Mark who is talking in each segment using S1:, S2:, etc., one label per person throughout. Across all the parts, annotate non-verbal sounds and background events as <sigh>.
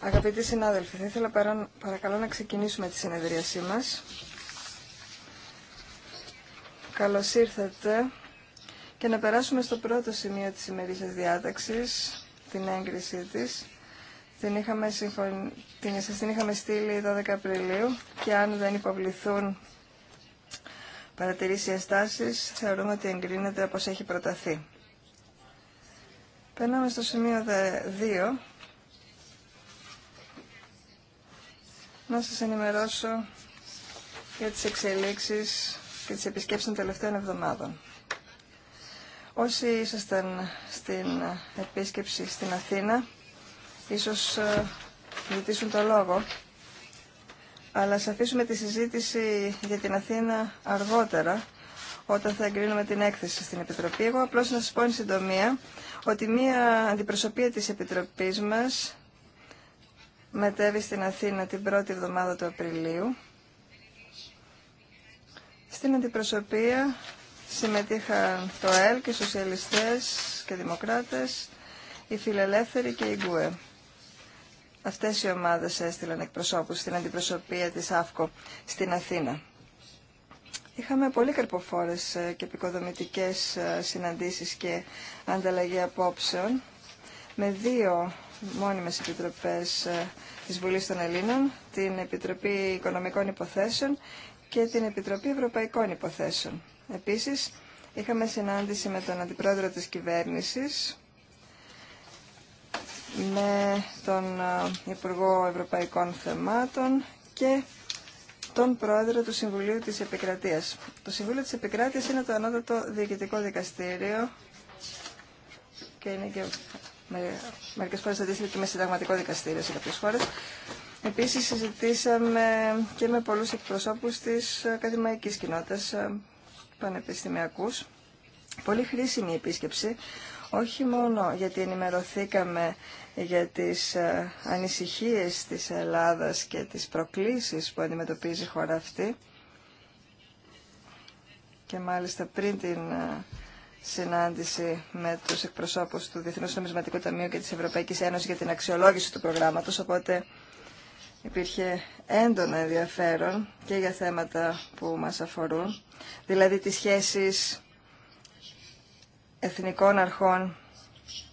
S1: Αγαπητοί συνάδελφοι, θα ήθελα παρακαλώ να ξεκινήσουμε τη συνεδρίασή μας. Καλώς ήρθατε και να περάσουμε στο πρώτο σημείο της ημερήσιας διάταξης, την έγκρισή της. Την, είχαμε συμφων... την, σας την είχαμε στείλει 12 Απριλίου και αν δεν υποβληθούν παρατηρήσει ή θεωρούμε ότι εγκρίνεται όπως έχει προταθεί. Περνάμε στο σημείο 2. Να σας ενημερώσω για τις εξελίξεις και τις επισκέψεις των τελευταίων εβδομάδων. Όσοι ήσασταν στην επίσκεψη στην Αθήνα, ίσως ε, ζητήσουν το λόγο, αλλά ας αφήσουμε τη συζήτηση για την Αθήνα αργότερα, όταν θα εγκρίνουμε την έκθεση στην Επιτροπή. Εγώ απλώς να σας πω εν συντομία ότι μία αντιπροσωπεία της Επιτροπής μας μετέβη στην Αθήνα την πρώτη εβδομάδα του Απριλίου. Στην αντιπροσωπεία συμμετείχαν το ΕΛ και οι σοσιαλιστές και δημοκράτες, οι φιλελεύθεροι και οι ΓΚΟΕ. Αυτές οι ομάδες έστειλαν εκπροσώπους στην αντιπροσωπεία της ΑΦΚΟ στην Αθήνα. Είχαμε πολύ καρποφόρες ε, και επικοδομητικές ε, συναντήσεις και ανταλλαγή απόψεων με δύο μόνιμες επιτροπές ε, της Βουλής των Ελλήνων, την Επιτροπή Οικονομικών Υποθέσεων και την Επιτροπή Ευρωπαϊκών Υποθέσεων. Επίσης, είχαμε συνάντηση με τον Αντιπρόεδρο της Κυβέρνησης, με τον Υπουργό Ευρωπαϊκών Θεμάτων και τον πρόεδρο του Συμβουλίου της Επικρατείας. Το Συμβούλιο της Επικράτειας είναι το ανώτατο διοικητικό δικαστήριο και είναι και με, μερικές φορές αντίστοιχο και με συνταγματικό δικαστήριο σε κάποιες χώρες. Επίσης συζητήσαμε και με πολλούς εκπροσώπους της ακαδημαϊκής κοινότητας πανεπιστημιακούς. Πολύ χρήσιμη επίσκεψη, όχι μόνο γιατί ενημερωθήκαμε για τις ε, ανησυχίες της Ελλάδας και τις προκλήσεις που αντιμετωπίζει η χώρα αυτή και μάλιστα πριν την ε, συνάντηση με τους εκπροσώπους του Διεθνούς Νομισματικού Ταμείου και της Ευρωπαϊκής Ένωσης για την αξιολόγηση του προγράμματος, οπότε υπήρχε έντονο ενδιαφέρον και για θέματα που μας αφορούν, δηλαδή τις σχέσεις εθνικών αρχών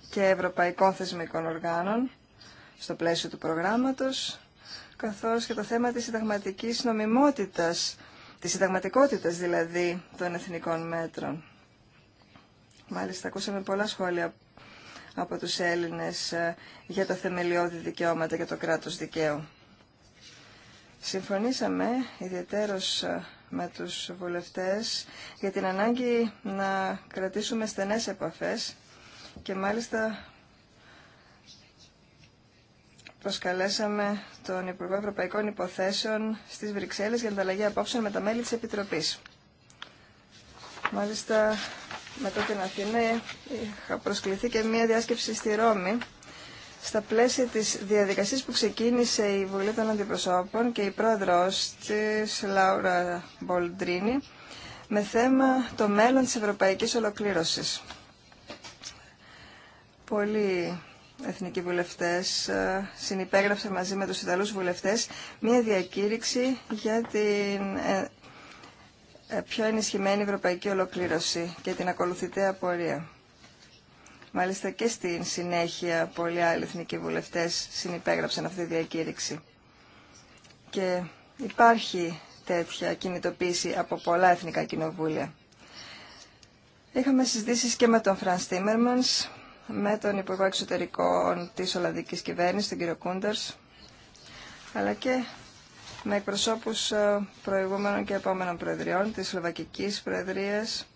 S1: και ευρωπαϊκών θεσμικών οργάνων στο πλαίσιο του προγράμματος, καθώς και το θέμα της συνταγματική νομιμότητας, της συνταγματικότητας δηλαδή των εθνικών μέτρων. Μάλιστα, ακούσαμε πολλά σχόλια από τους Έλληνες ε, για τα θεμελιώδη δικαιώματα και το κράτος δικαίου. Συμφωνήσαμε ιδιαίτερως ε, με τους βουλευτές για την ανάγκη να κρατήσουμε στενές επαφές και μάλιστα προσκαλέσαμε τον Υπουργό Ευρωπαϊκών Υποθέσεων στις Βρυξέλλες για ανταλλαγή απόψεων με τα μέλη της Επιτροπής. Μάλιστα μετά την Αθήνα είχα προσκληθεί και μία διάσκεψη στη Ρώμη στα πλαίσια της διαδικασίας που ξεκίνησε η Βουλή των Αντιπροσώπων και η πρόεδρος της Λάουρα Μπολντρίνη με θέμα το μέλλον της ευρωπαϊκής ολοκλήρωσης. Πολλοί εθνικοί βουλευτές ε, συνυπέγραψαν μαζί με τους Ιταλούς βουλευτές μία διακήρυξη για την ε, ε, πιο ενισχυμένη ευρωπαϊκή ολοκλήρωση και την ακολουθητέα πορεία. Μάλιστα και στην συνέχεια πολλοί άλλοι εθνικοί βουλευτές συνυπέγραψαν αυτή τη διακήρυξη. Και υπάρχει τέτοια κινητοποίηση από πολλά εθνικά κοινοβούλια. Είχαμε συζητήσεις και με τον Φραν Τίμερμανς, με τον Υπουργό Εξωτερικών της Ολλανδικής Κυβέρνησης, τον κύριο Κούντερς, αλλά και με εκπροσώπους ε, προηγούμενων και επόμενων προεδριών της Σλοβακικής Προεδρίας,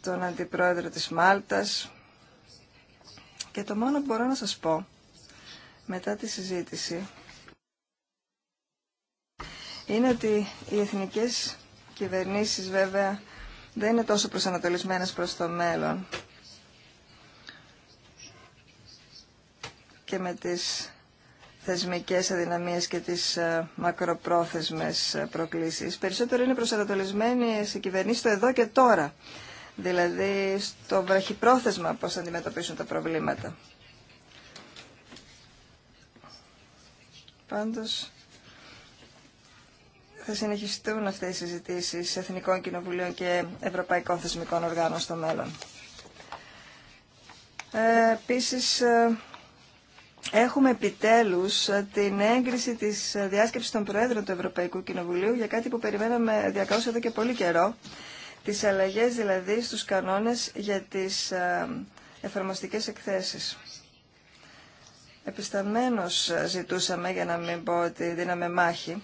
S1: τον Αντιπρόεδρο της Μάλτας. Και το μόνο που μπορώ να σας πω μετά τη συζήτηση είναι ότι οι εθνικές κυβερνήσεις βέβαια δεν είναι τόσο προσανατολισμένες προς το μέλλον και με τις θεσμικές αδυναμίες και τις ε, μακροπρόθεσμες ε, προκλήσεις. Περισσότερο είναι προσανατολισμένοι σε κυβερνήσεις το εδώ και τώρα δηλαδή στο βραχυπρόθεσμα πώς θα αντιμετωπίσουν τα προβλήματα. Πάντως θα συνεχιστούν αυτές οι συζητήσεις Εθνικών Κοινοβουλίων και Ευρωπαϊκών Θεσμικών Οργάνων στο μέλλον. Ε, επίσης, ε, έχουμε επιτέλους ε, την έγκριση της διάσκεψης των Προέδρων του Ευρωπαϊκού Κοινοβουλίου για κάτι που περιμέναμε διακαώς εδώ και πολύ καιρό, τις αλλαγές δηλαδή στους κανόνες για τις ε, εφαρμοστικές εκθέσεις. Επισταμμένως ε, ζητούσαμε, για να μην πω ότι δίναμε μάχη,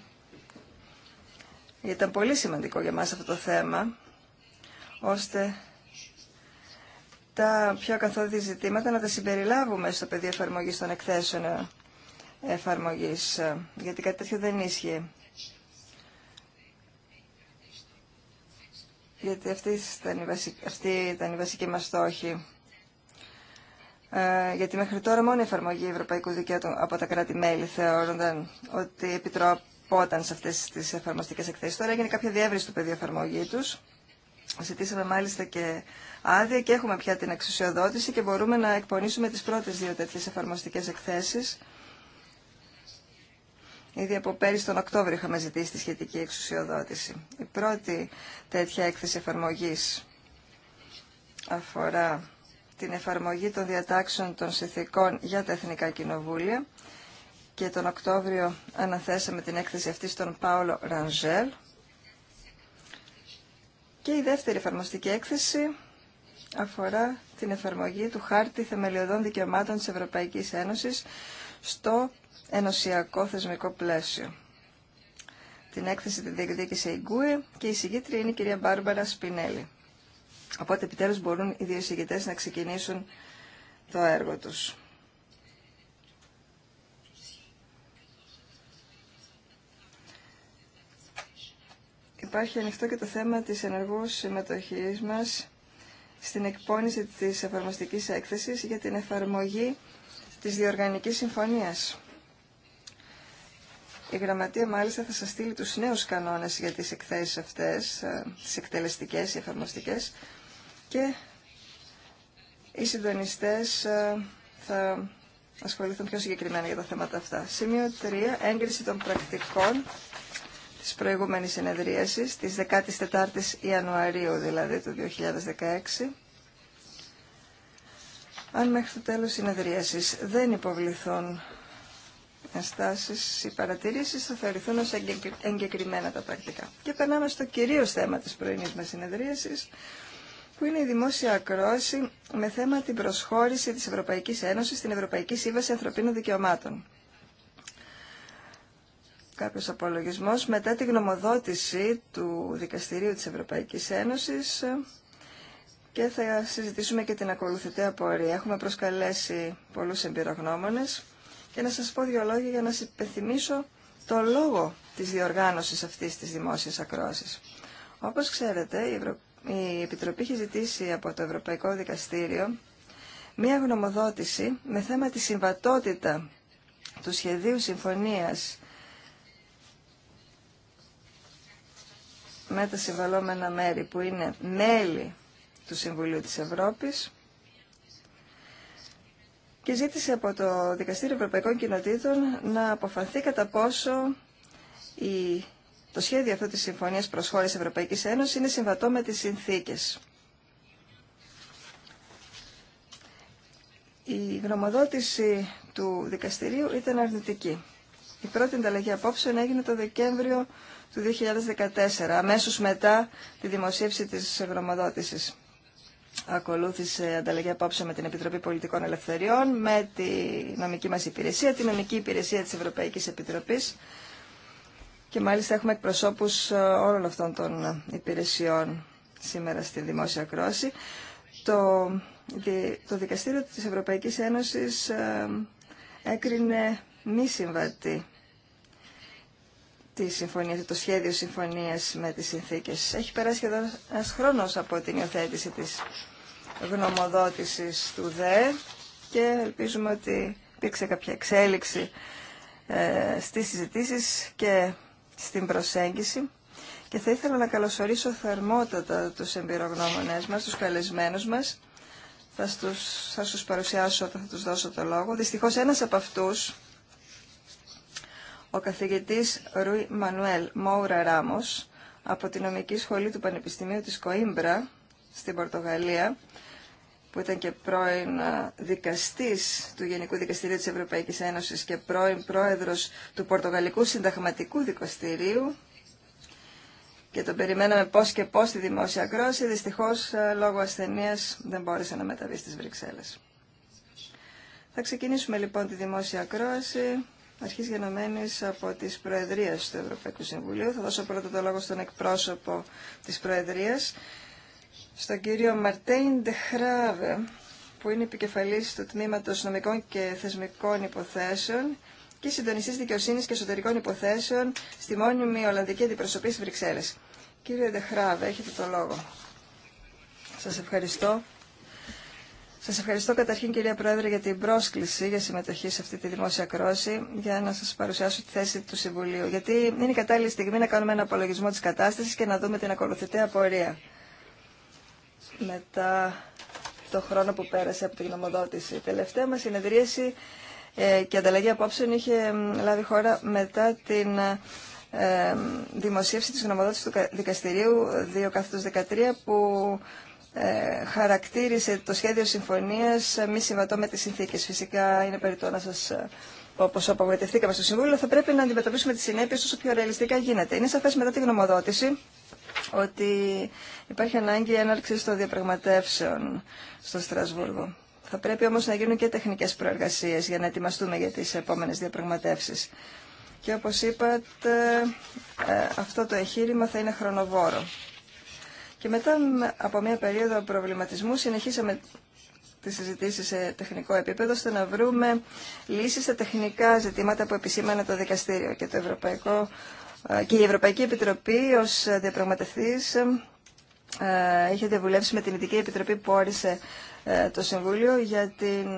S1: ήταν πολύ σημαντικό για μας αυτό το θέμα, ώστε τα πιο καθόδη ζητήματα να τα συμπεριλάβουμε στο πεδίο εφαρμογής των εκθέσεων ε, εφαρμογής, γιατί κάτι τέτοιο δεν ίσχυε γιατί αυτή ήταν η βασική, αυτή ήταν η βασική μας στόχη. Ε, γιατί μέχρι τώρα μόνο η εφαρμογή ευρωπαϊκού δικαίου από τα κράτη-μέλη θεωρούνταν ότι επιτροπόταν σε αυτές τις εφαρμοστικές εκθέσεις. Τώρα έγινε κάποια διεύρυνση του πεδίου εφαρμογή τους. Ζητήσαμε μάλιστα και άδεια και έχουμε πια την αξιοδότηση και μπορούμε να εκπονήσουμε τις πρώτες δύο τέτοιες εφαρμοστικές εκθέσεις Ήδη από πέρυσι τον Οκτώβριο είχαμε ζητήσει τη σχετική εξουσιοδότηση. Η πρώτη τέτοια έκθεση εφαρμογής αφορά την εφαρμογή των διατάξεων των συνθηκών για τα Εθνικά Κοινοβούλια και τον Οκτώβριο αναθέσαμε την έκθεση αυτή στον Πάολο Ρανζέλ και η δεύτερη εφαρμοστική έκθεση αφορά την εφαρμογή του Χάρτη Θεμελιωδών Δικαιωμάτων της Ευρωπαϊκής Ένωσης στο ενωσιακό θεσμικό πλαίσιο. Την έκθεση τη διεκδίκησε η Γκούε και η συγγήτρια είναι η κυρία Μπάρμπαρα Σπινέλη. Οπότε επιτέλους μπορούν οι δύο να ξεκινήσουν το έργο τους. Υπάρχει ανοιχτό και το θέμα της ενεργούς συμμετοχής μας στην εκπόνηση της εφαρμοστικής έκθεσης για την εφαρμογή της διοργανικής συμφωνίας. Η Γραμματεία μάλιστα θα σας στείλει τους νέους κανόνες για τις εκθέσεις αυτές, ε, τις εκτελεστικές, οι εφαρμοστικές και οι συντονιστές ε, θα ασχοληθούν πιο συγκεκριμένα για τα θέματα αυτά. Σημείο 3. Έγκριση των πρακτικών της προηγούμενης συνεδρίασης, της 14ης Ιανουαρίου δηλαδή του 2016. Αν μέχρι το τέλος συνεδρίασης δεν υποβληθούν ενστάσεις ή παρατηρήσεις θα θεωρηθούν ως εγκεκριμένα τα πρακτικά. Και περνάμε στο κυρίως θέμα της πρωινής μας συνεδρίασης, που είναι η δημόσια ακρόαση με θέμα την προσχώρηση της Ευρωπαϊκής Ένωσης στην Ευρωπαϊκή Σύμβαση Ανθρωπίνων Δικαιωμάτων. Κάποιος απολογισμός μετά τη γνωμοδότηση του Δικαστηρίου της ευρωπαικης ενωσης στην ευρωπαικη συμβαση ανθρωπινων δικαιωματων καποιο απολογισμος Ένωσης και θα συζητήσουμε και την ακολουθητή απορία. Έχουμε προσκαλέσει πολλούς εμπειρογνώμονες και να σας πω δύο λόγια για να σας υπενθυμίσω το λόγο της διοργάνωσης αυτής της δημόσιας ακρόασης. Όπως ξέρετε, η, Επιτροπή έχει ζητήσει από το Ευρωπαϊκό Δικαστήριο μία γνωμοδότηση με θέμα τη συμβατότητα του σχεδίου συμφωνίας με τα συμβαλώμενα μέρη που είναι μέλη του Συμβουλίου της Ευρώπης και ζήτησε από το Δικαστήριο Ευρωπαϊκών Κοινοτήτων να αποφανθεί κατά πόσο η, το σχέδιο αυτό της Συμφωνίας Προσχώρησης Ευρωπαϊκής Ένωσης είναι συμβατό με τις συνθήκες. Η γνωμοδότηση του δικαστηρίου ήταν αρνητική. Η πρώτη ανταλλαγή απόψεων έγινε το Δεκέμβριο του 2014, αμέσως μετά τη δημοσίευση της γνωμοδότησης ακολούθησε ανταλλαγή απόψε με την Επιτροπή Πολιτικών Ελευθεριών, με τη νομική μας υπηρεσία, τη νομική υπηρεσία της Ευρωπαϊκής Επιτροπής και μάλιστα έχουμε εκπροσώπους ε, όλων αυτών των υπηρεσιών σήμερα στη δημόσια κρόση. Το, το Δικαστήριο της Ευρωπαϊκής Ένωσης ε, έκρινε μη συμβατή τη συμφωνία, το σχέδιο συμφωνίας με τις συνθήκες. Έχει περάσει σχεδόν ένα χρόνος από την υιοθέτηση της γνωμοδότησης του ΔΕ και ελπίζουμε ότι υπήρξε κάποια εξέλιξη ε, στις συζητήσεις και στην προσέγγιση. Και θα ήθελα να καλωσορίσω θερμότατα τους εμπειρογνώμονές μας, τους καλεσμένους μας. Θα, στους, θα σας παρουσιάσω όταν θα τους δώσω το λόγο. Δυστυχώς ένας από αυτούς ο καθηγητής Ρουι Μανουέλ Μόουρα Ράμος από τη Νομική Σχολή του Πανεπιστημίου της Κοίμπρα στην Πορτογαλία που ήταν και πρώην δικαστής του Γενικού Δικαστηρίου της Ευρωπαϊκής Ένωσης και πρώην πρόεδρος του Πορτογαλικού Συνταγματικού Δικαστηρίου και τον περιμέναμε πώς και πώς στη δημόσια κρόση. Δυστυχώς, λόγω ασθενείας, δεν μπόρεσε να μεταβεί στις Βρυξέλλες. Θα ξεκινήσουμε λοιπόν τη δημόσια ακρόαση αρχής γενομένης από τις Προεδρίες του Ευρωπαϊκού Συμβουλίου. Θα δώσω πρώτα το λόγο στον εκπρόσωπο της Προεδρίας, στον κύριο Μαρτέιν Ντεχράβε, που είναι επικεφαλής του Τμήματος Νομικών και Θεσμικών Υποθέσεων και συντονιστή δικαιοσύνη και εσωτερικών υποθέσεων στη μόνιμη Ολλανδική Αντιπροσωπή στι Βρυξέλλε. Κύριε Ντεχράβε, έχετε το λόγο. Σα ευχαριστώ. Σα ευχαριστώ καταρχήν κυρία Πρόεδρε για την πρόσκληση για συμμετοχή σε αυτή τη δημόσια κρόση για να σα παρουσιάσω τη θέση του Συμβουλίου. Γιατί είναι η κατάλληλη στιγμή να κάνουμε ένα απολογισμό τη κατάσταση και να δούμε την ακολουθητέα πορεία μετά το χρόνο που πέρασε από την γνωμοδότηση. Η τελευταία μα συνεδρίαση ε, και ανταλλαγή απόψεων είχε λάβει χώρα μετά την ε, δημοσίευση τη γνωμοδότησης του δικαστηρίου 2 13 που ε, χαρακτήρισε το σχέδιο συμφωνίας ε, μη συμβατό με τις συνθήκες. Φυσικά είναι περιττό να σας Όπω ε, απογοητευτήκαμε στο Συμβούλιο, θα πρέπει να αντιμετωπίσουμε τι συνέπειε όσο πιο ρεαλιστικά γίνεται. Είναι σαφέ μετά τη γνωμοδότηση ότι υπάρχει ανάγκη έναρξη των διαπραγματεύσεων στο Στρασβούργο. Θα πρέπει όμω να γίνουν και τεχνικέ προεργασίε για να ετοιμαστούμε για τι επόμενε διαπραγματεύσει. Και όπω είπατε, ε, αυτό το εγχείρημα θα είναι χρονοβόρο. Και μετά από μια περίοδο προβληματισμού συνεχίσαμε τις συζητήσεις σε τεχνικό επίπεδο ώστε να βρούμε λύσεις στα τεχνικά ζητήματα που επισήμανε το δικαστήριο και, το Ευρωπαϊκό, ε, και η Ευρωπαϊκή Επιτροπή ως διαπραγματευτής ε, είχε διαβουλεύσει με την Ειδική Επιτροπή που όρισε ε, το Συμβούλιο για, την,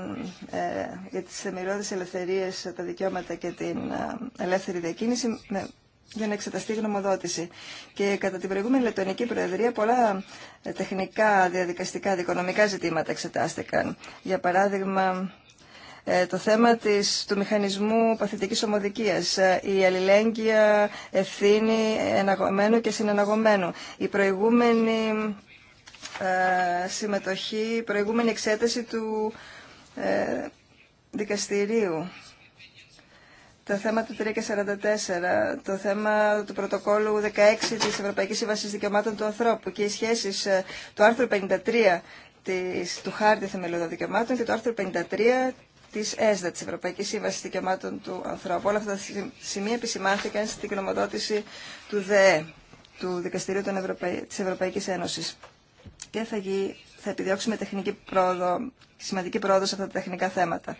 S1: για τις θεμελιώδεις ελευθερίες, τα δικαιώματα και την ελεύθερη διακίνηση με για να εξεταστεί η γνωμοδότηση. Και κατά την προηγούμενη λεπτονική Προεδρία πολλά ε, τεχνικά, διαδικαστικά, δικονομικά ζητήματα εξετάστηκαν. Για παράδειγμα, ε, το θέμα της, του μηχανισμού παθητικής ομοδικίας, ε, η αλληλέγγυα ευθύνη εναγωμένου και συναναγωμένου η προηγούμενη ε, συμμετοχή, η προηγούμενη εξέταση του δικαστηρίου τα θέματα 3 και 44, το θέμα του πρωτοκόλου 16 της Ευρωπαϊκής Σύμβασης Δικαιωμάτων του Ανθρώπου και οι σχέσεις ε, του άρθρου 53 της, του Χάρτη Θεμελιωδών Δικαιωμάτων και του άρθρου 53 της ΕΣΔΑ, της Ευρωπαϊκής Σύμβασης Δικαιωμάτων του Ανθρώπου. Όλα αυτά τα σημεία επισημάνθηκαν στην κοινομοδότηση του ΔΕΕ, του Δικαστηρίου Ευρωπαϊ... της Ευρωπαϊκής Ένωσης. Και θα γίνει θα επιδιώξουμε τεχνική πρόοδο, σημαντική πρόοδο σε αυτά τα τεχνικά θέματα.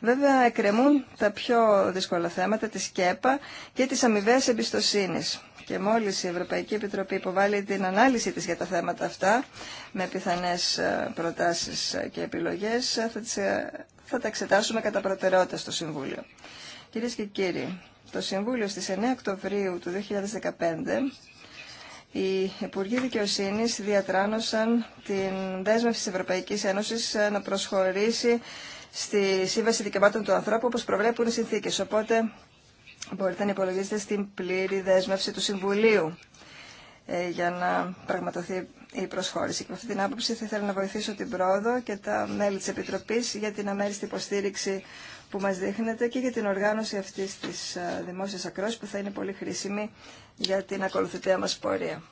S1: Βέβαια, εκκρεμούν τα πιο δύσκολα θέματα, τη ΣΚΕΠΑ και τις αμοιβέ εμπιστοσύνη. Και μόλις η Ευρωπαϊκή Επιτροπή υποβάλλει την ανάλυση της για τα θέματα αυτά, με πιθανέ ε, προτάσεις και επιλογές, ε, θα, ε, θα τα εξετάσουμε κατά προτεραιότητα στο Συμβούλιο. Κυρίε και κύριοι, το Συμβούλιο στις 9 Οκτωβρίου του 2015 οι Υπουργοί Δικαιοσύνη διατράνωσαν την δέσμευση τη Ευρωπαϊκή Ένωση να προσχωρήσει στη Σύμβαση Δικαιωμάτων του Ανθρώπου όπω προβλέπουν οι συνθήκε. Οπότε μπορείτε να υπολογίσετε στην πλήρη δέσμευση του Συμβουλίου ε, για να πραγματοθεί η προσχώρηση. Και με αυτή την άποψη θα ήθελα να βοηθήσω την πρόοδο και τα μέλη τη Επιτροπή για την αμέριστη υποστήριξη που μας δείχνεται και για την οργάνωση αυτής της ε, δημόσιας ακρόσης που θα είναι πολύ χρήσιμη για την ακολουθητέα μας πορεία.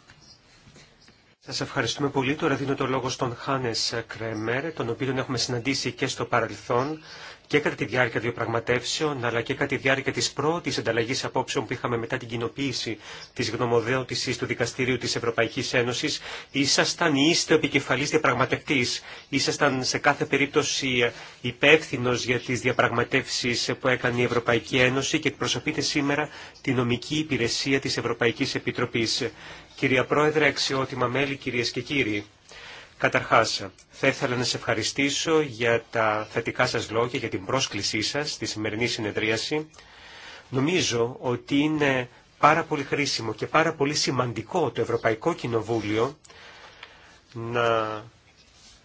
S2: Σας ευχαριστούμε πολύ. Τώρα δίνω το λόγο στον Χάνες Κρέμερ, τον οποίο έχουμε συναντήσει και στο παρελθόν και κατά τη διάρκεια διαπραγματεύσεων, αλλά και κατά τη διάρκεια της πρώτης ανταλλαγής απόψεων που είχαμε μετά την κοινοποίηση της γνωμοδέωτησης του Δικαστηρίου της Ευρωπαϊκής Ένωσης. Ήσασταν ή είστε ο επικεφαλής διαπραγματευτής. Ήσασταν σε κάθε περίπτωση υπεύθυνο για τις διαπραγματεύσεις που έκανε η Ευρωπαϊκή Ένωση και εκπροσωπείτε σήμερα τη νομική υπηρεσία της Ευρωπαϊκής Επιτροπής. Κυρία Πρόεδρε, αξιότιμα μέλη, κυρίες και κύριοι. Καταρχάς, θα ήθελα να σε ευχαριστήσω για τα θετικά σας λόγια, για την πρόσκλησή σας στη σημερινή συνεδρίαση. Νομίζω ότι είναι πάρα πολύ χρήσιμο και πάρα πολύ σημαντικό το Ευρωπαϊκό Κοινοβούλιο να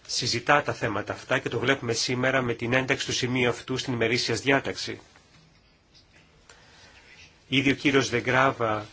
S2: συζητά τα θέματα αυτά και το βλέπουμε σήμερα με την ένταξη του σημείου αυτού στην ημερήσια διάταξη. Ήδη ο κύριος Δεγκράβα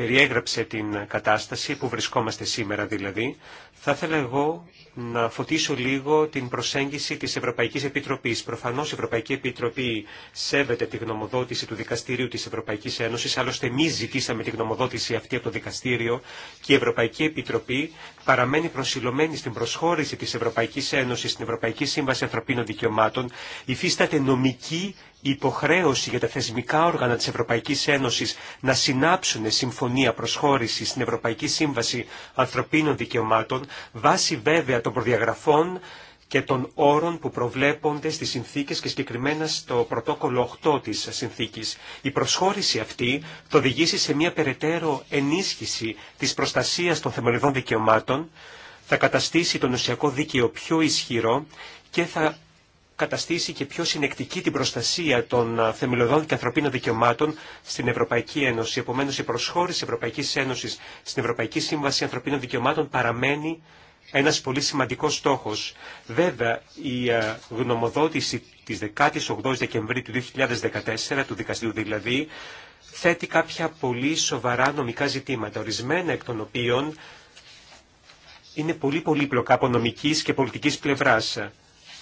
S2: περιέγραψε την κατάσταση που βρισκόμαστε σήμερα δηλαδή, θα ήθελα εγώ να φωτίσω λίγο την προσέγγιση της Ευρωπαϊκής Επιτροπής. Προφανώς η Ευρωπαϊκή Επιτροπή σέβεται τη γνωμοδότηση του Δικαστηρίου της Ευρωπαϊκής Ένωσης, άλλωστε εμεί ζητήσαμε τη γνωμοδότηση αυτή από το Δικαστήριο και η Ευρωπαϊκή Επιτροπή παραμένει προσιλωμένη στην προσχώρηση της Ευρωπαϊκής Ένωσης στην Ευρωπαϊκή Σύμβαση Ανθρωπίνων Δικαιωμάτων, υφίσταται νομική η υποχρέωση για τα θεσμικά όργανα της Ευρωπαϊκής Ένωσης να συνάψουν συμφωνία προσχώρησης στην Ευρωπαϊκή Σύμβαση Ανθρωπίνων Δικαιωμάτων βάσει βέβαια των προδιαγραφών και των όρων που προβλέπονται στις συνθήκες και συγκεκριμένα στο πρωτόκολλο 8 της συνθήκης. Η προσχώρηση αυτή θα οδηγήσει σε μια περαιτέρω ενίσχυση της προστασίας των θεμελιδών δικαιωμάτων, θα καταστήσει τον νοσιακό δίκαιο πιο ισχυρό και θα καταστήσει και πιο συνεκτική την προστασία των θεμελιωδών και ανθρωπίνων δικαιωμάτων στην Ευρωπαϊκή Ένωση. Επομένως, η προσχώρηση Ευρωπαϊκή Ένωση, στην Ευρωπαϊκή Σύμβαση Ανθρωπίνων Δικαιωμάτων παραμένει ένας πολύ σημαντικός στόχος. Βέβαια, η γνωμοδότηση της 18 Δεκεμβρίου του 2014, του δικαστήριου δηλαδή, θέτει κάποια πολύ σοβαρά νομικά ζητήματα, ορισμένα εκ των οποίων είναι πολύ πολύπλοκα από νομικής και πολιτικής πλευράς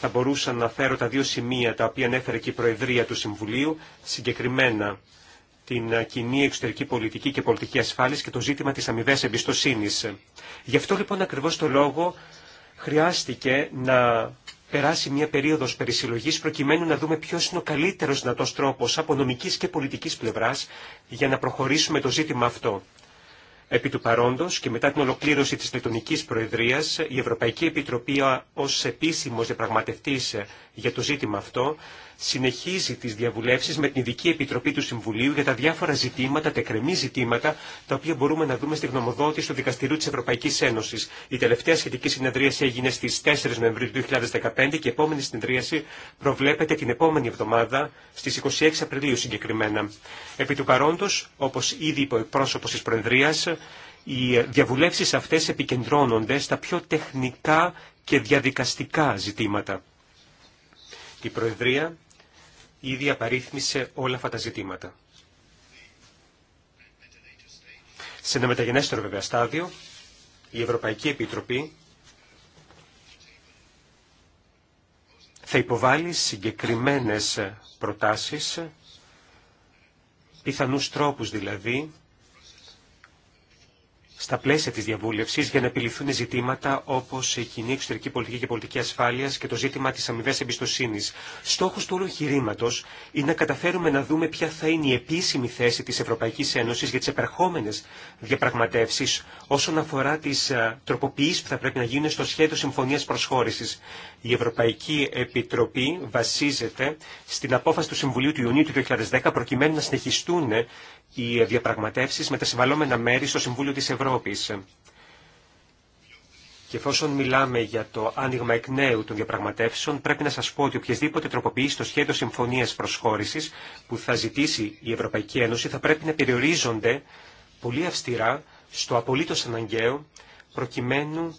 S2: θα μπορούσα να φέρω τα δύο σημεία τα οποία ανέφερε και η Προεδρία του Συμβουλίου, συγκεκριμένα την ε, κοινή εξωτερική πολιτική και πολιτική ασφάλεια και το ζήτημα της αμοιβέ εμπιστοσύνη. Γι' αυτό λοιπόν ακριβώς το λόγο χρειάστηκε να περάσει μια περίοδος περισυλλογής προκειμένου να δούμε ποιος είναι ο καλύτερος δυνατός τρόπος από νομικής και πολιτικής πλευράς για να προχωρήσουμε το ζήτημα αυτό. Επί του παρόντος και μετά την ολοκλήρωση της Τετωνική Προεδρίας, η Ευρωπαϊκή Επιτροπή ε, ως επίσημος διαπραγματευτή ε, για το ζήτημα αυτό συνεχίζει τις διαβουλεύσεις με την Ειδική Επιτροπή του Συμβουλίου για τα διάφορα ζητήματα, τα εκρεμή ζητήματα, τα οποία μπορούμε να δούμε στη γνωμοδότηση του Δικαστηρίου της Ευρωπαϊκής Ένωσης. Η τελευταία σχετική συνεδρίαση έγινε στις 4 Νοεμβρίου 2015 και η επόμενη συνεδρίαση προβλέπεται την επόμενη εβδομάδα στις 26 Απριλίου συγκεκριμένα. Επί του παρόντος, όπως ήδη είπε ο πρόσωπος της Προεδρίας, οι διαβουλεύσεις αυτές επικεντρώνονται στα πιο τεχνικά και διαδικαστικά ζητήματα. Η Προεδρία ήδη απαρίθμησε όλα αυτά τα ζητήματα. Σε ένα μεταγενέστερο βέβαια στάδιο, η Ευρωπαϊκή Επιτροπή θα υποβάλει συγκεκριμένες προτάσεις, πιθανούς τρόπους δηλαδή, στα πλαίσια της διαβούλευσης για να επιληθούν ζητήματα όπως η κοινή εξωτερική πολιτική και πολιτική ασφάλειας και το ζήτημα της αμοιβέ εμπιστοσύνη. Στόχος του όλου εγχειρήματο είναι να καταφέρουμε να δούμε ποια θα είναι η επίσημη θέση της Ευρωπαϊκής Ένωσης για τις επερχόμενες διαπραγματεύσεις όσον αφορά τις ε, τροποποιήσεις που θα πρέπει να γίνουν στο σχέδιο συμφωνίας προσχώρησης. Η Ευρωπαϊκή Επιτροπή βασίζεται στην απόφαση του Συμβουλίου του Ιουνίου του 2010 προκειμένου να συνεχιστούν οι διαπραγματεύσεις με τα συμβαλόμενα μέρη στο Συμβούλιο της Ευρώπης. Και εφόσον μιλάμε για το άνοιγμα εκ νέου των διαπραγματεύσεων, πρέπει να σα πω ότι οποιασδήποτε τροποποιήσει στο σχέδιο συμφωνία προσχώρηση που θα ζητήσει η Ευρωπαϊκή Ένωση θα πρέπει να περιορίζονται πολύ αυστηρά στο απολύτω αναγκαίο προκειμένου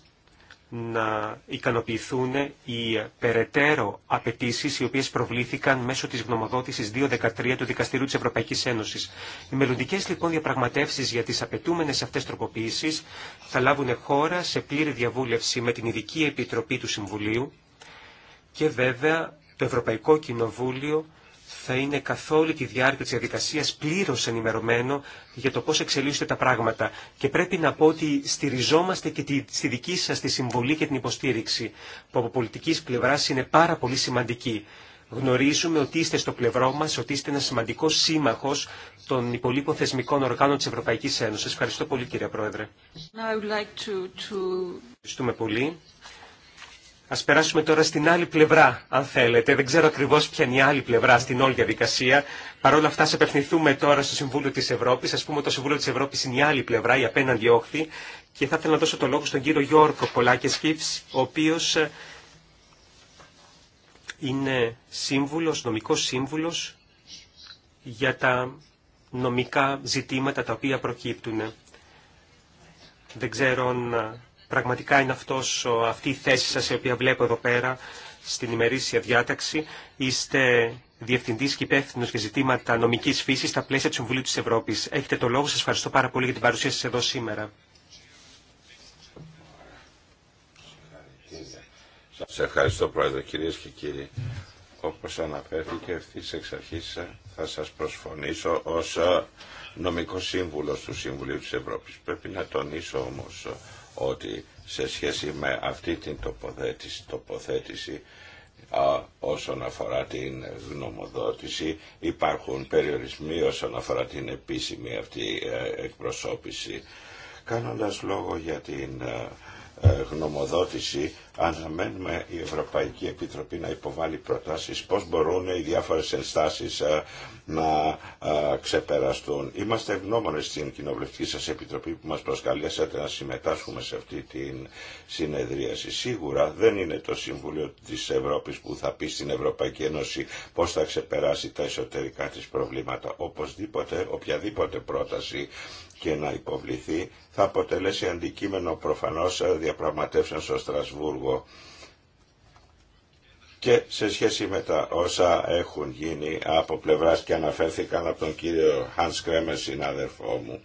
S2: να ικανοποιηθούν οι περαιτέρω απαιτήσει οι οποίε προβλήθηκαν μέσω τη γνωμοδότηση 2.13 του Δικαστηρίου τη Ευρωπαϊκή Ένωση. Οι μελλοντικέ λοιπόν διαπραγματεύσει για τι απαιτούμενε αυτέ τροποποιήσει θα λάβουν χώρα σε πλήρη διαβούλευση με την Ειδική Επιτροπή του Συμβουλίου και βέβαια το Ευρωπαϊκό Κοινοβούλιο θα είναι καθ' όλη τη διάρκεια της διαδικασίας πλήρως ενημερωμένο για το πώς εξελίσσονται τα πράγματα. Και πρέπει να πω ότι στηριζόμαστε και στη δική σας τη συμβολή και την υποστήριξη, που από πολιτικής πλευράς είναι πάρα πολύ σημαντική. Γνωρίζουμε ότι είστε στο πλευρό μας, ότι είστε ένα σημαντικό σύμμαχος των υπολείπων θεσμικών οργάνων της Ευρωπαϊκής Ένωσης. Ευχαριστώ πολύ κύριε Πρόεδρε. Ευχαριστούμε πολύ. Ας περάσουμε τώρα στην άλλη πλευρά, αν θέλετε. Δεν ξέρω ακριβώς ποια είναι η άλλη πλευρά στην όλη διαδικασία. Παρ' όλα αυτά, σε απευθυνθούμε τώρα στο Συμβούλιο της Ευρώπης. Ας πούμε, το Συμβούλιο της Ευρώπης είναι η άλλη πλευρά, η απέναντι όχθη. Και θα ήθελα να δώσω το λόγο στον κύριο Γιώργο Πολάκης Κίφς, ο οποίος ε, είναι σύμβουλος, νομικός σύμβουλος για τα νομικά ζητήματα τα οποία προκύπτουν. Δεν ξέρω αν ε, Πραγματικά είναι αυτός, αυτή η θέση σας η οποία βλέπω εδώ πέρα στην ημερήσια διάταξη. Είστε διευθυντή και υπεύθυνο για ζητήματα νομική φύση στα πλαίσια του Συμβουλίου τη Ευρώπη. Έχετε το λόγο. Σα ευχαριστώ πάρα πολύ για την παρουσία σα εδώ σήμερα.
S3: Σα ευχαριστώ, Πρόεδρε, κυρίε και κύριοι. Όπω αναφέρθηκε ευθύ εξ αρχή, θα σα προσφωνήσω ω νομικό σύμβουλο του Συμβουλίου τη Ευρώπη. Πρέπει να τονίσω όμω ότι σε σχέση με αυτή την τοποθέτηση, τοποθέτηση α, όσον αφορά την γνωμοδότηση υπάρχουν περιορισμοί όσον αφορά την επίσημη αυτή ε, εκπροσώπηση κάνοντας λόγο για την ε, ε, γνωμοδότηση αναμένουμε η Ευρωπαϊκή Επιτροπή να υποβάλει προτάσεις πώς μπορούν οι διάφορες ενστάσεις ε, να ε, ξεπεραστούν. Είμαστε ευγνώμονες στην Κοινοβουλευτική σας Επιτροπή που μας προσκαλέσατε να συμμετάσχουμε σε αυτή την συνεδρίαση. Σίγουρα δεν είναι το Συμβούλιο της Ευρώπης που θα πει στην Ευρωπαϊκή Ένωση πώς θα ξεπεράσει τα εσωτερικά της προβλήματα. Οπωσδήποτε, οποιαδήποτε πρόταση και να υποβληθεί θα αποτελέσει αντικείμενο προφανώς διαπραγματεύσεων στο Στρασβούργο και σε σχέση με τα όσα έχουν γίνει από πλευράς και αναφέρθηκαν από τον κύριο Hans Κρέμερ συνάδελφό μου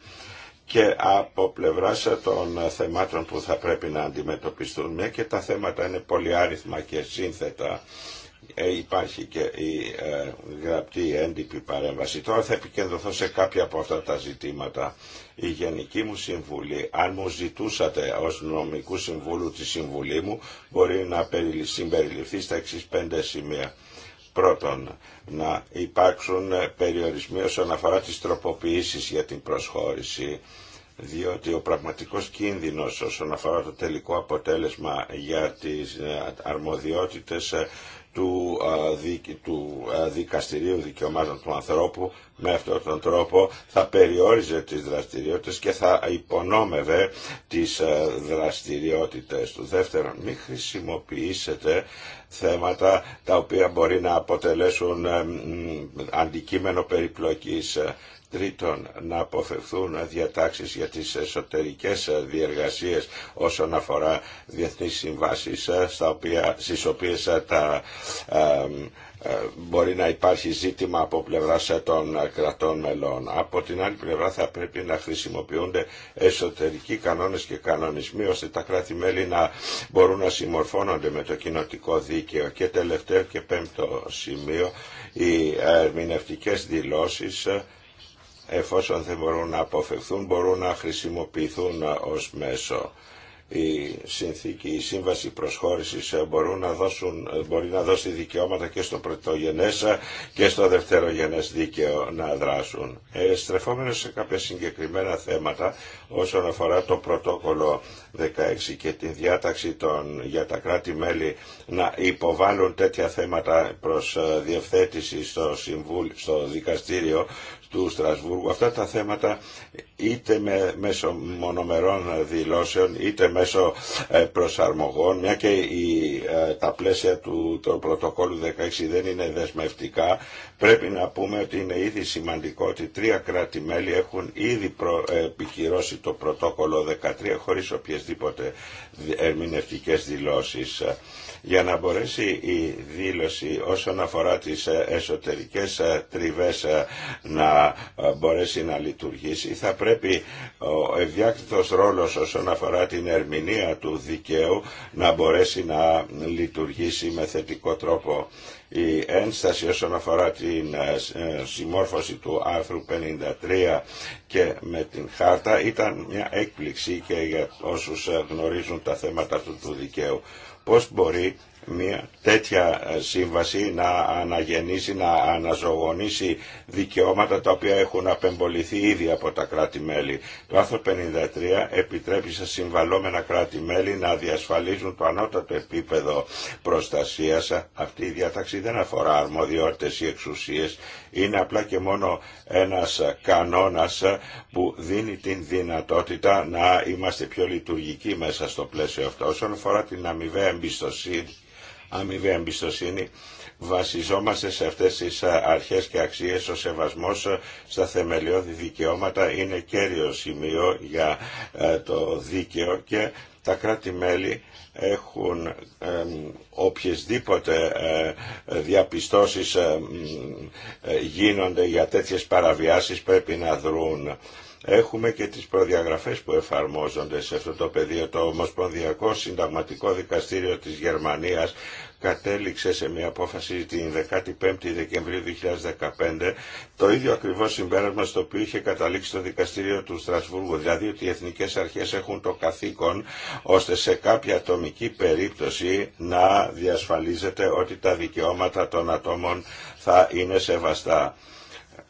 S3: και από πλευράς των θεμάτων που θα πρέπει να αντιμετωπιστούν μια και τα θέματα είναι πολύ άριθμα και σύνθετα ε, υπάρχει και η ε, γραπτή έντυπη παρέμβαση. Τώρα θα επικεντρωθώ σε κάποια από αυτά τα ζητήματα. Η Γενική μου Συμβουλή, αν μου ζητούσατε ως νομικού συμβούλου τη Συμβουλή μου, μπορεί να συμπεριληφθεί στα εξή πέντε σημεία. Πρώτον, να υπάρξουν ε, περιορισμοί όσον αφορά τις τροποποιήσεις για την προσχώρηση διότι ο πραγματικός κίνδυνος όσον αφορά το τελικό αποτέλεσμα για τις αρμοδιότητες του, του ε, Δικαστηρίου Δικαιωμάτων του Ανθρώπου με αυτόν τον τρόπο θα περιόριζε τις δραστηριότητες και θα υπονόμευε τις ε, δραστηριότητες του. Δεύτερον, μην χρησιμοποιήσετε θέματα τα οποία μπορεί να αποτελέσουν ε, αντικείμενο περιπλοκής Τρίτον, να αποφευθούν διατάξεις για τις εσωτερικές διεργασίες όσον αφορά διεθνείς συμβάσεις ε, στα οποία, στις οποίες ε, τα, ε, μπορεί να υπάρχει ζήτημα από πλευράς των κρατών μελών. Από την άλλη πλευρά θα πρέπει να χρησιμοποιούνται εσωτερικοί κανόνες και κανονισμοί ώστε τα κράτη-μέλη να μπορούν να συμμορφώνονται με το κοινοτικό δίκαιο. Και τελευταίο και πέμπτο σημείο, οι ερμηνευτικές δηλώσεις εφόσον δεν μπορούν να αποφευθούν, μπορούν να χρησιμοποιηθούν ως μέσο. Η συνθήκη, σύμβαση προσχώρησης μπορούν να δώσουν, μπορεί να δώσει δικαιώματα και στο πρωτογενές και στο δευτερογενές δίκαιο να δράσουν. Ε, σε κάποια συγκεκριμένα θέματα όσον αφορά το πρωτόκολλο 16 και τη διάταξη των, για τα κράτη-μέλη να υποβάλουν τέτοια θέματα προς ε, διευθέτηση στο, στο δικαστήριο του Στρασβούργου. Αυτά τα θέματα είτε μέσω μονομερών δηλώσεων είτε μέσω ε, προσαρμογών μια και η, ε, τα πλαίσια του το πρωτοκόλλου 16 δεν είναι δεσμευτικά πρέπει να πούμε ότι είναι ήδη σημαντικό ότι τρία κράτη-μέλη έχουν ήδη προ, ε, επικυρώσει το πρωτόκολλο 13 χωρίς οποιασδήποτε ερμηνευτικές δηλώσεις για να μπορέσει η δήλωση όσον αφορά τις ε, εσωτερικές ε, τριβές ε, να μπορέσει να λειτουργήσει θα πρέπει ο ευδιάκτητος ρόλος όσον αφορά την ερμηνεία του δικαίου να μπορέσει να λειτουργήσει με θετικό τρόπο η ένσταση όσον αφορά την συμμόρφωση του άρθρου 53 και με την χάρτα ήταν μια έκπληξη και για όσους γνωρίζουν τα θέματα του δικαίου πώς μπορεί μια τέτοια σύμβαση να αναγεννήσει, να αναζωογονήσει δικαιώματα τα οποία έχουν απεμποληθεί ήδη από τα κράτη-μέλη. Το άρθρο 53 επιτρέπει σε συμβαλόμενα κράτη-μέλη να διασφαλίζουν το ανώτατο επίπεδο προστασίας. Αυτή η διάταξη δεν αφορά αρμοδιότητες ή εξουσίες είναι απλά και μόνο ένας κανόνας που δίνει την δυνατότητα να είμαστε πιο λειτουργικοί μέσα στο πλαίσιο αυτό. Όσον αφορά την αμοιβαία εμπιστοσύνη, αμοιβή εμπιστοσύνη βασιζόμαστε σε αυτές τις αρχές και αξίες. Ο σεβασμός στα θεμελιώδη δικαιώματα είναι κέριο σημείο για ε, το δίκαιο και τα κράτη-μέλη έχουν ε, οποιασδήποτε ε, διαπιστώσεις ε, γίνονται για τέτοιες παραβιάσεις πρέπει να δρούν. Έχουμε και τις προδιαγραφές που εφαρμόζονται σε αυτό το πεδίο. Το Ομοσπονδιακό Συνταγματικό Δικαστήριο της Γερμανίας κατέληξε σε μια απόφαση την 15η Δεκεμβρίου 2015 το ίδιο ακριβώς συμπέρασμα στο οποίο είχε καταλήξει το δικαστήριο του Στρασβούργου, δηλαδή ότι οι εθνικές αρχές έχουν το καθήκον ώστε σε κάποια ατομική περίπτωση να διασφαλίζεται ότι τα δικαιώματα των ατόμων θα είναι σεβαστά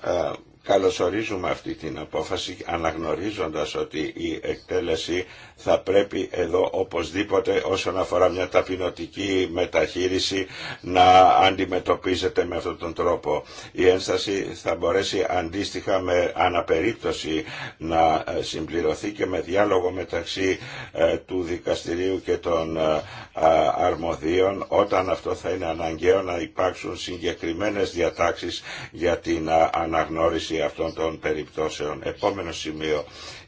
S3: ε, Καλωσορίζουμε αυτή την απόφαση αναγνωρίζοντας ότι η εκτέλεση θα πρέπει εδώ οπωσδήποτε όσον αφορά μια ταπεινωτική μεταχείριση να αντιμετωπίζεται με αυτόν τον τρόπο. Η ένσταση θα μπορέσει αντίστοιχα με αναπερίπτωση να ε, συμπληρωθεί και με διάλογο μεταξύ ε, του δικαστηρίου και των ε, αρμοδίων όταν αυτό θα είναι αναγκαίο να υπάρξουν συγκεκριμένες διατάξεις για την αναγνώριση αυτών των περιπτώσεων. Επόμενο σημείο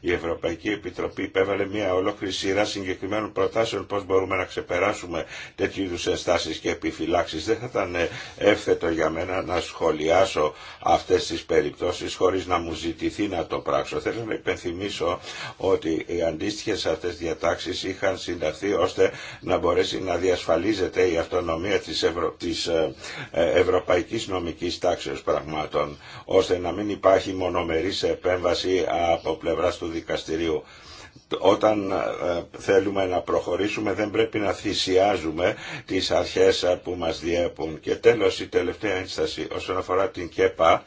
S3: η Ευρωπαϊκή Επιτροπή υπέβαλε μια ολόκληρη σειρά συγκεκριμένων προτάσεων πώς μπορούμε να ξεπεράσουμε τέτοιου είδους ενστάσεις και επιφυλάξεις. Δεν θα ήταν εύθετο για μένα να σχολιάσω αυτές τις περιπτώσεις χωρίς να μου ζητηθεί να το πράξω. Θέλω να υπενθυμίσω ότι οι αντίστοιχες αυτές διατάξεις είχαν συνταχθεί ώστε να μπορέσει να διασφαλίζεται η αυτονομία της, Ευρω... της ε, ε, ευρωπαϊκής νομικής τάξεως πραγμάτων ώστε να μην υπάρχει μονομερής επέμβαση από πλευράς του όταν ε, θέλουμε να προχωρήσουμε δεν πρέπει να θυσιάζουμε τις αρχές ε, που μας διέπουν. Και τέλος η τελευταία ένσταση όσον αφορά την ΚΕΠΑ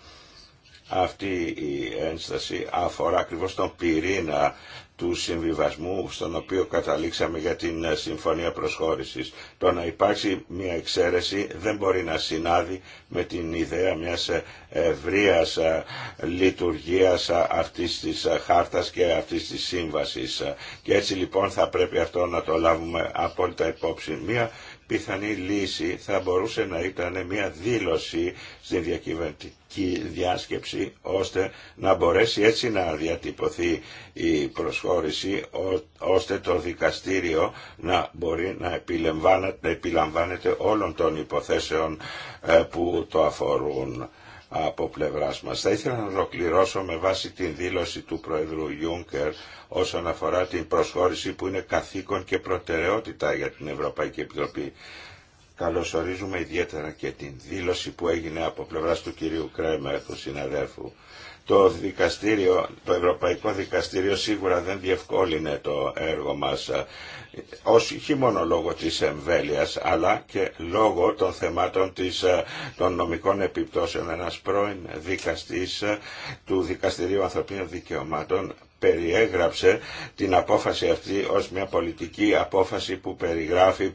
S3: αυτή η ένσταση αφορά ακριβώς τον πυρήνα του συμβιβασμού στον οποίο καταλήξαμε για την ε, Συμφωνία Προσχώρησης. Το να υπάρξει μια εξαίρεση δεν μπορεί να συνάδει με την ιδέα μιας ε, ευρείας ε, λειτουργίας αυτής της χάρτας και αυτής της σύμβασης. Και έτσι λοιπόν θα πρέπει αυτό να το λάβουμε απόλυτα υπόψη. Μια πιθανή λύση θα μπορούσε να ήταν μια δήλωση στην διακυβερνητική διάσκεψη ώστε να μπορέσει έτσι να διατυπωθεί η προσχώρηση ώστε το δικαστήριο να μπορεί να επιλαμβάνεται όλων των υποθέσεων ε, που το αφορούν από πλευράς μας. Θα ήθελα να ολοκληρώσω με βάση την δήλωση του Προέδρου Γιούγκερ όσον αφορά την προσχώρηση που είναι καθήκον και προτεραιότητα για την Ευρωπαϊκή Επιτροπή. Καλωσορίζουμε ιδιαίτερα και την δήλωση που έγινε από πλευράς του κυρίου Κρέμερ, του συναδέλφου το δικαστήριο, το Ευρωπαϊκό Δικαστήριο σίγουρα δεν διευκόλυνε το έργο μας ε, όχι μόνο λόγω της εμβέλειας αλλά και λόγω των θεμάτων της, ε, των νομικών επιπτώσεων. Ένας πρώην δικαστής ε, του Δικαστηρίου Ανθρωπίνων Δικαιωμάτων περιέγραψε την απόφαση αυτή ως μια πολιτική απόφαση που περιγράφει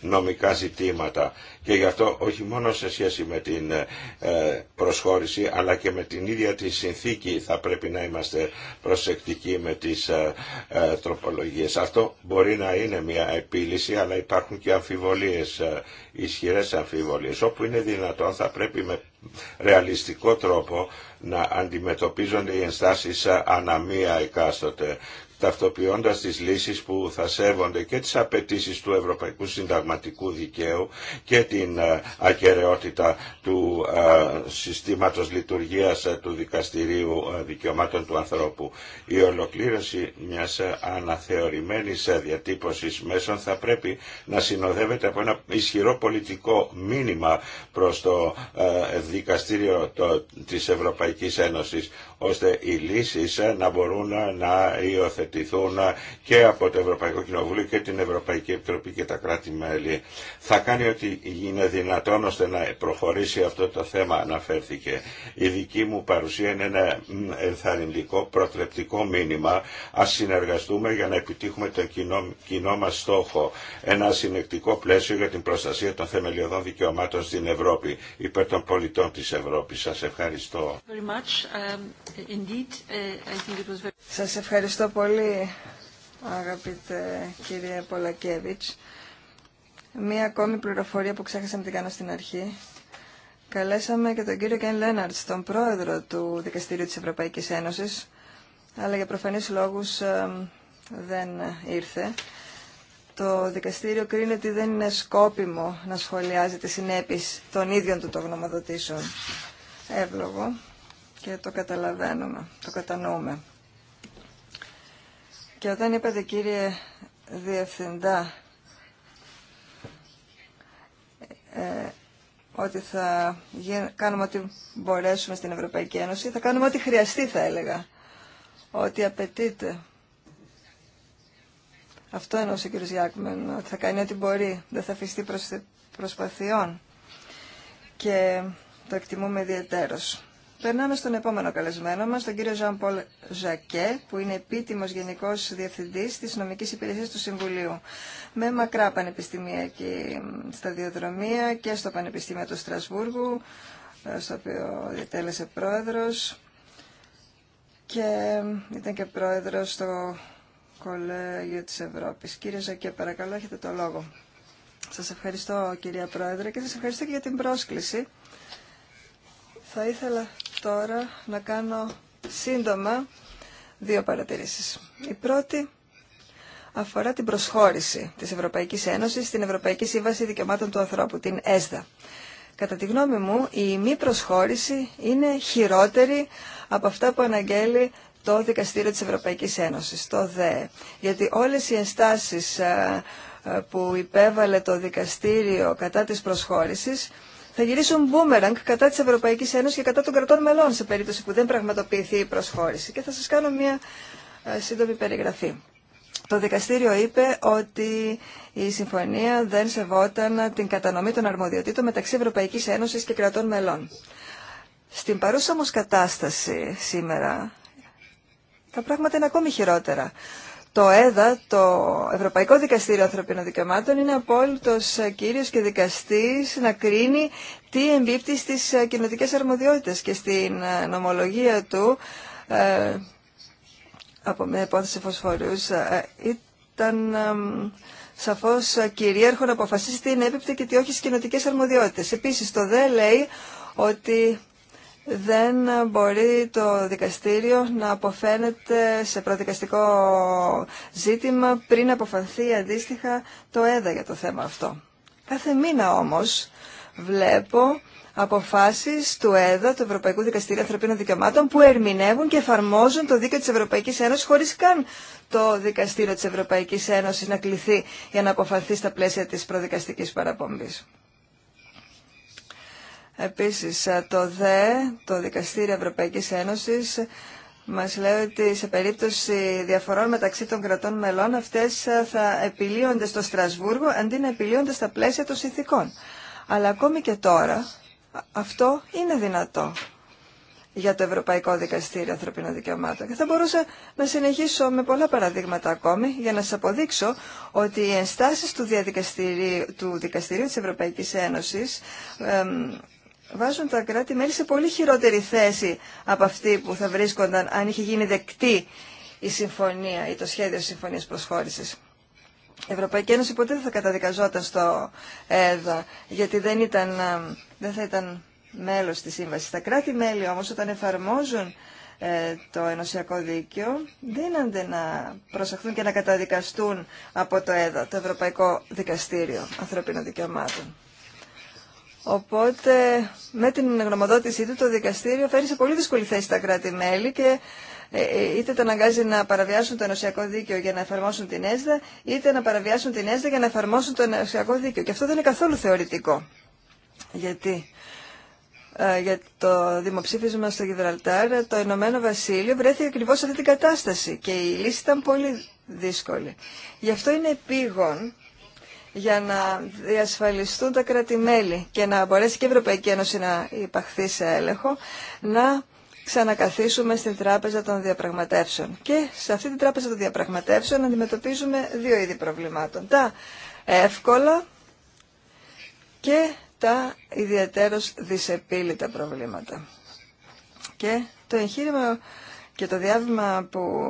S3: νομικά ζητήματα. Και γι' αυτό όχι μόνο σε σχέση με την ε, προσχώρηση αλλά και με την ίδια τη συνθήκη θα πρέπει να είμαστε προσεκτικοί με τις ε, ε, τροπολογίες. Αυτό μπορεί να είναι μια επίλυση αλλά υπάρχουν και αμφιβολίες, ισχυρές αμφιβολίες. Όπου είναι δυνατόν θα πρέπει με ρεαλιστικό τρόπο να αντιμετωπίζονται οι ενστάσεις αναμία εκάστοτε ταυτοποιώντας τις λύσεις που θα σέβονται και τις απαιτήσεις του Ευρωπαϊκού Συνταγματικού Δικαίου και την ε, ακαιρεότητα του ε, συστήματος λειτουργίας ε, του Δικαστηρίου Δικαιωμάτων του Ανθρώπου. Η ολοκλήρωση μιας αναθεωρημένης διατύπωσης μέσων θα πρέπει να συνοδεύεται από ένα ισχυρό πολιτικό μήνυμα προς το Δικαστήριο της Ευρωπαϊκής Ένωσης ώστε οι λύσεις να μπορούν να και από το Ευρωπαϊκό Κοινοβούλιο και την Ευρωπαϊκή Επιτροπή και τα κράτη-μέλη. Θα κάνει ότι είναι δυνατόν ώστε να προχωρήσει αυτό το θέμα, αναφέρθηκε. Η δική μου παρουσία είναι ένα ενθαρρυντικό, προτρεπτικό μήνυμα. Α συνεργαστούμε για να επιτύχουμε το κοινό, κοινό μας στόχο. Ένα συνεκτικό πλαίσιο για την προστασία των θεμελιωδών δικαιωμάτων στην Ευρώπη, υπέρ των πολιτών τη Ευρώπη. Σα ευχαριστώ.
S1: Um, uh, ευχαριστώ πολύ πολύ, αγαπητέ κύριε Πολακέβιτς. Μία ακόμη πληροφορία που ξέχασα να την κάνω στην αρχή. Καλέσαμε και τον κύριο Κεν Λέναρτς, τον πρόεδρο του Δικαστηρίου της Ευρωπαϊκής Ένωσης, αλλά για προφανείς λόγους ε, δεν ήρθε. Το δικαστήριο κρίνει ότι δεν είναι σκόπιμο να σχολιάζει τις συνέπειες των ίδιων του το γνωμοδοτήσεων. Εύλογο και το καταλαβαίνουμε, το κατανοούμε. Και όταν είπατε κύριε Διευθυντά ε, ότι θα κάνουμε ό,τι μπορέσουμε στην Ευρωπαϊκή Ένωση, θα κάνουμε ό,τι χρειαστεί θα έλεγα, ό,τι απαιτείται. Αυτό εννοούσε ο κ. Γιάκμεν, ότι θα κάνει ό,τι μπορεί, δεν θα αφιστεί προσπαθειών. Και το εκτιμούμε ιδιαίτερος. Περνάμε στον επόμενο καλεσμένο μας, τον κύριο Ζαν Πολ Ζακέ, που είναι επίτιμος Γενικό Διευθυντής τη Νομική Υπηρεσία του Συμβουλίου. Με μακρά πανεπιστημιακή σταδιοδρομία και στο Πανεπιστήμιο του Στρασβούργου, ε, στο οποίο διατέλεσε πρόεδρος και ε, ήταν και πρόεδρος στο Κολέγιο τη Ευρώπη. Κύριε Ζακέ, παρακαλώ, έχετε το λόγο. Σα ευχαριστώ κυρία Πρόεδρε και σα ευχαριστώ και για την πρόσκληση. Θα ήθελα τώρα να κάνω σύντομα δύο παρατηρήσεις. Η πρώτη αφορά την προσχώρηση της Ευρωπαϊκής Ένωσης στην Ευρωπαϊκή Σύμβαση Δικαιωμάτων του Ανθρώπου, την ΕΣΔΑ. Κατά τη γνώμη μου, η μη προσχώρηση είναι χειρότερη από αυτά που αναγγέλει το Δικαστήριο της Ευρωπαϊκής Ένωσης, το ΔΕΕ. Γιατί όλες οι ενστάσεις ε, ε, που υπέβαλε το Δικαστήριο κατά της προσχώρησης θα γυρίσουν μπούμεραγκ κατά τη Ευρωπαϊκής Ένωσης και κατά των κρατών μελών σε περίπτωση που δεν πραγματοποιηθεί η προσχώρηση. Και θα σας κάνω μια ε, σύντομη περιγραφή. Το δικαστήριο είπε ότι η συμφωνία δεν σεβόταν την κατανομή των αρμοδιοτήτων μεταξύ Ευρωπαϊκής Ένωσης και κρατών μελών. Στην παρούσα όμω κατάσταση σήμερα τα πράγματα είναι ακόμη χειρότερα. Το ΕΔΑ, το Ευρωπαϊκό Δικαστήριο Ανθρωπίνων Δικαιωμάτων, είναι απόλυτος ε, κύριος και δικαστής να κρίνει τι εμπίπτει στις ε, κοινωτικές αρμοδιότητες και στην ε, νομολογία του από μια υπόθεση φωσφορίου. ήταν ε, σαφώς κυρίαρχο να αποφασίσει τι είναι και τι όχι στις κοινοτικέ αρμοδιότητες. Επίσης, το ΔΕ λέει ότι δεν μπορεί το δικαστήριο να αποφαίνεται σε προδικαστικό ζήτημα πριν αποφανθεί αντίστοιχα το ΕΔΑ για το θέμα αυτό. Κάθε μήνα όμως βλέπω αποφάσεις του ΕΔΑ, του Ευρωπαϊκού Δικαστηρίου Ανθρωπίνων Δικαιωμάτων, που ερμηνεύουν και εφαρμόζουν το δίκαιο της Ευρωπαϊκής Ένωσης, χωρίς καν το Δικαστήριο της Ευρωπαϊκής Ένωσης να κληθεί για να αποφανθεί στα πλαίσια της προδικαστικής παραπομπής. Επίσης, ε, το ΔΕ, το Δικαστήριο Ευρωπαϊκής Ένωσης, μας λέει ότι σε περίπτωση διαφορών μεταξύ των κρατών μελών αυτές ε, θα επιλύονται στο Στρασβούργο αντί να επιλύονται στα πλαίσια των συνθήκων. Αλλά ακόμη και τώρα αυτό είναι δυνατό για το Ευρωπαϊκό Δικαστήριο Ανθρωπίνων Δικαιωμάτων. Και θα μπορούσα να συνεχίσω με πολλά παραδείγματα ακόμη για να σας αποδείξω ότι οι ενστάσεις του, του Δικαστηρίου της Ευρωπαϊκής Ένωσης βάζουν τα κράτη-μέλη σε πολύ χειρότερη θέση από αυτή που θα βρίσκονταν αν είχε γίνει δεκτή η συμφωνία ή το σχέδιο συμφωνίας προσχώρησης. Η Ευρωπαϊκή Ένωση ποτέ δεν θα καταδικαζόταν στο ΕΔΑ, γιατί δεν, ήταν, ε, δεν θα ήταν μέλος της σύμβασης. Τα κράτη-μέλη όμως όταν εφαρμόζουν ε, το ενωσιακό δίκαιο δίνονται να προσεχθούν και να καταδικαστούν από το ΕΔΑ, το Ευρωπαϊκό Δικαστήριο Ανθρωπίνων Δικαιωμάτων. Οπότε με την γνωμοδότησή του το δικαστήριο φέρει σε πολύ δύσκολη θέση τα κράτη-μέλη και ε, ε, είτε τα αναγκάζει να παραβιάσουν το ενωσιακό δίκαιο για να εφαρμόσουν την ΕΣΔΑ, είτε να παραβιάσουν την ΕΣΔΑ για να εφαρμόσουν το ενωσιακό δίκαιο. Και αυτό δεν είναι καθόλου θεωρητικό. Γιατί ε, για το δημοψήφισμα στο Γιβραλτάρ, το Ηνωμένο Βασίλειο βρέθηκε ακριβώς σε αυτή την κατάσταση και η λύση ήταν πολύ δύσκολη. Γι' αυτό είναι επίγον για να διασφαλιστούν τα κρατη και να μπορέσει και η Ευρωπαϊκή Ένωση να υπαχθεί σε έλεγχο, να ξανακαθίσουμε στην Τράπεζα των Διαπραγματεύσεων. Και σε αυτή την Τράπεζα των Διαπραγματεύσεων αντιμετωπίζουμε δύο είδη προβλημάτων. Τα εύκολα και τα ιδιαίτερως δυσεπίλητα προβλήματα. Και το εγχείρημα και το διάβημα που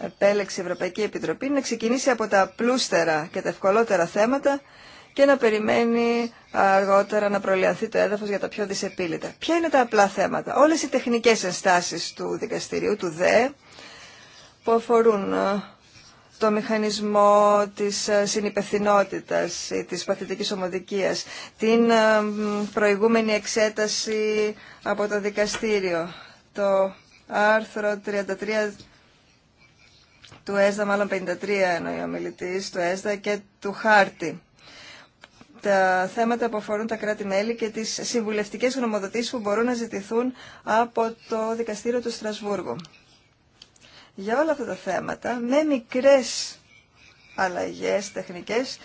S1: επέλεξε η Ευρωπαϊκή Επιτροπή είναι να ξεκινήσει από τα πλούστερα και τα ευκολότερα θέματα και να περιμένει αργότερα να προλιαθεί το έδαφος για τα πιο δυσεπίλητα. Ποια είναι τα απλά θέματα. Όλες οι τεχνικές ενστάσεις του δικαστηρίου, του ΔΕ, που αφορούν ε, το μηχανισμό της ε, συνυπευθυνότητας ή της παθητικής ομοδικίας, την ε, προηγούμενη εξέταση από το δικαστήριο, το άρθρο 33 του ΕΣΔΑ, μάλλον 53 εννοεί ο μιλητής, του ΕΣΔΑ και του χάρτη. Τα θέματα που αφορούν τα κράτη-μέλη και τις συμβουλευτικές γνωμοδοτήσεις που μπορούν να ζητηθούν από το Δικαστήριο του Στρασβούργου. Για όλα αυτά τα θέματα, με μικρές αλλαγές τεχνικές,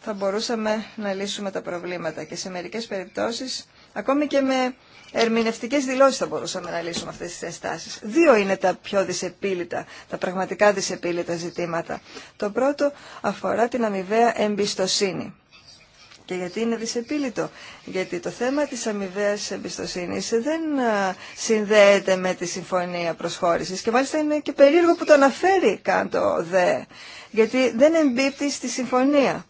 S1: θα μπορούσαμε να λύσουμε τα προβλήματα και σε μερικές περιπτώσεις, ακόμη και με ερμηνευτικές δηλώσεις θα μπορούσαμε να λύσουμε αυτές τις ενστάσεις. Δύο είναι τα πιο δυσεπίλητα, τα πραγματικά δυσεπίλητα ζητήματα. Το πρώτο αφορά την αμοιβαία εμπιστοσύνη. Και γιατί είναι δυσεπίλητο. Γιατί το θέμα της αμοιβαία εμπιστοσύνη δεν συνδέεται με τη συμφωνία προσχώρησης και μάλιστα είναι και περίεργο που το αναφέρει καν το ΔΕ. Γιατί δεν εμπίπτει στη συμφωνία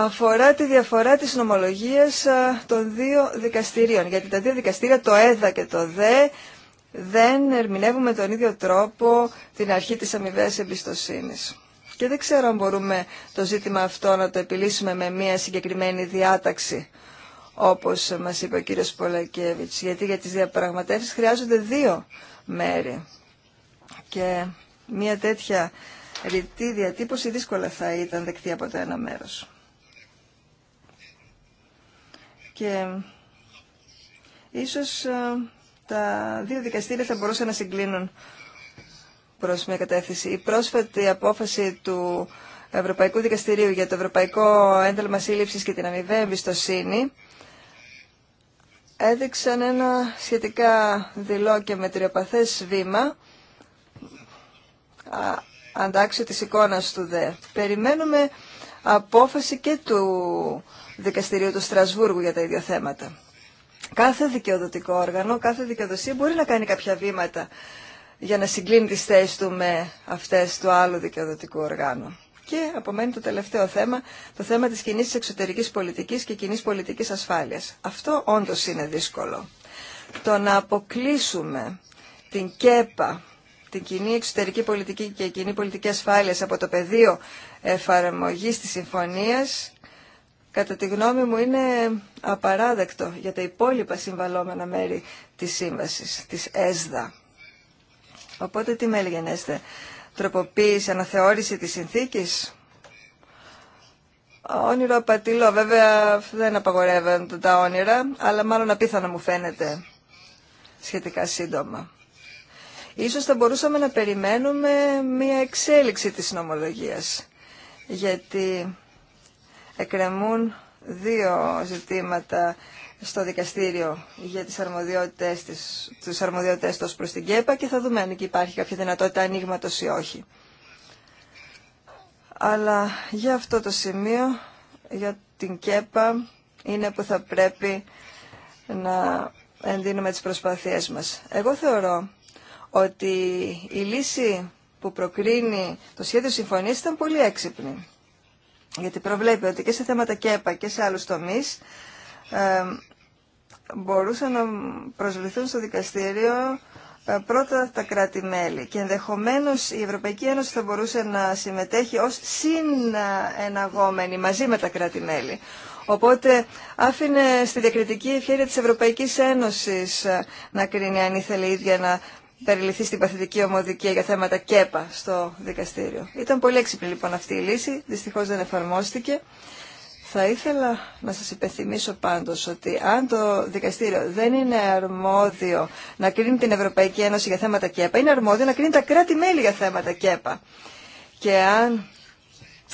S1: αφορά τη διαφορά της νομολογίας των δύο δικαστηρίων. Γιατί τα δύο δικαστήρια, το ΕΔΑ και το ΔΕ, δεν ερμηνεύουν με τον ίδιο τρόπο την αρχή της αμοιβαίας εμπιστοσύνης. Και δεν ξέρω αν μπορούμε το ζήτημα αυτό να το επιλύσουμε με μια συγκεκριμένη διάταξη, όπως μας είπε ο κύριος Πολακέβιτς, γιατί για τις διαπραγματεύσεις χρειάζονται δύο μέρη. Και μια τέτοια ρητή διατύπωση δύσκολα θα ήταν δεκτή από το ένα μέρος. Και ίσως ε, τα δύο δικαστήρια θα μπορούσαν να συγκλίνουν προς μια κατεύθυνση. Η πρόσφατη απόφαση του Ευρωπαϊκού Δικαστηρίου για το Ευρωπαϊκό Ένταλμα Σύλληψης και την Αμοιβαία Εμπιστοσύνη έδειξαν ένα σχετικά δηλό και μετριοπαθές βήμα αντάξιο της εικόνας του ΔΕ. Περιμένουμε απόφαση και του δικαστηρίου του Στρασβούργου για τα ίδια θέματα. Κάθε δικαιοδοτικό όργανο, κάθε δικαιοδοσία μπορεί να κάνει κάποια βήματα για να συγκλίνει τις θέσεις του με αυτές του άλλου δικαιοδοτικού οργάνου. Και απομένει το τελευταίο θέμα, το θέμα της κοινή εξωτερικής πολιτικής και κοινή πολιτικής ασφάλειας. Αυτό όντως είναι δύσκολο. Το να αποκλείσουμε την ΚΕΠΑ, την κοινή εξωτερική πολιτική και κοινή πολιτική ασφάλειας από το πεδίο εφαρμογής της συμφωνίας κατά τη γνώμη μου είναι απαράδεκτο για τα υπόλοιπα συμβαλόμενα μέρη της σύμβασης, της ΕΣΔΑ. Οπότε τι με έλεγενέστε, τροποποίηση, αναθεώρηση της συνθήκης. Όνειρο απατηλό, βέβαια δεν απαγορεύονται τα όνειρα, αλλά μάλλον απίθανο μου φαίνεται σχετικά σύντομα. Ίσως θα μπορούσαμε να περιμένουμε μία εξέλιξη της νομολογίας, γιατί εκκρεμούν δύο ζητήματα στο δικαστήριο για τις αρμοδιότητες, της, τις αρμοδιότητες τους προς την ΚΕΠΑ και θα δούμε αν εκεί υπάρχει κάποια δυνατότητα ανοίγματο ή όχι. Αλλά για αυτό το σημείο, για την ΚΕΠΑ, είναι που θα πρέπει να εντείνουμε τις προσπάθειές μας. Εγώ θεωρώ ότι η λύση που προκρίνει το σχέδιο συμφωνίας ήταν πολύ έξυπνη γιατί προβλέπει ότι και σε θέματα ΚΕΠΑ και σε άλλους τομείς ε, μπορούσαν να προσβληθούν στο δικαστήριο ε, πρώτα τα κράτη-μέλη και ενδεχομένως η Ευρωπαϊκή Ένωση θα μπορούσε να συμμετέχει ως συναγόμενη μαζί με τα κράτη-μέλη. Οπότε άφηνε στη διακριτική ευχαίρεια της Ευρωπαϊκής Ένωσης ε, να κρίνει αν ήθελε η ίδια να περιληφθεί στην παθητική ομοδικία για θέματα ΚΕΠΑ στο δικαστήριο. Ήταν πολύ έξυπνη λοιπόν αυτή η λύση, δυστυχώς δεν εφαρμόστηκε. Θα ήθελα να σας υπενθυμίσω πάντως ότι αν το δικαστήριο δεν είναι αρμόδιο να κρίνει την Ευρωπαϊκή Ένωση για θέματα ΚΕΠΑ, είναι αρμόδιο να κρίνει τα κράτη-μέλη για θέματα ΚΕΠΑ. Και αν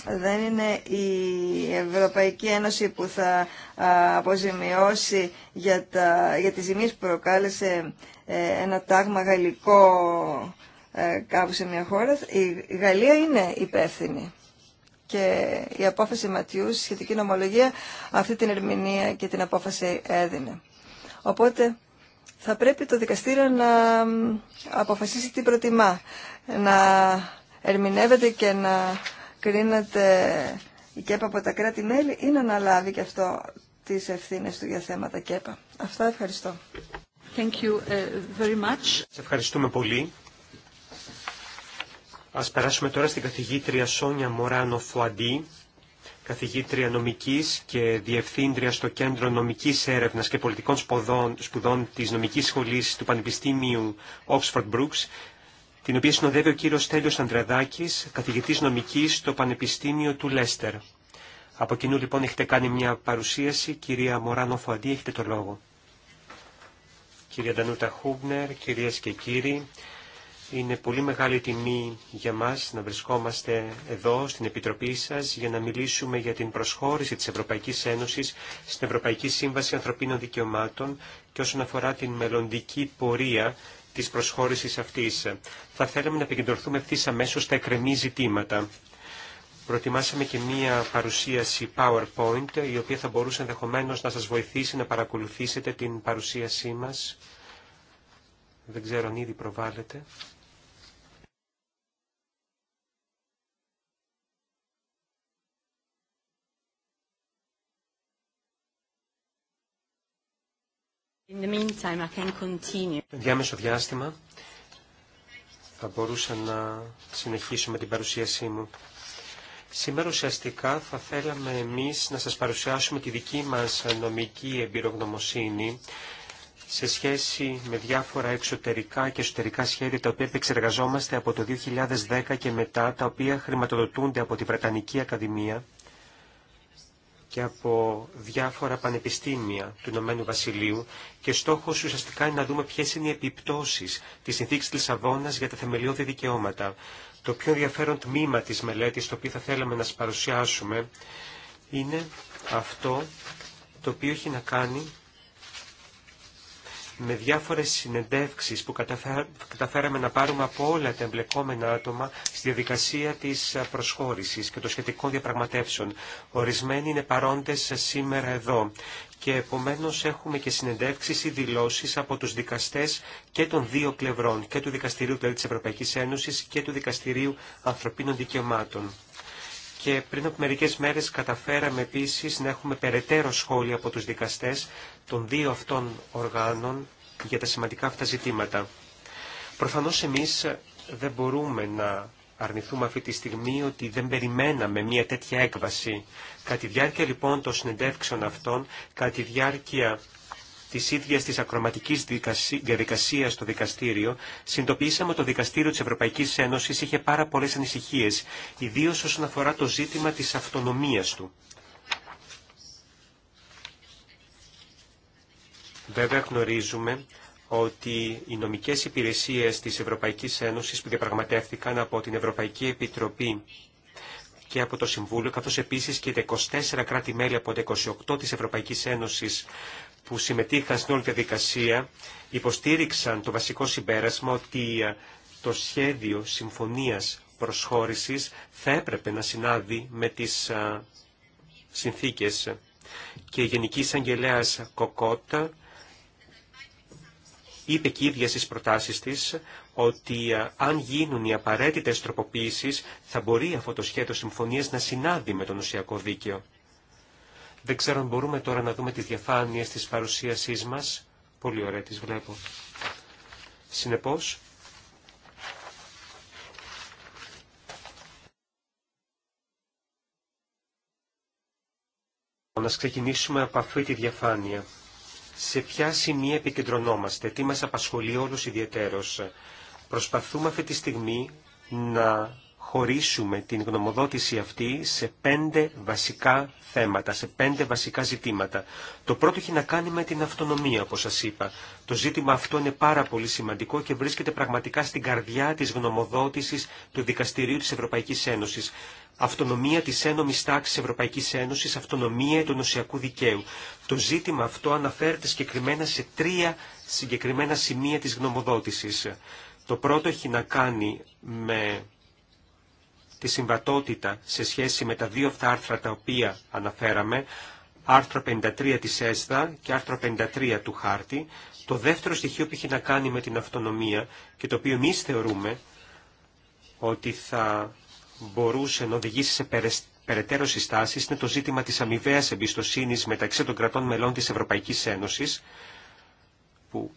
S1: δεν είναι η Ευρωπαϊκή Ένωση που θα αποζημιώσει για, τα, για τις ζημίες που προκάλεσε ε, ένα τάγμα γαλλικό ε, κάπου σε μια χώρα, η Γαλλία είναι υπεύθυνη. Και η απόφαση Ματιού, η σχετική νομολογία, αυτή την ερμηνεία και την απόφαση έδινε. Οπότε θα πρέπει το δικαστήριο να αποφασίσει τι προτιμά. Να ερμηνεύεται και να κρίνεται η ΚΕΠΑ από τα κράτη-μέλη ή να αναλάβει και αυτό τις ευθύνες του για θέματα ΚΕΠΑ. Αυτά ευχαριστώ. Thank uh,
S2: ευχαριστούμε πολύ. Ας περάσουμε τώρα στην καθηγήτρια Σόνια Μωράνο Φουαντή, καθηγήτρια νομικής και διευθύντρια στο Κέντρο Νομικής Έρευνας και Πολιτικών Σπουδών, σπουδών της Νομικής Σχολής του Πανεπιστήμιου Oxford Brooks, την οποία συνοδεύει ο κύριος Τέλιο Ανδρεδάκη, καθηγητής νομικής στο Πανεπιστήμιο του Λέστερ. Από κοινού λοιπόν έχετε κάνει μια παρουσίαση. Κυρία Μωράνο Φουαντή, έχετε το λόγο κυρία Ντανούτα Χούμπνερ, κυρίες και κύριοι. Είναι πολύ μεγάλη τιμή για μας να βρισκόμαστε εδώ στην Επιτροπή σας για να μιλήσουμε για την προσχώρηση της Ευρωπαϊκής Ένωσης στην Ευρωπαϊκή Σύμβαση Ανθρωπίνων Δικαιωμάτων και όσον αφορά την μελλοντική πορεία της προσχώρησης αυτής. Θα θέλαμε να επικεντρωθούμε ευθύ αμέσω στα εκκρεμή ζητήματα. Προετοιμάσαμε και μία παρουσίαση PowerPoint, η οποία θα μπορούσε ενδεχομένως να σας βοηθήσει να παρακολουθήσετε την παρουσίασή μας. Δεν ξέρω αν ήδη προβάλλεται.
S3: In the meantime, I can continue. Διάμεσο
S2: διάστημα θα μπορούσα να συνεχίσω με την παρουσίασή μου. Σήμερα ουσιαστικά θα θέλαμε εμείς να σας παρουσιάσουμε τη δική μας νομική εμπειρογνωμοσύνη σε σχέση με διάφορα εξωτερικά και εσωτερικά σχέδια τα οποία επεξεργαζόμαστε από το 2010 και μετά, τα οποία χρηματοδοτούνται από τη Βρετανική Ακαδημία και από διάφορα πανεπιστήμια του Ηνωμένου Βασιλείου και στόχος ουσιαστικά είναι να δούμε ποιες είναι οι επιπτώσεις της συνθήκης της Λισαβόνας για τα θεμελιώδη δικαιώματα. Το πιο ενδιαφέρον τμήμα της μελέτης, το οποίο θα θέλαμε να σας παρουσιάσουμε, είναι αυτό το οποίο έχει να κάνει με διάφορες συνεντεύξεις που καταφέραμε να πάρουμε από όλα τα εμπλεκόμενα άτομα στη διαδικασία της προσχώρησης και των σχετικών διαπραγματεύσεων. Ορισμένοι είναι παρόντες σήμερα εδώ και επομένως έχουμε και συνεντεύξεις ή δηλώσεις από τους δικαστές και των δύο πλευρών, και του Δικαστηρίου δηλαδή της Ευρωπαϊκής Ένωσης και του Δικαστηρίου Ανθρωπίνων Δικαιωμάτων. Και πριν από μερικές μέρες καταφέραμε επίσης να έχουμε περαιτέρω σχόλια από τους δικαστές των δύο αυτών οργάνων για τα σημαντικά αυτά ζητήματα. Προφανώς εμείς δεν μπορούμε να αρνηθούμε αυτή τη στιγμή ότι δεν περιμέναμε μια τέτοια έκβαση Κατά τη διάρκεια λοιπόν των συνεντεύξεων αυτών, κατά τη διάρκεια τη ίδια τη ακροματική διαδικασία στο δικαστήριο, συνειδητοποιήσαμε ότι το Δικαστήριο τη Ευρωπαϊκή Ένωση είχε πάρα πολλέ ανησυχίε, ιδίω όσον αφορά το ζήτημα τη αυτονομία του. Βέβαια γνωρίζουμε ότι οι νομικές υπηρεσίες της Ευρωπαϊκής Ένωσης που διαπραγματεύτηκαν από την Ευρωπαϊκή Επιτροπή και από το Συμβούλιο, καθώς επίσης και τα 24 κράτη-μέλη από τα 28 της Ευρωπαϊκής Ένωσης που συμμετείχαν στην όλη διαδικασία, υποστήριξαν το βασικό συμπέρασμα ότι ε, το σχέδιο συμφωνίας προσχώρησης θα έπρεπε να συνάδει με τις ε, συνθήκες. Και η Γενική Εισαγγελέα Κοκότα είπε και η ίδια στις προτάσεις της ότι ε, αν γίνουν οι απαραίτητες τροποποίησεις θα μπορεί αυτό το σχέδιο συμφωνίας να συνάδει με τον ουσιακό δίκαιο. Δεν ξέρω αν μπορούμε τώρα να δούμε τις διαφάνειες της παρουσίασής μας. Πολύ ωραία τις βλέπω. Συνεπώς, Να ξεκινήσουμε από αυτή τη διαφάνεια. Σε ποια σημεία επικεντρωνόμαστε, τι μας απασχολεί όλους ιδιαιτέρως. Προσπαθούμε αυτή τη στιγμή να χωρίσουμε την γνωμοδότηση αυτή σε πέντε βασικά θέματα, σε πέντε βασικά ζητήματα. Το πρώτο έχει να κάνει με την αυτονομία, όπως σας είπα. Το ζήτημα αυτό είναι πάρα πολύ σημαντικό και βρίσκεται πραγματικά στην καρδιά της γνωμοδότησης του Δικαστηρίου της Ευρωπαϊκής Ένωσης. Αυτονομία της ένομης τάξης Ευρωπαϊκής Ένωσης, αυτονομία του νοσιακού δικαίου. Το ζήτημα αυτό αναφέρεται συγκεκριμένα σε τρία συγκεκριμένα σημεία της γνωμοδότησης. Το πρώτο έχει να κάνει με τη συμβατότητα σε σχέση με τα δύο αυτά άρθρα τα οποία αναφέραμε, άρθρο 53 της ΕΣΔΑ και άρθρο 53 του χάρτη, το δεύτερο στοιχείο που έχει να κάνει με την αυτονομία και το οποίο εμεί θεωρούμε ότι θα μπορούσε να οδηγήσει σε περαιτέρω συστάσει είναι το ζήτημα της αμοιβαία εμπιστοσύνη μεταξύ των κρατών μελών της Ευρωπαϊκής Ένωσης, που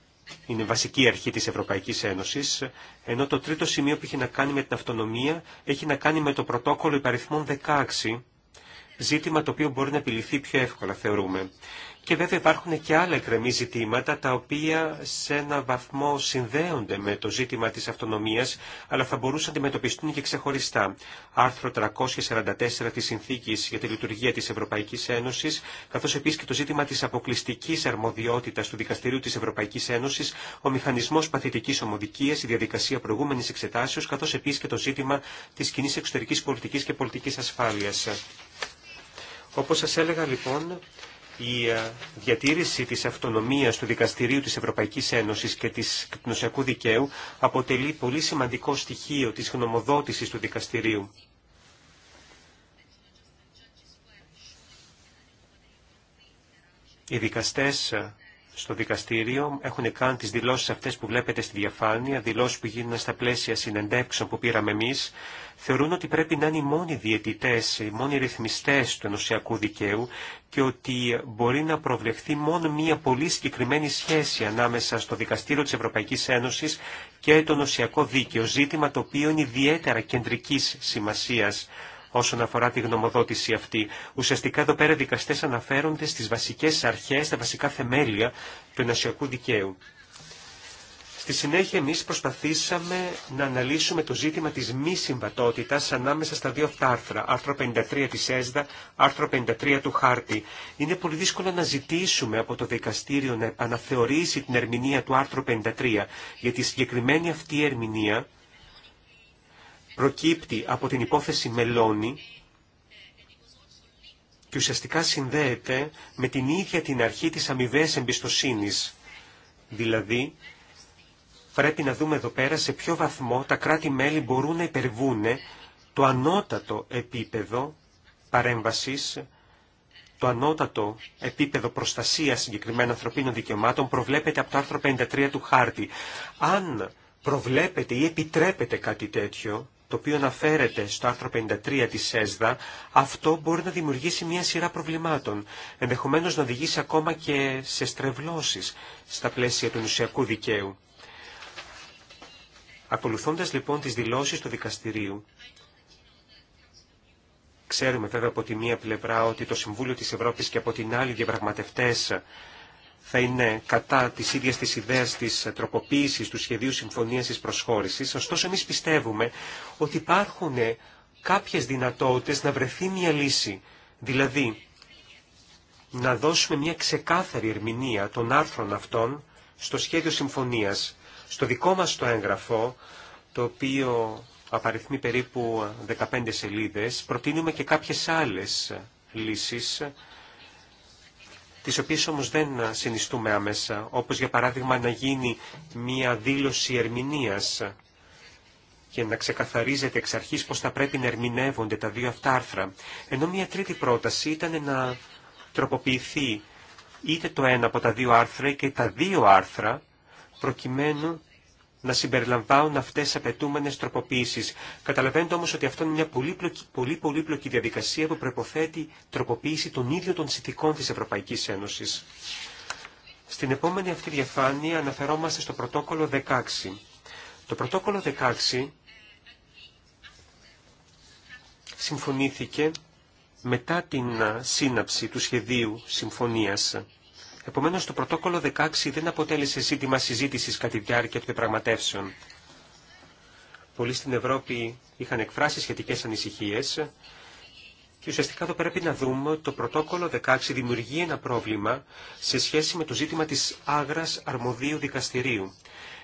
S2: είναι βασική αρχή της Ευρωπαϊκής Ένωσης, ενώ το τρίτο σημείο που έχει να κάνει με την αυτονομία έχει να κάνει με το πρωτόκολλο υπαριθμών 16, ζήτημα το οποίο μπορεί να επιληθεί πιο εύκολα θεωρούμε. Και βέβαια υπάρχουν και άλλα εκκρεμή ζητήματα τα οποία σε ένα βαθμό συνδέονται με το ζήτημα της αυτονομίας αλλά θα μπορούσαν να αντιμετωπιστούν και ξεχωριστά. Άρθρο 344 της Συνθήκης για τη Λειτουργία της Ευρωπαϊκής Ένωσης καθώς επίσης και το ζήτημα της αποκλειστικής αρμοδιότητας του Δικαστηρίου της Ευρωπαϊκής Ένωσης, ο μηχανισμός παθητικής ομοδικίας, η διαδικασία προηγούμενης εξετάσεως καθώς επίσης και το ζήτημα της κοινή εξωτερικής πολιτικής και πολιτικής ασφάλειας. Όπως σας έλεγα λοιπόν, η ε, διατήρηση της αυτονομίας του Δικαστηρίου της Ευρωπαϊκής Ένωσης και της Κυπνοσιακού δικαίου αποτελεί πολύ σημαντικό στοιχείο της γνωμοδότησης του Δικαστηρίου. Οι δικαστές ε, στο δικαστήριο έχουν κάνει τις δηλώσεις αυτές που βλέπετε στη διαφάνεια, δηλώσεις που γίνονται στα πλαίσια συνεντεύξεων που πήραμε εμείς θεωρούν ότι πρέπει να είναι οι μόνοι διαιτητές, οι μόνοι ρυθμιστές του ενωσιακού δικαίου και ότι μπορεί να προβλεφθεί μόνο μία πολύ συγκεκριμένη σχέση ανάμεσα στο Δικαστήριο της Ευρωπαϊκής Ένωσης και το ενωσιακό δίκαιο, ζήτημα το οποίο είναι ιδιαίτερα κεντρικής σημασίας όσον αφορά τη γνωμοδότηση αυτή. Ουσιαστικά εδώ πέρα δικαστές αναφέρονται στις βασικές αρχές, τα βασικά θεμέλια του ενωσιακού δικαίου. Στη συνέχεια εμείς προσπαθήσαμε να αναλύσουμε το ζήτημα της μη συμβατότητας ανάμεσα στα δύο αυτά άρθρα, άρθρο 53 της ΕΣΔΑ, άρθρο 53 του χάρτη. Είναι πολύ δύσκολο να ζητήσουμε από το δικαστήριο να επαναθεωρήσει την ερμηνεία του άρθρου 53, γιατί η συγκεκριμένη αυτή ερμηνεία προκύπτει από την υπόθεση Μελώνη, και ουσιαστικά συνδέεται με την ίδια την αρχή της αμοιβέ εμπιστοσύνης. Δηλαδή, Πρέπει να δούμε εδώ πέρα σε ποιο βαθμό τα κράτη-μέλη μπορούν να υπερβούν το ανώτατο επίπεδο παρέμβασης, το ανώτατο επίπεδο προστασίας συγκεκριμένων ανθρωπίνων δικαιωμάτων προβλέπεται από το άρθρο 53 του χάρτη. Αν προβλέπεται ή επιτρέπεται κάτι τέτοιο, το οποίο αναφέρεται στο άρθρο 53 της ΕΣΔΑ, αυτό μπορεί να δημιουργήσει μια σειρά προβλημάτων, ενδεχομένως να οδηγήσει ακόμα και σε στρεβλώσεις στα πλαίσια του νοσιακού δικαίου. Ακολουθώντας λοιπόν τις δηλώσεις του δικαστηρίου, ξέρουμε βέβαια από τη μία πλευρά ότι το Συμβούλιο της Ευρώπης και από την άλλη διαπραγματευτές θα είναι κατά τη ίδια τη ιδέα τη τροποποίηση του σχεδίου συμφωνία τη προσχώρηση. Ωστόσο, εμεί πιστεύουμε ότι υπάρχουν κάποιε δυνατότητε να βρεθεί μια πλευρα οτι το συμβουλιο της ευρωπης και απο την αλλη διαπραγματευτε θα ειναι κατα της ίδιας της ιδέας της τροποποιησης του σχεδιου συμφωνιας της προσχωρησης ωστοσο εμεις πιστευουμε οτι υπαρχουν καποιες δυνατοτητες δηλαδή, να δώσουμε μια ξεκάθαρη ερμηνεία των άρθρων αυτών στο σχέδιο συμφωνίας στο δικό μας το έγγραφο, το οποίο απαριθμεί περίπου 15 σελίδες, προτείνουμε και κάποιες άλλες λύσεις, τις οποίες όμως δεν συνιστούμε άμεσα, όπως για παράδειγμα να γίνει μία δήλωση ερμηνείας και να ξεκαθαρίζεται εξ αρχής πώς θα πρέπει να ερμηνεύονται τα δύο αυτά άρθρα. Ενώ μία τρίτη πρόταση ήταν να τροποποιηθεί είτε το ένα από τα δύο άρθρα και τα δύο άρθρα προκειμένου να συμπεριλαμβάνουν αυτέ τι απαιτούμενε τροποποίησει. Καταλαβαίνετε όμω ότι αυτό είναι μια πολύ πολύπλοκη διαδικασία που προποθέτει τροποποίηση των ίδιων των συνθηκών τη Ευρωπαϊκή Ένωση. Στην επόμενη αυτή διαφάνεια αναφερόμαστε στο πρωτόκολλο 16. Το πρωτόκολλο 16 συμφωνήθηκε μετά την σύναψη του σχεδίου συμφωνίας. Επομένως, το πρωτόκολλο 16 δεν αποτέλεσε ζήτημα συζήτησης κατά τη διάρκεια των διαπραγματεύσεων. Πολλοί στην Ευρώπη είχαν εκφράσει σχετικές ανησυχίες και ουσιαστικά εδώ πρέπει να δούμε ότι το πρωτόκολλο 16 δημιουργεί ένα πρόβλημα σε σχέση με το ζήτημα της άγρας αρμοδίου δικαστηρίου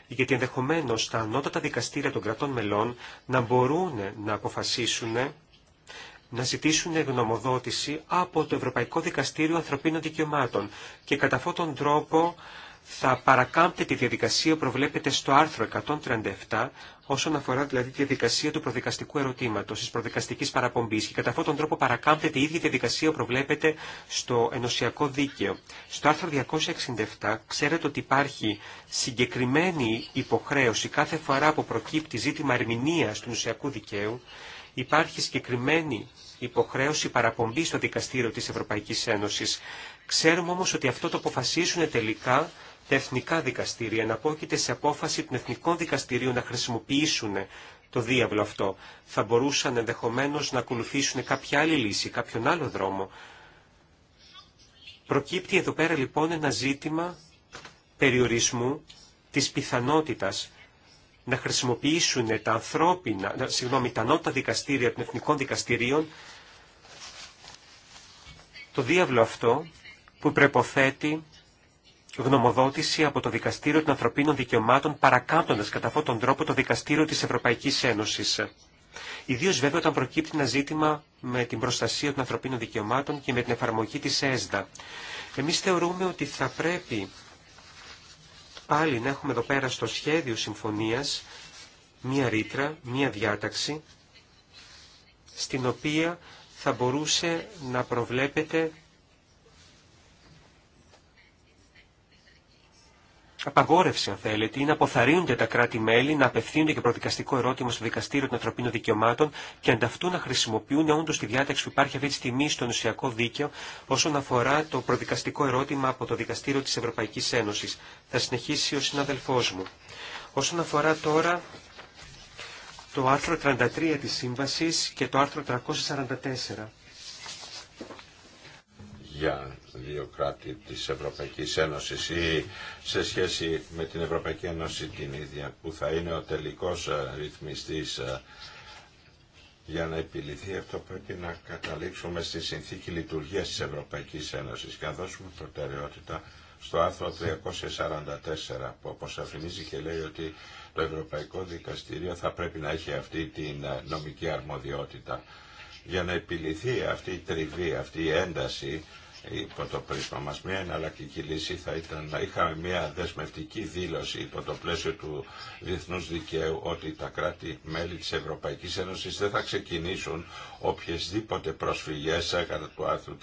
S2: γιατί ενδεχομένως τα ανώτατα δικαστήρια των κρατών μελών να μπορούν να αποφασίσουν να ζητήσουν γνωμοδότηση από το Ευρωπαϊκό Δικαστήριο Ανθρωπίνων Δικαιωμάτων και κατά αυτόν τον τρόπο θα παρακάμπτε τη διαδικασία που προβλέπεται στο άρθρο 137 όσον αφορά δηλαδή τη διαδικασία του προδικαστικού ερωτήματος, της προδικαστικής παραπομπής και κατά αυτόν τον τρόπο παρακάμπτεται η ίδια διαδικασία που προβλέπεται στο ενωσιακό δίκαιο. Στο άρθρο 267 ξέρετε ότι υπάρχει συγκεκριμένη υποχρέωση κάθε φορά που προκύπτει ζήτημα ερμηνείας του ενωσιακού δικαίου υπάρχει συγκεκριμένη υποχρέωση παραπομπή στο δικαστήριο της Ευρωπαϊκής Ένωσης. Ξέρουμε όμως ότι αυτό το αποφασίσουν τελικά τα εθνικά δικαστήρια, να πόκειται σε απόφαση των εθνικών δικαστηρίων να χρησιμοποιήσουν το διάβλο αυτό. Θα μπορούσαν ενδεχομένω να ακολουθήσουν κάποια άλλη λύση, κάποιον άλλο δρόμο. Προκύπτει εδώ πέρα λοιπόν ένα ζήτημα περιορισμού της πιθανότητας να χρησιμοποιήσουν τα ανθρώπινα, συγγνώμη, τα νότα δικαστήρια των εθνικών δικαστηρίων το διάβλο αυτό που προποθέτει γνωμοδότηση από το Δικαστήριο των Ανθρωπίνων Δικαιωμάτων παρακάμπτοντας κατά αυτόν τον τρόπο το Δικαστήριο της Ευρωπαϊκής Ένωσης. Ιδίως βέβαια όταν προκύπτει ένα ζήτημα με την προστασία των ανθρωπίνων δικαιωμάτων και με την εφαρμογή της ΕΣΔΑ. Εμείς θεωρούμε ότι θα πρέπει πάλι να έχουμε εδώ πέρα στο σχέδιο συμφωνίας μία ρήτρα, μία διάταξη, στην οποία θα μπορούσε να προβλέπεται απαγόρευση, αν θέλετε, ή να αποθαρρύνονται τα κράτη-μέλη να απευθύνονται και προδικαστικό ερώτημα στο Δικαστήριο των Ανθρωπίνων Δικαιωμάτων και ανταυτού να χρησιμοποιούν όντω τη διάταξη που υπάρχει αυτή τη στιγμή στο νοσιακό δίκαιο όσον αφορά το προδικαστικό ερώτημα από το Δικαστήριο τη Ευρωπαϊκή Ένωση. Θα συνεχίσει ο συνάδελφό μου. Όσον αφορά τώρα το άρθρο 33 της Σύμβασης και το άρθρο 344.
S3: Για δύο κράτη της Ευρωπαϊκής Ένωσης ή σε σχέση με την Ευρωπαϊκή Ένωση την ίδια που θα είναι ο τελικός ε, ρυθμιστής ε, για να επιληθεί αυτό πρέπει να καταλήξουμε στη συνθήκη λειτουργίας της Ευρωπαϊκής Ένωσης και να δώσουμε προτεραιότητα στο άρθρο 344 που αφημίζει και λέει ότι το Ευρωπαϊκό Δικαστήριο θα πρέπει να έχει αυτή την ε, νομική αρμοδιότητα. Για να επιληθεί αυτή η τριβή, αυτή η ένταση υπό το πρίσμα μας. Μια εναλλακτική λύση θα ήταν να είχαμε μια δεσμευτική δήλωση υπό το πλαίσιο του διεθνούς δικαίου ότι τα κράτη-μέλη της Ευρωπαϊκής Ένωσης δεν θα ξεκινήσουν οποιασδήποτε προσφυγές κατά του άρθρου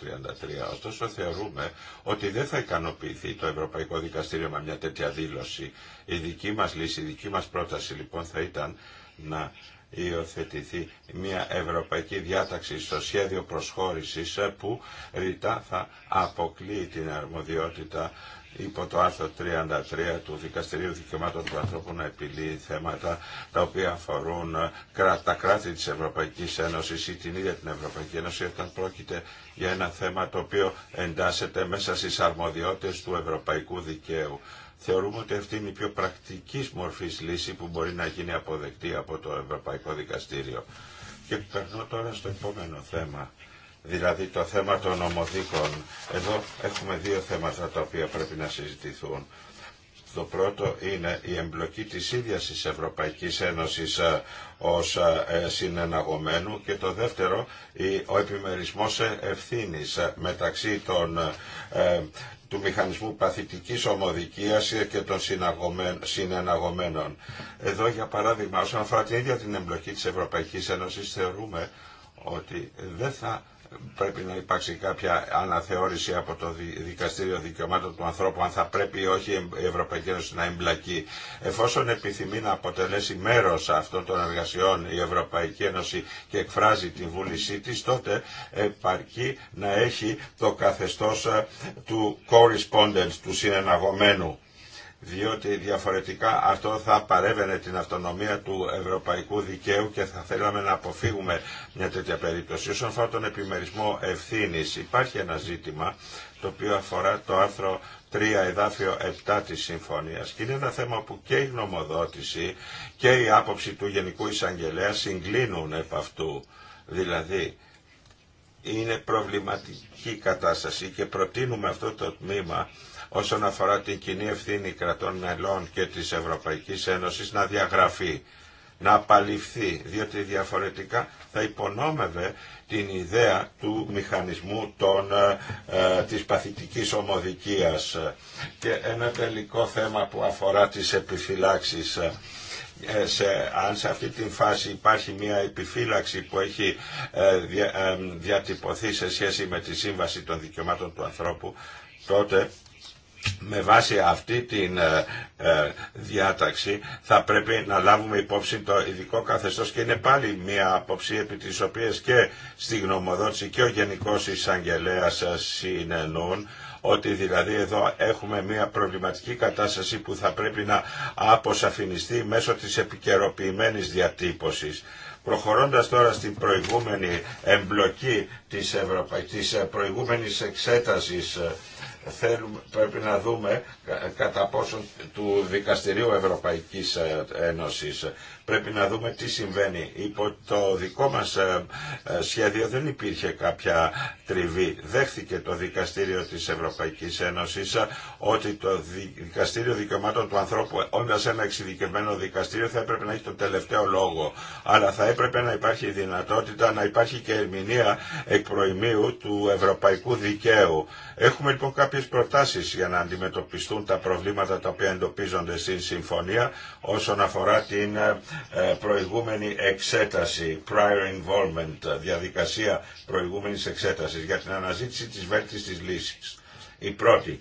S3: 33. Ωστόσο θεωρούμε ότι δεν θα ικανοποιηθεί το Ευρωπαϊκό Δικαστήριο με μια τέτοια δήλωση. Η δική μας λύση, η δική μας πρόταση λοιπόν θα ήταν να υιοθετηθεί μια ευρωπαϊκή διάταξη στο σχέδιο προσχώρησης ε, που ρητά θα αποκλείει την αρμοδιότητα υπό το άρθρο 33 του Δικαστηρίου Δικαιωμάτων του Ανθρώπου να επιλύει θέματα τα οποία αφορούν ε, τα κράτη της Ευρωπαϊκής Ένωσης ή την ίδια την Ευρωπαϊκή Ένωση όταν πρόκειται για ένα θέμα το οποίο εντάσσεται μέσα στις αρμοδιότητες του ευρωπαϊκού δικαίου. Θεωρούμε ότι αυτή είναι η πιο πρακτικής μορφής λύση που μπορεί να γίνει αποδεκτή από το Ευρωπαϊκό Δικαστήριο. Και περνώ τώρα στο επόμενο θέμα, δηλαδή το θέμα των ομοδίκων. Εδώ έχουμε δύο θέματα τα οποία πρέπει να συζητηθούν. Το πρώτο είναι η εμπλοκή της ίδιας της Ευρωπαϊκής Ένωσης ε, ως ε, συνεναγωμένου και το δεύτερο ο επιμερισμός ευθύνης ε, μεταξύ των του μηχανισμού παθητικής ομοδικίας και των συνεναγωμένων. Εδώ για παράδειγμα όσον αφορά την ίδια την εμπλοκή της Ευρωπαϊκής Ένωσης θεωρούμε ότι δεν θα πρέπει να υπάρξει κάποια αναθεώρηση από το Δικαστήριο Δικαιωμάτων του Ανθρώπου αν θα πρέπει ή όχι η Ευρωπαϊκή Ένωση να εμπλακεί. Εφόσον επιθυμεί να αποτελέσει μέρος αυτών των εργασιών η Ευρωπαϊκή Ένωση και εκφράζει την βούλησή της, τότε επαρκεί να έχει το καθεστώς ε, του correspondence, του συνεναγωμένου διότι διαφορετικά αυτό θα παρέβαινε την αυτονομία του ευρωπαϊκού δικαίου και θα θέλαμε να αποφύγουμε μια τέτοια περίπτωση. Όσον αφορά τον επιμερισμό ευθύνη, υπάρχει ένα ζήτημα το οποίο αφορά το άρθρο 3 εδάφιο 7 της Συμφωνίας και είναι ένα θέμα που και η γνωμοδότηση και η άποψη του Γενικού Εισαγγελέα συγκλίνουν επ' αυτού. Δηλαδή, είναι προβληματική κατάσταση και προτείνουμε αυτό το τμήμα όσον αφορά την κοινή ευθύνη κρατών μελών και της Ευρωπαϊκής Ένωσης να διαγραφεί, να απαλληφθεί, διότι διαφορετικά θα υπονόμευε την ιδέα του μηχανισμού των, ε, ε, της παθητικής ομοδικίας. Και ένα τελικό θέμα που αφορά τις επιφυλάξεις. Ε, σε, αν σε αυτή τη φάση υπάρχει μια επιφύλαξη που έχει διατυπωθεί σε σχέση με τη Σύμβαση των Δικαιωμάτων του Ανθρώπου, τότε με βάση αυτή την ε, ε, διάταξη θα πρέπει να λάβουμε υπόψη το ειδικό καθεστώς και είναι πάλι μια απόψη επί της οποίας και στη γνωμοδότηση και ο Γενικός σα συνεννούν ότι δηλαδή εδώ έχουμε μια προβληματική κατάσταση που θα πρέπει να αποσαφινιστεί μέσω της επικαιροποιημένης διατύπωσης. Προχωρώντας τώρα στην προηγούμενη εμπλοκή της, Ευρωπα... της προηγούμενης εξέτασης θέλουμε, πρέπει να δούμε κατά πόσο του Δικαστηρίου Ευρωπαϊκής ε, Ένωσης πρέπει να δούμε τι συμβαίνει. Υπό το δικό μας ε, ε, σχέδιο δεν υπήρχε κάποια τριβή. Δέχθηκε το Δικαστήριο της Ευρωπαϊκής Ένωσης ε, ότι το Δικαστήριο Δικαιωμάτων του Ανθρώπου, όντα ένα εξειδικευμένο δικαστήριο, θα έπρεπε να έχει το τελευταίο λόγο. Αλλά θα έπρεπε να υπάρχει δυνατότητα να υπάρχει και ερμηνεία εκ προημίου του ευρωπαϊκού δικαίου. Έχουμε λοιπόν κάποιες προτάσεις για να αντιμετωπιστούν τα προβλήματα τα οποία εντοπίζονται στην συμφωνία όσον αφορά την ε, προηγούμενη εξέταση, prior involvement, ε, διαδικασία προηγούμενης εξέτασης για την αναζήτηση της της λύσης. Η πρώτη,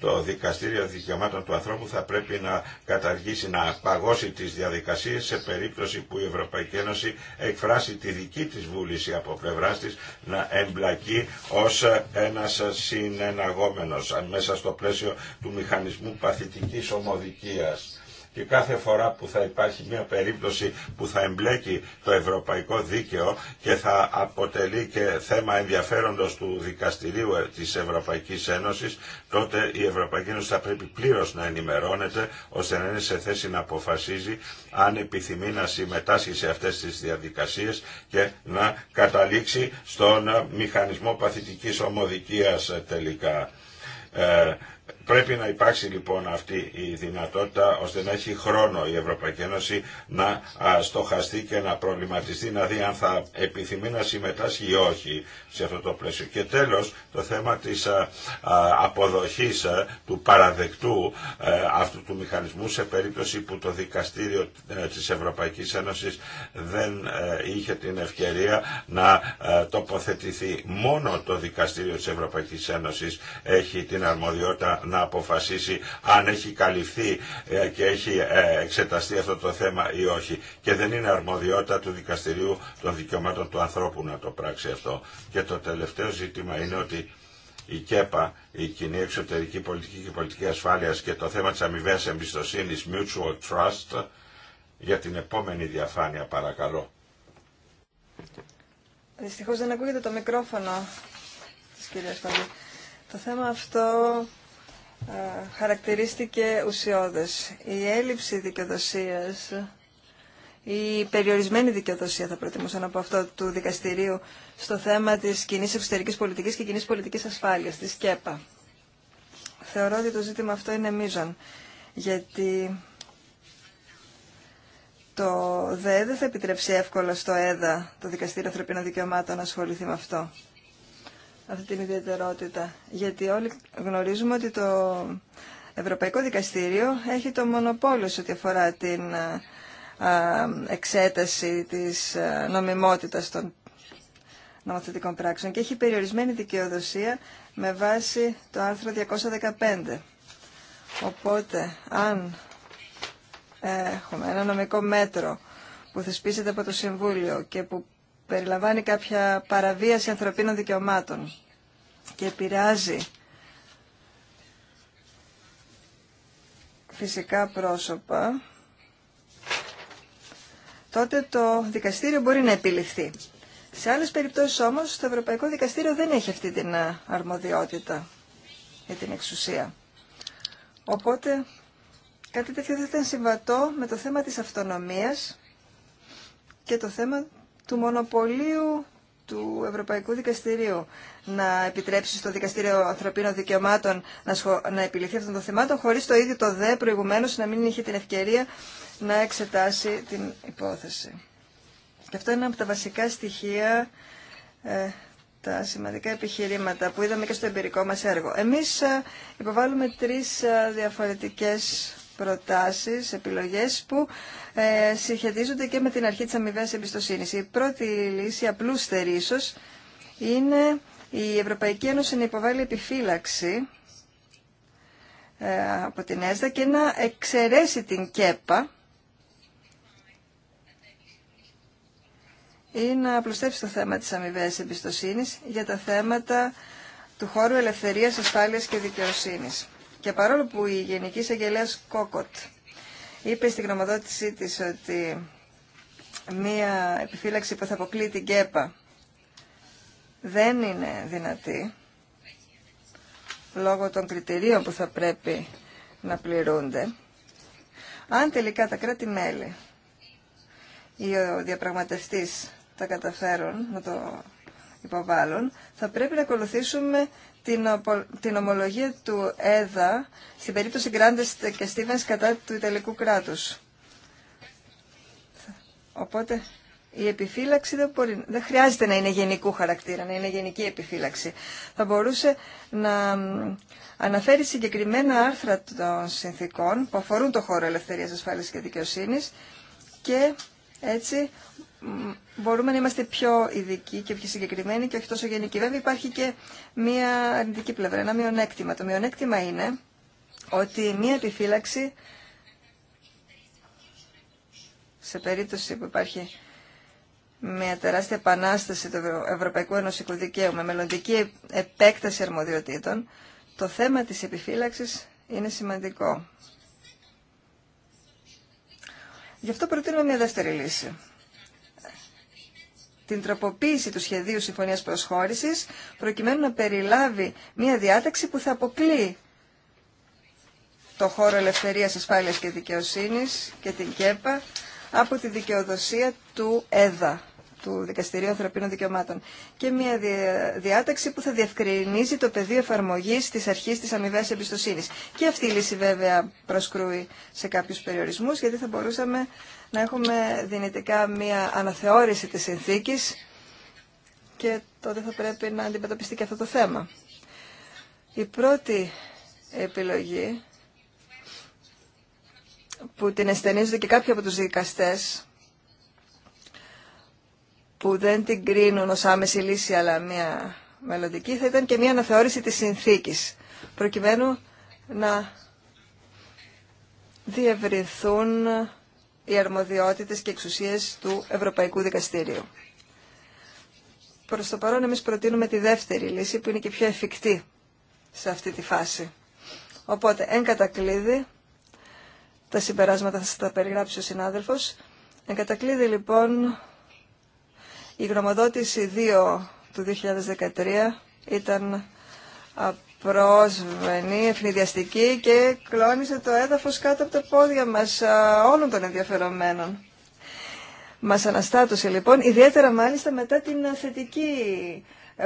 S3: το Δικαστήριο Δικαιωμάτων του Ανθρώπου θα πρέπει να καταργήσει, να παγώσει τις διαδικασίες σε περίπτωση που η Ευρωπαϊκή Ένωση εκφράσει τη δική της βούληση από πλευράς της να εμπλακεί ως ε, ένας συνεναγόμενος μέσα στο πλαίσιο του μηχανισμού παθητικής ομοδικίας και κάθε φορά που θα υπάρχει μια περίπτωση που θα εμπλέκει το ευρωπαϊκό δίκαιο και θα αποτελεί και θέμα ενδιαφέροντος του δικαστηρίου ε, της Ευρωπαϊκής Ένωσης, τότε η Ευρωπαϊκή Ένωση θα πρέπει πλήρως να ενημερώνεται ώστε να είναι σε θέση να αποφασίζει αν επιθυμεί να συμμετάσχει σε αυτές τις διαδικασίες και να καταλήξει στον μηχανισμό παθητικής ομοδικίας τελικά. Ε, Πρέπει να υπάρξει λοιπόν αυτή η δυνατότητα ώστε να έχει χρόνο η Ευρωπαϊκή Ένωση να στοχαστεί και να προβληματιστεί, να δει αν θα επιθυμεί να συμμετάσχει ή όχι σε αυτό το πλαίσιο. Και τέλος το θέμα της αποδοχής του παραδεκτού ε, αυτού του μηχανισμού σε περίπτωση που το δικαστήριο ε, της Ευρωπαϊκής Ένωσης δεν ε, είχε την ευκαιρία να τοποθετηθεί. Μόνο το δικαστήριο της Ευρωπαϊκής Ένωσης έχει την αρμοδιότητα να αποφασίσει αν έχει καλυφθεί ε, και έχει ε, εξεταστεί αυτό το θέμα ή όχι. Και δεν είναι αρμοδιότητα του Δικαστηρίου των Δικαιωμάτων του Ανθρώπου να το πράξει αυτό. Και το τελευταίο ζήτημα είναι ότι η ΚΕΠΑ, η Κοινή Εξωτερική Πολιτική και Πολιτική Ασφάλειας και το θέμα της αμοιβαίας εμπιστοσύνης, Mutual Trust, για την επόμενη διαφάνεια παρακαλώ.
S1: Δυστυχώς δεν ακούγεται το μικρόφωνο της κυρία Παλή. Το θέμα αυτό χαρακτηρίστηκε ουσιώδες. Η έλλειψη δικαιοδοσίας, η περιορισμένη δικαιοδοσία θα προτιμούσα να πω αυτό του δικαστηρίου στο θέμα της κοινή εξωτερικής πολιτικής και κοινή πολιτικής ασφάλειας, της ΚΕΠΑ. Θεωρώ ότι το ζήτημα αυτό είναι μείζον, γιατί το ΔΕ δεν θα επιτρέψει εύκολα στο ΕΔΑ, το Δικαστήριο Ανθρωπίνων Δικαιωμάτων, να ασχοληθεί με αυτό αυτή την ιδιαιτερότητα. Γιατί όλοι γνωρίζουμε ότι το Ευρωπαϊκό Δικαστήριο έχει το μονοπόλιο σε ό,τι αφορά την εξέταση της νομιμότητας των νομοθετικών πράξεων και έχει περιορισμένη δικαιοδοσία με βάση το άρθρο 215. Οπότε, αν ε, έχουμε ένα νομικό μέτρο που θεσπίζεται από το Συμβούλιο και που περιλαμβάνει κάποια παραβίαση ανθρωπίνων δικαιωμάτων και επηρεάζει φυσικά πρόσωπα, τότε το δικαστήριο μπορεί να επιληφθεί. Σε άλλες περιπτώσεις όμως το Ευρωπαϊκό Δικαστήριο δεν έχει αυτή την ε, αρμοδιότητα για την εξουσία. Οπότε κάτι τέτοιο δεν ήταν συμβατό με το θέμα της αυτονομίας και το θέμα του μονοπωλίου του Ευρωπαϊκού Δικαστηρίου να επιτρέψει στο Δικαστήριο Ανθρωπίνων Δικαιωμάτων να επιληθεί αυτών των θεμάτων χωρίς το ίδιο το ΔΕ προηγουμένως να μην είχε την ευκαιρία να εξετάσει την υπόθεση. Και αυτό είναι από τα βασικά στοιχεία, ε, τα σημαντικά επιχειρήματα που είδαμε και στο εμπειρικό μας έργο. Εμείς ε, υποβάλλουμε τρεις ε, διαφορετικές προτάσεις, επιλογές που ε, και με την αρχή της αμοιβαίας εμπιστοσύνης. Η πρώτη λύση, απλούστερη ίσως, είναι η Ευρωπαϊκή Ένωση να υποβάλει επιφύλαξη ε, από την ΕΣΔΑ και να εξαιρέσει την ΚΕΠΑ ή να απλουστεύσει το θέμα της αμοιβαίας εμπιστοσύνης για τα θέματα του χώρου ελευθερίας, ασφάλειας και δικαιοσύνης. Και παρόλο που η Γενική Εισαγγελέα Κόκοτ είπε στην γνωμοδότησή της ότι μία επιφύλαξη που θα αποκλείει την ΚΕΠΑ δεν είναι δυνατή λόγω των κριτηρίων που θα πρέπει να πληρούνται, αν τελικά τα κράτη-μέλη ή ο διαπραγματευτής τα καταφέρουν να το υποβάλλουν, θα πρέπει να ακολουθήσουμε την, ομολογία του ΕΔΑ στην περίπτωση Γκράντες και Στίβενς κατά του Ιταλικού κράτους. Οπότε η επιφύλαξη δεν, μπορεί, δεν χρειάζεται να είναι γενικού χαρακτήρα, να είναι γενική επιφύλαξη. Θα μπορούσε να αναφέρει συγκεκριμένα άρθρα των συνθήκων που αφορούν το χώρο ελευθερίας, ασφάλειας και δικαιοσύνης και έτσι μπορούμε να είμαστε πιο ειδικοί και πιο συγκεκριμένοι και όχι τόσο γενικοί. Βέβαια υπάρχει και μία αρνητική πλευρά, ένα μειονέκτημα. Το μειονέκτημα είναι ότι μία επιφύλαξη σε περίπτωση που υπάρχει μια τεράστια επανάσταση του Ευρωπαϊκού Ενωσικού Δικαίου με μελλοντική επέκταση αρμοδιοτήτων, το θέμα της επιφύλαξης είναι σημαντικό. Γι' αυτό προτείνουμε μια δεύτερη λύση την τροποποίηση του σχεδίου συμφωνία προσχώρηση προκειμένου να περιλάβει μια διάταξη που θα αποκλεί το χώρο ελευθερίας, ασφάλεια και δικαιοσύνης και την ΚΕΠΑ από τη δικαιοδοσία του ΕΔΑ, του Δικαστηρίου Ανθρωπίνων Δικαιωμάτων. Και μια διάταξη που θα διευκρινίζει το πεδίο εφαρμογή τη αρχή τη αμοιβαία εμπιστοσύνη. Και αυτή η λύση βέβαια προσκρούει σε κάποιου περιορισμού, γιατί θα μπορούσαμε να έχουμε δυνητικά μία αναθεώρηση της συνθήκης και τότε θα πρέπει να αντιμετωπιστεί και αυτό το θέμα. Η πρώτη επιλογή που την αισθενίζονται και κάποιοι από τους δικαστές που δεν την κρίνουν ως άμεση λύση αλλά μια μελλοντική θα ήταν και μια αναθεώρηση της συνθήκης προκειμένου να διευρυνθούν οι αρμοδιότητες και εξουσίες του Ευρωπαϊκού Δικαστήριου. Προς το παρόν εμείς προτείνουμε τη δεύτερη λύση που είναι και πιο εφικτή σε αυτή τη φάση. Οπότε, εν κατακλείδη, τα συμπεράσματα θα τα περιγράψει ο συνάδελφος. Εν κατακλείδη, λοιπόν, η γνωμοδότηση 2 του 2013 ήταν πρόσβενη, ευνηδιαστική και κλώνησε το έδαφος κάτω από τα πόδια μας όλων των ενδιαφερομένων. Μας αναστάτωσε λοιπόν, ιδιαίτερα μάλιστα μετά την θετική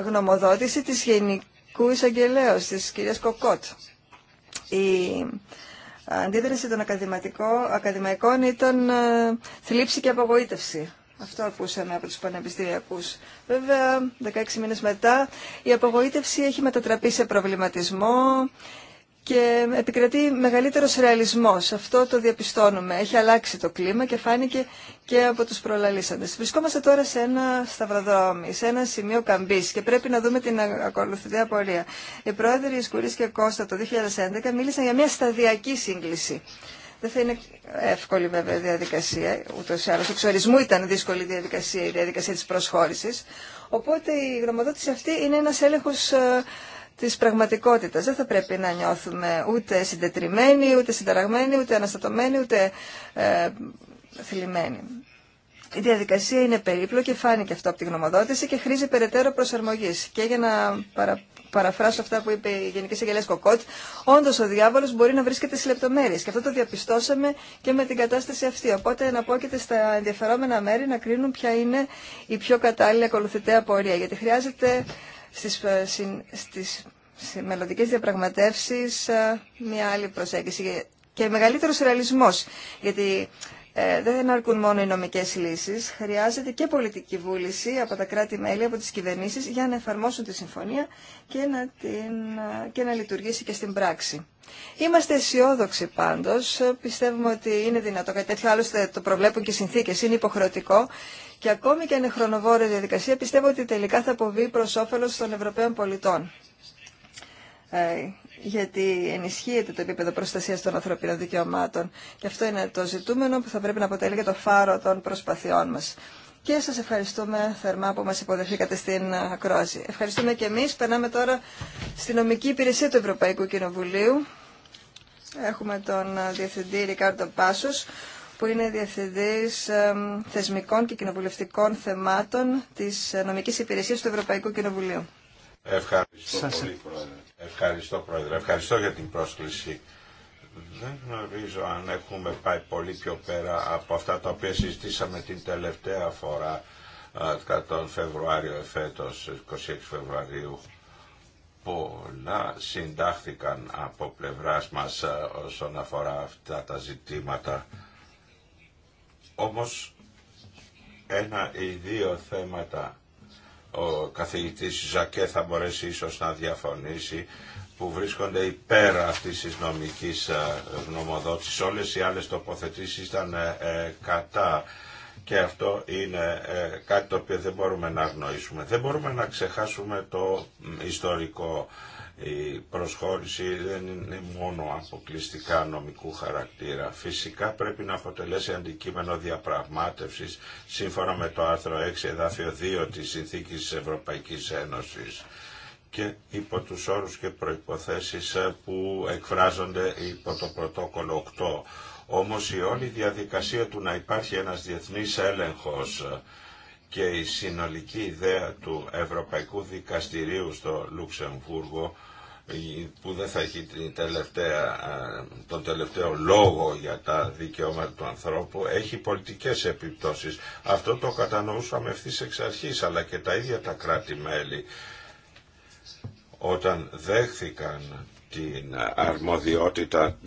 S1: γνωμοδότηση της Γενικού Εισαγγελέως, της κυρίας Κοκότ. Η αντίδραση των ακαδημαϊκών ήταν θλίψη και απογοήτευση. Αυτό ακούσαμε από του πανεπιστημιακού. Βέβαια, 16 μήνε μετά, η απογοήτευση έχει μετατραπεί σε προβληματισμό και επικρατεί μεγαλύτερο ρεαλισμό. Αυτό το διαπιστώνουμε. Έχει αλλάξει το κλίμα και φάνηκε και από του προλαλήσαντες. Βρισκόμαστε τώρα σε ένα σταυροδρόμι, σε ένα σημείο καμπής και πρέπει να δούμε την ακολουθητή απορία. Οι πρόεδροι Ισκουρής και Κώστα το 2011 μίλησαν για μια σταδιακή σύγκληση. Δεν θα είναι εύκολη βέβαια η διαδικασία, ούτω ή άλλω. Εξορισμού ήταν δύσκολη η διαδικασία, η διαδικασία τη προσχώρηση. Οπότε η γνωμοδότηση αυτή είναι ένα έλεγχο ε, τη πραγματικότητα. Δεν θα πρέπει να νιώθουμε ούτε συντετριμένοι, ούτε συνταραγμένοι, ούτε αναστατωμένοι, ούτε ε, θλιμμένοι. Η διαδικασία είναι περίπλοκη, φάνηκε αυτό από τη γνωμοδότηση και χρήζει περαιτέρω προσαρμογή. Και για να παρα παραφράσω αυτά που είπε η Γενική Συγγελία Κοκότ, όντω ο διάβολο μπορεί να βρίσκεται στι λεπτομέρειε. Και αυτό το διαπιστώσαμε και με την κατάσταση αυτή. Οπότε να και στα ενδιαφερόμενα μέρη να κρίνουν ποια είναι η πιο κατάλληλη ακολουθητέα πορεία. Γιατί χρειάζεται στι ε, μελλοντικέ διαπραγματεύσει ε, μια άλλη προσέγγιση και μεγαλύτερο ρεαλισμό. Γιατί ε, δεν αρκούν μόνο οι νομικέ λύσεις, χρειάζεται και πολιτική βούληση από τα κράτη-μέλη, από τις κυβερνήσει για να εφαρμόσουν τη συμφωνία και να, την, και να λειτουργήσει και στην πράξη. Είμαστε αισιόδοξοι πάντω. πιστεύουμε ότι είναι δυνατό κάτι τέτοιο, άλλωστε το προβλέπουν και οι συνθήκες, είναι υποχρεωτικό και ακόμη και αν είναι χρονοβόρη διαδικασία πιστεύω ότι τελικά θα αποβεί προ όφελο των Ευρωπαίων πολιτών ε, γιατί ενισχύεται το επίπεδο προστασίας των ανθρωπίνων δικαιωμάτων και αυτό είναι το ζητούμενο που θα πρέπει να αποτελεί και το φάρο των προσπαθειών μας. Και σας ευχαριστούμε θερμά που μας υποδεχθήκατε στην ακρόαση. Ευχαριστούμε και εμείς. Περνάμε τώρα στη νομική υπηρεσία του Ευρωπαϊκού Κοινοβουλίου. Έχουμε τον Διευθυντή Ρικάρντο Πάσους που είναι Διευθυντής Θεσμικών και Κοινοβουλευτικών Θεμάτων της Νομικής Υπηρεσίας του Ευρωπαϊκού Κοινοβουλίου.
S3: Ευχαριστώ πολύ, Ευχαριστώ Πρόεδρε, ευχαριστώ για την πρόσκληση. Δεν γνωρίζω αν έχουμε πάει πολύ πιο πέρα από αυτά τα οποία συζητήσαμε την τελευταία φορά κατά τον Φεβρουάριο εφέτος, 26 Φεβρουαρίου. Πολλά συντάχθηκαν από πλευράς μας όσον αφορά αυτά τα ζητήματα. Όμως ένα ή δύο θέματα ο καθηγητής Ζακέ θα μπορέσει ίσως να διαφωνήσει που βρίσκονται υπέρ αυτής της νομικής ε, γνωμοδότησης. Όλες οι άλλες τοποθετήσεις ήταν ε, ε, κατά και αυτό είναι κάτι το οποίο δεν μπορούμε να αγνοήσουμε. Δεν μπορούμε να ξεχάσουμε το ιστορικό η προσχώρηση δεν είναι μόνο αποκλειστικά νομικού χαρακτήρα. Φυσικά πρέπει να αποτελέσει αντικείμενο διαπραγμάτευσης σύμφωνα με το άρθρο 6 εδάφιο 2 της Συνθήκης της Ευρωπαϊκής Ένωσης και υπό τους όρους και προϋποθέσεις που εκφράζονται υπό το πρωτόκολλο 8. Όμως η όλη διαδικασία του να υπάρχει ένας διεθνής έλεγχος και η συνολική ιδέα του Ευρωπαϊκού Δικαστηρίου στο Λουξεμβούργο ε, που δεν θα έχει την ε, τον τελευταίο λόγο για τα δικαιώματα του ανθρώπου έχει πολιτικές επιπτώσεις. Αυτό το κατανοούσαμε ευθύ εξ αρχής αλλά και τα ίδια τα κράτη-μέλη όταν δέχθηκαν την αρμοδιότητα,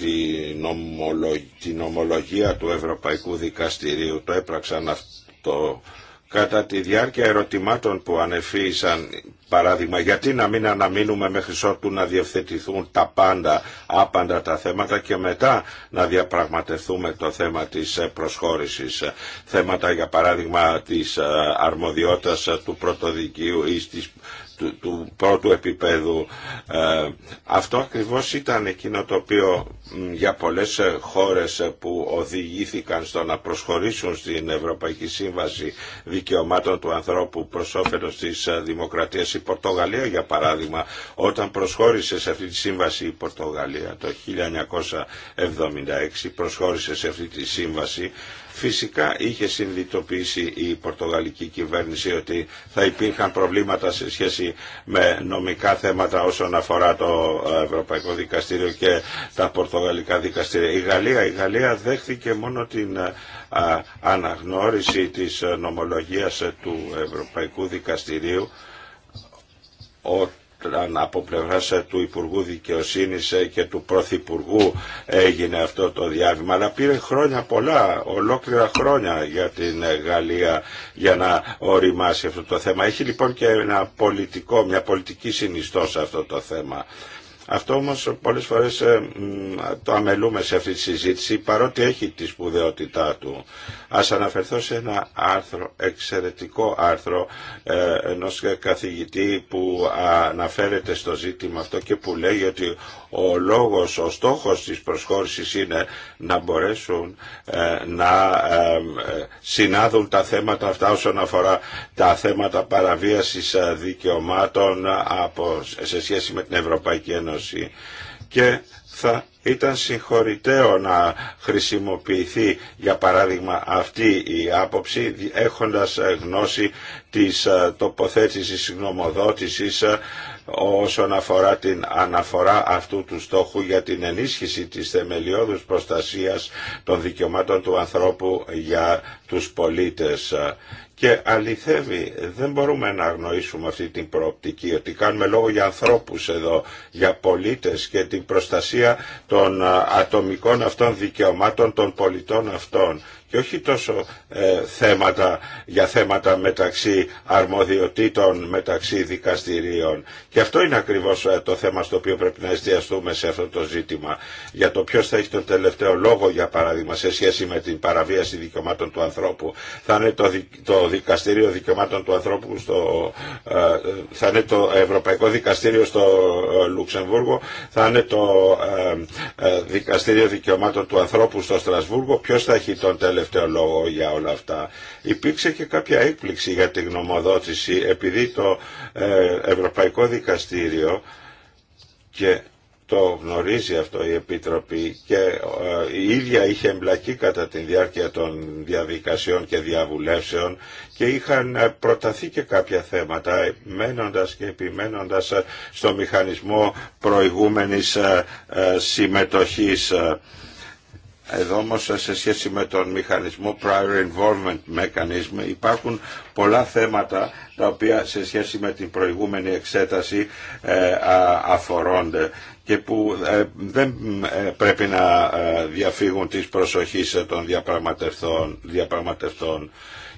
S3: την ομολογία του Ευρωπαϊκού Δικαστηρίου το έπραξαν αυτό Κατά τη διάρκεια ερωτημάτων που ανεφύησαν, παράδειγμα, γιατί να μην αναμείνουμε μέχρι ότου να διευθετηθούν τα πάντα, άπαντα τα θέματα και μετά να διαπραγματευτούμε το θέμα της προσχώρησης. Θέματα, για παράδειγμα, της ε, αρμοδιότητας ε, του πρωτοδικείου ή της του, πρώτου επίπεδου. Ε, αυτό ακριβώς ήταν εκείνο το οποίο για πολλές ε, χώρες ε, που οδηγήθηκαν στο να προσχωρήσουν στην Ευρωπαϊκή Σύμβαση Δικαιωμάτων του Ανθρώπου προς όφελος της Δημοκρατίας η Πορτογαλία για παράδειγμα όταν προσχώρησε σε αυτή τη σύμβαση η Πορτογαλία το 1976 προσχώρησε σε αυτή τη σύμβαση Φυσικά είχε συνδυτοποιήσει η πορτογαλική κυβέρνηση ότι θα υπήρχαν προβλήματα σε σχέση με νομικά θέματα όσον αφορά το ε, Ευρωπαϊκό Δικαστήριο και τα πορτογαλικά δικαστήρια. Η Γαλλία, η Γαλλία δέχθηκε μόνο την ε, αναγνώριση της ε, νομολογίας του Ευρωπαϊκού Δικαστηρίου από πλευράς ε, του Υπουργού Δικαιοσύνης ε, και του Πρωθυπουργού έγινε αυτό το διάβημα αλλά πήρε χρόνια πολλά, ολόκληρα χρόνια για την ε, Γαλλία για να οριμάσει αυτό το θέμα. Έχει λοιπόν και ένα πολιτικό, μια πολιτική συνιστό σε αυτό το θέμα. Αυτό όμως πολλές φορές ε, το αμελούμε σε αυτή τη συζήτηση παρότι έχει τη σπουδαιότητά του. Ας αναφερθώ σε ένα άρθρο, εξαιρετικό άρθρο ε, ενός καθηγητή που αναφέρεται στο ζήτημα αυτό και που λέει ότι ο λόγος, ο στόχος της προσχώρησης είναι να μπορέσουν ε, να ε, συνάδουν τα θέματα αυτά όσον αφορά τα θέματα παραβίασης ε, δικαιωμάτων από, σε σχέση με την Ευρωπαϊκή Ένωση. Και θα ήταν συγχωρητέο να χρησιμοποιηθεί για παράδειγμα αυτή η άποψη έχοντας γνώση της τοποθέτησης γνωμοδότησης όσον αφορά την αναφορά αυτού του στόχου για την ενίσχυση της θεμελιώδους προστασίας των δικαιωμάτων του ανθρώπου για τους πολίτες. Και αληθεύει, δεν μπορούμε να αγνοήσουμε αυτή την προοπτική, ότι κάνουμε λόγο για ανθρώπους εδώ, για πολίτες και την προστασία των ατομικών αυτών δικαιωμάτων των πολιτών αυτών και όχι τόσο ε, θέματα για θέματα μεταξύ αρμοδιοτήτων, μεταξύ δικαστηρίων. Και αυτό είναι ακριβώς ε, το θέμα στο οποίο πρέπει να εστιαστούμε σε αυτό το ζήτημα. Για το ποιο θα έχει τον τελευταίο λόγο, για παράδειγμα, σε σχέση με την παραβίαση δικαιωμάτων του ανθρώπου. Θα είναι το, το Δικαστήριο Δικαιωμάτων του Ανθρώπου, στο, ε, είναι το Ευρωπαϊκό Δικαστήριο στο ε, Λουξεμβούργο, θα είναι το Δικαστήριο Δικαιωμάτων του Ανθρώπου στο Στρασβούργο. Ποιο θα έχει τον τελευταίο τελευταίο λόγο για όλα αυτά. Υπήρξε και κάποια έκπληξη για την γνωμοδότηση επειδή το ε, Ευρωπαϊκό Δικαστήριο και το γνωρίζει αυτό η Επίτροπη και ε, η ίδια είχε εμπλακεί κατά τη διάρκεια των διαδικασιών και διαβουλεύσεων και είχαν ε, προταθεί και κάποια θέματα μένοντας και επιμένοντας στο μηχανισμό προηγούμενης συμμετοχής εδώ όμω, σε σχέση με τον μηχανισμό prior involvement mechanism υπάρχουν πολλά θέματα τα οποία σε σχέση με την προηγούμενη εξέταση ε, αφορώνται και που ε, δεν ε, πρέπει να διαφύγουν της προσοχής των διαπραγματευτών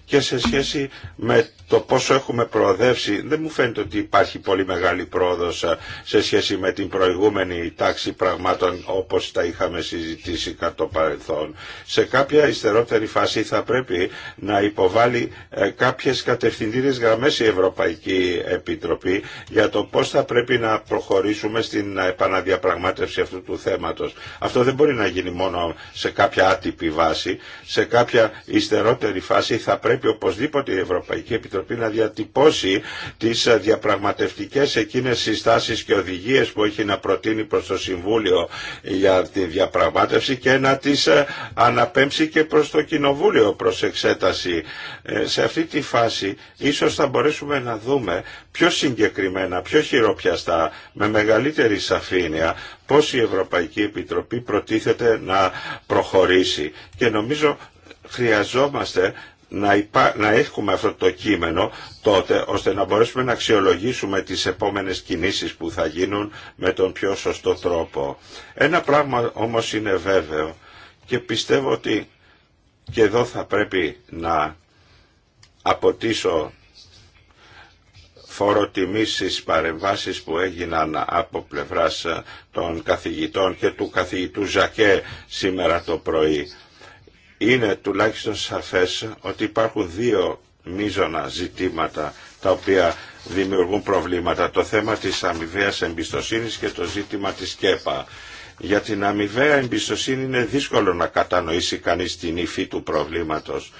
S3: και σε σχέση με το πόσο έχουμε προοδεύσει δεν μου φαίνεται ότι υπάρχει πολύ μεγάλη πρόοδος σε σχέση με την προηγούμενη τάξη πραγμάτων όπως τα είχαμε συζητήσει κατά το παρελθόν. Σε κάποια υστερότερη φάση θα πρέπει να υποβάλει ε, κάποιες κατευθυντήρες γραμμές η Ευρωπαϊκή Επιτροπή για το πώς θα πρέπει να προχωρήσουμε στην επαναδιαπραγμάτευση αυτού του θέματος. Αυτό δεν μπορεί να γίνει μόνο σε κάποια άτυπη βάση. Σε κάποια υστερότερη φάση θα πρέπει πρέπει οπωσδήποτε η Ευρωπαϊκή Επιτροπή να διατυπώσει τις ε, διαπραγματευτικές εκείνες συστάσεις και οδηγίες που έχει να προτείνει προς το Συμβούλιο για τη διαπραγμάτευση και να τις ε, αναπέμψει και προς το Κοινοβούλιο προς εξέταση. Ε, σε αυτή τη φάση ίσως θα μπορέσουμε να δούμε πιο συγκεκριμένα, πιο χειροπιαστά, με μεγαλύτερη σαφήνεια πώς η Ευρωπαϊκή Επιτροπή προτίθεται να προχωρήσει. Και νομίζω χρειαζόμαστε να, έχουμε αυτό το κείμενο τότε ώστε να μπορέσουμε να αξιολογήσουμε τις επόμενες κινήσεις που θα γίνουν με τον πιο σωστό τρόπο. Ένα πράγμα όμως είναι βέβαιο και πιστεύω ότι και εδώ θα πρέπει να αποτίσω φόρο τιμή παρεμβάσεις που έγιναν από πλευράς των καθηγητών και του καθηγητού Ζακέ σήμερα το πρωί είναι τουλάχιστον σαφές ότι υπάρχουν δύο μίζωνα ζητήματα τα οποία δημιουργούν προβλήματα. Το θέμα της αμοιβαίας εμπιστοσύνης και το ζήτημα της ΚΕΠΑ. Για την αμοιβαία εμπιστοσύνη είναι δύσκολο να κατανοήσει κανείς την υφή του προβλήματος.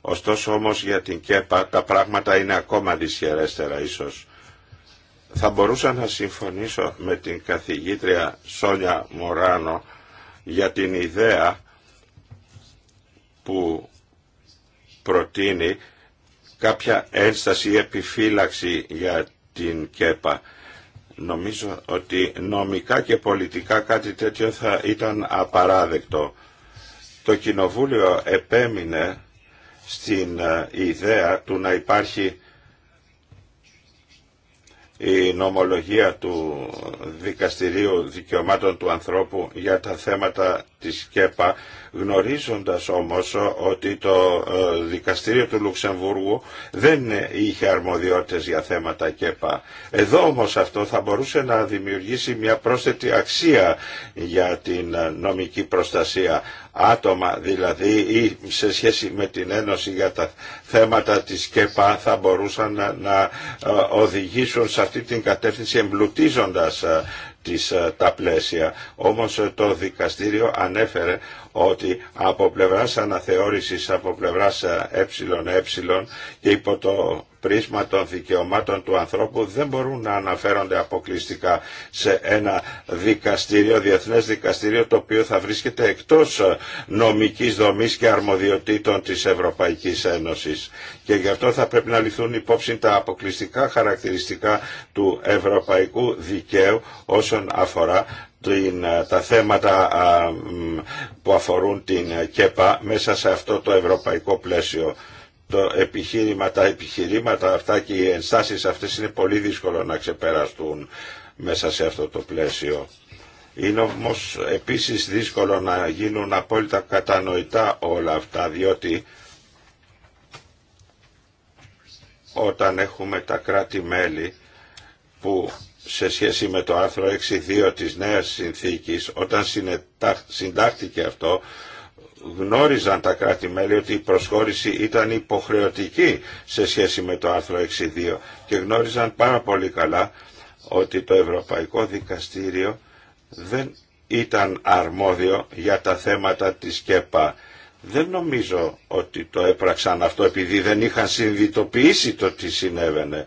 S3: Ωστόσο όμως για την ΚΕΠΑ τα πράγματα είναι ακόμα δυσχερέστερα ίσως. Θα μπορούσα να συμφωνήσω με την καθηγήτρια Σόνια Μοράνο για την ιδέα που προτείνει κάποια ένσταση ή επιφύλαξη για την ΚΕΠΑ. Νομίζω ότι νομικά και πολιτικά κάτι τέτοιο θα ήταν απαράδεκτο. Το Κοινοβούλιο επέμεινε στην ε, ιδέα του να υπάρχει η νομολογία του Δικαστηρίου Δικαιωμάτων του Ανθρώπου για τα θέματα της ΚΕΠΑ γνωρίζοντας όμως ότι το ε, δικαστήριο του Λουξεμβούργου δεν είχε αρμοδιότητες για θέματα ΚΕΠΑ. Εδώ όμως αυτό θα μπορούσε να δημιουργήσει μια πρόσθετη αξία για την ε, νομική προστασία άτομα δηλαδή ή σε σχέση με την Ένωση για τα θέματα της ΚΕΠΑ θα μπορούσαν να, να ε, οδηγήσουν σε αυτή την κατεύθυνση εμπλουτίζοντας τις, τα πλαίσια. Όμως το δικαστήριο ανέφερε ότι από πλευράς αναθεώρησης, από πλευράς ΕΕ και ε, ε, ε, υπό το πρίσμα των δικαιωμάτων του ανθρώπου δεν μπορούν να αναφέρονται αποκλειστικά σε ένα δικαστήριο, διεθνές δικαστήριο το οποίο θα βρίσκεται εκτός νομικής δομής και αρμοδιοτήτων της Ευρωπαϊκής Ένωσης. Και γι' αυτό θα πρέπει να ληφθούν υπόψη τα αποκλειστικά χαρακτηριστικά του ευρωπαϊκού δικαίου όσον αφορά ε, τα θέματα που αφορούν την ε, ΚΕΠΑ μέσα σε αυτό το ευρωπαϊκό πλαίσιο. Το επιχείρημα, τα επιχειρήματα αυτά και οι ενστάσεις αυτές είναι πολύ δύσκολο να ξεπεραστούν μέσα σε αυτό το πλαίσιο. Είναι όμως επίσης δύσκολο να γίνουν απόλυτα κατανοητά όλα αυτά, διότι όταν έχουμε τα κράτη-μέλη που σε σχέση με το άρθρο 6.2 της νέας συνθήκης όταν συντάχθηκε αυτό γνώριζαν τα κράτη-μέλη ότι η προσχώρηση ήταν υποχρεωτική σε σχέση με το άρθρο 6.2 και γνώριζαν πάρα πολύ καλά ότι το Ευρωπαϊκό Δικαστήριο δεν ήταν αρμόδιο για τα θέματα της ΚΕΠΑ. Δεν νομίζω ότι το έπραξαν αυτό επειδή δεν είχαν συνειδητοποιήσει το τι συνέβαινε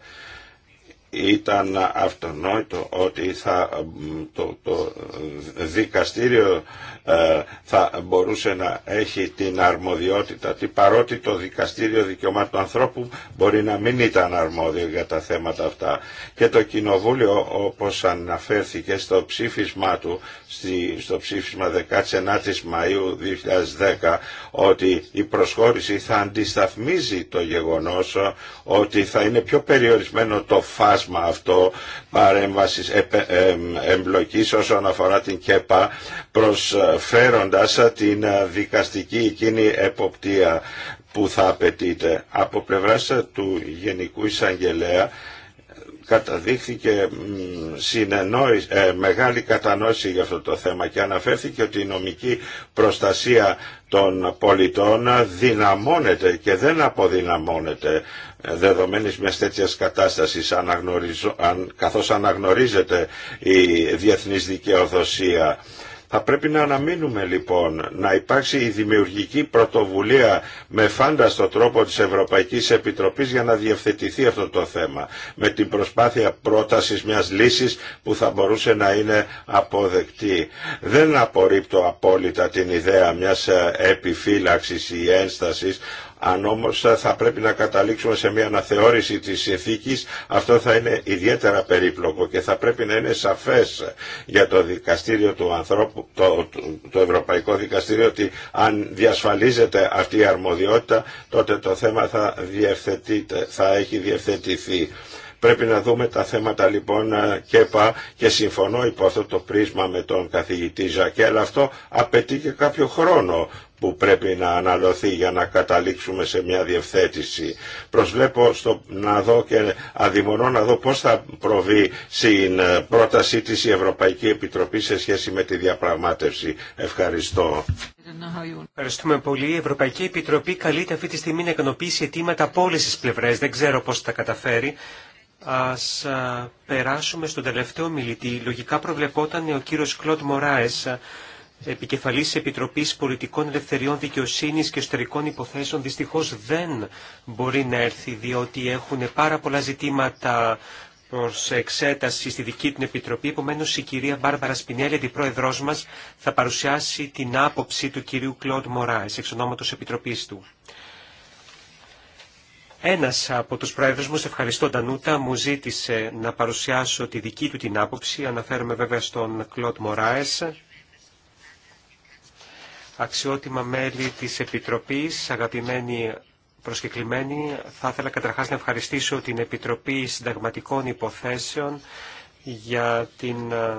S3: ήταν αυτονόητο ότι θα, το, το δικαστήριο ε, θα μπορούσε να έχει την αρμοδιότητα ότι παρότι το δικαστήριο δικαιωμάτων ανθρώπου μπορεί να μην ήταν αρμόδιο για τα θέματα αυτά και το κοινοβούλιο όπως αναφέρθηκε στο ψήφισμά του στη, στο ψήφισμα 17η Μαΐου 2010 ότι η προσχώρηση θα αντισταθμίζει το γεγονός ότι θα είναι πιο περιορισμένο το φάσμα μα αυτό παρέμβασης εμπλοκής όσον αφορά την ΚΕΠΑ προσφέροντας την δικαστική εκείνη εποπτεία που θα απαιτείται. Από πλευράς του Γενικού Εισαγγελέα καταδείχθηκε ε, μεγάλη κατανόηση για αυτό το θέμα και αναφέρθηκε ότι η νομική προστασία των πολιτών δυναμώνεται και δεν αποδυναμώνεται δεδομένης μιας τέτοιας κατάστασης αν, καθώς αναγνωρίζεται η διεθνής δικαιοδοσία. Θα πρέπει να αναμείνουμε λοιπόν να υπάρξει η δημιουργική πρωτοβουλία με φάνταστο τρόπο της Ευρωπαϊκής Επιτροπής για να διευθετηθεί αυτό το θέμα με την προσπάθεια πρότασης μιας λύσης που θα μπορούσε να είναι αποδεκτή. Δεν απορρίπτω απόλυτα την ιδέα μιας ε, επιφύλαξης ή ένστασης αν όμως θα πρέπει να καταλήξουμε σε μια αναθεώρηση της ηθίκης, αυτό θα είναι ιδιαίτερα περίπλοκο και θα πρέπει να είναι σαφές για το δικαστήριο του ανθρώπου, το, το, Ευρωπαϊκό Δικαστήριο ότι αν διασφαλίζεται αυτή η αρμοδιότητα τότε το θέμα θα, θα έχει διευθετηθεί. Πρέπει να δούμε τα θέματα λοιπόν ΚΕΠΑ και συμφωνώ υπό αυτό το πρίσμα με τον καθηγητή Ζακέ, αυτό απαιτεί και κάποιο χρόνο που πρέπει να αναλωθεί για να καταλήξουμε σε μια διευθέτηση. Προσβλέπω στο, να δω και αδειμονώ να δω πώς θα προβεί στην ε, πρότασή της η Ευρωπαϊκή Επιτροπή σε σχέση με τη διαπραγμάτευση. Ευχαριστώ.
S2: Ευχαριστούμε πολύ. Η Ευρωπαϊκή Επιτροπή καλείται αυτή τη στιγμή να ικανοποιήσει αιτήματα από όλε τι πλευρέ. Δεν ξέρω πώ θα τα καταφέρει. Ας α, περάσουμε στον τελευταίο μιλητή. Λογικά προβλεπόταν ο κύριος Κλοντ Μωράες, επικεφαλής Επιτροπής Πολιτικών Ελευθεριών Δικαιοσύνης και Ιστορικών Υποθέσεων. Δυστυχώς δεν μπορεί να έρθει, διότι έχουν πάρα πολλά ζητήματα προς εξέταση στη δική του Επιτροπή. Επομένω, η κυρία Μπάρμπαρα Σπινέλη, αντιπρόεδρός μας, θα παρουσιάσει την άποψη του κυρίου Κλοντ Μωράες, εξ ονόματος Επιτροπής του. Ένας από τους πρόεδρους μου, σε ευχαριστώ Ντανούτα, μου ζήτησε να παρουσιάσω τη δική του την άποψη. Αναφέρομαι βέβαια στον Κλοντ Μωράες, αξιότιμα μέλη της Επιτροπής, αγαπημένοι προσκεκλημένοι. Θα ήθελα καταρχάς να ευχαριστήσω την Επιτροπή Συνταγματικών Υποθέσεων για την ε,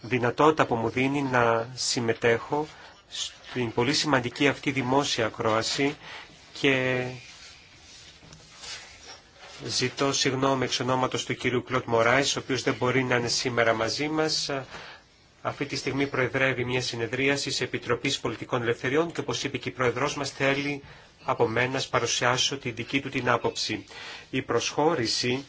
S2: δυνατότητα που μου δίνει να συμμετέχω στην πολύ σημαντική αυτή δημόσια ακρόαση και Ζητώ συγγνώμη εξ ονόματος του κύριου Κλωτ Μωράης, ο οποίος δεν μπορεί να είναι σήμερα μαζί μας. Αυτή τη στιγμή προεδρεύει μια συνεδρίαση σε Επιτροπής Πολιτικών Ελευθεριών και όπως είπε και η Πρόεδρός μας θέλει από μένα παρουσιάσω την δική του την άποψη. Η προσχώρηση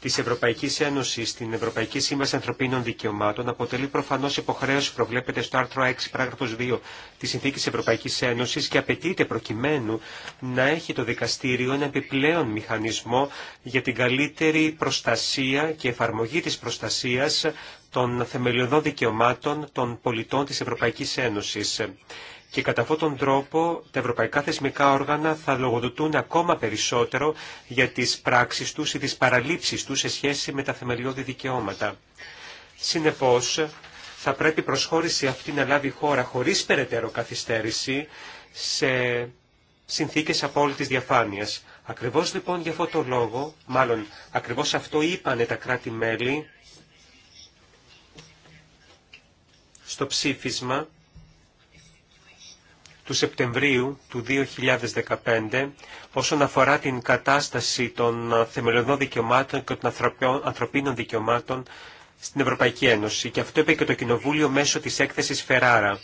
S2: Τη Ευρωπαϊκή Ένωση, στην Ευρωπαϊκή Σύμβαση Ανθρωπίνων Δικαιωμάτων αποτελεί προφανώς υποχρέωση προβλέπεται στο άρθρο 6 παράγραφος 2 της Συνθήκης Ευρωπαϊκής Ένωση και απαιτείται προκειμένου να έχει το δικαστήριο ένα επιπλέον μηχανισμό για την καλύτερη προστασία και εφαρμογή της προστασίας των θεμελιωδών δικαιωμάτων των πολιτών της Ευρωπαϊκής Ένωσης και κατά αυτόν τον τρόπο τα ευρωπαϊκά θεσμικά όργανα θα λογοδοτούν ακόμα περισσότερο για τις πράξεις τους ή τις παραλήψεις τους σε σχέση με τα θεμελιώδη δικαιώματα. Συνεπώς, θα πρέπει η προσχώρηση αυτή να λάβει χώρα χωρίς περαιτέρω καθυστέρηση σε συνθήκες απόλυτης διαφάνειας. Ακριβώς λοιπόν για αυτό το λόγο, μάλλον ακριβώς αυτό είπανε τα κράτη-μέλη στο ψήφισμα του Σεπτεμβρίου του 2015 όσον αφορά την κατάσταση των θεμελιωδών δικαιωμάτων και των ανθρωπίνων δικαιωμάτων στην Ευρωπαϊκή Ένωση. Και αυτό είπε και το Κοινοβούλιο μέσω της έκθεσης Φεράρα.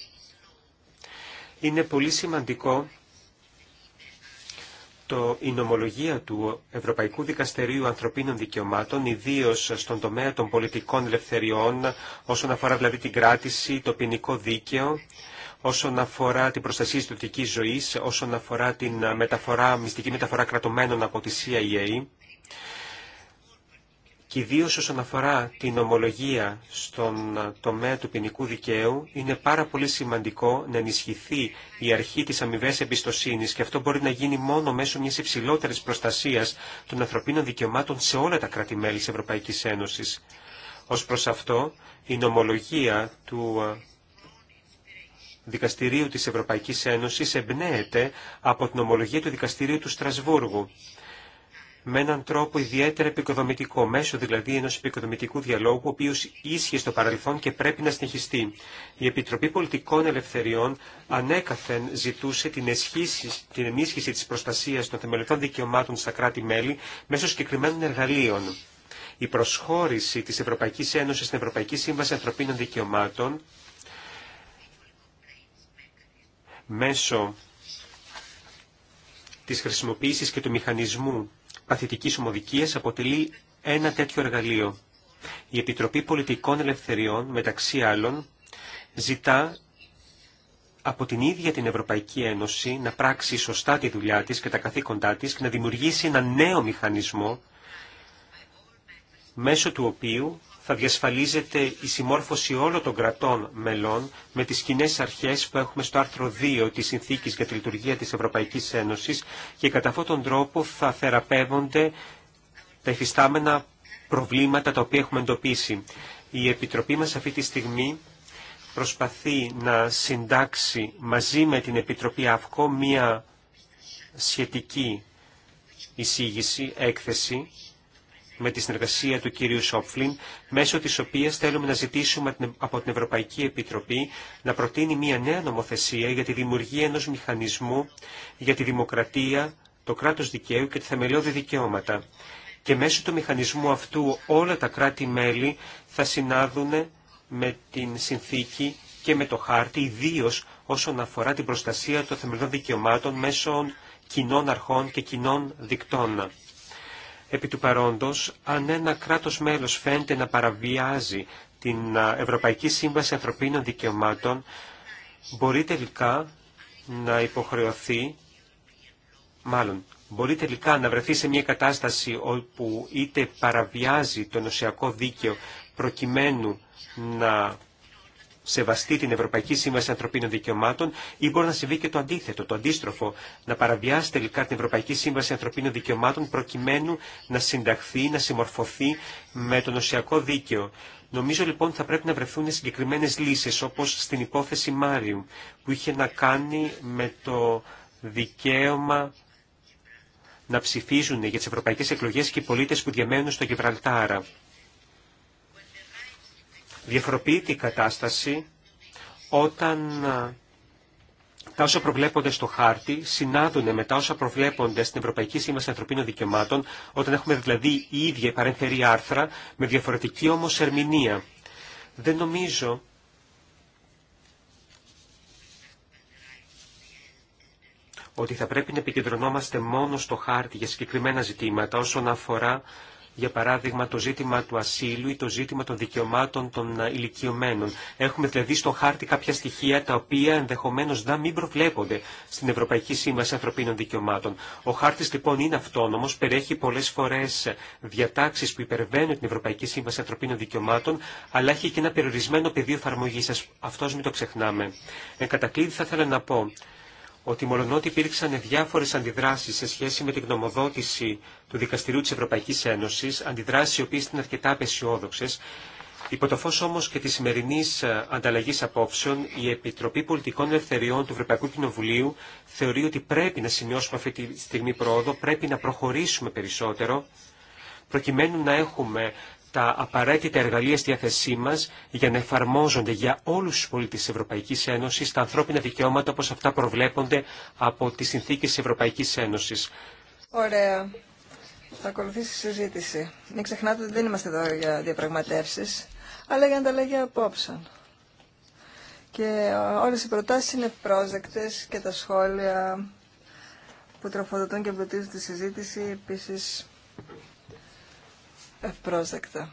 S2: Είναι πολύ σημαντικό το, η νομολογία του Ευρωπαϊκού Δικαστηρίου Ανθρωπίνων Δικαιωμάτων, ιδίω στον τομέα των πολιτικών ελευθεριών, όσον αφορά δηλαδή την κράτηση, το ποινικό δίκαιο, όσον αφορά την προστασία ιστοτικής ζωής, όσον αφορά την ε, μεταφορά, μυστική μεταφορά κρατωμένων από τη CIA και ιδίω όσον αφορά την ομολογία στον ε, τομέα του ποινικού δικαίου, είναι πάρα πολύ σημαντικό να ενισχυθεί η αρχή της αμοιβέ εμπιστοσύνη και αυτό μπορεί να γίνει μόνο μέσω μιας υψηλότερης προστασίας των ανθρωπίνων δικαιωμάτων σε όλα τα κράτη-μέλη της Ευρωπαϊκής Ένωσης. Ως προς αυτό, η νομολογία του ε, Δικαστηρίου της Ευρωπαϊκής Ένωσης εμπνέεται από την ομολογία του Δικαστηρίου του Στρασβούργου με έναν τρόπο ιδιαίτερα επικοδομητικό, μέσω δηλαδή ενός επικοδομητικού διαλόγου, ο οποίος ίσχυε στο παρελθόν και πρέπει να συνεχιστεί. Η Επιτροπή Πολιτικών Ελευθεριών ανέκαθεν ζητούσε την, εσχύση, την ενίσχυση της προστασίας των θεμελιωτών δικαιωμάτων στα κράτη-μέλη μέσω συγκεκριμένων εργαλείων. Η προσχώρηση της Ευρωπαϊκής Ένωσης στην Ευρωπαϊκή Σύμβαση Ανθρωπίνων Δικαιωμάτων μέσω της χρησιμοποίησης και του μηχανισμού παθητικής ομοδικίας αποτελεί ένα τέτοιο εργαλείο. Η Επιτροπή Πολιτικών Ελευθεριών, μεταξύ άλλων, ζητά από την ίδια την Ευρωπαϊκή Ένωση να πράξει σωστά τη δουλειά της και τα καθήκοντά της και να δημιουργήσει ένα νέο μηχανισμό μέσω του οποίου θα διασφαλίζεται η συμμόρφωση όλων των κρατών μελών με τις κοινέ αρχές που έχουμε στο άρθρο 2 της Συνθήκης για τη Λειτουργία της Ευρωπαϊκής Ένωσης και κατά αυτόν τον τρόπο θα θεραπεύονται τα εφιστάμενα προβλήματα τα οποία έχουμε εντοπίσει. Η Επιτροπή μας αυτή τη στιγμή προσπαθεί να συντάξει μαζί με την Επιτροπή ΑΦΚΟ μία σχετική εισήγηση, έκθεση, με τη συνεργασία του κυρίου Σόπφλιν, μέσω της οποίας θέλουμε να ζητήσουμε από την Ευρωπαϊκή Επιτροπή να προτείνει μια νέα νομοθεσία για τη δημιουργία ενός μηχανισμού για τη δημοκρατία, το κράτος δικαίου και τη θεμελιώδη δικαιώματα. Και μέσω του μηχανισμού αυτού όλα τα κράτη-μέλη θα συνάδουν με την συνθήκη και με το χάρτη, ιδίω όσον αφορά την προστασία των θεμελιών δικαιωμάτων μέσω κοινών αρχών και κοινών δικτών. Επί του παρόντος, αν ένα κράτος μέλος φαίνεται να παραβιάζει την Ευρωπαϊκή Σύμβαση Ανθρωπίνων Δικαιωμάτων, μπορεί τελικά να υποχρεωθεί, μάλλον, μπορεί τελικά να βρεθεί σε μια κατάσταση όπου είτε παραβιάζει το νοσιακό δίκαιο προκειμένου να σεβαστεί την Ευρωπαϊκή Σύμβαση Ανθρωπίνων Δικαιωμάτων ή μπορεί να συμβεί και το αντίθετο, το αντίστροφο, να παραβιάσει τελικά την Ευρωπαϊκή Σύμβαση Ανθρωπίνων Δικαιωμάτων προκειμένου να συνταχθεί, να συμμορφωθεί με το νοσιακό δίκαιο. Νομίζω λοιπόν θα πρέπει να βρεθούν συγκεκριμένε λύσει όπω στην υπόθεση Μάριου που είχε να κάνει με το δικαίωμα να ψηφίζουν για τι ευρωπαϊκέ εκλογέ και οι πολίτε που διαμένουν στο Γεβραλτάρα. Διαφοροποιείται η κατάσταση όταν ε, τα όσα προβλέπονται στο χάρτη συνάδουν με τα όσα προβλέπονται στην Ευρωπαϊκή Σύμβαση Ανθρωπίνων Δικαιωμάτων, όταν έχουμε δηλαδή η ίδια παρενθερή άρθρα με διαφορετική όμως ερμηνεία. Δεν νομίζω ότι θα πρέπει να επικεντρωνόμαστε μόνο στο χάρτη για συγκεκριμένα ζητήματα όσον αφορά για παράδειγμα το ζήτημα του ασύλου ή το ζήτημα των δικαιωμάτων των ηλικιωμένων. Έχουμε δηλαδή στο χάρτη κάποια στοιχεία τα οποία ενδεχομένως να μην προβλέπονται στην Ευρωπαϊκή Σύμβαση Ανθρωπίνων Δικαιωμάτων. Ο χάρτης λοιπόν είναι αυτόνομος, περιέχει πολλές φορές διατάξεις που υπερβαίνουν την Ευρωπαϊκή Σύμβαση Ανθρωπίνων Δικαιωμάτων, αλλά έχει και ένα περιορισμένο πεδίο εφαρμογή. Αυτό μην το ξεχνάμε. Εν κατακλείδη θα ήθελα να πω ότι μολονότι υπήρξαν διάφορες αντιδράσεις σε σχέση με την γνωμοδότηση του Δικαστηρίου της Ευρωπαϊκής Ένωσης, αντιδράσεις οι οποίε ήταν αρκετά απεσιόδοξε, Υπό το φω όμως και τη σημερινή ε, ανταλλαγή απόψεων, η Επιτροπή Πολιτικών Ελευθεριών του Ευρωπαϊκού Κοινοβουλίου θεωρεί ότι πρέπει να σημειώσουμε αυτή τη στιγμή πρόοδο, πρέπει να προχωρήσουμε περισσότερο, προκειμένου να έχουμε τα απαραίτητα εργαλεία στη διάθεσή μα για να εφαρμόζονται για όλου του πολίτε τη Ευρωπαϊκή Ένωση τα ανθρώπινα δικαιώματα όπω αυτά προβλέπονται από τι συνθήκε τη Ευρωπαϊκή Ένωση.
S1: Ωραία. Θα ακολουθήσει η συζήτηση. Μην ξεχνάτε ότι δεν είμαστε εδώ για διαπραγματεύσει, αλλά για ανταλλαγή απόψεων. Και όλε οι προτάσει είναι πρόσδεκτε και τα σχόλια που τροφοδοτούν και εμπλουτίζουν τη συζήτηση επίση ευπρόσδεκτα.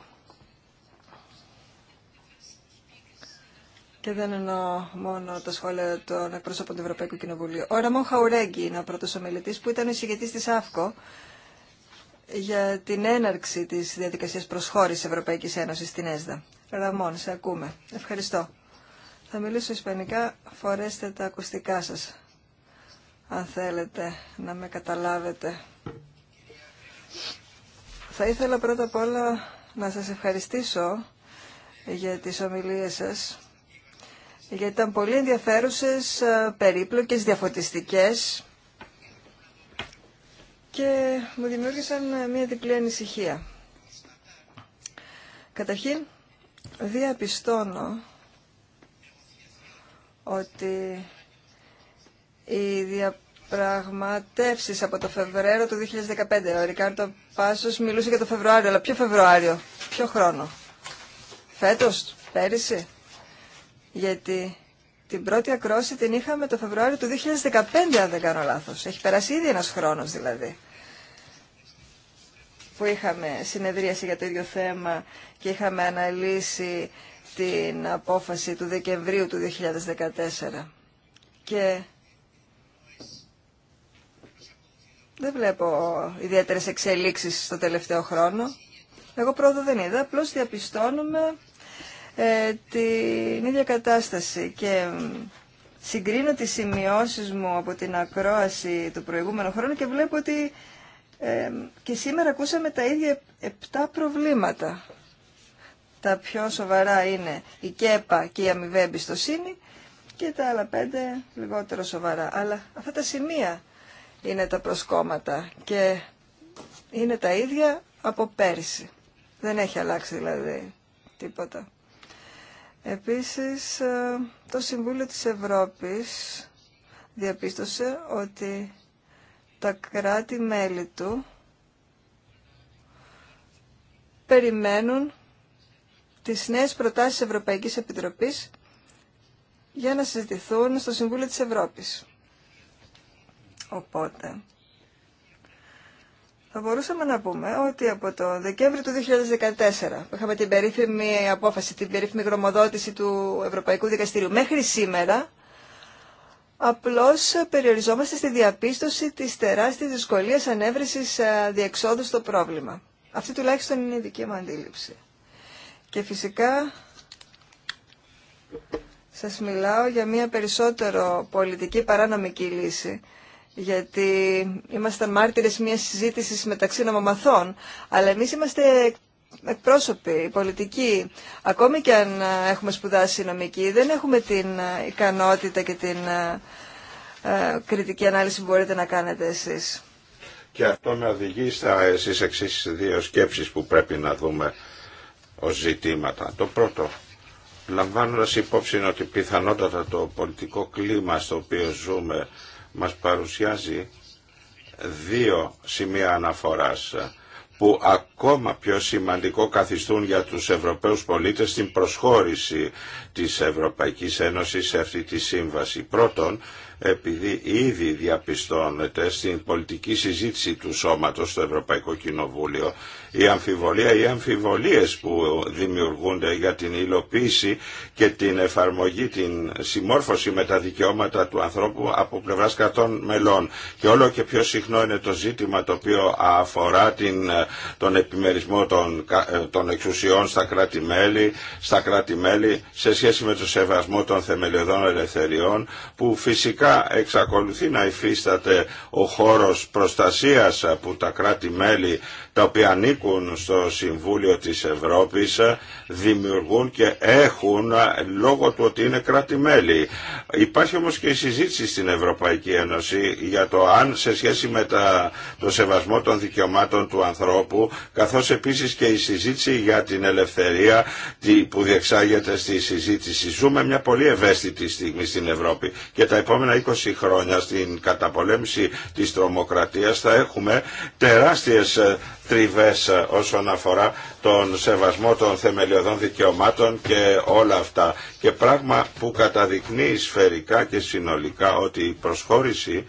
S1: Και δεν εννοώ μόνο τα σχόλια των εκπρόσωπων του Ευρωπαϊκού Κοινοβουλίου. Ο Ραμόν Χαουρέγγι είναι ο πρώτο ομιλητή που ήταν ο εισηγητή τη ΑΦΚΟ για την έναρξη τη διαδικασία προσχώρηση Ευρωπαϊκή Ένωση στην ΕΣΔΑ. Ραμόν, σε ακούμε. Ευχαριστώ. Θα μιλήσω ισπανικά, φορέστε τα ακουστικά σα αν θέλετε να με καταλάβετε. Θα ήθελα πρώτα απ' όλα να σας ευχαριστήσω για τις ομιλίες σας, γιατί ήταν πολύ ενδιαφέρουσες, ε, περίπλοκες, διαφωτιστικές και μου δημιούργησαν ε, μια διπλή ανησυχία. Καταρχήν, διαπιστώνω ότι η διαπραγματεύση Πραγματεύσει από το Φεβρουάριο του 2015. Ο Ρικάρτο Πάσο μιλούσε για το Φεβρουάριο, αλλά ποιο Φεβρουάριο, ποιο χρόνο. Φέτος, πέρυσι. Γιατί την πρώτη ακρόση την είχαμε το Φεβρουάριο του 2015, αν δεν κάνω λάθος. Έχει περάσει ήδη ένας χρόνος δηλαδή που είχαμε συνεδρίαση για το ίδιο θέμα και είχαμε αναλύσει την απόφαση του Δεκεμβρίου του 2014. Και Δεν βλέπω ιδιαίτερες εξελίξεις στο τελευταίο χρόνο. Εγώ πρόοδο δεν είδα, απλώ διαπιστώνουμε ε, την ίδια κατάσταση και συγκρίνω τις σημειώσεις μου από την ακρόαση του προηγούμενου χρόνου και βλέπω ότι ε, και σήμερα ακούσαμε τα ίδια επτά προβλήματα. Τα πιο σοβαρά είναι η ΚΕΠΑ και η αμοιβέμπιστοσύνη εμπιστοσύνη και τα άλλα πέντε λιγότερο σοβαρά. Αλλά αυτά τα σημεία είναι τα προσκόμματα και είναι τα ίδια από πέρσι. Δεν έχει αλλάξει δηλαδή τίποτα. Επίσης, ε, το Συμβούλιο της Ευρώπης διαπίστωσε ότι τα κράτη-μέλη του περιμένουν τις νέες προτάσεις Ευρωπαϊκής Επιτροπής για να συζητηθούν στο Συμβούλιο της Ευρώπης. Οπότε, θα μπορούσαμε να πούμε ότι από το Δεκέμβριο του 2014, που είχαμε την περίφημη απόφαση, την περίφημη γρομοδότηση του Ευρωπαϊκού Δικαστηρίου, μέχρι σήμερα, απλώς περιοριζόμαστε στη διαπίστωση της τεράστιας δυσκολίας ανέβρεσης ε, διεξόδου στο πρόβλημα. Αυτή τουλάχιστον είναι η δική μου αντίληψη. Και φυσικά σας μιλάω για μια περισσότερο πολιτική παράνομική λύση γιατί είμαστε μάρτυρες μιας συζήτησης μεταξύ νομομαθών, αλλά εμείς είμαστε εκπρόσωποι, πολιτικοί, ακόμη και αν έχουμε σπουδάσει νομική, δεν έχουμε την ικανότητα και την ε, ε, κριτική ανάλυση που μπορείτε να κάνετε εσείς.
S3: Και αυτό με οδηγεί στα εσείς εξής δύο σκέψεις που πρέπει να δούμε ως ζητήματα. Το πρώτο, λαμβάνοντας υπόψη ότι πιθανότατα το πολιτικό κλίμα στο οποίο ζούμε μας παρουσιάζει δύο σημεία αναφοράς που ακόμα πιο σημαντικό καθιστούν για τους Ευρωπαίους πολίτες στην προσχώρηση της Ευρωπαϊκής Ένωσης σε αυτή τη σύμβαση. Πρώτον, επειδή ήδη διαπιστώνεται στην πολιτική συζήτηση του σώματος στο Ευρωπαϊκό Κοινοβούλιο η αμφιβολία ή αμφιβολίες που δημιουργούνται για την υλοποίηση και την εφαρμογή, την συμμόρφωση με τα δικαιώματα του ανθρώπου από πλευράς κρατών μελών. Και όλο και πιο συχνό είναι το ζήτημα το οποίο αφορά την, τον επιμερισμό των, ε, των εξουσιών στα κράτη-μέλη, στα κράτη-μέλη σε σχέση με το σεβασμό των θεμελιωδών ελευθεριών που φυσικά εξακολουθεί να υφίσταται ο χώρος προστασίας που τα κράτη-μέλη τα οποία ανήκουν στο Συμβούλιο της Ευρώπης δημιουργούν και έχουν λόγω του ότι είναι κράτη-μέλη. Υπάρχει όμως και η συζήτηση στην Ευρωπαϊκή Ένωση για το αν σε σχέση με τα, το σεβασμό των δικαιωμάτων του ανθρώπου καθώς επίσης και η συζήτηση για την ελευθερία που διεξάγεται στη συζήτηση. Ζούμε μια πολύ ευαίσθητη στιγμή στην Ευρώπη και τα επόμενα 20 χρόνια στην καταπολέμηση της τρομοκρατίας θα έχουμε τεράστιες τριβές ε, όσον αφορά τον σεβασμό των θεμελιωδών δικαιωμάτων και όλα αυτά. Και πράγμα που καταδεικνύει σφαιρικά και συνολικά ότι η προσχώρηση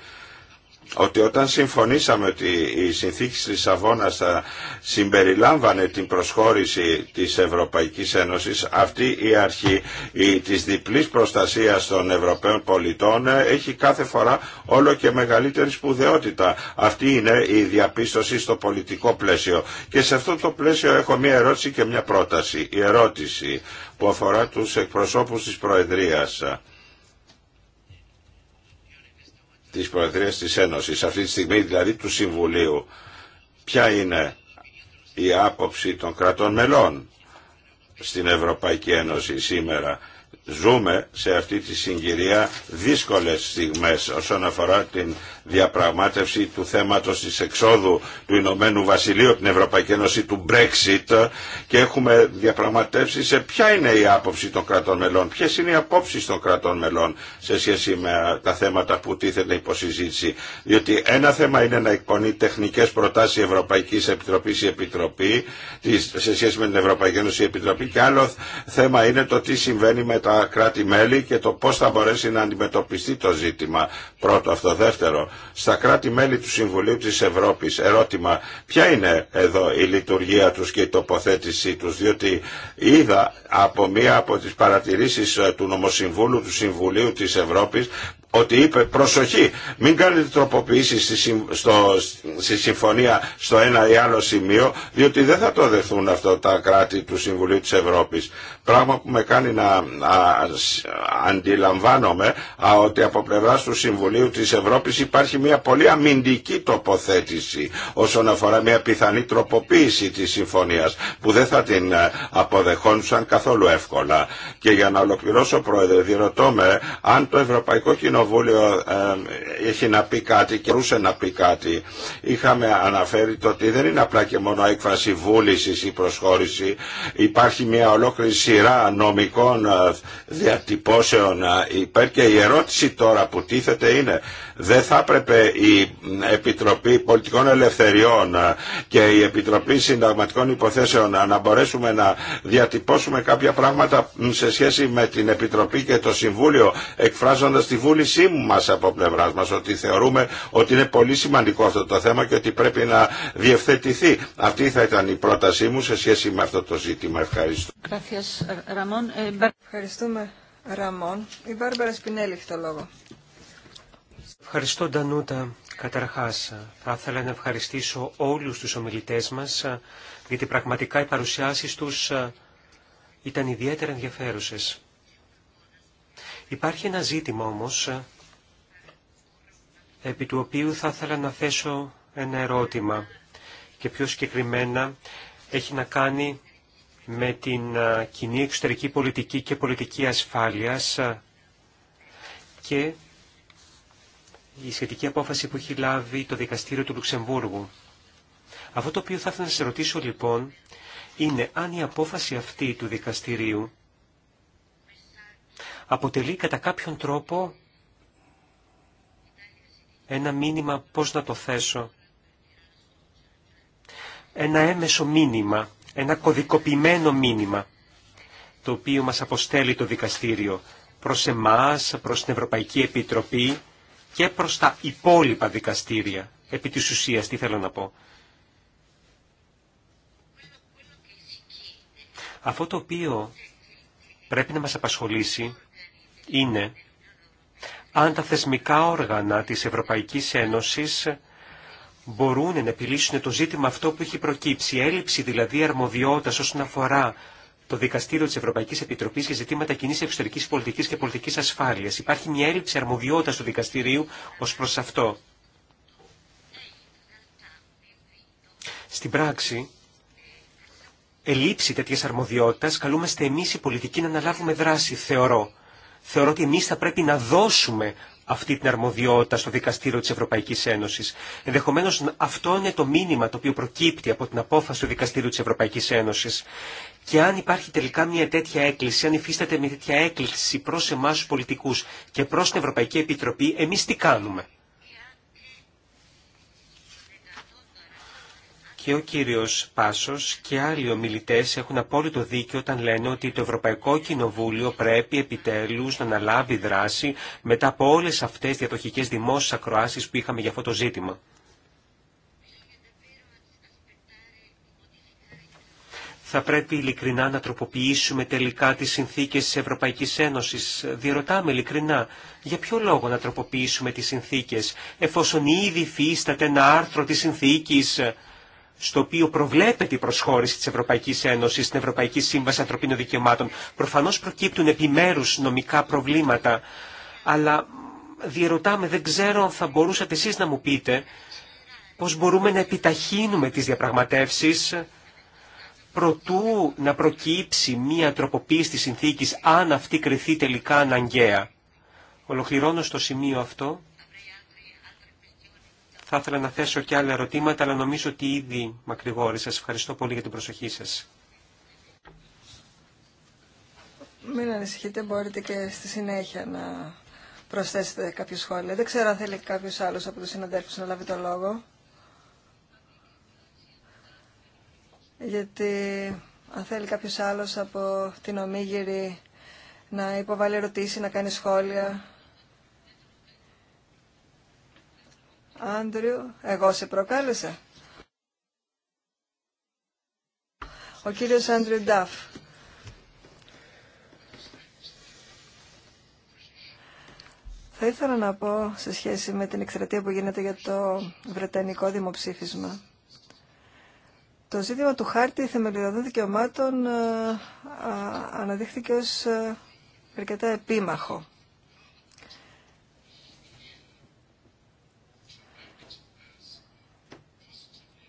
S3: ότι όταν συμφωνήσαμε ότι η συνθήκη της Λισαβόνα θα συμπεριλάμβανε την προσχώρηση της Ευρωπαϊκής Ένωση, αυτή η αρχή τη της διπλής προστασίας των Ευρωπαίων πολιτών έχει κάθε φορά όλο και μεγαλύτερη σπουδαιότητα. Αυτή είναι η διαπίστωση στο πολιτικό πλαίσιο. Και σε αυτό το πλαίσιο έχω μία ερώτηση και μία πρόταση. Η ερώτηση που αφορά τους εκπροσώπους τη Προεδρίας της Προεδρίας της Ένωσης, αυτή τη στιγμή δηλαδή του Συμβουλίου, ποια είναι η άποψη των κρατών μελών στην Ευρωπαϊκή Ένωση σήμερα ζούμε σε αυτή τη συγκυρία δύσκολες στιγμές όσον αφορά την διαπραγμάτευση του θέματος της εξόδου του Ηνωμένου Βασιλείου την Ευρωπαϊκή Ένωση του Brexit και έχουμε διαπραγματεύσει σε ποια είναι η άποψη των κρατών μελών, ποιες είναι οι απόψεις των κρατών μελών σε σχέση με τα θέματα που τίθεται υποσυζήτηση. Διότι ένα θέμα είναι να εκπονεί τεχνικές προτάσεις η Ευρωπαϊκής Επιτροπής η Επιτροπή σε σχέση με την Ευρωπαϊκή Ένωση Επιτροπή και άλλο θέμα είναι το τι συμβαίνει με τα τα κράτη-μέλη και το πώς θα μπορέσει να αντιμετωπιστεί το ζήτημα. Πρώτο αυτό. Δεύτερο, στα κράτη-μέλη του Συμβουλίου της Ευρώπης, ερώτημα, ποια είναι εδώ η λειτουργία τους και η τοποθέτησή τους, διότι είδα από μία από τις παρατηρήσεις ε, του Νομοσυμβούλου του Συμβουλίου της Ευρώπης ότι είπε προσοχή, μην κάνετε τροποποιήσεις στη, συμφωνία στο ένα ή άλλο σημείο, διότι δεν θα το δεθούν αυτό τα κράτη του Συμβουλίου της Ευρώπης. Πράγμα που με κάνει να, να αντιλαμβάνομαι ότι από πλευρά του Συμβουλίου της Ευρώπης υπάρχει μια πολύ αμυντική τοποθέτηση όσον αφορά μια πιθανή τροποποίηση της συμφωνίας που δεν θα την ε, αποδεχόντουσαν καθόλου εύκολα. Και για να ολοκληρώσω Πρόεδρε, διερωτώ με αν το Ευρωπαϊκό Κοινοβούλιο ε, έχει να πει κάτι και μπορούσε να πει κάτι. Είχαμε αναφέρει το ότι δεν είναι απλά και μόνο έκφραση βούλησης ή προσχώρηση. Υπάρχει μια ολόκληρη σειρά νομικών ε, διατυπώσεων ε, υπέρ και η ερώτηση τώρα που τίθεται είναι δεν θα έπρεπε η Επιτροπή Πολιτικών Ελευθεριών και η Επιτροπή Συνταγματικών Υποθέσεων να μπορέσουμε να διατυπώσουμε κάποια πράγματα σε σχέση με την Επιτροπή και το Συμβούλιο εκφράζοντας τη βούλησή μας από πλευράς μας ότι θεωρούμε ότι είναι πολύ σημαντικό αυτό το θέμα και ότι πρέπει να διευθετηθεί. Αυτή θα ήταν η πρότασή μου σε σχέση με αυτό το ζήτημα. Ευχαριστώ.
S2: Ε,
S1: Ευχαριστούμε, Ραμόν. Η Μπάρμπαρα Σπινέλη έχει το λόγο.
S2: Ευχαριστώ Ντανούτα. Καταρχάς, θα ήθελα να ευχαριστήσω όλους τους ομιλητές μας, γιατί πραγματικά οι παρουσιάσεις τους ήταν ιδιαίτερα ενδιαφέρουσες. Υπάρχει ένα ζήτημα όμως, επί του οποίου θα ήθελα να θέσω ένα ερώτημα και πιο συγκεκριμένα έχει να κάνει με την κοινή εξωτερική πολιτική και πολιτική ασφάλειας και η σχετική απόφαση που έχει λάβει το Δικαστήριο του Λουξεμβούργου. Αυτό το οποίο θα ήθελα να σε ρωτήσω λοιπόν είναι αν η απόφαση αυτή του Δικαστηρίου αποτελεί κατά κάποιον τρόπο ένα μήνυμα, πώς να το θέσω, ένα έμεσο μήνυμα, ένα κωδικοποιημένο μήνυμα, το οποίο μας αποστέλει το δικαστήριο προς εμάς, προς την Ευρωπαϊκή Επιτροπή, και προς τα υπόλοιπα δικαστήρια. Επί της ουσίας, τι θέλω να πω. Αυτό το οποίο πρέπει να μας απασχολήσει είναι αν τα θεσμικά όργανα της Ευρωπαϊκής Ένωσης μπορούν να επιλύσουν το ζήτημα αυτό που έχει προκύψει, έλλειψη δηλαδή αρμοδιότητας όσον αφορά το Δικαστήριο τη Ευρωπαϊκή Επιτροπή για ζητήματα κοινή εξωτερική πολιτική και πολιτική ασφάλεια. Υπάρχει μια έλλειψη αρμοδιότητα του δικαστηρίου ω προ αυτό. Στην πράξη, ελλείψη τέτοια αρμοδιότητα καλούμαστε εμεί οι πολιτικοί να αναλάβουμε δράση, θεωρώ. Θεωρώ ότι εμεί θα πρέπει να δώσουμε αυτή την αρμοδιότητα στο Δικαστήριο της Ευρωπαϊκής Ένωσης. Ενδεχομένω, αυτό είναι το μήνυμα το οποίο προκύπτει από την απόφαση του Δικαστήριου της Ευρωπαϊκής Ένωσης. Και αν υπάρχει τελικά μια τέτοια έκκληση, αν υφίσταται μια τέτοια έκκληση προ εμά του πολιτικούς και προς την Ευρωπαϊκή Επιτροπή, εμεί τι κάνουμε. και ο κύριος Πάσος και άλλοι ομιλητές έχουν απόλυτο δίκιο όταν λένε ότι το Ευρωπαϊκό Κοινοβούλιο πρέπει επιτέλους να αναλάβει δράση μετά από όλες αυτές τις διατοχικές δημόσιες ακροάσεις που είχαμε για αυτό το ζήτημα. Θα πρέπει ειλικρινά να τροποποιήσουμε τελικά τις συνθήκες της Ευρωπαϊκής Ένωσης. Διερωτάμε ειλικρινά, για ποιο λόγο να τροποποιήσουμε τις συνθήκες, εφόσον ήδη υφίσταται ένα άρθρο της συνθήκης στο οποίο προβλέπεται η προσχώρηση της Ευρωπαϊκής Ένωσης στην Ευρωπαϊκή Σύμβαση Ανθρωπίνων Δικαιωμάτων. Προφανώς προκύπτουν επιμέρους νομικά προβλήματα, αλλά διερωτάμε, δεν ξέρω αν θα μπορούσατε εσείς να μου πείτε πώς μπορούμε να επιταχύνουμε τις διαπραγματεύσεις προτού να προκύψει μία τροποποίηση της συνθήκης αν αυτή κρυθεί τελικά αναγκαία. Ολοκληρώνω στο σημείο αυτό θα ήθελα να θέσω και άλλα ερωτήματα, αλλά νομίζω ότι ήδη μακρηγόρησα. Σας ευχαριστώ πολύ για την προσοχή σας.
S1: Μην ανησυχείτε, μπορείτε και στη συνέχεια να προσθέσετε κάποιο σχόλιο. Δεν ξέρω αν θέλει κάποιος άλλος από τους συναντέρφους να λάβει το λόγο. Γιατί αν θέλει κάποιος άλλος από την ομίγυρη να υποβάλει ερωτήσει, να κάνει σχόλια, Άντριου, εγώ σε προκάλεσα. Ο κύριος Άντριου Νταφ. Θα ήθελα να πω σε σχέση με την εκστρατεία που γίνεται για το Βρετανικό δημοψήφισμα. Το ζήτημα του χάρτη θεμελιωδών δικαιωμάτων ε, αναδείχθηκε ως ε, αρκετά επίμαχο.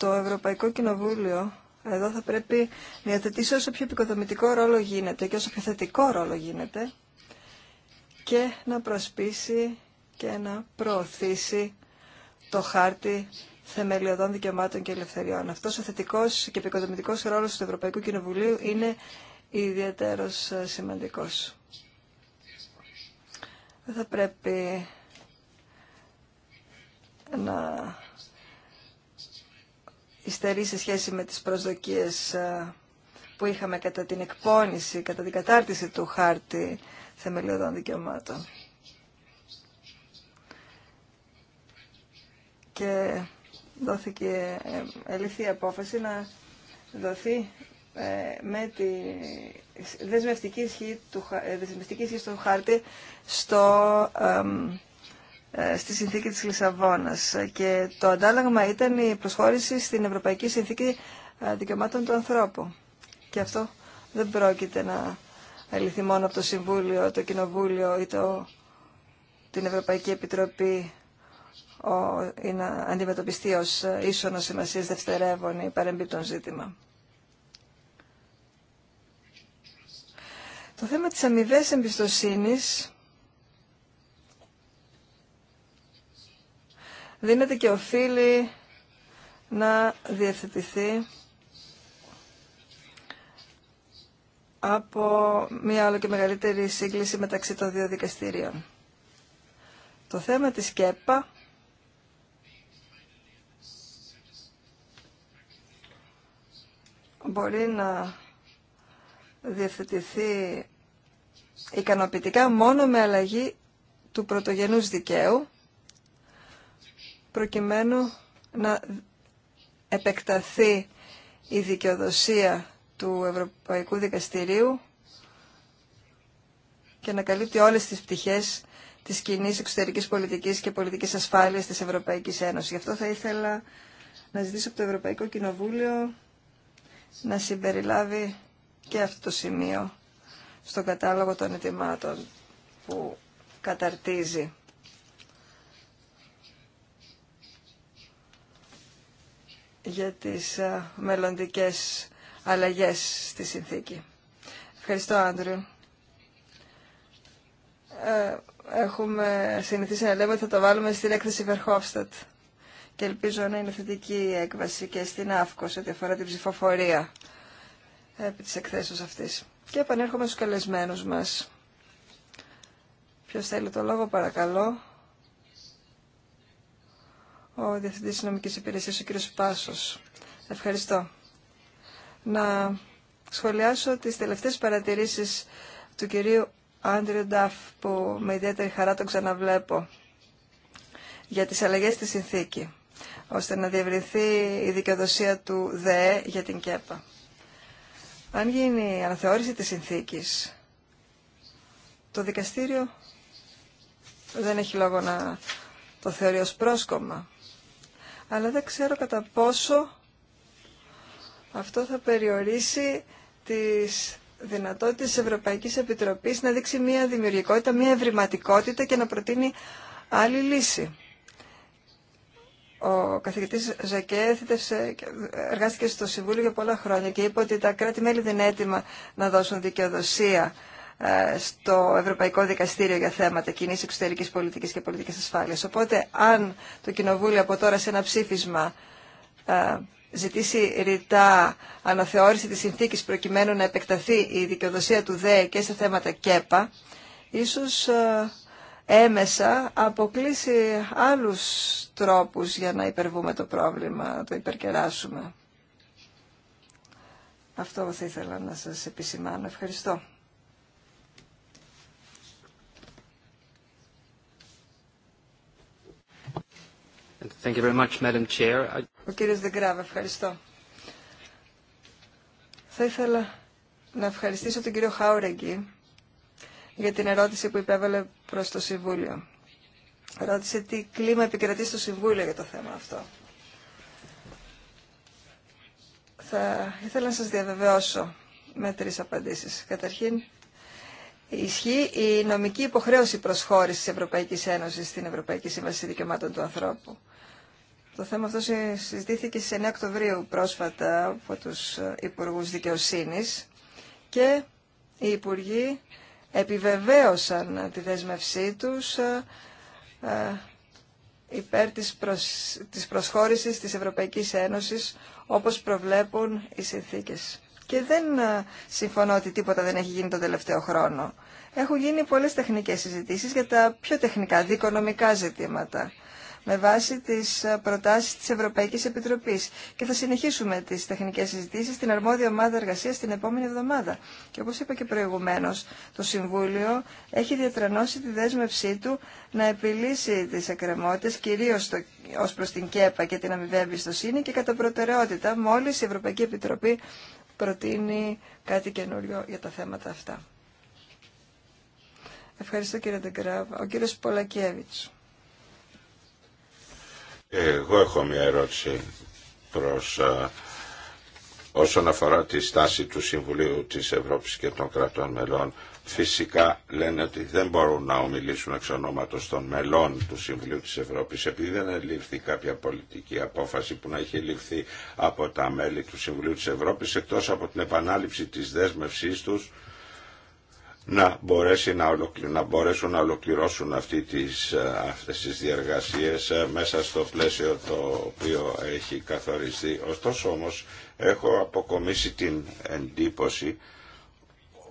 S1: το Ευρωπαϊκό Κοινοβούλιο εδώ θα πρέπει να υιοθετήσει όσο πιο επικοδομητικό ρόλο γίνεται και όσο πιο θετικό ρόλο γίνεται και να προσπίσει και να προωθήσει το χάρτη θεμελιωδών δικαιωμάτων και ελευθεριών. Αυτός ο θετικός και επικοδομητικός ρόλος του Ευρωπαϊκού Κοινοβουλίου είναι ιδιαίτερος ε, σημαντικός. θα πρέπει να υστερεί σε σχέση με τις προσδοκίες ε, που είχαμε κατά την εκπόνηση, κατά την κατάρτιση του χάρτη θεμελιωδών δικαιωμάτων. Και δόθηκε, ε, ελυθή απόφαση να δοθεί ε, με τη δεσμευτική ισχύ του, δεσμευτική του χάρτη στο ε, στη συνθήκη της Λισαβόνας και το αντάλλαγμα ήταν η προσχώρηση στην Ευρωπαϊκή Συνθήκη ε, Δικαιωμάτων του Ανθρώπου. Και αυτό δεν πρόκειται να λυθεί μόνο από το Συμβούλιο, το Κοινοβούλιο ή το, την Ευρωπαϊκή Επιτροπή ο, ή να αντιμετωπιστεί ως ε, ίσονο σημασίας δευτερεύων ή παρεμπίπτων ζήτημα. Το θέμα της αμοιβέ εμπιστοσύνης δίνεται και οφείλει να διευθετηθεί από μια άλλο και μεγαλύτερη σύγκληση μεταξύ των δύο δικαστηρίων. Το θέμα της ΚΕΠΑ μπορεί να διευθετηθεί ικανοποιητικά μόνο με αλλαγή του πρωτογενούς δικαίου προκειμένου να επεκταθεί η δικαιοδοσία του Ευρωπαϊκού Δικαστηρίου και να καλύπτει όλες τις πτυχές της κοινή εξωτερικής πολιτικής και πολιτικής ασφάλειας της Ευρωπαϊκής Ένωσης. Γι' αυτό θα ήθελα να ζητήσω από το Ευρωπαϊκό Κοινοβούλιο να συμπεριλάβει και αυτό το σημείο στο κατάλογο των ετοιμάτων που καταρτίζει. για τις ε, μελλοντικές αλλαγές στη συνθήκη. Ευχαριστώ, Άντριου. Ε, έχουμε συνηθίσει να λέμε ότι θα το βάλουμε στην έκθεση Verhofstadt και ελπίζω να είναι θετική η έκβαση και στην ΑΦΚΟ σε ό,τι αφορά την ψηφοφορία επί της εκθέσεως αυτής. Και επανέρχομαι στους καλεσμένους μας. Ποιος θέλει το λόγο παρακαλώ ο Διευθυντής Νομικής Υπηρεσίας, ο κ. Πάσος. Ευχαριστώ. Να σχολιάσω τις τελευταίες παρατηρήσεις του κυρίου Άντριου Νταφ, που με ιδιαίτερη χαρά τον ξαναβλέπω, για τις αλλαγές στη συνθήκη, ώστε να διευρυνθεί η δικαιοδοσία του ΔΕ για την ΚΕΠΑ. Αν γίνει η αναθεώρηση της συνθήκης, το δικαστήριο δεν έχει λόγο να το θεωρεί ως πρόσκομα αλλά δεν ξέρω κατά πόσο αυτό θα περιορίσει τις δυνατότητες της Ευρωπαϊκής Επιτροπής να δείξει μια δημιουργικότητα, μια ευρηματικότητα και να προτείνει άλλη λύση. Ο καθηγητής Ζακέ εργάστηκε στο Συμβούλιο για πολλά χρόνια και είπε ότι τα κράτη-μέλη δεν είναι έτοιμα να δώσουν δικαιοδοσία ε, στο Ευρωπαϊκό Δικαστήριο για θέματα κοινή εξωτερική πολιτική και πολιτική ασφάλεια. Οπότε, αν το Κοινοβούλιο από τώρα σε ένα ψήφισμα ε, ζητήσει ρητά αναθεώρηση της συνθήκης προκειμένου να επεκταθεί η δικαιοδοσία του ΔΕ και σε θέματα ΚΕΠΑ, ίσως ε, έμεσα αποκλείσει άλλους τρόπους για να υπερβούμε το πρόβλημα, να το υπερκεράσουμε. Αυτό θα ήθελα να σας επισημάνω. Ευχαριστώ.
S2: Thank you very much, Madam Chair.
S1: Ο κύριος Δεγκράβ, ευχαριστώ. Θα ήθελα να ευχαριστήσω τον κύριο Χάουρεγγι για την ερώτηση που υπέβαλε προς το Συμβούλιο. Ρώτησε τι κλίμα επικρατεί στο Συμβούλιο για το θέμα αυτό. Θα ήθελα να σας διαβεβαιώσω με τρεις απαντήσεις. Καταρχήν, ισχύει η νομική υποχρέωση προσχώρησης της Ευρωπαϊκής Ένωσης στην Ευρωπαϊκή Σύμβαση Δικαιωμάτων του Ανθρώπου. Το θέμα αυτό συζητήθηκε στις 9 Οκτωβρίου πρόσφατα από τους ε, Υπουργούς Δικαιοσύνης και οι Υπουργοί επιβεβαίωσαν ε, τη δέσμευσή τους ε, υπέρ της, προσ... της προσχώρησης της Ευρωπαϊκής Ένωσης όπως προβλέπουν οι συνθήκες. Και δεν συμφωνώ ότι τίποτα δεν έχει γίνει τον τελευταίο χρόνο. Έχουν γίνει πολλές τεχνικές συζητήσεις για τα πιο τεχνικά, δικονομικά ζητήματα με βάση τις ε, προτάσεις της Ευρωπαϊκής Επιτροπής. Και θα συνεχίσουμε τις τεχνικές συζητήσεις στην αρμόδια ομάδα εργασίας την επόμενη εβδομάδα. Και όπως είπα και προηγουμένως, το Συμβούλιο έχει διατρανώσει τη δέσμευσή του να επιλύσει τις εκκρεμότητες, κυρίως το, ως προς την ΚΕΠΑ και την αμοιβαία εμπιστοσύνη και κατά προτεραιότητα μόλις η Ευρωπαϊκή Επιτροπή προτείνει κάτι καινούριο για τα θέματα αυτά. Ευχαριστώ κύριε Ντεγκράβ. Ο κύριος Πολακέβιτς.
S3: Εγώ έχω μια ερώτηση προς όσον αφορά τη στάση του Συμβουλίου της Ευρώπης και των κρατών μελών. Φυσικά λένε ότι δεν μπορούν να ομιλήσουν εξ ονόματος των μελών του Συμβουλίου της Ευρώπης επειδή δεν έληφθη κάποια πολιτική απόφαση που να έχει ληφθεί από τα μέλη του Συμβουλίου της Ευρώπης εκτός από την επανάληψη της δέσμευσής τους να, μπορέσει να, να μπορέσουν να ολοκληρώσουν αυτή τις, ε, αυτές τις ε, μέσα στο πλαίσιο το οποίο έχει καθοριστεί. Ωστόσο όμως έχω αποκομίσει την εντύπωση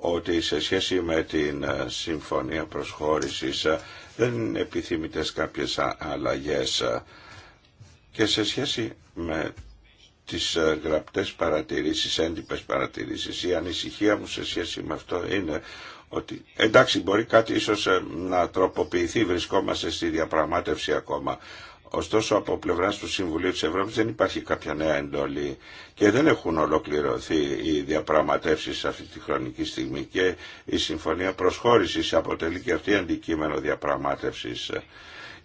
S3: ότι σε σχέση με την ε, συμφωνία προσχώρησης δεν είναι επιθυμητές κάποιες αλλαγές και σε σχέση με τις γραπτές παρατηρήσεις, έντυπες παρατηρήσεις. Η ανησυχία μου σε σχέση με αυτό είναι ότι εντάξει μπορεί κάτι ίσως ε, να τροποποιηθεί, βρισκόμαστε στη διαπραγμάτευση ακόμα. Ωστόσο από πλευρά του Συμβουλίου της Ευρώπης δεν υπάρχει κάποια νέα εντολή και δεν έχουν ολοκληρωθεί οι διαπραγματεύσεις σε αυτή τη χρονική στιγμή και η Συμφωνία Προσχώρησης αποτελεί και αυτή αντικείμενο διαπραγμάτευσης.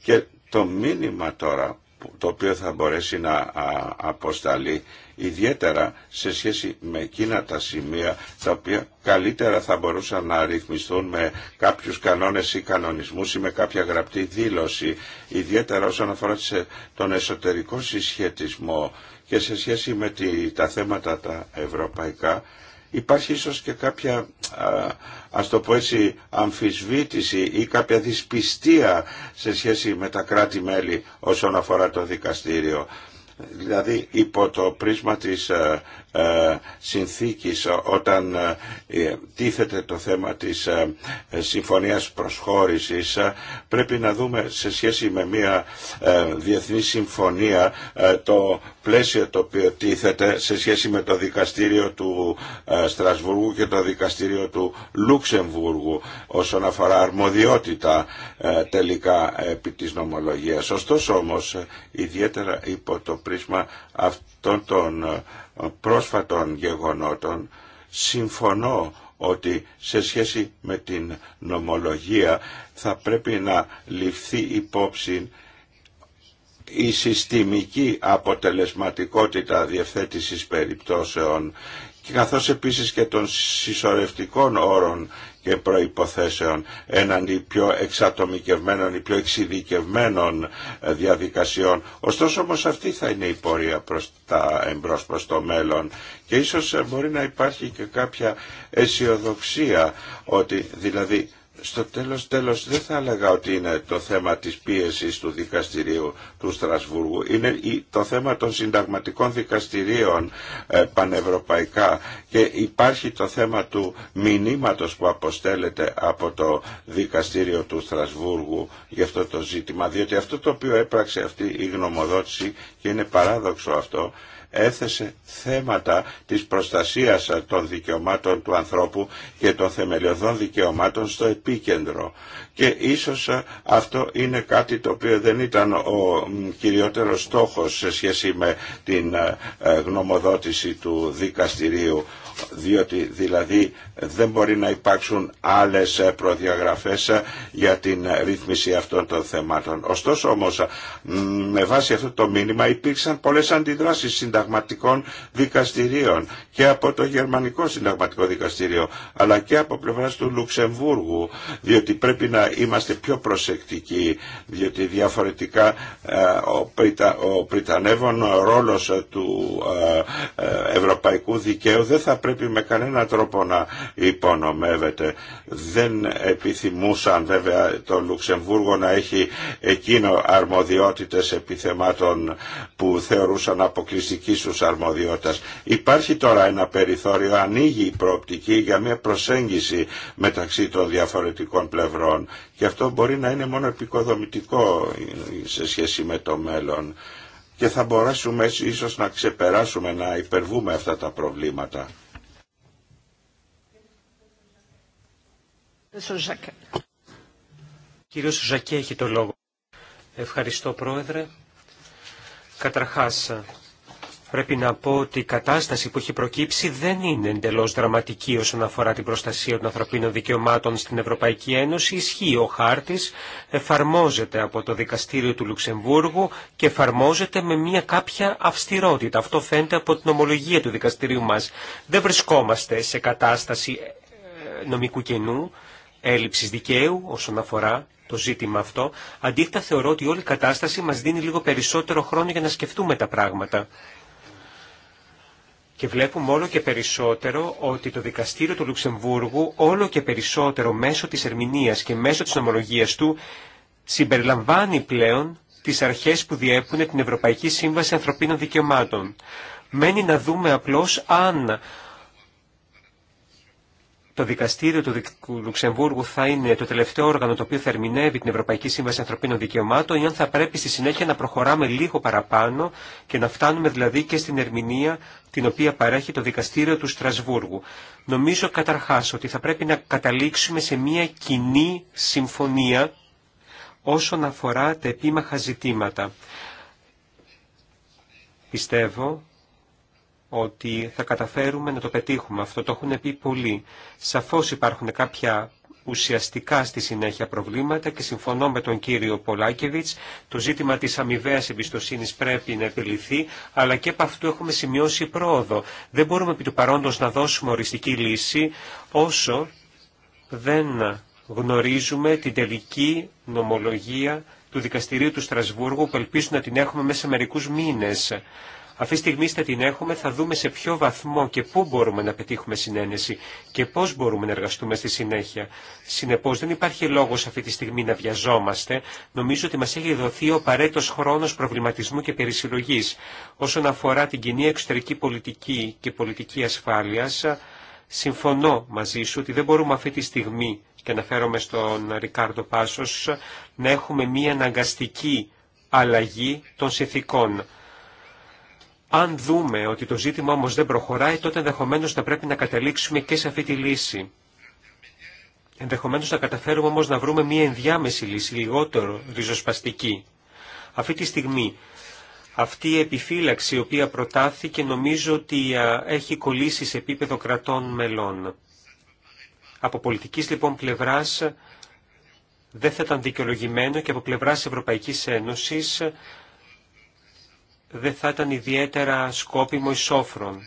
S3: Και το μήνυμα τώρα το οποίο θα μπορέσει να αποσταλεί ιδιαίτερα σε σχέση με εκείνα τα σημεία τα οποία καλύτερα θα μπορούσαν να ρυθμιστούν με κάποιους κανόνες ή κανονισμούς ή με κάποια γραπτή δήλωση, ιδιαίτερα όσον αφορά τον εσωτερικό συσχετισμό και σε σχέση με τα θέματα τα ευρωπαϊκά, υπάρχει ίσως και κάποια, ας το πω αμφισβήτηση ή κάποια δυσπιστία σε σχέση με τα κράτη-μέλη όσον αφορά το δικαστήριο δηλαδή υπό το πρίσμα της ε, ε, συνθήκης όταν ε, ε, τίθεται το θέμα της συμφωνίας προσχώρησης πρέπει να δούμε σε σχέση με μια διεθνή συμφωνία το πλαίσιο το οποίο τίθεται σε σχέση με το δικαστήριο του Στρασβουργού και το δικαστήριο του Λούξεμβουργού όσον αφορά αρμοδιότητα τελικά επί της νομολογίας. Ωστόσο όμως ιδιαίτερα υπό το πρίσμα αυτών των πρόσφατων γεγονότων συμφωνώ ότι σε σχέση με την νομολογία θα πρέπει να ληφθεί υπόψη η συστημική αποτελεσματικότητα διευθέτησης περιπτώσεων και καθώς επίσης και των συσσωρευτικών όρων και προϋποθέσεων η πιο εξατομικευμένων ή πιο εξειδικευμένων ε, διαδικασιών. Ωστόσο όμως αυτή θα είναι η πορεία προς τα εμπρός προς το μέλλον και ίσως ε, μπορεί να υπάρχει και κάποια αισιοδοξία ότι δηλαδή στο τέλος, τέλος δεν θα έλεγα ότι είναι το θέμα της πίεσης του δικαστηρίου του Στρασβούργου. Είναι το θέμα των συνταγματικών δικαστηρίων ε, πανευρωπαϊκά και υπάρχει το θέμα του μηνύματος που αποστέλλεται από το δικαστήριο του Στρασβούργου για αυτό το ζήτημα. Διότι αυτό το οποίο έπραξε αυτή η γνωμοδότηση και είναι παράδοξο αυτό έθεσε θέματα της προστασίας των δικαιωμάτων του ανθρώπου και των θεμελιωδών δικαιωμάτων στο επίκεντρο. Και ίσως ε, αυτό είναι κάτι το οποίο δεν ήταν ο κυριότερος στόχος σε σχέση με την ε, ε, γνωμοδότηση του δικαστηρίου διότι δηλαδή δεν μπορεί να υπάρξουν άλλες ε, προδιαγραφές ε, για την ε, ρύθμιση αυτών των θεμάτων. Ωστόσο όμως με βάση αυτό το μήνυμα υπήρξαν πολλές αντιδράσεις συνταγματικών δικαστηρίων και από το Γερμανικό Συνταγματικό Δικαστήριο αλλά και από πλευράς του Λουξεμβούργου διότι πρέπει να είμαστε πιο προσεκτικοί διότι διαφορετικά ο πριτανεύων ρόλος του ευρωπαϊκού δικαίου δεν θα πρέπει με κανένα τρόπο να υπονομεύεται. Δεν επιθυμούσαν βέβαια το Λουξεμβούργο να έχει εκείνο αρμοδιότητες επιθεμάτων που θεωρούσαν αποκλειστική τους αρμοδιότητας. Υπάρχει τώρα ένα περιθώριο, ανοίγει η προοπτική για μια προσέγγιση μεταξύ των διαφορετικών πλευρών και αυτό μπορεί να είναι μόνο επικοδομητικό σε σχέση με το μέλλον και θα μπορέσουμε ίσως να ξεπεράσουμε, να υπερβούμε αυτά τα προβλήματα.
S2: Κύριος Ζακέ έχει το λόγο. Ευχαριστώ Πρόεδρε. Καταρχάς, πρέπει να πω ότι η κατάσταση που έχει προκύψει δεν είναι εντελώς δραματική όσον αφορά την προστασία των ανθρωπίνων δικαιωμάτων στην Ευρωπαϊκή Ένωση. Ισχύει ο χάρτης, εφαρμόζεται από το Δικαστήριο του Λουξεμβούργου και εφαρμόζεται με μια κάποια αυστηρότητα. Αυτό φαίνεται από την ομολογία του δικαστηρίου μας. Δεν βρισκόμαστε σε κατάσταση ε, νομικού κενού έλλειψης δικαίου όσον αφορά το ζήτημα αυτό. Αντίθετα θεωρώ ότι όλη η κατάσταση μας δίνει λίγο περισσότερο χρόνο για να σκεφτούμε τα πράγματα. Και βλέπουμε όλο και περισσότερο ότι το δικαστήριο του Λουξεμβούργου όλο και περισσότερο μέσω της ερμηνείας και μέσω της νομολογίας του συμπεριλαμβάνει πλέον τις αρχές που διέπουν την Ευρωπαϊκή Σύμβαση Ανθρωπίνων Δικαιωμάτων. Μένει να δούμε απλώς αν το δικαστήριο του Λουξεμβούργου θα είναι το τελευταίο όργανο το οποίο θα ερμηνεύει την Ευρωπαϊκή Σύμβαση Ανθρωπίνων Δικαιωμάτων ή αν θα πρέπει στη συνέχεια να προχωράμε λίγο παραπάνω και να φτάνουμε δηλαδή και στην ερμηνεία την οποία παρέχει το δικαστήριο του Στρασβούργου. Νομίζω καταρχάς ότι θα πρέπει να καταλήξουμε σε μια κοινή συμφωνία όσον αφορά τα επίμαχα ζητήματα. Πιστεύω ότι θα καταφέρουμε να το πετύχουμε. Αυτό το έχουν πει πολλοί. Σαφώς υπάρχουν κάποια ουσιαστικά στη συνέχεια προβλήματα και συμφωνώ με τον κύριο Πολάκεβιτς, το ζήτημα της αμοιβαία εμπιστοσύνης πρέπει να επιληθεί, αλλά και από αυτού έχουμε σημειώσει πρόοδο. Δεν μπορούμε επί του παρόντος να δώσουμε οριστική λύση όσο δεν γνωρίζουμε την τελική νομολογία του Δικαστηρίου του Στρασβούργου που ελπίζουν να την έχουμε μέσα μερικούς μήνες. Αυτή τη στιγμή θα την έχουμε, θα δούμε σε ποιο βαθμό και πού μπορούμε να πετύχουμε συνένεση και πώς μπορούμε να εργαστούμε στη συνέχεια. Συνεπώς δεν υπάρχει λόγος αυτή τη στιγμή να βιαζόμαστε. Νομίζω ότι μας έχει δοθεί ο παρέτος χρόνος προβληματισμού και περισυλλογής. Όσον αφορά την κοινή εξωτερική πολιτική και πολιτική ασφάλειας, συμφωνώ μαζί σου ότι δεν μπορούμε αυτή τη στιγμή, και αναφέρομαι στον Ρικάρδο Πάσος, να έχουμε μία αναγκαστική αλλαγή των συνθήκων. Αν δούμε ότι το ζήτημα όμως δεν προχωράει, τότε ενδεχομένως θα πρέπει να καταλήξουμε και σε αυτή τη λύση. Ενδεχομένως να καταφέρουμε όμως να βρούμε μια ενδιάμεση λύση, λιγότερο ριζοσπαστική. Αυτή τη στιγμή αυτή η επιφύλαξη η οποία προτάθηκε νομίζω ότι έχει κολλήσει σε επίπεδο κρατών μελών. Από πολιτικής λοιπόν πλευράς δεν θα ήταν δικαιολογημένο και από πλευράς Ευρωπαϊκής Ένωσης δεν θα ήταν ιδιαίτερα σκόπιμο ισόφρον.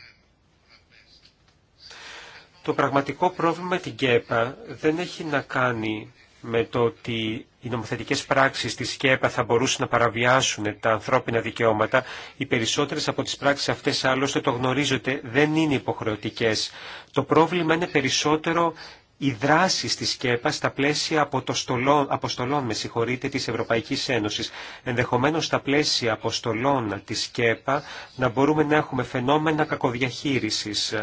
S2: Το πραγματικό πρόβλημα με την ΚΕΠΑ δεν έχει να κάνει με το ότι οι νομοθετικές πράξεις της ΚΕΠΑ θα μπορούσαν να παραβιάσουν τα ανθρώπινα δικαιώματα. Οι περισσότερες από τις πράξεις αυτές άλλωστε το γνωρίζετε, δεν είναι υποχρεωτικές. Το πρόβλημα είναι περισσότερο οι δράσεις της ΚΕΠΑ στα πλαίσια αποστολών, αποστολών με συγχωρείτε, της Ευρωπαϊκής Ένωσης. Ενδεχομένως στα πλαίσια αποστολών της ΚΕΠΑ να μπορούμε να έχουμε φαινόμενα κακοδιαχείρισης,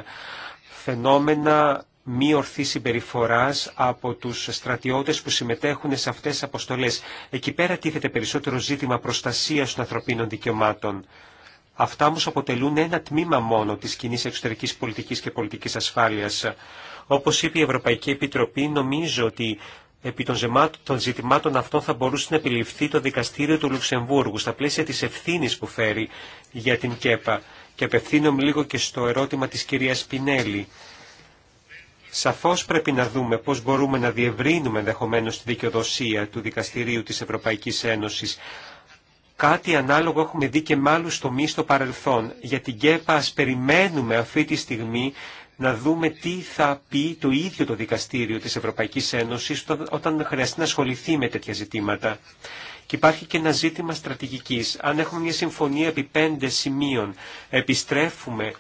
S2: φαινόμενα μη ορθή συμπεριφορά από του στρατιώτε που συμμετέχουν σε αυτέ τι αποστολέ. Εκεί πέρα τίθεται περισσότερο ζήτημα προστασία των ανθρωπίνων δικαιωμάτων. Αυτά όμω αποτελούν ένα τμήμα μόνο τη κοινή εξωτερική πολιτική και πολιτική ασφάλεια. Όπως είπε η Ευρωπαϊκή Επιτροπή, νομίζω ότι επί των, ζητημάτων αυτών θα μπορούσε να επιληφθεί το δικαστήριο του Λουξεμβούργου στα πλαίσια της ευθύνη που φέρει για την ΚΕΠΑ. Και απευθύνομαι λίγο και στο ερώτημα της κυρίας Πινέλη. Σαφώς πρέπει να δούμε πώς μπορούμε να διευρύνουμε ενδεχομένω τη δικαιοδοσία του Δικαστηρίου της Ευρωπαϊκής Ένωσης. Κάτι ανάλογο έχουμε δει και με άλλου τομεί στο παρελθόν. Για την ΚΕΠΑ ας περιμένουμε αυτή τη στιγμή να δούμε τι θα πει το ίδιο το Δικαστήριο της Ευρωπαϊκής Ένωσης όταν χρειαστεί να ασχοληθεί με τέτοια ζητήματα. Και υπάρχει και ένα ζήτημα στρατηγικής. Αν έχουμε μια συμφωνία επί πέντε σημείων, επιστρέφουμε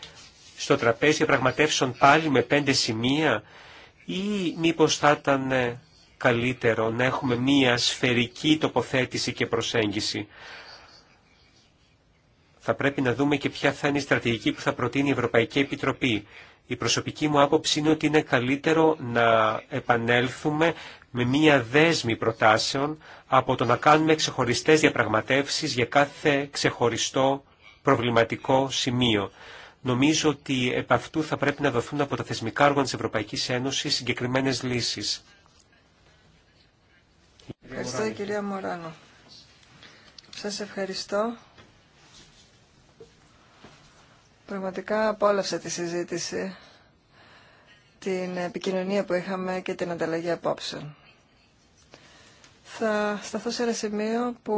S2: στο τραπέζι πραγματεύσεων πάλι με πέντε σημεία ή μήπως θα ήταν ε, καλύτερο να έχουμε μία σφαιρική τοποθέτηση και προσέγγιση θα πρέπει να δούμε και ποια θα είναι η στρατηγική που θα προτείνει η Ευρωπαϊκή Επιτροπή. Η προσωπική μου άποψη είναι ότι είναι καλύτερο να επανέλθουμε με μία δέσμη προτάσεων από το να κάνουμε ξεχωριστές διαπραγματεύσεις για κάθε ξεχωριστό προβληματικό σημείο. Νομίζω ότι επ' αυτού θα πρέπει να δοθούν από τα θεσμικά όργανα της Ευρωπαϊκής Ένωσης συγκεκριμένες λύσεις. Ευχαριστώ
S1: κυρία Μωράνο. Σας ευχαριστώ. Πραγματικά απόλαυσα τη συζήτηση, την επικοινωνία που είχαμε και την ανταλλαγή απόψεων. Θα σταθώ σε ένα σημείο που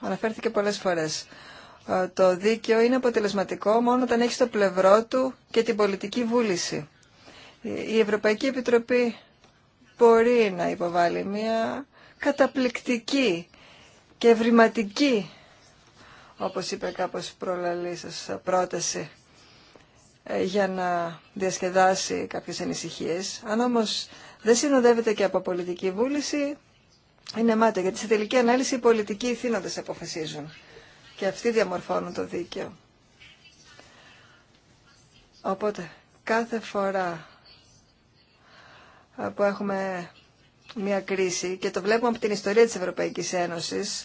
S1: αναφέρθηκε πολλές φορές. Ε, το δίκαιο είναι αποτελεσματικό μόνο όταν έχει στο πλευρό του και την πολιτική βούληση. Η Ευρωπαϊκή Επιτροπή μπορεί να υποβάλει μια καταπληκτική και ευρηματική όπως είπε κάπως προλαλή σας πρόταση ε, για να διασκεδάσει κάποιες ανησυχίες. Αν όμως δεν συνοδεύεται και από πολιτική βούληση, είναι μάταιο, γιατί σε τελική ανάλυση οι πολιτικοί ηθήνοντες αποφασίζουν και αυτοί διαμορφώνουν το δίκαιο. Οπότε, κάθε φορά ε, που έχουμε μια κρίση και το βλέπουμε από την ιστορία της Ευρωπαϊκής Ένωσης,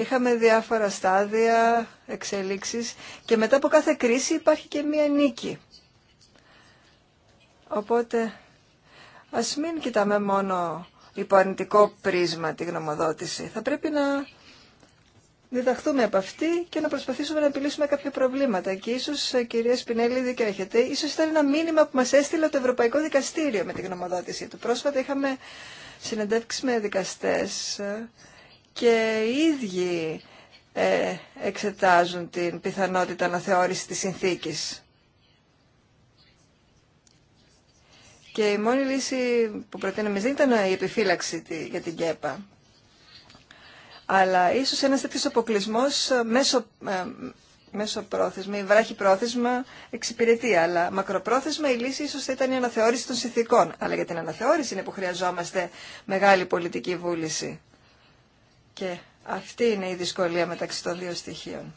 S1: Είχαμε διάφορα στάδια, εξελίξεις και μετά από κάθε κρίση υπάρχει και μία νίκη. Οπότε ας μην κοιτάμε μόνο υπό αρνητικό πρίσμα τη γνωμοδότηση. Θα πρέπει να διδαχθούμε από αυτή και να προσπαθήσουμε να επιλύσουμε κάποια προβλήματα. Και ίσως, ε, κυρία Σπινέλη, δίκιο έχετε, ίσως ήταν ένα μήνυμα που μας έστειλε το Ευρωπαϊκό Δικαστήριο με τη γνωμοδότηση του. Πρόσφατα είχαμε συνεντεύξεις με δικαστές ε, και οι ίδιοι ε, εξετάζουν την πιθανότητα αναθεώρηση της συνθήκης. Και η μόνη λύση που προτείναμε δεν ήταν η επιφύλαξη για την ΚΕΠΑ. Αλλά ίσως ένας τέτοιος αποκλεισμό ε, μέσω, ε, μέσω αποκλεισμός ή βράχη πρόθεσμα εξυπηρετεί. Αλλά μακροπρόθεσμα η λύση ίσως θα ήταν η αναθεώρηση των συνθήκων. Αλλά για την αναθεώρηση είναι που χρειαζόμαστε μεγάλη πολιτική βούληση. Και αυτή είναι η δυσκολία μεταξύ των δύο στοιχείων.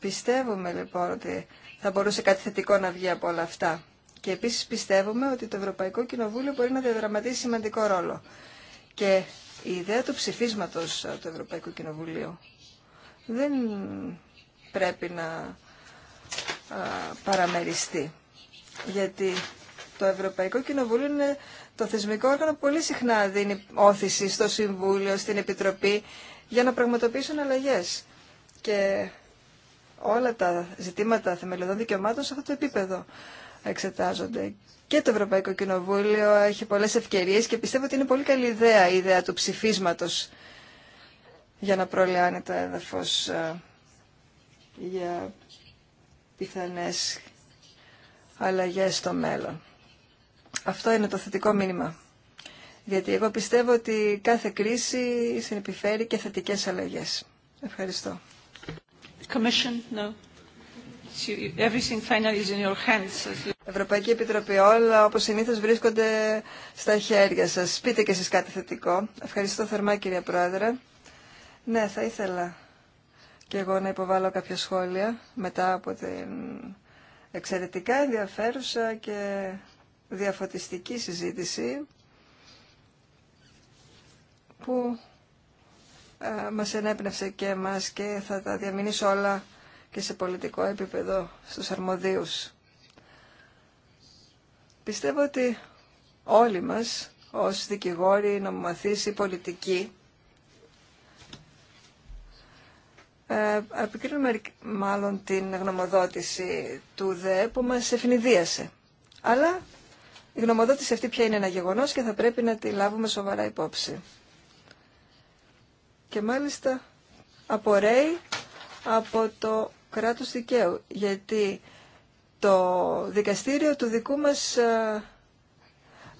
S1: Πιστεύουμε λοιπόν ότι θα μπορούσε κάτι θετικό να βγει από όλα αυτά. Και επίσης πιστεύουμε ότι το Ευρωπαϊκό Κοινοβούλιο μπορεί να διαδραματίσει σημαντικό ρόλο. Και η ιδέα του ψηφίσματος ε, του Ευρωπαϊκού Κοινοβουλίου δεν πρέπει να ε, παραμεριστεί. Γιατί το Ευρωπαϊκό Κοινοβούλιο είναι το θεσμικό όργανο πολύ συχνά δίνει όθηση στο Συμβούλιο, στην Επιτροπή για να πραγματοποιήσουν αλλαγές. Και όλα τα ζητήματα θεμελιωδών δικαιωμάτων σε αυτό το επίπεδο εξετάζονται. Και το Ευρωπαϊκό Κοινοβούλιο έχει πολλές ευκαιρίες και πιστεύω ότι είναι πολύ καλή ιδέα η ιδέα του ψηφίσματος για να προλάνει το έδαφο ε, για πιθανές αλλαγές στο μέλλον. Αυτό είναι το θετικό μήνυμα. Γιατί εγώ πιστεύω ότι κάθε κρίση συνεπιφέρει και θετικές αλλαγές. Ευχαριστώ. Commission, no. Everything is in your hands. Ευρωπαϊκή Επιτροπή, όλα όπως συνήθως βρίσκονται στα χέρια σας. Πείτε και εσείς κάτι θετικό. Ευχαριστώ θερμά κυρία Πρόεδρε. Ναι, θα ήθελα και εγώ να υποβάλω κάποια σχόλια μετά από την εξαιρετικά ενδιαφέρουσα και διαφωτιστική συζήτηση που ε, μας ενέπνευσε και εμάς και θα τα διαμηνήσω όλα και σε πολιτικό επίπεδο στους αρμοδίους. Πιστεύω ότι όλοι μας ως δικηγόροι, νομομαθείς ή πολιτικοί ε, επικρίνουμε μάλλον την γνωμοδότηση του ΔΕ που μας ευνηδίασε. Αλλά η γνωμοδότηση αυτή πια είναι ένα γεγονός και θα πρέπει να τη λάβουμε σοβαρά υπόψη. Και μάλιστα απορρέει από το κράτος δικαίου, γιατί το δικαστήριο του δικού μας ε,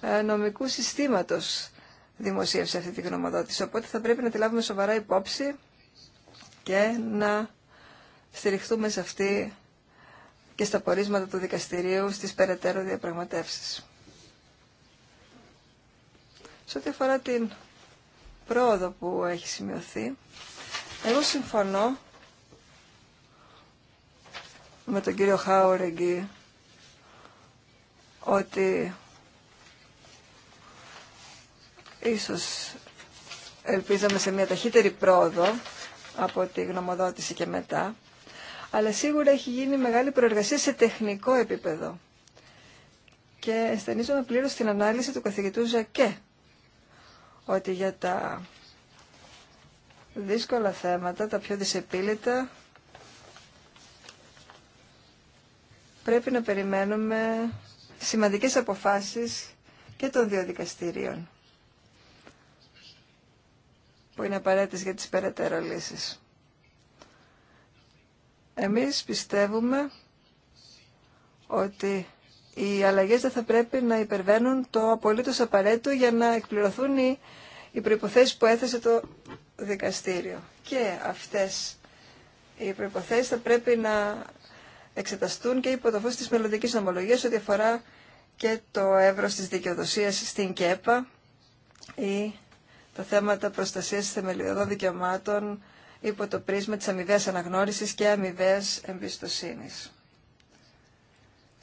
S1: ε, νομικού συστήματος δημοσίευσε αυτή τη γνωμοδότηση. Οπότε θα πρέπει να τη λάβουμε σοβαρά υπόψη και να στηριχθούμε σε αυτή και στα πορίσματα του δικαστηρίου στις περαιτέρω διαπραγματεύσεις. Σε ό,τι αφορά την πρόοδο που έχει σημειωθεί, εγώ συμφωνώ με τον κύριο Χάουρεγγι ότι ίσως ελπίζαμε σε μια ταχύτερη πρόοδο από τη γνωμοδότηση και μετά, αλλά σίγουρα έχει γίνει μεγάλη προεργασία σε τεχνικό επίπεδο. Και αισθανίζομαι πλήρως την ανάλυση του καθηγητού Ζακέ ότι για τα δύσκολα θέματα, τα πιο δυσεπίλητα, πρέπει να περιμένουμε σημαντικές αποφάσεις και των δύο δικαστηρίων που είναι απαραίτητες για τις περαιτέρω λύσεις. Εμείς πιστεύουμε ότι οι αλλαγές δεν θα πρέπει να υπερβαίνουν το απολύτως απαραίτητο για να εκπληρωθούν οι, οι προϋποθέσεις που έθεσε το δικαστήριο. Και αυτές οι προϋποθέσεις θα πρέπει να εξεταστούν και υπό το φως της μελλοντικής νομολογίας ό,τι αφορά και το εύρος της δικαιοδοσίας στην ΚΕΠΑ ή τα θέματα προστασίας θεμελιωδών δικαιωμάτων υπό το πρίσμα της αμοιβαίας αναγνώρισης και αμοιβαίας εμπιστοσύνης.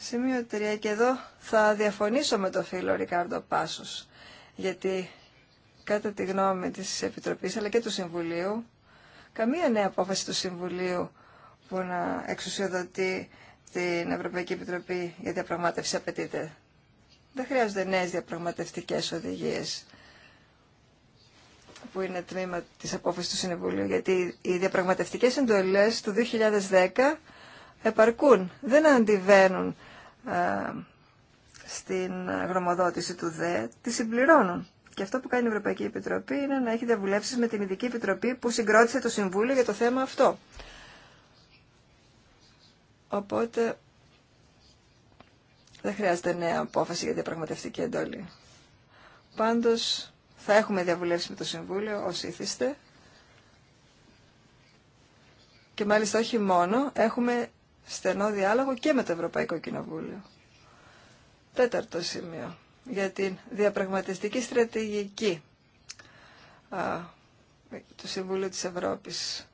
S1: Σημείο 3 και εδώ θα διαφωνήσω με τον φίλο Ρικάρντο Πάσος γιατί κατά τη γνώμη της Επιτροπής αλλά και του Συμβουλίου καμία νέα απόφαση του Συμβουλίου που να εξουσιοδοτεί την Ευρωπαϊκή Επιτροπή για διαπραγμάτευση απαιτείται. Δεν χρειάζονται νέες διαπραγματευτικές οδηγίες που είναι τμήμα της απόφασης του Συμβουλίου γιατί οι διαπραγματευτικές εντολές του 2010 επαρκούν, δεν αντιβαίνουν ε, στην γνωμοδότηση του ΔΕ, τη συμπληρώνουν. Και αυτό που κάνει η Ευρωπαϊκή Επιτροπή είναι να έχει διαβουλεύσει με την Ειδική Επιτροπή που συγκρότησε το Συμβούλιο για το θέμα αυτό. Οπότε δεν χρειάζεται νέα απόφαση για διαπραγματευτική εντόλη. Πάντως θα έχουμε διαβουλεύσει με το Συμβούλιο όσοι ήθιστε. Και μάλιστα όχι μόνο, έχουμε στενό διάλογο και με το Ευρωπαϊκό Κοινοβούλιο. Τέταρτο σημείο για την διαπραγματευτική στρατηγική α, του Συμβουλίου της Ευρώπης.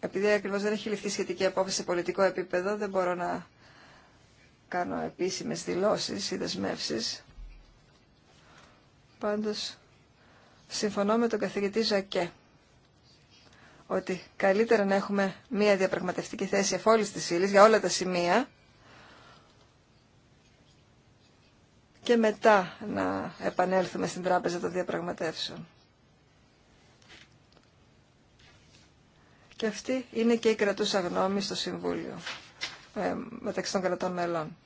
S1: Επειδή ακριβώς δεν έχει ληφθεί σχετική απόφαση σε πολιτικό επίπεδο, δεν μπορώ να κάνω επίσημες δηλώσεις ή δεσμεύσεις. Πάντως, συμφωνώ με τον καθηγητή Ζακέ ότι καλύτερα να έχουμε μία διαπραγματευτική θέση εφόλης της ύλης για όλα τα σημεία και μετά να επανέλθουμε στην Τράπεζα των Διαπραγματεύσεων. Και αυτή είναι και η κρατούσα γνώμη στο Συμβούλιο ε, μεταξύ των κρατών μελών.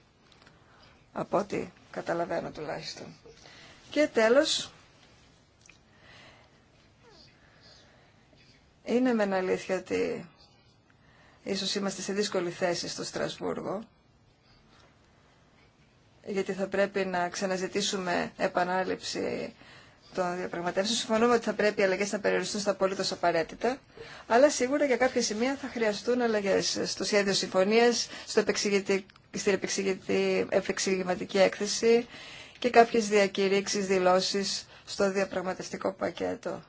S1: Από ό,τι καταλαβαίνω τουλάχιστον. Και τέλος, Είναι μεν αλήθεια ότι ίσως είμαστε σε δύσκολη θέση στο Στρασβούργο, γιατί θα πρέπει να ξαναζητήσουμε επανάληψη των διαπραγματεύσεων. Συμφωνούμε ότι θα πρέπει οι αλλαγέ να περιοριστούν στα απολύτω απαραίτητα, αλλά σίγουρα για κάποια σημεία θα χρειαστούν αλλαγέ στο σχέδιο συμφωνία, στην επεξηγηματική έκθεση και κάποιε διακηρύξει, δηλώσει στο διαπραγματευτικό πακέτο.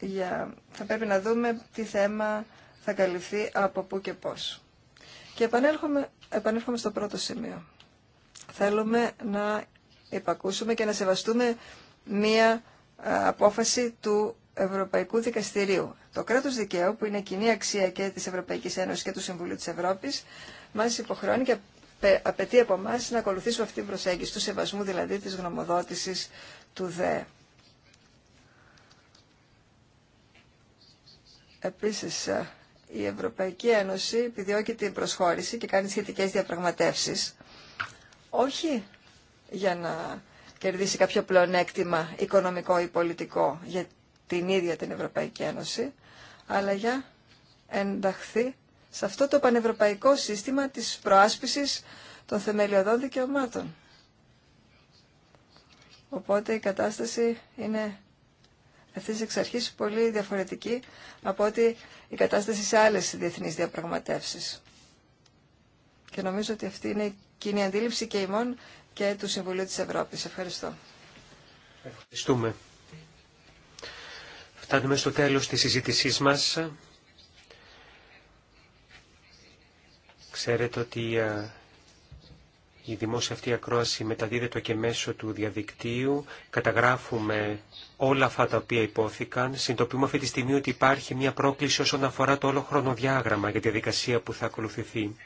S1: για... θα πρέπει να δούμε τι θέμα θα καλυφθεί από πού και πώς. Και επανέρχομαι, επανέρχομαι στο πρώτο σημείο. Θέλουμε να υπακούσουμε και να σεβαστούμε μία απόφαση του Ευρωπαϊκού Δικαστηρίου. Το κράτος δικαίου, που είναι κοινή αξία και της Ευρωπαϊκής Ένωσης και του Συμβουλίου της Ευρώπης, μας υποχρεώνει και απαιτεί από εμά να ακολουθήσουμε αυτή την προσέγγιση του σεβασμού, δηλαδή της γνωμοδότησης του ΔΕΕ. Επίσης, ε, η Ευρωπαϊκή Ένωση επιδιώκει την προσχώρηση και κάνει σχετικές διαπραγματεύσεις, όχι για να κερδίσει κάποιο πλεονέκτημα οικονομικό ή πολιτικό για την ίδια την Ευρωπαϊκή Ένωση, αλλά για ενταχθεί σε αυτό το πανευρωπαϊκό σύστημα της προάσπισης των θεμελιωδών δικαιωμάτων. Οπότε η κατάσταση είναι αυτή εξ αρχή πολύ διαφορετική από ότι η κατάσταση σε άλλε διεθνεί διαπραγματεύσει. Και νομίζω ότι αυτή είναι η κοινή αντίληψη και ημών και του Συμβουλίου τη Ευρώπη. Ευχαριστώ.
S2: Ευχαριστούμε. Φτάνουμε στο τέλος της συζήτησής μας. Ξέρετε ότι ε, η δημόσια αυτή ακρόαση μεταδίδεται και μέσω του διαδικτύου. Καταγράφουμε όλα αυτά τα οποία υπόθηκαν. Συντοποιούμε αυτή τη στιγμή ότι υπάρχει μια πρόκληση όσον αφορά το όλο χρονοδιάγραμμα για τη διαδικασία που θα ακολουθηθεί.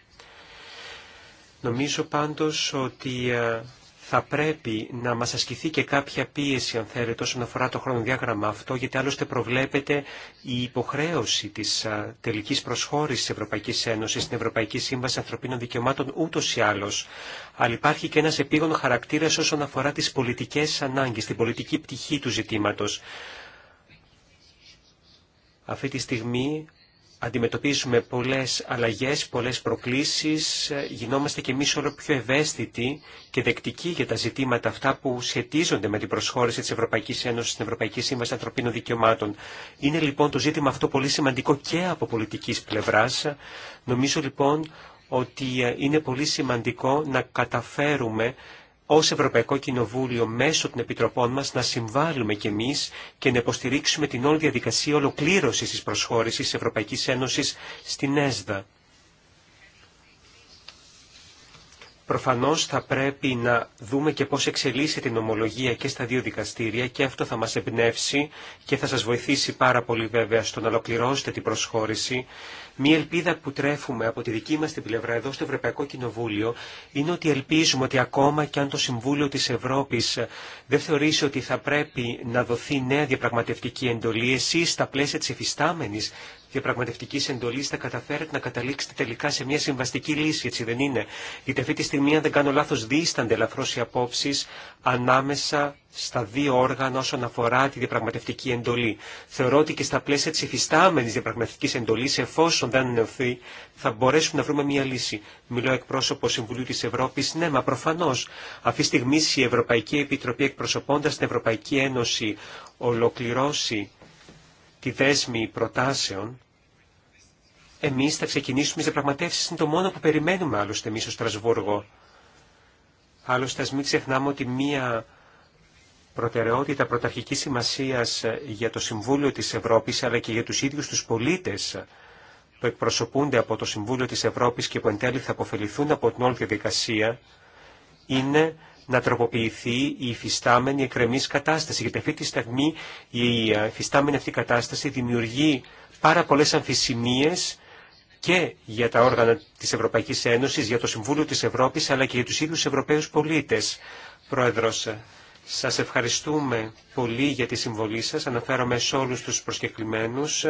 S2: Νομίζω πάντως ότι ε, θα πρέπει να μας ασκηθεί και κάποια πίεση, αν θέλετε, όσον αφορά το χρονοδιάγραμμα αυτό, γιατί άλλωστε προβλέπεται η υποχρέωση της τελικής προσχώρησης της Ευρωπαϊκής Ένωσης στην Ευρωπαϊκή Σύμβαση Ανθρωπίνων Δικαιωμάτων ούτως ή άλλως. Αλλά υπάρχει και ένας επίγον χαρακτήρας όσον αφορά τις πολιτικές ανάγκες, την πολιτική πτυχή του ζητήματος. Αυτή τη στιγμή αντιμετωπίζουμε πολλές αλλαγές, πολλές προκλήσεις, γινόμαστε και εμείς όλο πιο ευαίσθητοι και δεκτικοί για τα ζητήματα αυτά που σχετίζονται με την προσχώρηση της Ευρωπαϊκής Ένωσης στην Ευρωπαϊκή Σύμβαση Ανθρωπίνων Δικαιωμάτων. Είναι λοιπόν το ζήτημα αυτό πολύ σημαντικό και από πολιτικής πλευράς. Νομίζω λοιπόν ότι είναι πολύ σημαντικό να καταφέρουμε ως Ευρωπαϊκό Κοινοβούλιο μέσω των επιτροπών μας να συμβάλλουμε κι εμείς και να υποστηρίξουμε την όλη διαδικασία ολοκλήρωσης της προσχώρησης Ευρωπαϊκής Ένωσης στην ΕΣΔΑ. Προφανώς θα πρέπει να δούμε και πώς εξελίσσεται η νομολογία και στα δύο δικαστήρια και αυτό θα μας εμπνεύσει και θα σας βοηθήσει πάρα πολύ βέβαια στο να ολοκληρώσετε την προσχώρηση Μία ελπίδα που τρέφουμε από τη δική μας την πλευρά εδώ στο Ευρωπαϊκό Κοινοβούλιο είναι ότι ελπίζουμε ότι ακόμα και αν το Συμβούλιο της Ευρώπης ε, δεν θεωρήσει ότι θα πρέπει να δοθεί νέα διαπραγματευτική εντολή, εσείς στα πλαίσια της εφιστάμενης διαπραγματευτική εντολή θα καταφέρετε να καταλήξετε τελικά σε μια συμβαστική λύση, έτσι δεν είναι. Γιατί αυτή τη στιγμή, αν δεν κάνω λάθο, δίστανται ελαφρώ οι απόψει ανάμεσα στα δύο όργανα όσον αφορά τη διαπραγματευτική εντολή. Θεωρώ ότι και στα πλαίσια τη υφιστάμενη διαπραγματευτική εντολή, εφόσον δεν ενωθεί θα μπορέσουμε να βρούμε μια λύση. Μιλώ εκπρόσωπο Συμβουλίου τη Ευρώπη. Ναι, μα προφανώ. Αυτή τη στιγμή η Ευρωπαϊκή Επιτροπή, εκπροσωπώντα την Ευρωπαϊκή Ένωση, ολοκληρώσει τη δέσμη προτάσεων, εμεί θα ξεκινήσουμε τι διαπραγματεύσει. Είναι το μόνο που περιμένουμε άλλωστε εμεί στο Στρασβούργο. Άλλωστε, α μην ξεχνάμε ότι μία προτεραιότητα πρωταρχική σημασία για το Συμβούλιο της Ευρώπης αλλά και για τους ίδιους τους πολίτες που εκπροσωπούνται από το Συμβούλιο της Ευρώπης και που εν τέλει θα αποφεληθούν από την όλη διαδικασία είναι να τροποποιηθεί η υφιστάμενη εκκρεμής κατάσταση. Γιατί αυτή τη στιγμή η ε, υφιστάμενη αυτή κατάσταση δημιουργεί πάρα πολλές αμφισημίες και για τα όργανα της Ευρωπαϊκής Ένωσης, για το Συμβούλιο της Ευρώπης, αλλά και για τους ίδιους Ευρωπαίους πολίτες. Πρόεδρος, σας ευχαριστούμε πολύ για τη συμβολή σας. Αναφέρομαι σε όλους τους προσκεκλημένους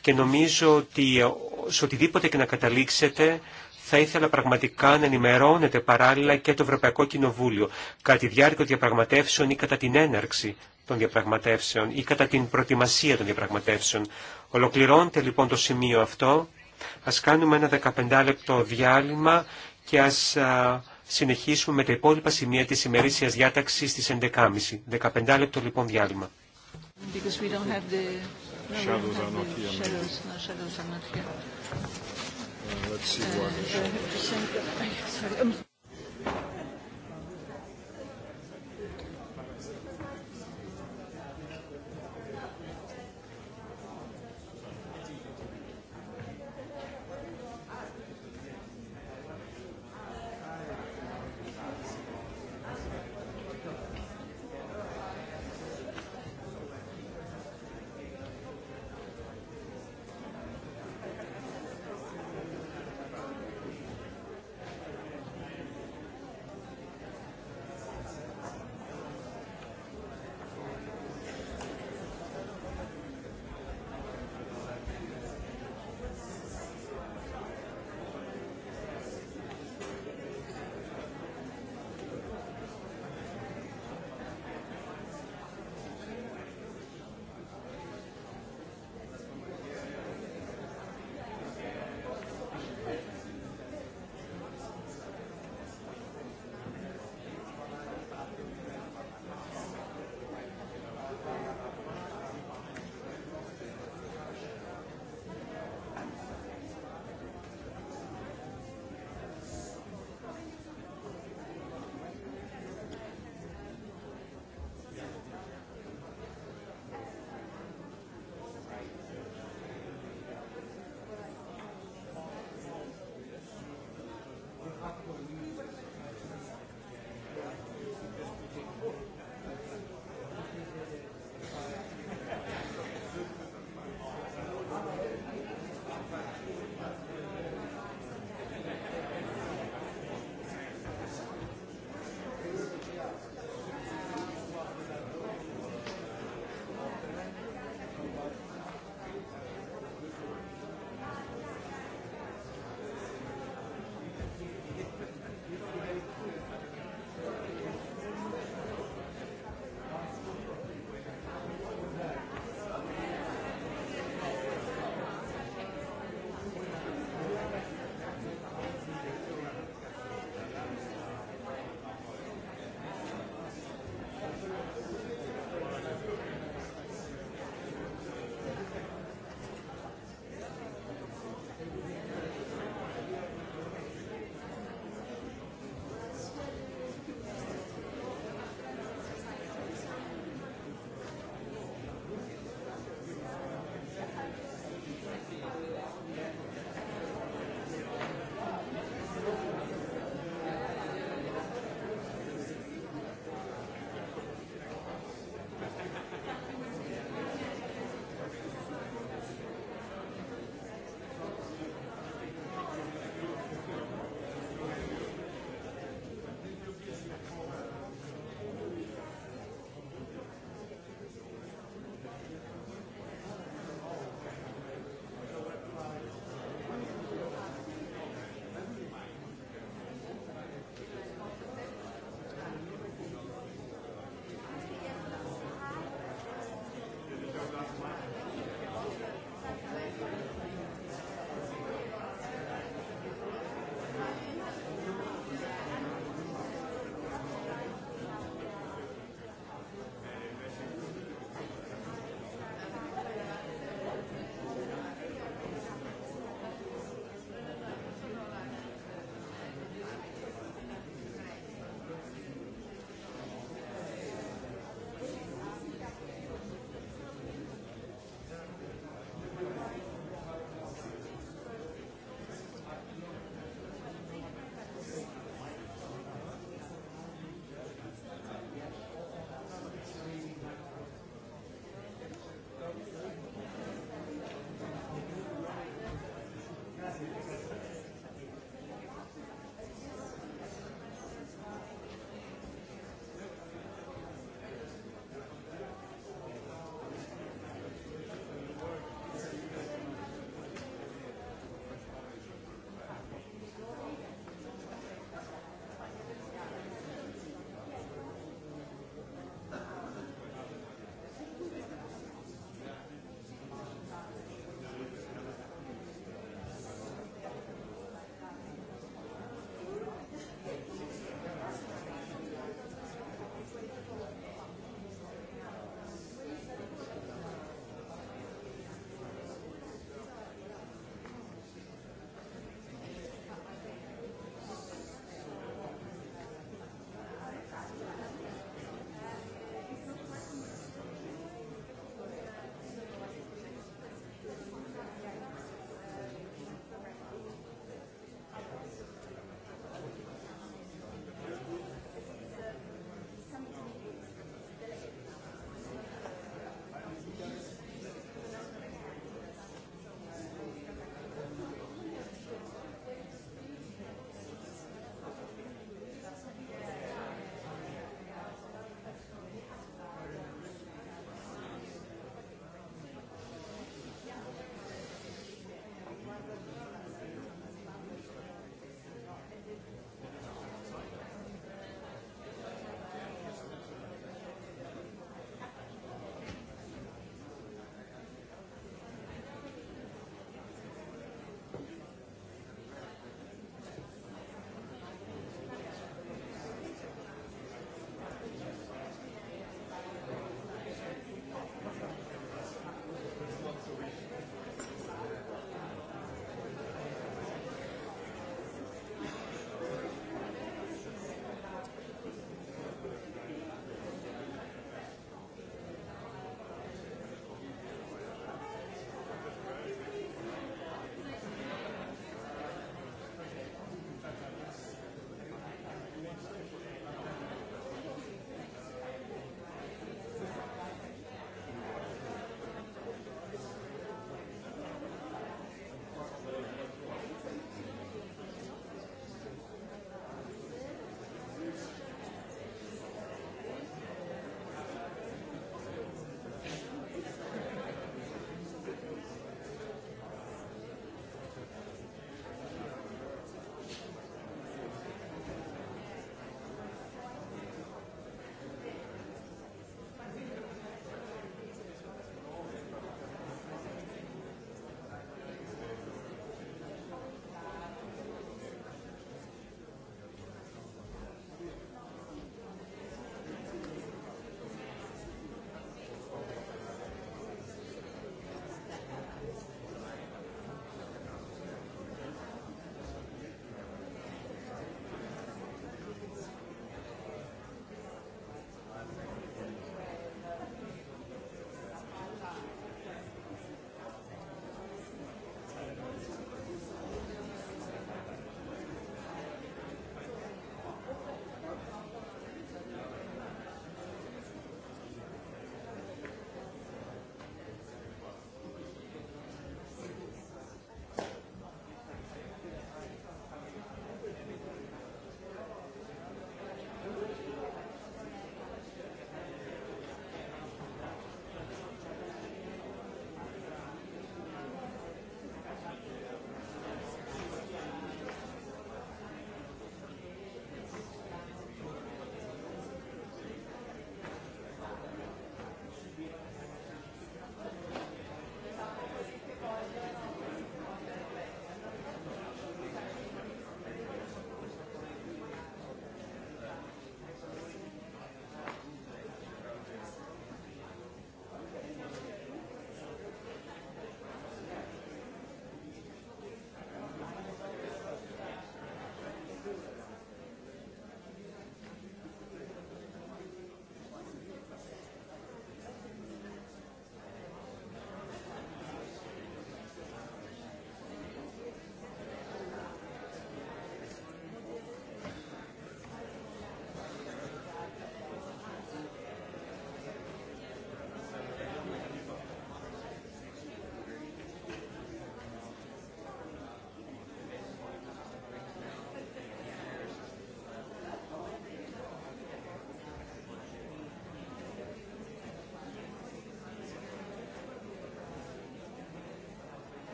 S2: και νομίζω ότι ε, σε οτιδήποτε και να καταλήξετε θα ήθελα πραγματικά να ενημερώνετε παράλληλα και το Ευρωπαϊκό Κοινοβούλιο κατά τη διάρκεια των διαπραγματεύσεων ή κατά την έναρξη των διαπραγματεύσεων ή κατά την προετοιμασία των διαπραγματεύσεων. Ολοκληρώνεται λοιπόν το σημείο αυτό. Ας κάνουμε ένα 15 λεπτό διάλειμμα και ας συνεχίσουμε με τα υπόλοιπα σημεία της ημερήσιας διάταξης στις 11.30. 15 λεπτό λοιπόν διάλειμμα.
S1: <laughs>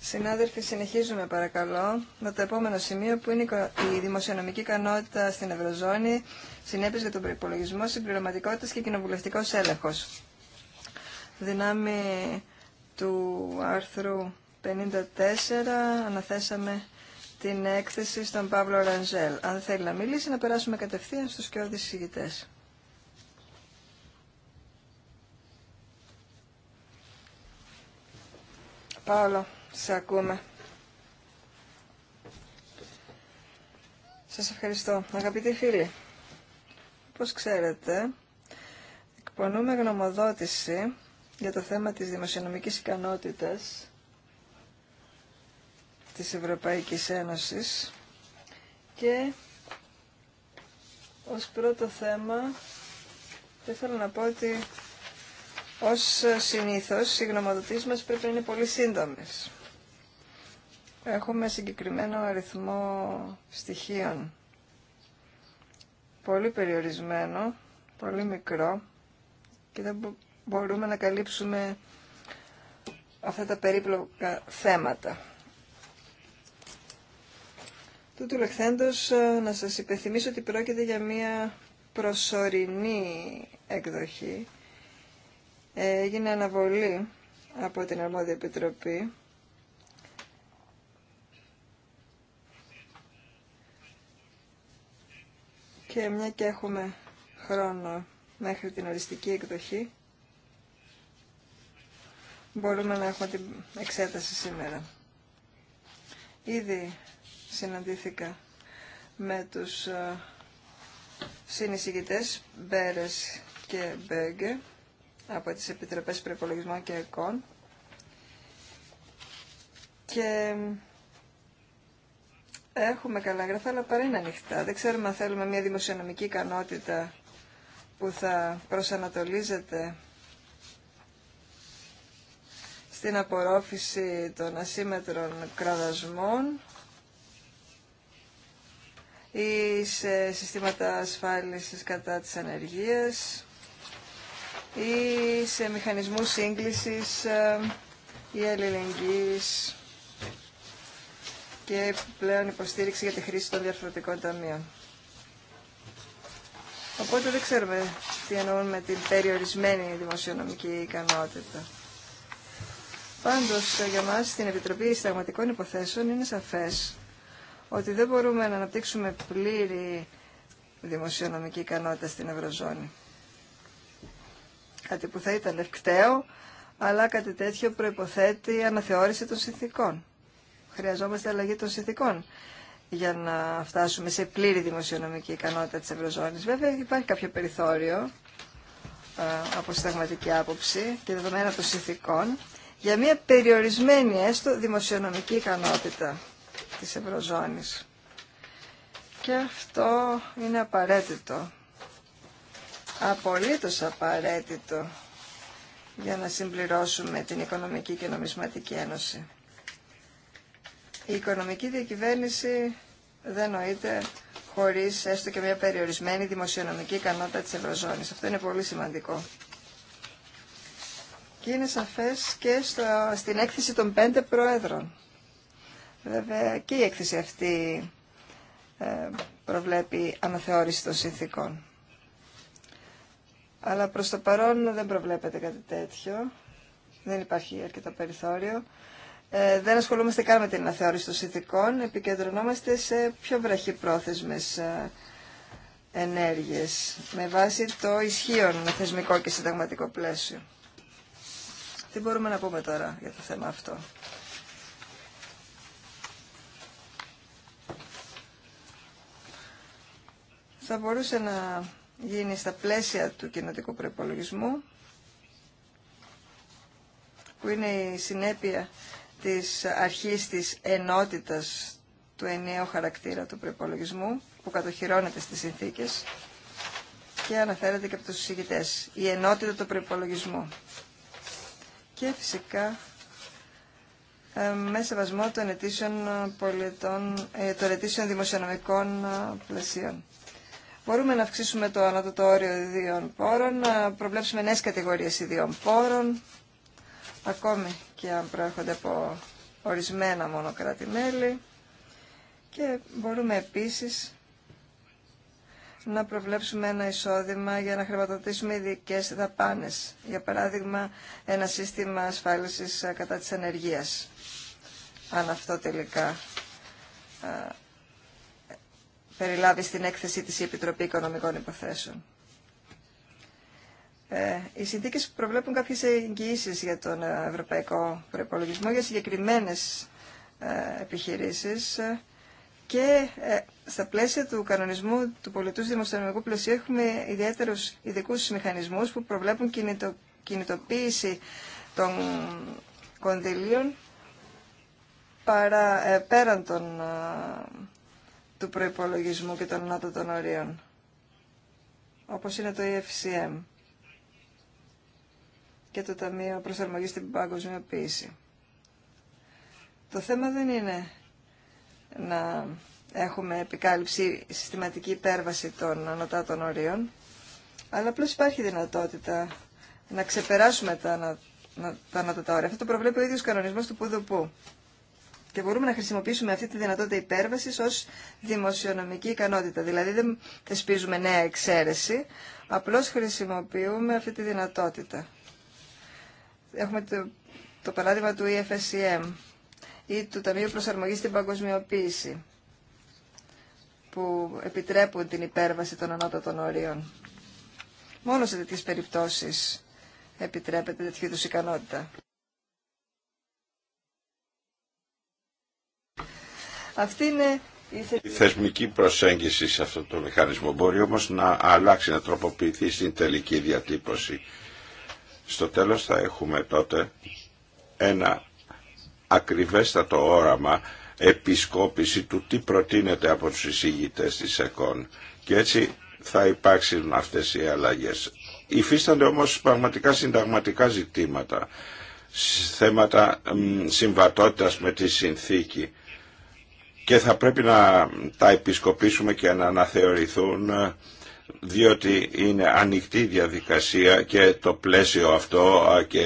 S1: Συνάδελφοι, συνεχίζουμε παρακαλώ με το επόμενο σημείο που είναι η δημοσιονομική ικανότητα στην Ευρωζώνη, συνέπειες για τον προπολογισμό, συμπληρωματικότητα και κοινοβουλευτικό έλεγχο. Δυνάμει του άρθρου 54 αναθέσαμε την έκθεση στον Παύλο Ρανζέλ. Αν θέλει να μιλήσει, να περάσουμε κατευθείαν στους και Paolo, σε ακούμε. Σας ευχαριστώ. Αγαπητοί φίλοι, όπως ξέρετε, εκπονούμε γνωμοδότηση για το θέμα της δημοσιονομικής ικανότητας της Ευρωπαϊκής Ένωσης και ως πρώτο θέμα θα ήθελα να πω ότι ως συνήθως, οι γνωμοδοτήσεις μας πρέπει να είναι πολύ σύντομες. Έχουμε συγκεκριμένο αριθμό στοιχείων. Πολύ περιορισμένο, πολύ μικρό και δεν μπορούμε να καλύψουμε αυτά τα περίπλοκα θέματα. Τούτου λεχθέντος ε, να σας υπενθυμίσω ότι πρόκειται για μία προσωρινή εκδοχή έγινε αναβολή από την Αρμόδια Επιτροπή και μια και έχουμε χρόνο μέχρι την οριστική εκδοχή μπορούμε να έχουμε την εξέταση σήμερα. Ήδη συναντήθηκα με τους ε, συνεισηγητές Μπέρες και Μπέγκε από τις Επιτροπές Προϋπολογισμών και ΕΚΟΝ και έχουμε καλά γραφά, αλλά παρά είναι ανοιχτά. Δεν ξέρουμε αν θέλουμε μια δημοσιονομική ικανότητα που θα προσανατολίζεται στην απορρόφηση των ασύμετρων κραδασμών ή σε συστήματα ασφάλισης κατά της ανεργίας ή σε μηχανισμούς σύγκλησης ε, ή αλληλεγγύης και πλέον υποστήριξη για τη χρήση των διαφορετικών ταμείων. Οπότε δεν ξέρουμε τι εννοούν με την περιορισμένη δημοσιονομική ικανότητα. Πάντως, ε, για μας στην Επιτροπή Συνταγματικών Υποθέσεων είναι σαφές ότι δεν μπορούμε να αναπτύξουμε πλήρη δημοσιονομική ικανότητα στην Ευρωζώνη. Κάτι που θα ήταν ευκταίο, αλλά κάτι τέτοιο προϋποθέτει αναθεώρηση των συνθήκων. Χρειαζόμαστε αλλαγή των συνθήκων για να φτάσουμε σε πλήρη δημοσιονομική ικανότητα της Ευρωζώνης. Βέβαια υπάρχει κάποιο περιθώριο ε, από συνταγματική άποψη και δεδομένα των συνθήκων για μια περιορισμένη έστω δημοσιονομική ικανότητα της Ευρωζώνης. Και αυτό είναι απαραίτητο απολύτως απαραίτητο για να συμπληρώσουμε την Οικονομική και Νομισματική Ένωση. Η οικονομική διακυβέρνηση δεν νοείται χωρίς έστω και μια περιορισμένη δημοσιονομική ικανότητα της Ευρωζώνης. Αυτό είναι πολύ σημαντικό. Και είναι σαφές και στο, στην έκθεση των πέντε πρόεδρων. Βέβαια και η έκθεση αυτή ε, προβλέπει αναθεώρηση των συνθήκων αλλά προς το παρόν δεν προβλέπεται κάτι τέτοιο. Δεν υπάρχει αρκετό περιθώριο. Ε, δεν ασχολούμαστε καν με την αναθεώρηση των συνθηκών. Επικεντρωνόμαστε σε πιο βραχυπρόθεσμες ε, ενέργειες με βάση το ισχύον θεσμικό και συνταγματικό πλαίσιο. Τι μπορούμε να πούμε τώρα για το θέμα αυτό. Θα μπορούσε να γίνει στα πλαίσια του κοινοτικού προπολογισμού, που είναι η συνέπεια της αρχής της ενότητας του ενιαίου χαρακτήρα του προπολογισμού, που κατοχυρώνεται στις συνθήκες και αναφέρεται και από τους συζητητές. Η ενότητα του προπολογισμού. Και φυσικά ε, με σεβασμό των αιτήσεων πολιτών, ε, των δημοσιονομικών ε, πλαισίων. Μπορούμε να αυξήσουμε το ανώτατο όριο ιδίων πόρων, να προβλέψουμε νέες κατηγορίες ιδίων πόρων, ακόμη και αν προέρχονται από ορισμένα κράτη-μέλη. Και μπορούμε επίσης να προβλέψουμε ένα εισόδημα για να χρηματοδοτήσουμε ειδικέ δαπάνες. Για παράδειγμα, ένα σύστημα ασφάλισης ε, κατά της ενέργειας. Αν αυτό τελικά ε, περιλάβει στην έκθεσή της Επιτροπή Οικονομικών Υποθέσεων. Ε, οι συνθήκε προβλέπουν κάποιε εγγυήσει για τον ε, ευρωπαϊκό προπολογισμό για συγκεκριμένε επιχειρήσει επιχειρήσεις ε, και ε, στα πλαίσια του κανονισμού του πολιτού δημοσιονομικού πλαισίου έχουμε ιδιαίτερου ειδικού μηχανισμούς που προβλέπουν κινητο, κινητοποίηση των κονδυλίων πέραν των του προϋπολογισμού και των των ορίων, όπως είναι το EFCM και το Ταμείο Προσαρμογής στην Παγκοσμιοποίηση. Το θέμα δεν είναι να έχουμε επικάλυψη συστηματική υπέρβαση των ανωτάτων ορίων, αλλά απλώ υπάρχει δυνατότητα να ξεπεράσουμε τα, τα ανώτατα όρια. Αυτό το προβλέπει ο ίδιος κανονισμός του Πουδουπού. Και μπορούμε να χρησιμοποιήσουμε αυτή τη δυνατότητα υπέρβασης ως δημοσιονομική ικανότητα. Δηλαδή δεν θεσπίζουμε νέα εξαίρεση, απλώς χρησιμοποιούμε αυτή τη δυνατότητα. Έχουμε το, παράδειγμα του EFSEM ή του Ταμείου Προσαρμογής στην Παγκοσμιοποίηση που επιτρέπουν την υπέρβαση των ανώτατων ορίων. Μόνο σε τέτοιες περιπτώσεις επιτρέπεται τέτοιου είδους ικανότητα. Αυτή είναι η θεσμική
S3: προσέγγιση σε αυτό το μηχανισμό μπορεί όμως να αλλάξει, να τροποποιηθεί στην τελική διατύπωση. Στο τέλος θα έχουμε τότε ένα ακριβέστατο όραμα επισκόπηση του τι προτείνεται από τους εισηγητές της ΕΚΟΝ. Και έτσι θα υπάρξουν αυτές οι αλλαγές. Υφίστανται όμως πραγματικά συνταγματικά ζητήματα, θέματα συμβατότητας με τη συνθήκη και θα πρέπει να τα επισκοπήσουμε και να αναθεωρηθούν διότι είναι ανοιχτή διαδικασία και το πλαίσιο αυτό και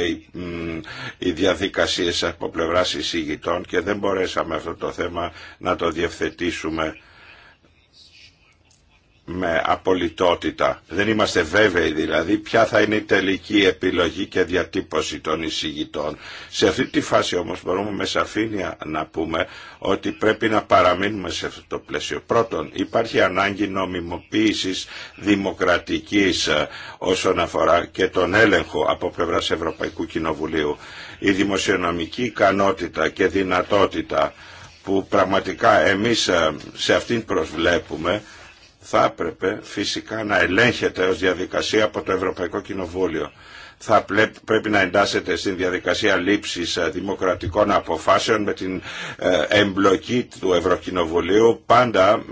S3: οι διαδικασίες από πλευράς εισηγητών και δεν μπορέσαμε αυτό το θέμα να το διευθετήσουμε με απολυτότητα. Δεν είμαστε βέβαιοι δηλαδή ποια θα είναι η τελική επιλογή και διατύπωση των εισηγητών. Σε αυτή τη φάση όμως μπορούμε με σαφήνεια να πούμε ότι πρέπει να παραμείνουμε σε αυτό το πλαίσιο. Πρώτον, υπάρχει ανάγκη νομιμοποίησης δημοκρατικής ε, όσον αφορά και τον έλεγχο από πλευρά Ευρωπαϊκού Κοινοβουλίου. Η δημοσιονομική ικανότητα και δυνατότητα που πραγματικά εμείς ε, σε αυτήν προσβλέπουμε θα έπρεπε φυσικά να ελέγχεται ως διαδικασία από το Ευρωπαϊκό Κοινοβούλιο. Θα πρέπει να εντάσσεται στην διαδικασία λήψης ε, δημοκρατικών αποφάσεων με την ε, εμπλοκή του Ευρωκοινοβουλίου πάντα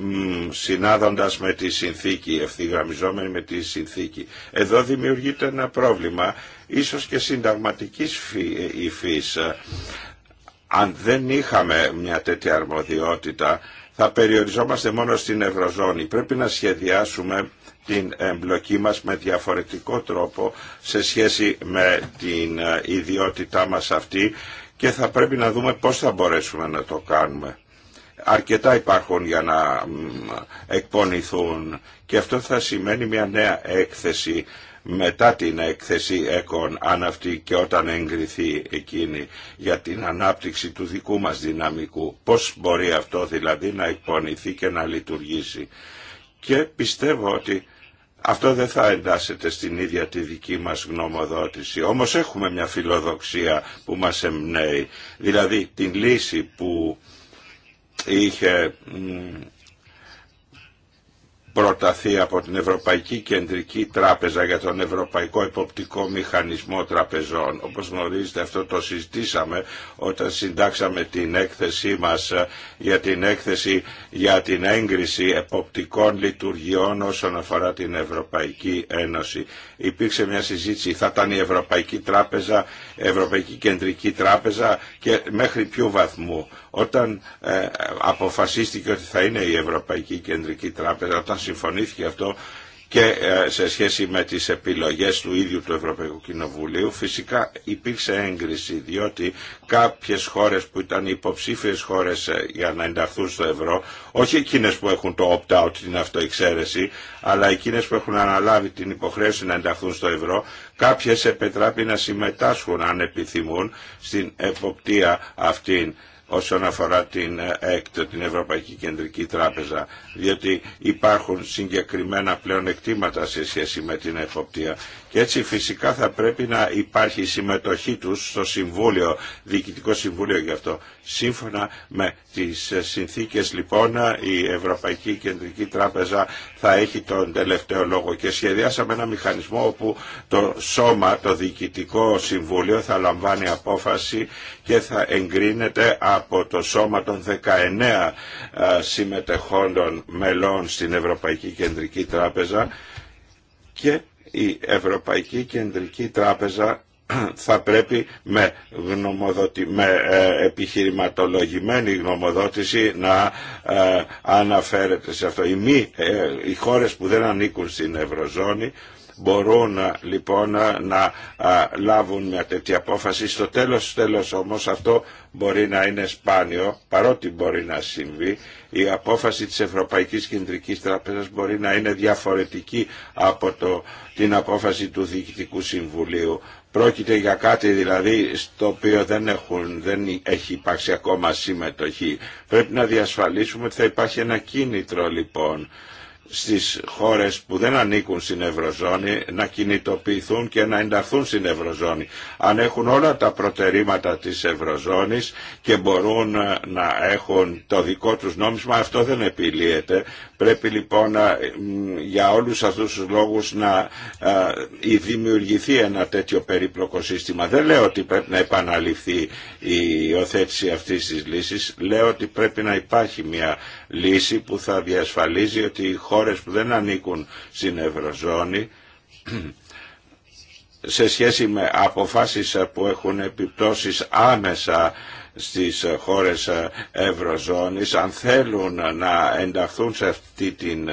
S3: συνάδοντας με τη συνθήκη, ευθυγραμμιζόμενη με τη συνθήκη. Εδώ δημιουργείται ένα πρόβλημα, ίσως και συνταγματικής ε, υφής. Αν δεν είχαμε μια τέτοια αρμοδιότητα θα περιοριζόμαστε μόνο στην Ευρωζώνη. Πρέπει να σχεδιάσουμε την εμπλοκή μας με διαφορετικό τρόπο σε σχέση με την ε, ιδιότητά μας αυτή και θα πρέπει να δούμε πώς θα μπορέσουμε να το κάνουμε. Αρκετά υπάρχουν για να εκπονηθούν και αυτό θα σημαίνει μια νέα έκθεση μετά την έκθεση ΕΚΟΝ, αν αυτή και όταν εγκριθεί εκείνη για την ανάπτυξη του δικού μας δυναμικού. Πώς μπορεί αυτό δηλαδή να εκπονηθεί και να λειτουργήσει. Και πιστεύω ότι αυτό δεν θα εντάσσεται στην ίδια τη δική μας γνωμοδότηση. Όμως έχουμε μια φιλοδοξία που μας εμπνέει. Δηλαδή την λύση που είχε προταθεί από την Ευρωπαϊκή Κεντρική Τράπεζα για τον Ευρωπαϊκό Εποπτικό Μηχανισμό Τραπεζών. Όπως γνωρίζετε αυτό το συζητήσαμε όταν συντάξαμε την έκθεσή μας ε, για την έκθεση για την έγκριση εποπτικών λειτουργιών όσον αφορά την Ευρωπαϊκή Ένωση. Υπήρξε μια συζήτηση, θα ήταν η Ευρωπαϊκή Τράπεζα, Ευρωπαϊκή Κεντρική Τράπεζα και μέχρι ποιου βαθμού. Όταν ε, αποφασίστηκε ότι θα είναι η Ευρωπαϊκή Κεντρική Τράπεζα, όταν συμφωνήθηκε αυτό και ε, σε σχέση με τις επιλογές του ίδιου του Ευρωπαϊκού Κοινοβουλίου φυσικά υπήρξε έγκριση διότι κάποιες χώρες που ήταν υποψήφιες χώρες ε, για να ενταχθούν στο ευρώ όχι εκείνες που έχουν το opt-out την αυτοεξαίρεση αλλά εκείνες που έχουν αναλάβει την υποχρέωση να ενταχθούν στο ευρώ κάποιες επιτράπει να συμμετάσχουν αν επιθυμούν στην εποπτεία αυτήν όσον αφορά την έκτο ε, την Ευρωπαϊκή Κεντρική Τράπεζα, διότι υπάρχουν συγκεκριμένα πλέον σε σχέση με την εφοπτεία. Και έτσι φυσικά θα πρέπει να υπάρχει συμμετοχή τους στο Συμβούλιο, Διοικητικό Συμβούλιο γι' αυτό. Σύμφωνα με τις συνθήκες λοιπόν η Ευρωπαϊκή Κεντρική Τράπεζα θα έχει τον τελευταίο λόγο και σχεδιάσαμε ένα μηχανισμό όπου το σώμα, το Διοικητικό Συμβούλιο θα λαμβάνει απόφαση και θα εγκρίνεται από το σώμα των 19 ε, συμμετεχόντων μελών στην Ευρωπαϊκή Κεντρική Τράπεζα και η Ευρωπαϊκή Κεντρική Τράπεζα θα πρέπει με, γνωμοδοτη... Ε, επιχειρηματολογημένη γνωμοδότηση να ε, αναφέρεται σε αυτό. Οι, μη, ε, οι χώρες που δεν ανήκουν στην Ευρωζώνη μπορούν λοιπόν να λάβουν μια τέτοια απόφαση. Στο τέλος, τέλος όμως αυτό μπορεί να είναι σπάνιο, παρότι μπορεί να συμβεί, η απόφαση της Ευρωπαϊκής Κεντρικής Τράπεζας μπορεί να είναι διαφορετική από το, την απόφαση του Διοικητικού Συμβουλίου. Πρόκειται για κάτι δηλαδή στο οποίο δεν, έχουν, δεν έχει υπάρξει ακόμα συμμετοχή. Πρέπει να διασφαλίσουμε ότι θα υπάρχει ένα κίνητρο λοιπόν στις χώρες που δεν ανήκουν στην Ευρωζώνη να κινητοποιηθούν και να ενταχθούν στην Ευρωζώνη. Αν έχουν όλα τα προτερήματα της Ευρωζώνης και μπορούν ε, να έχουν το δικό τους νόμισμα, αυτό δεν επιλύεται. Πρέπει λοιπόν ε, για όλους αυτούς τους λόγους να ε, δημιουργηθεί ένα τέτοιο περίπλοκο σύστημα. Δεν λέω ότι πρέπει να επαναληφθεί η υιοθέτηση αυτής της λύσης, λέω ότι πρέπει να υπάρχει μια λύση που θα διασφαλίζει ότι οι χώρες που δεν ανήκουν στην Ευρωζώνη σε σχέση με αποφάσεις που έχουν επιπτώσεις άμεσα στις χώρες Ευρωζώνης αν θέλουν να ενταχθούν σε, αυτή την,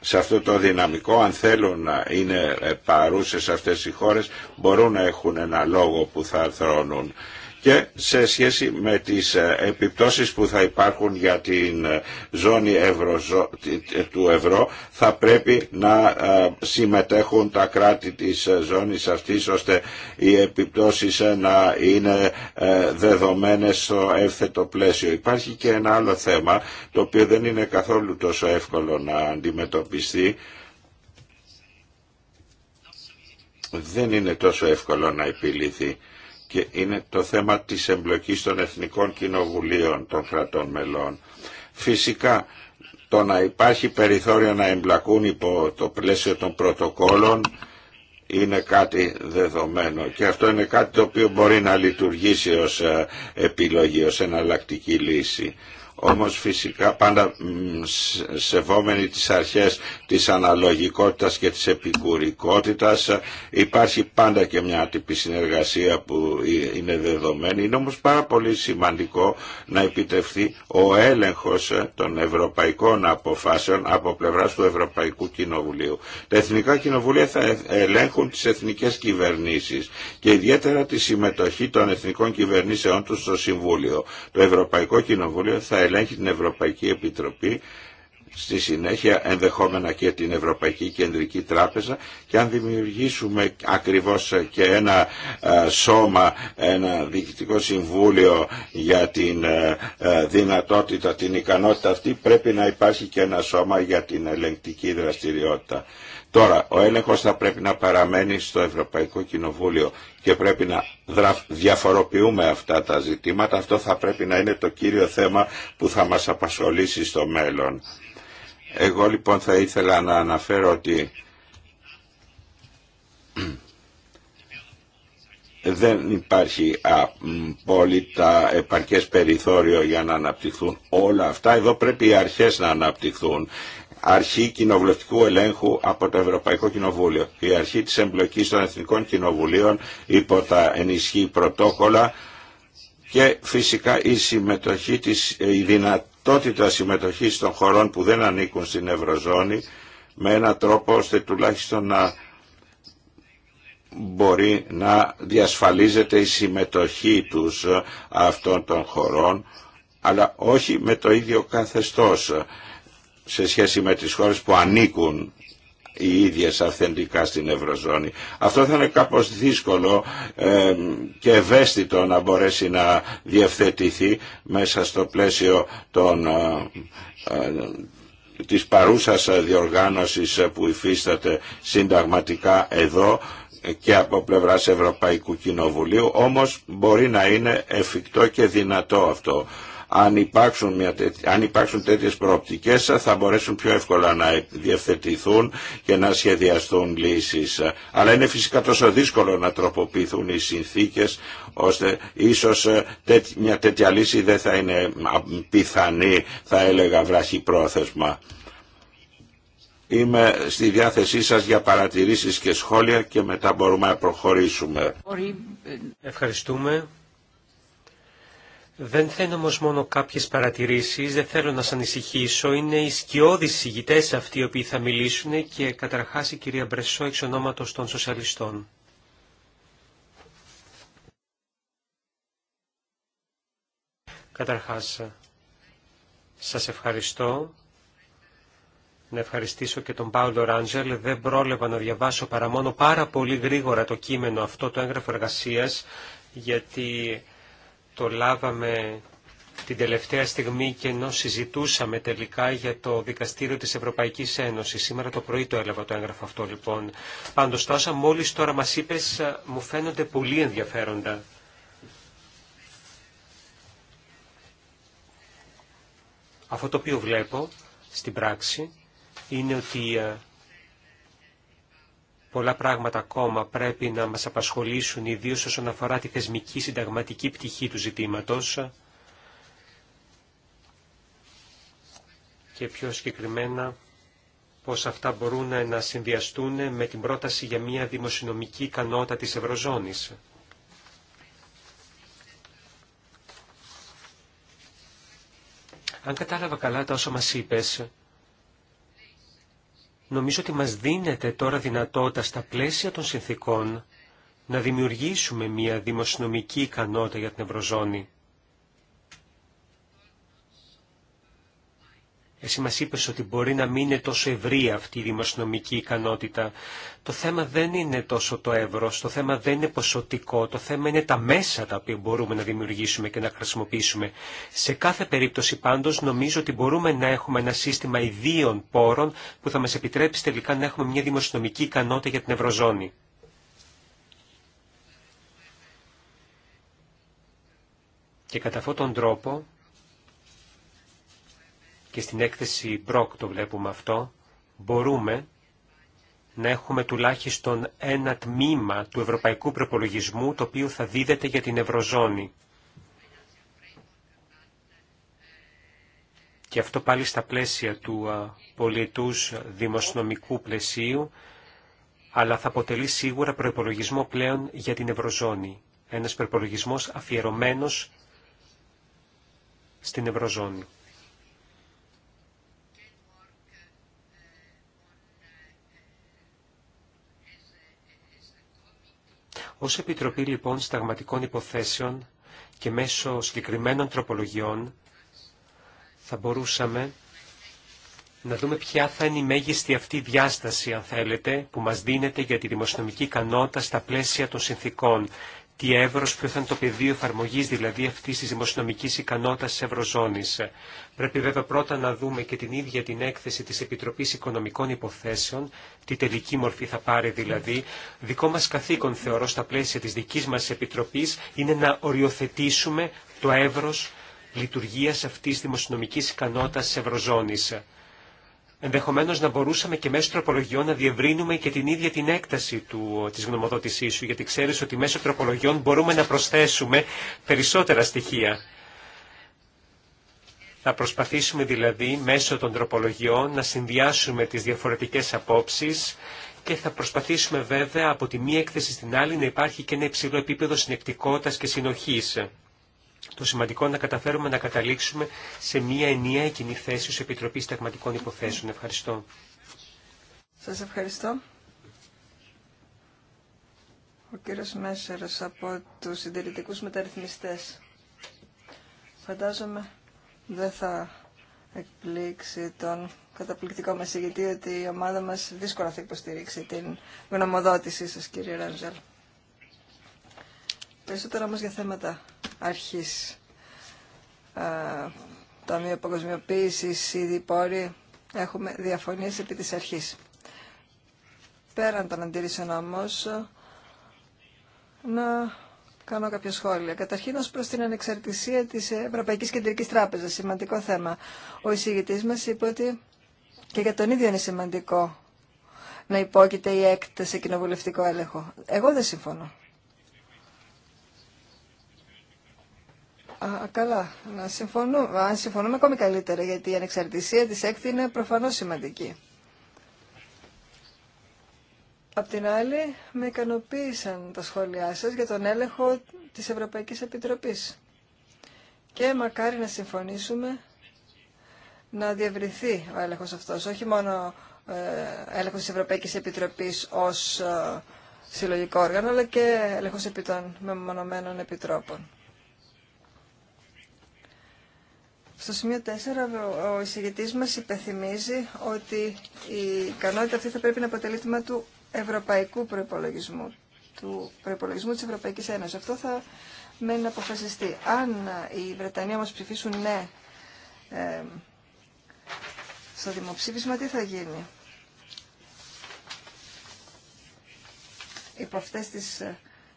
S3: σε αυτό το δυναμικό αν θέλουν να είναι παρούσες αυτές οι χώρες μπορούν να έχουν ένα λόγο που θα αρθρώνουν και σε σχέση με τις ε, επιπτώσεις που θα υπάρχουν για την ε, ζώνη ε, του ευρώ θα πρέπει να συμμετέχουν τα κράτη της ζώνης αυτής ώστε οι επιπτώσεις να είναι δεδομένες στο εύθετο πλαίσιο. Υπάρχει και ένα άλλο θέμα το οποίο δεν είναι καθόλου τόσο εύκολο να αντιμετωπιστεί δεν είναι τόσο εύκολο να επιλύθει και είναι το θέμα της εμπλοκής των εθνικών κοινοβουλίων των κρατών μελών. Φυσικά το να υπάρχει περιθώριο να εμπλακούν υπό το πλαίσιο των πρωτοκόλων είναι κάτι δεδομένο και αυτό είναι κάτι το οποίο μπορεί να λειτουργήσει ως ε, επιλογή, ως εναλλακτική λύση όμως φυσικά πάντα σεβόμενοι τις αρχές της αναλογικότητας και της επικουρικότητας ε, υπάρχει πάντα και μια τύπη συνεργασία που ε, είναι δεδομένη. Είναι όμως πάρα πολύ σημαντικό να επιτευχθεί ο έλεγχος ε, των ευρωπαϊκών αποφάσεων από πλευράς του Ευρωπαϊκού Κοινοβουλίου. Τα Εθνικά Κοινοβουλία θα ελέγχουν τις εθνικές κυβερνήσεις και ιδιαίτερα τη συμμετοχή των εθνικών κυβερνήσεών τους στο Συμβούλιο. Το Ευρωπαϊκό Κοινοβούλιο θα ελέγχει την Ευρωπαϊκή Επιτροπή στη συνέχεια ενδεχόμενα και την Ευρωπαϊκή Κεντρική Τράπεζα και αν δημιουργήσουμε ακριβώς και ένα ε, σώμα, ένα διοικητικό συμβούλιο για την ε, ε, δυνατότητα, την ικανότητα αυτή πρέπει να υπάρχει και ένα σώμα για την ελεγκτική δραστηριότητα. Τώρα, ο έλεγχος θα πρέπει να παραμένει στο Ευρωπαϊκό Κοινοβούλιο και πρέπει να διαφοροποιούμε αυτά τα ζητήματα. Αυτό θα πρέπει να είναι το κύριο θέμα που θα μας απασχολήσει στο μέλλον. Εγώ λοιπόν θα ήθελα να αναφέρω ότι δεν υπάρχει απόλυτα επαρκές περιθώριο για να αναπτυχθούν όλα αυτά. Εδώ πρέπει οι αρχές να αναπτυχθούν αρχή κοινοβουλευτικού ελέγχου από το Ευρωπαϊκό Κοινοβούλιο. Η αρχή της εμπλοκής των Εθνικών Κοινοβουλίων υπό τα ενισχύει πρωτόκολλα και φυσικά η συμμετοχή της, η δυνατότητα συμμετοχής των χωρών που δεν ανήκουν στην Ευρωζώνη με έναν τρόπο ώστε τουλάχιστον να μπορεί να διασφαλίζεται η συμμετοχή τους αυτών των χωρών αλλά όχι με το ίδιο καθεστώς σε σχέση με τις χώρες που ανήκουν οι ίδιες αυθεντικά στην Ευρωζώνη. Αυτό θα είναι κάπως δύσκολο και ευαίσθητο να μπορέσει να διευθετηθεί μέσα στο πλαίσιο των, ε, ε, της παρούσας διοργάνωσης που υφίσταται συνταγματικά εδώ και από πλευράς Ευρωπαϊκού Κοινοβουλίου, όμως μπορεί να είναι εφικτό και δυνατό αυτό αν υπάρξουν, μια τέτοι, αν υπάρξουν τέτοιες προοπτικές θα μπορέσουν πιο εύκολα να διευθετηθούν και να σχεδιαστούν λύσεις. Αλλά είναι φυσικά τόσο δύσκολο να τροποποιηθούν οι συνθήκες ώστε ίσως ε, μια τέτοια λύση δεν θα είναι πιθανή θα έλεγα πρόθεσμα. Είμαι στη διάθεσή σας για παρατηρήσεις και σχόλια και μετά μπορούμε να προχωρήσουμε.
S2: Ευχαριστούμε. Δεν θέλω όμω μόνο κάποιε παρατηρήσεις, δεν θέλω να σα ανησυχήσω. Είναι οι σκιώδεις ηγητέ αυτοί οι οποίοι θα μιλήσουν και καταρχάς η κυρία Μπρεσό εξ ονόματο των σοσιαλιστών. Καταρχάς, σας ευχαριστώ. Να ευχαριστήσω και τον Πάουλο Ράντζελ. Δεν πρόλεβα να διαβάσω παρά μόνο πάρα πολύ γρήγορα το κείμενο αυτό, το έγγραφο εργασία γιατί το λάβαμε την τελευταία στιγμή και ενώ συζητούσαμε τελικά για το Δικαστήριο της Ευρωπαϊκής Ένωσης. Σήμερα το πρωί το έλαβα το έγγραφο αυτό λοιπόν. Πάντως τόσα μόλις τώρα μας είπες μου φαίνονται πολύ ενδιαφέροντα. Αυτό το οποίο βλέπω στην πράξη είναι ότι Πολλά πράγματα ακόμα πρέπει να μας απασχολήσουν, ιδίως όσον αφορά τη θεσμική συνταγματική πτυχή του ζητήματος και πιο συγκεκριμένα πως αυτά μπορούν να συνδυαστούν με την πρόταση για μια δημοσιονομική ικανότητα της Ευρωζώνης. Αν κατάλαβα καλά τα όσα μας είπες, Νομίζω ότι μας δίνεται τώρα δυνατότητα στα πλαίσια των συνθήκων να δημιουργήσουμε μια δημοσιονομική ικανότητα για την Ευρωζώνη. Εσύ μας είπες ότι μπορεί να μην είναι τόσο ευρύ αυτή η δημοσιονομική ικανότητα. Το θέμα δεν είναι τόσο το εύρος, το θέμα δεν είναι ποσοτικό, το θέμα είναι τα μέσα τα οποία μπορούμε να δημιουργήσουμε και να χρησιμοποιήσουμε. Σε κάθε περίπτωση πάντως νομίζω ότι μπορούμε να έχουμε ένα σύστημα ιδίων πόρων που θα μας επιτρέψει τελικά να έχουμε μια δημοσιονομική ικανότητα για την Ευρωζώνη. Και κατά αυτόν τον τρόπο και στην έκθεση Μπροκ το βλέπουμε αυτό, μπορούμε να έχουμε τουλάχιστον ένα τμήμα του ευρωπαϊκού προπολογισμού το οποίο θα δίδεται για την Ευρωζώνη. Και αυτό πάλι στα πλαίσια του πολιτούς δημοσιονομικού πλαισίου, αλλά θα αποτελεί σίγουρα προϋπολογισμό πλέον για την Ευρωζώνη. Ένας προπολογισμό αφιερωμένος στην Ευρωζώνη. Ως Επιτροπή λοιπόν Σταγματικών Υποθέσεων και μέσω συγκεκριμένων τροπολογιών θα μπορούσαμε να δούμε ποια θα είναι η μέγιστη αυτή διάσταση, αν θέλετε, που μας δίνεται για τη δημοσιονομική ικανότητα στα πλαίσια των συνθήκων τι εύρο που θα είναι το πεδίο εφαρμογή δηλαδή αυτή της δημοσιονομική ικανότητα της Ευρωζώνης. Πρέπει βέβαια πρώτα να δούμε και την ίδια την έκθεση της Επιτροπής Οικονομικών Υποθέσεων, τι τελική μορφή θα πάρει δηλαδή. Δικό μας καθήκον θεωρώ στα πλαίσια της δικής μας Επιτροπής είναι να οριοθετήσουμε το εύρο λειτουργία αυτή τη δημοσιονομική ικανότητα της Ενδεχομένως να μπορούσαμε και μέσω τροπολογιών να διευρύνουμε και την ίδια την έκταση του, της γνωμοδότησής σου, γιατί ξέρεις ότι μέσω τροπολογιών μπορούμε να προσθέσουμε περισσότερα στοιχεία. Θα προσπαθήσουμε δηλαδή μέσω των τροπολογιών να συνδυάσουμε τις διαφορετικές απόψεις και θα προσπαθήσουμε βέβαια από τη μία έκθεση στην άλλη να υπάρχει και ένα υψηλό επίπεδο συνεκτικότητας και συνοχής. Το σημαντικό είναι να καταφέρουμε να καταλήξουμε σε μια ενιαία κοινή θέση ως Επιτροπή Συνταγματικών Υποθέσεων. Ευχαριστώ.
S1: Σας ευχαριστώ. Ο κύριος Μέσσερος από τους συντηρητικού μεταρρυθμιστές. Φαντάζομαι δεν θα εκπλήξει τον καταπληκτικό μας ηγητή ότι η ομάδα μας δύσκολα θα υποστηρίξει την γνωμοδότησή σας κύριε Ραντζέλ. Περισσότερο όμως για θέματα αρχής. Α, ταμείο Παγκοσμιοποίησης, ήδη έχουμε διαφωνίες επί της αρχής. Πέραν των αντίρρησεων όμως, να κάνω κάποια σχόλια. Καταρχήν ως προς την ανεξαρτησία της Ευρωπαϊκής Κεντρικής Τράπεζας, σημαντικό θέμα. Ο εισηγητής μας είπε ότι και για τον ίδιο είναι σημαντικό να υπόκειται η έκταση σε κοινοβουλευτικό έλεγχο. Εγώ δεν συμφωνώ. Α, καλά. Να συμφωνούμε. Αν συμφωνούμε ακόμη καλύτερα, γιατί η ανεξαρτησία της έκτη είναι προφανώς σημαντική. Απ' την άλλη, με ικανοποίησαν τα σχόλιά σας για τον έλεγχο της Ευρωπαϊκής Επιτροπής. Και μακάρι να συμφωνήσουμε να διευρυνθεί ο έλεγχος αυτός, όχι μόνο ε, έλεγχος της Ευρωπαϊκής Επιτροπής ως ε, συλλογικό όργανο, αλλά και έλεγχος επί των μεμονωμένων επιτρόπων. Στο σημείο 4 ο εισηγητή μας υπενθυμίζει ότι η ικανότητα αυτή θα πρέπει να αποτελεί θέμα του ευρωπαϊκού προϋπολογισμού, του προϋπολογισμού της Ευρωπαϊκής Ένωσης. Αυτό θα μένει να αποφασιστεί. Αν η Βρετανοί μας ψηφίσουν ναι στο δημοψήφισμα, τι θα γίνει. Υπό αυτές τις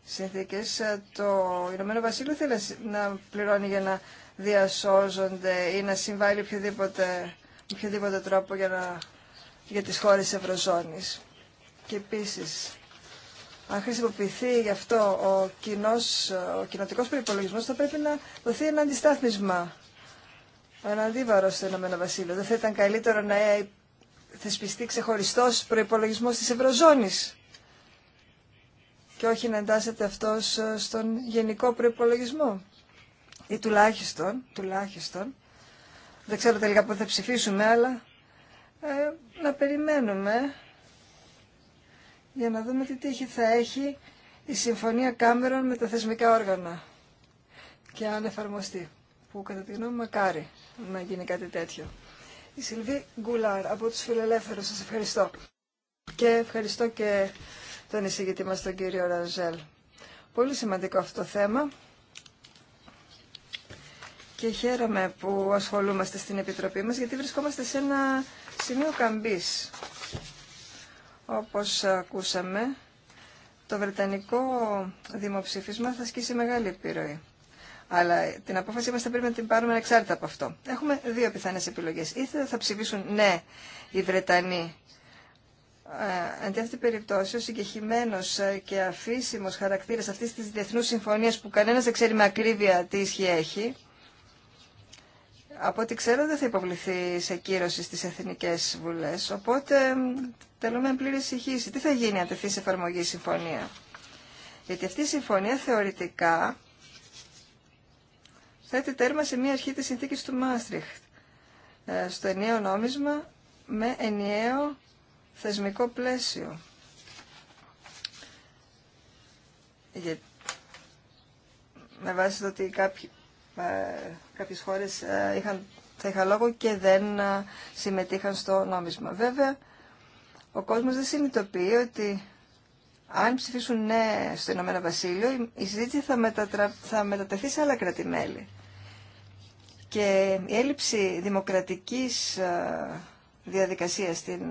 S1: συνθήκες το Ηνωμένο Βασίλειο θέλει να πληρώνει για να διασώζονται ή να συμβάλλει οποιοδήποτε, οποιοδήποτε τρόπο για, να, για τις χώρες Ευρωζώνης. Και επίσης, αν χρησιμοποιηθεί γι' αυτό ο, κοινός, ο κοινοτικός προϋπολογισμός, θα πρέπει να δοθεί ένα αντιστάθμισμα, ένα αντίβαρο στο Ηνωμένο Βασίλειο. Δεν θα ήταν καλύτερο να θεσπιστεί ξεχωριστός προϋπολογισμός της Ευρωζώνης και όχι να εντάσσεται αυτός στον γενικό προϋπολογισμό ή τουλάχιστον, τουλάχιστον, δεν ξέρω τελικά πότε θα ψηφίσουμε, αλλά ε, να περιμένουμε για να δούμε τι τύχη θα έχει η Συμφωνία Κάμερον με τα θεσμικά όργανα και αν εφαρμοστεί, που κατά τη γνώμη μακάρι να γίνει κάτι τέτοιο. Η Σιλβί Γκουλάρ από τους Φιλελεύθερους, σας ευχαριστώ. Και ευχαριστώ και τον εισηγητή μας τον κύριο Ραζέλ. Πολύ σημαντικό αυτό το θέμα και χαίρομαι που ασχολούμαστε στην Επιτροπή μας γιατί βρισκόμαστε σε ένα σημείο καμπής. Όπως ακούσαμε, το Βρετανικό δημοψήφισμα θα σκίσει μεγάλη επιρροή. Αλλά την απόφαση μας θα πρέπει να την πάρουμε εξάρτητα από αυτό. Έχουμε δύο πιθανές επιλογές. Ή θα ψηφίσουν ναι οι Βρετανοί. Αντί ε, αυτή την ο συγκεχημένο και αφήσιμο χαρακτήρα αυτή τη διεθνού συμφωνία που κανένα δεν ξέρει με ακρίβεια τι ισχύ έχει, από ό,τι ξέρω δεν θα υποβληθεί σε κύρωση στις εθνικές βουλές, οπότε τελούμε πλήρη συγχύση. Τι θα γίνει αν τεθεί σε εφαρμογή η συμφωνία. Γιατί αυτή η συμφωνία θεωρητικά θέτει τέρμα σε μία αρχή της συνθήκης του Μάστριχτ, ε, στο ενιαίο νόμισμα με ενιαίο θεσμικό πλαίσιο. Γιατί Με βάση το ότι κάποιοι ε, κάποιες χώρες ε, είχαν, θα είχαν λόγο και δεν ε, συμμετείχαν στο νόμισμα. Βέβαια, ο κόσμος δεν συνειδητοποιεί ότι αν ψηφίσουν ναι στο Ηνωμένο Βασίλειο, η συζήτηση θα, μετατρα... θα μετατεθεί σε άλλα κρατημέλη. Και η έλλειψη δημοκρατικής διαδικασίας στην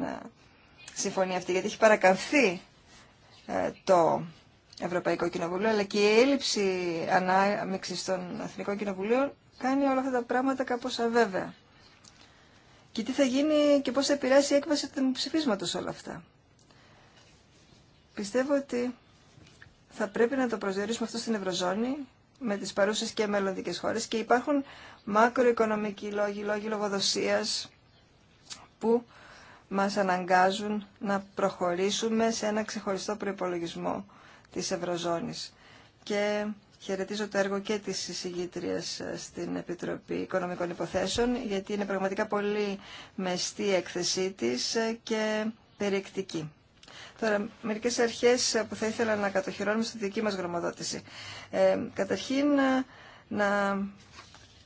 S1: συμφωνία αυτή, γιατί έχει παρακαμφθεί το Ευρωπαϊκό Κοινοβούλιο, αλλά και η έλλειψη ανάμειξη των Εθνικών Κοινοβουλίων κάνει όλα αυτά τα πράγματα κάπω αβέβαια. Και τι θα γίνει και πώς θα επηρεάσει η έκβαση του ψηφίσματο όλα αυτά. Πιστεύω ότι θα πρέπει να το προσδιορίσουμε αυτό στην Ευρωζώνη με τις παρούσες και μελλοντικές χώρες και υπάρχουν μακροοικονομικοί λόγοι, λόγοι λογοδοσίας που μας αναγκάζουν να προχωρήσουμε σε ένα ξεχωριστό προϋπολογισμό της Ευρωζώνης. Και χαιρετίζω το έργο και της συζητήτριας ε, στην Επιτροπή Οικονομικών Υποθέσεων, γιατί είναι πραγματικά πολύ μεστή η έκθεσή της ε, και περιεκτική. Τώρα, μερικές αρχές ε, που θα ήθελα να κατοχυρώνουμε στη δική μας γνωμοδότηση. Ε, καταρχήν, να, να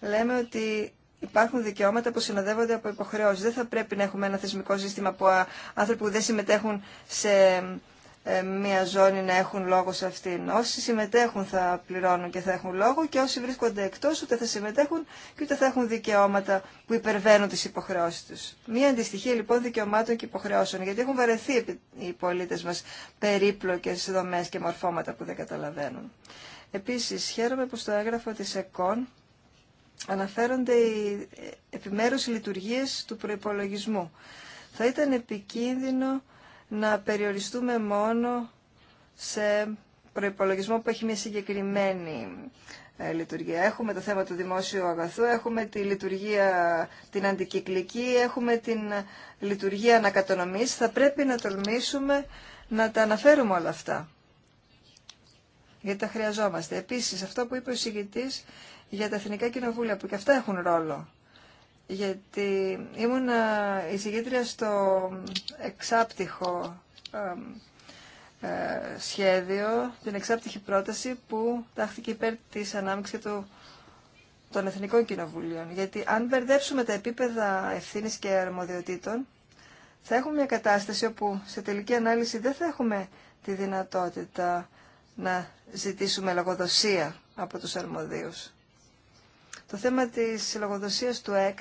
S1: λέμε ότι υπάρχουν δικαιώματα που συνοδεύονται από υποχρεώσει. Δεν θα πρέπει να έχουμε ένα θεσμικό σύστημα που άνθρωποι που δεν συμμετέχουν σε ε, μία ζώνη να έχουν λόγο σε αυτήν. Όσοι συμμετέχουν θα πληρώνουν και θα έχουν λόγο και όσοι βρίσκονται εκτός ούτε θα συμμετέχουν και ούτε θα έχουν δικαιώματα που υπερβαίνουν τις υποχρεώσεις τους. Μία αντιστοιχία λοιπόν δικαιωμάτων και υποχρεώσεων γιατί έχουν βαρεθεί οι πολίτες μας περίπλοκες δομές και μορφώματα που δεν καταλαβαίνουν. Επίσης χαίρομαι που στο έγγραφο της ΕΚΟΝ αναφέρονται οι επιμέρους λειτουργίες του προπολογισμού. Θα ήταν επικίνδυνο να περιοριστούμε μόνο σε προϋπολογισμό που έχει μια συγκεκριμένη ε, λειτουργία. Έχουμε το θέμα του δημόσιου αγαθού, έχουμε τη λειτουργία την αντικυκλική, έχουμε την λειτουργία ανακατονομής. Θα πρέπει να τολμήσουμε να τα αναφέρουμε όλα αυτά. Γιατί τα χρειαζόμαστε. Επίσης, αυτό που είπε ο συγκητής για τα εθνικά κοινοβούλια, που και αυτά έχουν ρόλο γιατί ήμουν εισηγήτρια στο εξάπτυχο ε, σχέδιο, την εξάπτυχη πρόταση που τάχθηκε υπέρ της ανάμειξης του των Εθνικών Κοινοβουλίων. Γιατί αν μπερδέψουμε τα επίπεδα ευθύνη και αρμοδιοτήτων, θα έχουμε μια κατάσταση όπου σε τελική ανάλυση δεν θα έχουμε τη δυνατότητα να ζητήσουμε λογοδοσία από τους αρμοδίους. Το θέμα της λογοδοσίας του ΕΚΤ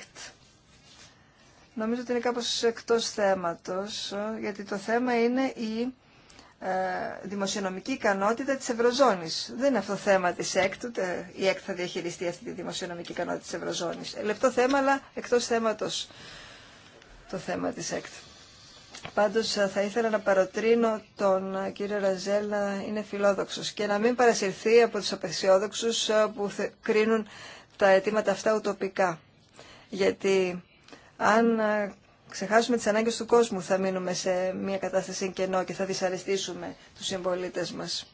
S1: νομίζω ότι είναι κάπως εκτός θέματος, γιατί το θέμα είναι η ε, δημοσιονομική ικανότητα της Ευρωζώνης. Δεν είναι αυτό το θέμα της ΕΚΤ, ούτε η ΕΚΤ θα διαχειριστεί αυτή τη δημοσιονομική ικανότητα της Ευρωζώνης. Ε, λεπτό θέμα, αλλά εκτός θέματος το θέμα της ΕΚΤ. Πάντως ε, θα ήθελα να παροτρύνω τον κύριο Ραζέλ να είναι φιλόδοξος και να μην παρασυρθεί από τους απεσιόδοξους που κρίνουν τα αιτήματα αυτά ουτοπικά. Γιατί αν ε, ξεχάσουμε τις ανάγκες του κόσμου θα μείνουμε σε μια κατάσταση κενό και θα δυσαρεστήσουμε τους συμπολίτε μας.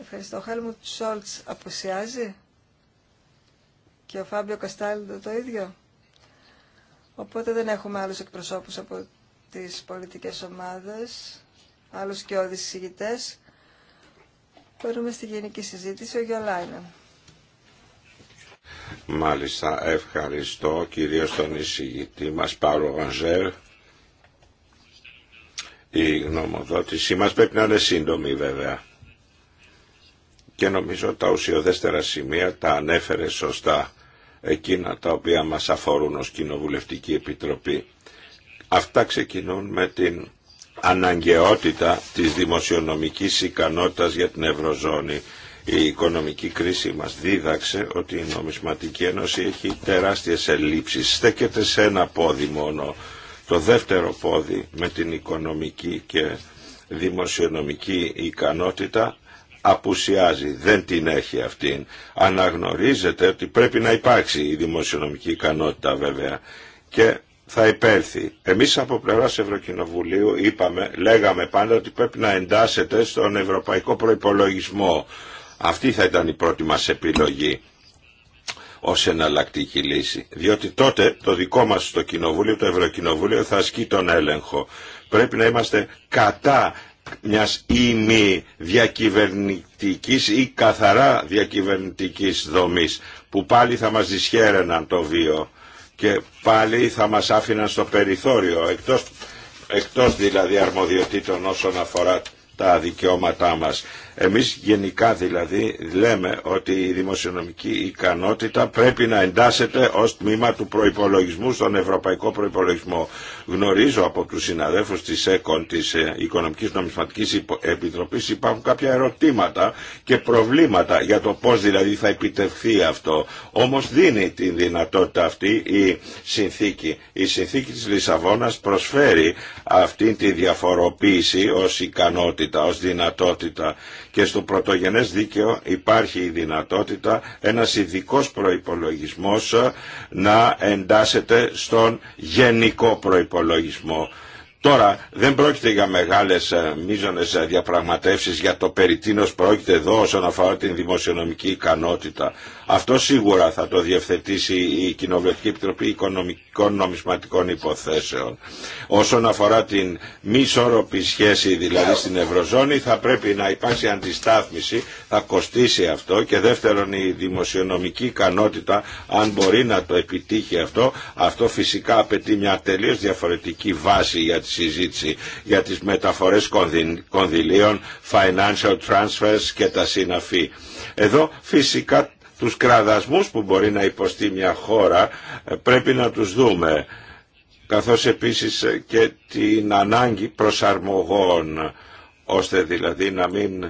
S1: Ευχαριστώ. Ο Χέλμουτ Σόλτς αποσιάζει και ο Φάμπιο Καστάλντο το ίδιο. Οπότε δεν έχουμε άλλους εκπροσώπους από τις πολιτικές ομάδες, άλλους και όδης Παίρνουμε στη γενική συζήτηση, ο Γιολάινα.
S3: Μάλιστα, ευχαριστώ κυρίως τον εισηγητή μας Παύλο Ρανζέρ. Η γνωμοδότησή μας πρέπει να είναι σύντομη βέβαια. Και νομίζω τα ουσιοδέστερα σημεία τα ανέφερε σωστά εκείνα τα οποία μας αφορούν ως Κοινοβουλευτική Επιτροπή. Αυτά ξεκινούν με την αναγκαιότητα της δημοσιονομικής ικανότητας για την Ευρωζώνη η οικονομική κρίση μας δίδαξε ότι η νομισματική ένωση έχει τεράστιες ελλείψεις. Στέκεται σε ένα πόδι μόνο. Το δεύτερο πόδι με την οικονομική και δημοσιονομική ικανότητα απουσιάζει, δεν την έχει αυτήν. Αναγνωρίζεται ότι πρέπει να υπάρξει η δημοσιονομική ικανότητα βέβαια και θα υπέρθει Εμείς από πλευράς Ευρωκοινοβουλίου είπαμε, λέγαμε πάντα ότι πρέπει να εντάσσεται στον ευρωπαϊκό προϋπολογισμό αυτή θα ήταν η πρώτη μας επιλογή ως εναλλακτική λύση. Διότι τότε το δικό μας το Κοινοβούλιο, το Ευρωκοινοβούλιο θα ασκεί τον έλεγχο. Πρέπει να είμαστε κατά μιας ημι διακυβερνητικής ή καθαρά διακυβερνητικής δομής που πάλι θα μας δυσχέρεναν το βίο και πάλι θα μας άφηναν στο περιθώριο εκτός, εκτός δηλαδή αρμοδιοτήτων όσον αφορά τα δικαιώματά μας. Εμείς γενικά δηλαδή λέμε ότι η δημοσιονομική ικανότητα πρέπει να εντάσσεται ως τμήμα του προϋπολογισμού στον ευρωπαϊκό προϋπολογισμό. Γνωρίζω από τους συναδέλφους της ΕΚΟΝ, της ε, Οικονομικής Νομισματικής Επιτροπής, υπάρχουν κάποια ερωτήματα και προβλήματα για το πώς δηλαδή θα επιτευχθεί αυτό. Όμως δίνει την δυνατότητα αυτή η συνθήκη. Η συνθήκη της Λισαβόνας προσφέρει αυτή τη διαφοροποίηση ως ικανότητα, ως δυνατότητα και στο πρωτογενές δίκαιο υπάρχει η δυνατότητα ένας ειδικό προϋπολογισμός να εντάσσεται στον γενικό προϋπολογισμό. Τώρα δεν πρόκειται για μεγάλες ε, μίζωνες ε, διαπραγματεύσεις για το περί πρόκειται εδώ όσον αφορά την δημοσιονομική ικανότητα. Αυτό σίγουρα θα το διευθετήσει η Κοινοβουλευτική Επιτροπή Οικονομικών Νομισματικών Υποθέσεων. Όσον αφορά την μη σώροπη σχέση δηλαδή στην Ευρωζώνη θα πρέπει να υπάρξει αντιστάθμιση, θα κοστίσει αυτό και δεύτερον η δημοσιονομική ικανότητα αν μπορεί να το επιτύχει αυτό, αυτό φυσικά απαιτεί μια τελείως διαφορετική βάση για τη συζήτηση για τις μεταφορές κονδυλίων, financial transfers και τα συναφή. Εδώ φυσικά τους κραδασμούς που μπορεί να υποστεί μια χώρα ε, πρέπει να τους δούμε καθώς επίσης ε, και την ανάγκη προσαρμογών ώστε δηλαδή να μην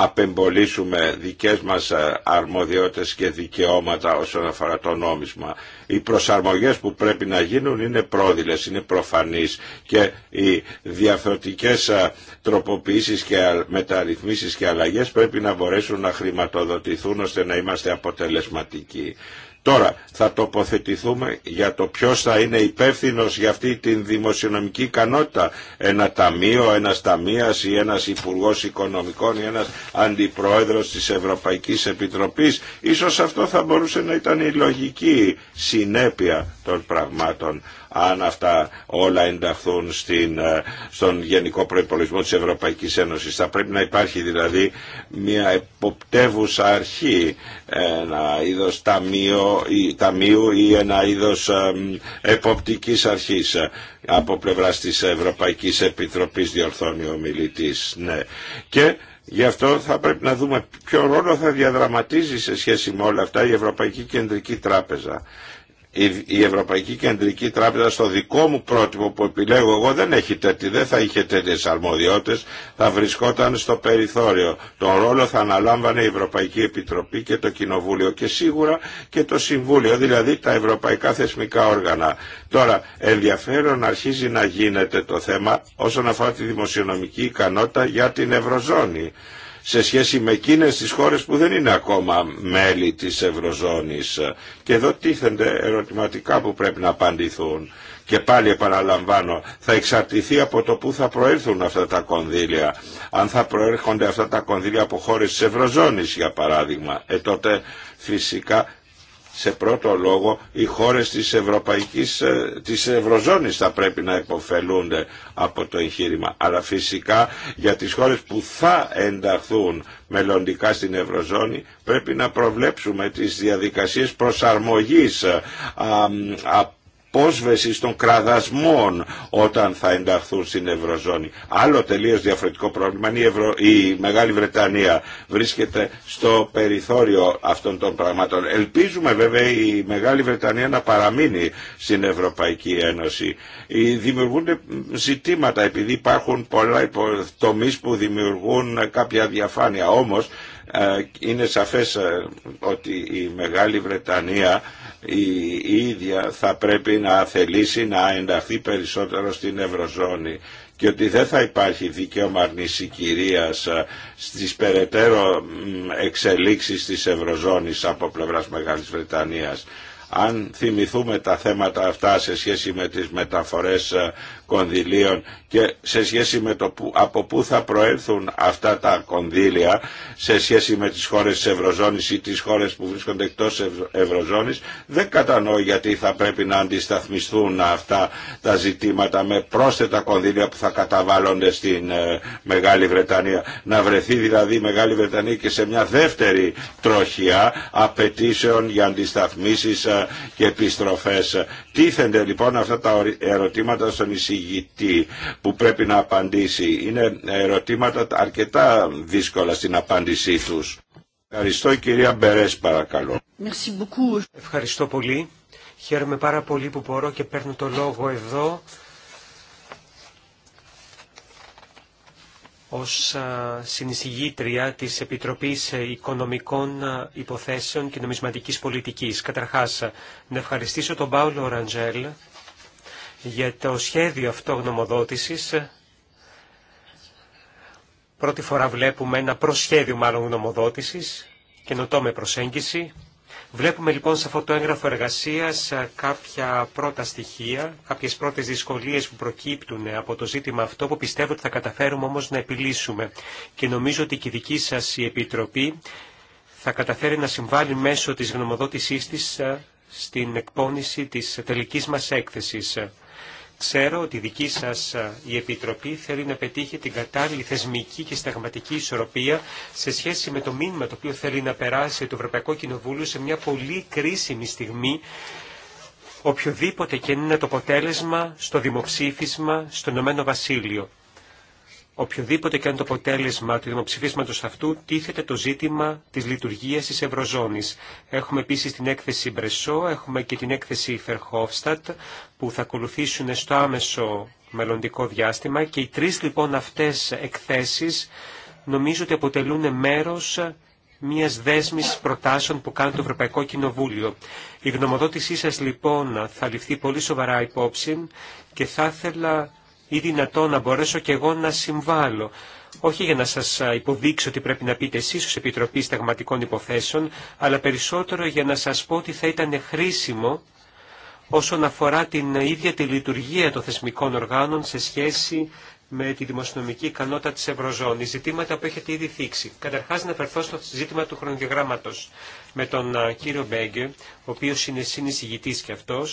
S3: απεμπολίσουμε δικές μας ε, αρμοδιότητες και δικαιώματα όσον αφορά το νόμισμα. Οι προσαρμογές που πρέπει να γίνουν είναι πρόδειλες, είναι προφανείς και οι διαφορετικές ε, τροποποιήσεις και μεταρρυθμίσεις και αλλαγές πρέπει να μπορέσουν να χρηματοδοτηθούν ώστε να είμαστε αποτελεσματικοί. Τώρα θα τοποθετηθούμε για το ποιος θα είναι υπεύθυνο για αυτή την δημοσιονομική ικανότητα. Ένα ταμείο, ένας ταμείας ή ένας υπουργός οικονομικών ή ένας αντιπρόεδρος της Ευρωπαϊκής Επιτροπής. Ίσως αυτό θα μπορούσε να ήταν η λογική συνέπεια των πραγμάτων αν αυτά όλα ενταχθούν στην, ε, στον Γενικό Προϋπολογισμό της Ευρωπαϊκής Ένωσης. Θα πρέπει να υπάρχει δηλαδή μια εποπτεύουσα αρχή, ένα είδος ταμείο, ή, ταμείου ή ένα είδος εποπτικής αρχής από πλευράς της Ευρωπαϊκής Επιτροπής διορθώνει ο μιλητής. Ναι. Και Γι' αυτό θα πρέπει να δούμε ποιο ρόλο θα διαδραματίζει σε σχέση με όλα αυτά η Ευρωπαϊκή Κεντρική Τράπεζα η Ευρωπαϊκή Κεντρική Τράπεζα στο δικό μου πρότυπο που επιλέγω εγώ δεν, έχει τέτοι, δεν θα είχε τέτοιες αρμοδιότητες, θα βρισκόταν στο περιθώριο. Τον ρόλο θα αναλάμβανε η Ευρωπαϊκή Επιτροπή και το Κοινοβούλιο και σίγουρα και το Συμβούλιο, δηλαδή τα ευρωπαϊκά θεσμικά όργανα. Τώρα, ενδιαφέρον αρχίζει να γίνεται το θέμα όσον αφορά τη δημοσιονομική ικανότητα για την Ευρωζώνη σε σχέση με εκείνες τις χώρες που δεν είναι ακόμα μέλη της Ευρωζώνης. Και εδώ τίθενται ερωτηματικά που πρέπει να απαντηθούν. Και πάλι επαναλαμβάνω, θα εξαρτηθεί από το πού θα προέλθουν αυτά τα κονδύλια. Αν θα προέρχονται αυτά τα κονδύλια από χώρες της Ευρωζώνης, για παράδειγμα, ε, τότε φυσικά σε πρώτο λόγο οι χώρες της, Ευρωπαϊκής, ε, της Ευρωζώνης θα πρέπει να υποφελούνται από το εγχείρημα. Αλλά φυσικά για τις χώρες που θα ενταχθούν μελλοντικά στην Ευρωζώνη πρέπει να προβλέψουμε τις διαδικασίες προσαρμογής ε, απόσβεση των κραδασμών όταν θα ενταχθούν στην Ευρωζώνη. Άλλο τελείως διαφορετικό πρόβλημα είναι η, Ευρω... η Μεγάλη Βρετανία. Βρίσκεται στο περιθώριο αυτών των πραγμάτων. Ελπίζουμε βέβαια η Μεγάλη Βρετανία να παραμείνει στην Ευρωπαϊκή Ένωση. Δημιουργούνται ζητήματα επειδή υπάρχουν πολλά τομείς που δημιουργούν κάποια διαφάνεια. Όμως ε, είναι σαφές ε, ότι η Μεγάλη Βρετανία η ίδια θα πρέπει να θελήσει να ενταχθεί περισσότερο στην Ευρωζώνη και ότι δεν θα υπάρχει δικαίωμα αρνησή κυρίας ε, στις περαιτέρω εξελίξεις της Ευρωζώνης από πλευράς Μεγάλης Βρετανίας. Αν θυμηθούμε τα θέματα αυτά σε σχέση με τις μεταφορές κονδυλίων και σε σχέση με το που, από πού θα προέλθουν αυτά τα κονδύλια σε σχέση με τις χώρες της Ευρωζώνης ή τις χώρες που βρίσκονται εκτός Ευρωζώνης δεν κατανοώ γιατί θα πρέπει να αντισταθμιστούν αυτά τα ζητήματα με πρόσθετα κονδύλια που θα καταβάλλονται στην ε, Μεγάλη Βρετανία. Να βρεθεί δηλαδή η Μεγάλη Βρετανία και σε μια δεύτερη τροχιά απαιτήσεων για αντισταθμίσεις ε, και επιστροφές. Τίθενται λοιπόν αυτά τα ερωτήματα στον που πρέπει να απαντήσει. Είναι ερωτήματα αρκετά δύσκολα στην απάντησή τους. Ευχαριστώ κυρία Μπερές παρακαλώ.
S2: Ευχαριστώ πολύ. Χαίρομαι πάρα πολύ που μπορώ και παίρνω το λόγο εδώ ως συνεισηγήτρια της Επιτροπής Οικονομικών Υποθέσεων και Νομισματικής Πολιτικής. Καταρχάς, να ευχαριστήσω τον Πάολο Ραντζέλ για το σχέδιο αυτό γνωμοδότησης. Πρώτη φορά βλέπουμε ένα προσχέδιο μάλλον γνωμοδότησης, καινοτόμε προσέγγιση. Βλέπουμε λοιπόν σε αυτό το έγγραφο εργασίας κάποια πρώτα στοιχεία, κάποιες πρώτες δυσκολίες που προκύπτουν από το ζήτημα αυτό που πιστεύω ότι θα καταφέρουμε όμως να επιλύσουμε. Και νομίζω ότι και η δική σας η Επιτροπή θα καταφέρει να συμβάλλει μέσω της γνωμοδότησής της στην εκπόνηση της τελικής μας έκθεσης. Ξέρω ότι η δική σας ε, η Επιτροπή θέλει να πετύχει την κατάλληλη θεσμική και σταγματική ισορροπία σε σχέση με το μήνυμα το οποίο θέλει να περάσει το Ευρωπαϊκό Κοινοβούλιο σε μια πολύ κρίσιμη στιγμή οποιοδήποτε και είναι το αποτέλεσμα στο δημοψήφισμα στον Ηνωμένο Βασίλειο οποιοδήποτε και αν το αποτέλεσμα του δημοψηφίσματο αυτού τίθεται το ζήτημα της λειτουργίας τη Ευρωζώνης. Έχουμε επίσης την έκθεση Μπρεσό, έχουμε και την έκθεση Φερχόφστατ που θα ακολουθήσουν στο άμεσο μελλοντικό διάστημα και οι τρει λοιπόν αυτές εκθέσεις νομίζω ότι αποτελούν μέρος μιας δέσμης προτάσεων που κάνει το Ευρωπαϊκό Κοινοβούλιο. Η γνωμοδότησή σα, λοιπόν θα ληφθεί πολύ σοβαρά υπόψη και θα ήθελα ή δυνατόν να μπορέσω κι εγώ να συμβάλλω. Όχι για να σας υποδείξω ότι πρέπει να πείτε εσείς ως Επιτροπή Σταγματικών Υποθέσεων, αλλά περισσότερο για να σας πω ότι θα ήταν χρήσιμο όσον αφορά την ίδια τη λειτουργία των θεσμικών οργάνων σε σχέση με τη δημοσιονομική ικανότητα της Ευρωζώνης, ζητήματα που έχετε ήδη θίξει. Καταρχάς να αφαιρθώ στο ζήτημα του χρονοδιαγράμματος με τον κύριο Μπέγκε, ο οποίο είναι συνεισηγητής και αυτό.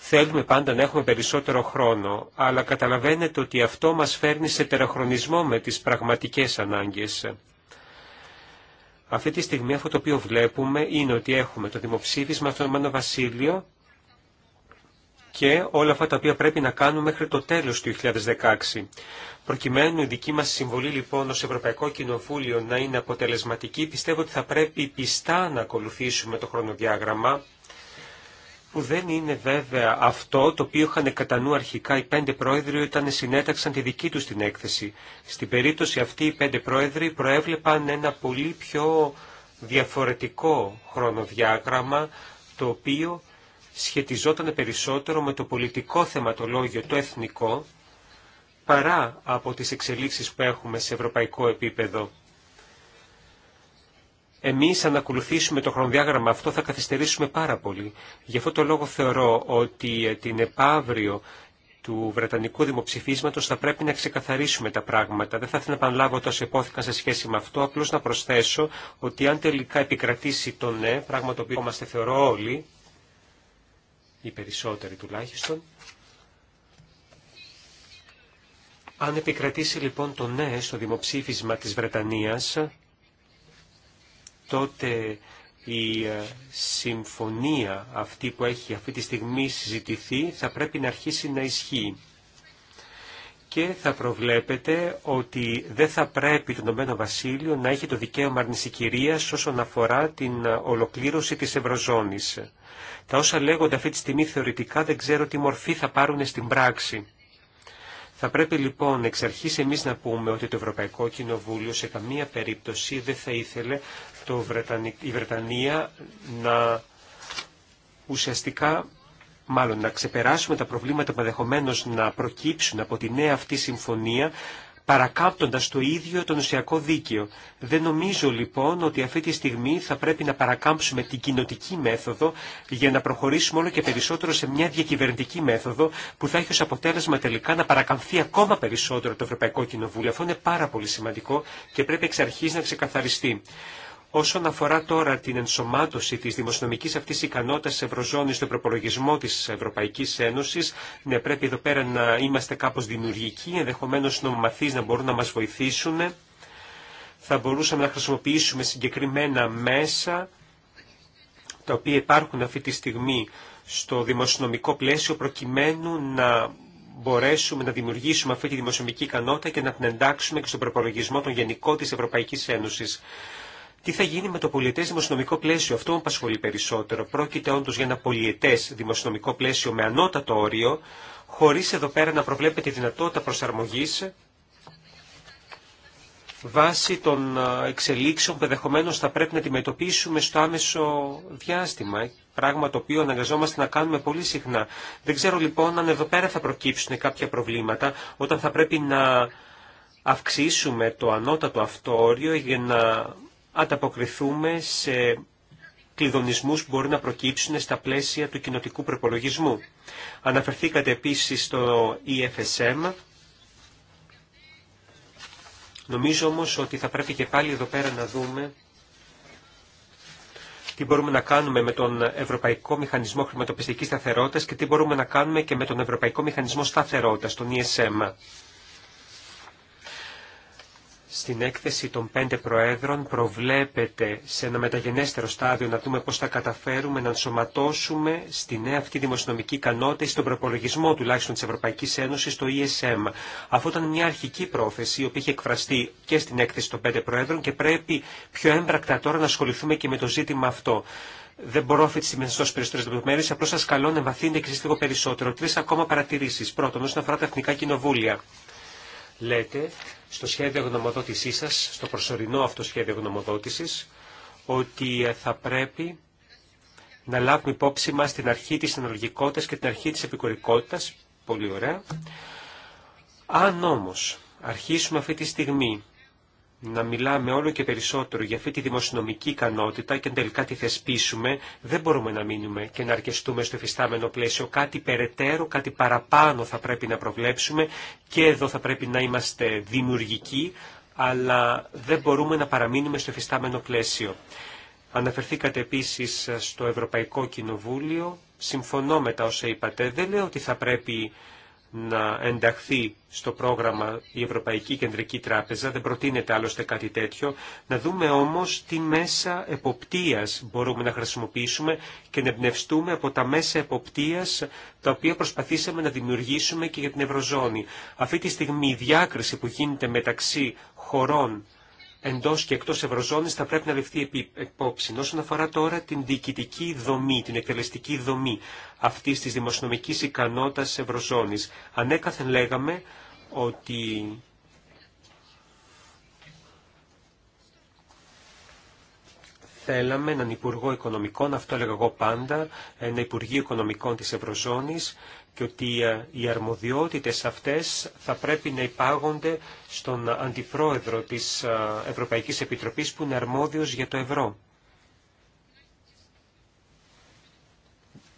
S2: Θέλουμε πάντα να έχουμε περισσότερο χρόνο, αλλά καταλαβαίνετε ότι αυτό μας φέρνει σε τεραχρονισμό με τις πραγματικές ανάγκες. Αυτή τη στιγμή αυτό το οποίο βλέπουμε είναι ότι έχουμε το δημοψήφισμα στον Ηνωμένο Βασίλειο και όλα αυτά τα οποία πρέπει να κάνουμε μέχρι το τέλος του 2016. Προκειμένου η δική μας συμβολή λοιπόν ως Ευρωπαϊκό Κοινοβούλιο να είναι αποτελεσματική, πιστεύω ότι θα πρέπει πιστά να ακολουθήσουμε το χρονοδιάγραμμα που δεν είναι βέβαια αυτό το οποίο είχαν κατά νου αρχικά οι πέντε πρόεδροι όταν συνέταξαν τη δική τους την έκθεση. Στην περίπτωση αυτή οι πέντε πρόεδροι προέβλεπαν ένα πολύ πιο διαφορετικό χρονοδιάγραμμα το οποίο σχετιζόταν περισσότερο με το πολιτικό θεματολόγιο το εθνικό παρά από τις εξελίξεις που έχουμε σε ευρωπαϊκό επίπεδο εμείς αν ακολουθήσουμε το χρονοδιάγραμμα αυτό θα καθυστερήσουμε πάρα πολύ. Γι' αυτό το λόγο θεωρώ ότι ε, την επαύριο του Βρετανικού Δημοψηφίσματος θα πρέπει να ξεκαθαρίσουμε τα πράγματα. Δεν θα ήθελα να επαναλάβω τόσο υπόθηκαν σε σχέση με αυτό, απλώς να προσθέσω ότι αν τελικά επικρατήσει το ναι, πράγμα το οποίο είμαστε θεωρώ όλοι, οι περισσότεροι τουλάχιστον, αν επικρατήσει λοιπόν το ναι στο δημοψήφισμα της Βρετανίας, τότε η ε, συμφωνία αυτή που έχει αυτή τη στιγμή συζητηθεί θα πρέπει να αρχίσει να ισχύει. Και θα προβλέπετε ότι δεν θα πρέπει το Ηνωμένο Βασίλειο να έχει το δικαίωμα αρνησικυρίας όσον αφορά την ε, ολοκλήρωση της Ευρωζώνης. Τα όσα λέγονται αυτή τη στιγμή θεωρητικά δεν ξέρω τι μορφή θα πάρουν στην πράξη. Θα πρέπει λοιπόν εξ αρχής εμείς να πούμε ότι το Ευρωπαϊκό Κοινοβούλιο σε καμία περίπτωση δεν θα ήθελε το η Βρετανία να ουσιαστικά μάλλον να ξεπεράσουμε τα προβλήματα που ενδεχομένω να προκύψουν από τη νέα αυτή συμφωνία παρακάμπτοντας το ίδιο το νοσιακό δίκαιο. Δεν νομίζω λοιπόν ότι αυτή τη στιγμή θα πρέπει να παρακάμψουμε την κοινοτική μέθοδο για να προχωρήσουμε όλο και περισσότερο σε μια διακυβερνητική μέθοδο που θα έχει ως αποτέλεσμα τελικά να παρακαμφθεί ακόμα περισσότερο το Ευρωπαϊκό Κοινοβούλιο. Αυτό είναι πάρα πολύ σημαντικό και πρέπει εξ αρχής να ξεκαθαριστεί. Όσον αφορά τώρα την ενσωμάτωση της δημοσιονομικής αυτής ικανότητας της Ευρωζώνης στον προπολογισμό της Ευρωπαϊκής Ένωσης, ναι, πρέπει εδώ πέρα να είμαστε κάπως δημιουργικοί, ενδεχομένως νομομαθείς να μπορούν να μας βοηθήσουν. Θα μπορούσαμε να χρησιμοποιήσουμε συγκεκριμένα μέσα, τα οποία υπάρχουν αυτή τη στιγμή στο δημοσιονομικό πλαίσιο, προκειμένου να μπορέσουμε να δημιουργήσουμε αυτή τη δημοσιονομική ικανότητα και να την εντάξουμε και στον προπολογισμό των γενικό της Ευρωπαϊκής Ένωσης. Τι θα γίνει με το πολιετέ δημοσιονομικό πλαίσιο, αυτό μου απασχολεί περισσότερο. Πρόκειται όντω για ένα πολιετέ δημοσιονομικό πλαίσιο με ανώτατο όριο, χωρί εδώ πέρα να προβλέπεται η δυνατότητα προσαρμογή βάσει των ε, εξελίξεων που ενδεχομένω θα πρέπει να αντιμετωπίσουμε στο άμεσο διάστημα. Πράγμα το οποίο αναγκαζόμαστε να κάνουμε πολύ συχνά. Δεν ξέρω λοιπόν αν εδώ πέρα θα προκύψουν κάποια προβλήματα όταν θα πρέπει να αυξήσουμε το ανώτατο αυτό όριο για να ανταποκριθούμε σε κλειδονισμούς που μπορεί να προκύψουν στα πλαίσια του κοινοτικού προπολογισμού. Αναφερθήκατε επίσης στο EFSM. Νομίζω όμως ότι θα πρέπει και πάλι εδώ πέρα να δούμε τι μπορούμε να κάνουμε με τον Ευρωπαϊκό Μηχανισμό Χρηματοπιστικής Σταθερότητας και τι μπορούμε να κάνουμε και με τον Ευρωπαϊκό Μηχανισμό Σταθερότητας, τον ESM στην έκθεση των πέντε προέδρων προβλέπεται σε ένα μεταγενέστερο στάδιο να δούμε πώς θα καταφέρουμε να ενσωματώσουμε στη νέα αυτή δημοσιονομική ικανότητα στον προπολογισμό τουλάχιστον της Ευρωπαϊκής Ένωσης το ESM. Αυτό ήταν μια αρχική πρόθεση η οποία είχε εκφραστεί και στην έκθεση των πέντε προέδρων και πρέπει πιο έμπρακτα τώρα να ασχοληθούμε και με το ζήτημα αυτό. Δεν μπορώ αυτή τη στιγμή να σα δώσω περισσότερε λεπτομέρειε, απλώ σα καλώ να βαθύνετε και περισσότερο. Τρει ακόμα παρατηρήσει. Πρώτον, όσον αφορά τα εθνικά κοινοβούλια λέτε στο σχέδιο γνωμοδότησής σας, στο προσωρινό αυτό σχέδιο γνωμοδότησης, ότι θα πρέπει να λάβουμε υπόψη μας την αρχή της αναλογικότητας και την αρχή της επικορικότητας. Πολύ ωραία. Αν όμως αρχίσουμε αυτή τη στιγμή να μιλάμε όλο και περισσότερο για αυτή τη δημοσιονομική ικανότητα και τελικά τη θεσπίσουμε, δεν μπορούμε να μείνουμε και να αρκεστούμε στο εφιστάμενο πλαίσιο. Κάτι περαιτέρω, κάτι παραπάνω θα πρέπει να προβλέψουμε και εδώ θα πρέπει να είμαστε δημιουργικοί, αλλά δεν μπορούμε να παραμείνουμε στο εφιστάμενο πλαίσιο. Αναφερθήκατε επίσης στο Ευρωπαϊκό Κοινοβούλιο. Συμφωνώ με τα όσα είπατε. Δεν λέω ότι θα πρέπει να ενταχθεί στο πρόγραμμα η Ευρωπαϊκή Κεντρική Τράπεζα, δεν προτείνεται άλλωστε κάτι τέτοιο. Να δούμε όμως τι μέσα εποπτείας μπορούμε να χρησιμοποιήσουμε και να εμπνευστούμε από τα μέσα εποπτείας τα οποία προσπαθήσαμε να δημιουργήσουμε και για την Ευρωζώνη. Αυτή τη στιγμή η διάκριση που γίνεται μεταξύ χωρών εντό και εκτό Ευρωζώνη θα πρέπει να ληφθεί υπόψη. Όσον αφορά τώρα την διοικητική δομή, την εκτελεστική δομή αυτή τη δημοσιονομική ικανότητα Ευρωζώνη, ανέκαθεν λέγαμε ότι θέλαμε έναν Υπουργό Οικονομικών, αυτό έλεγα εγώ πάντα, ένα Υπουργείο Οικονομικών της Ευρωζώνης και ότι ε, οι αρμοδιότητες αυτές θα πρέπει να υπάγονται στον Αντιπρόεδρο της ε, Ευρωπαϊκής Επιτροπής που είναι αρμόδιος για το ευρώ.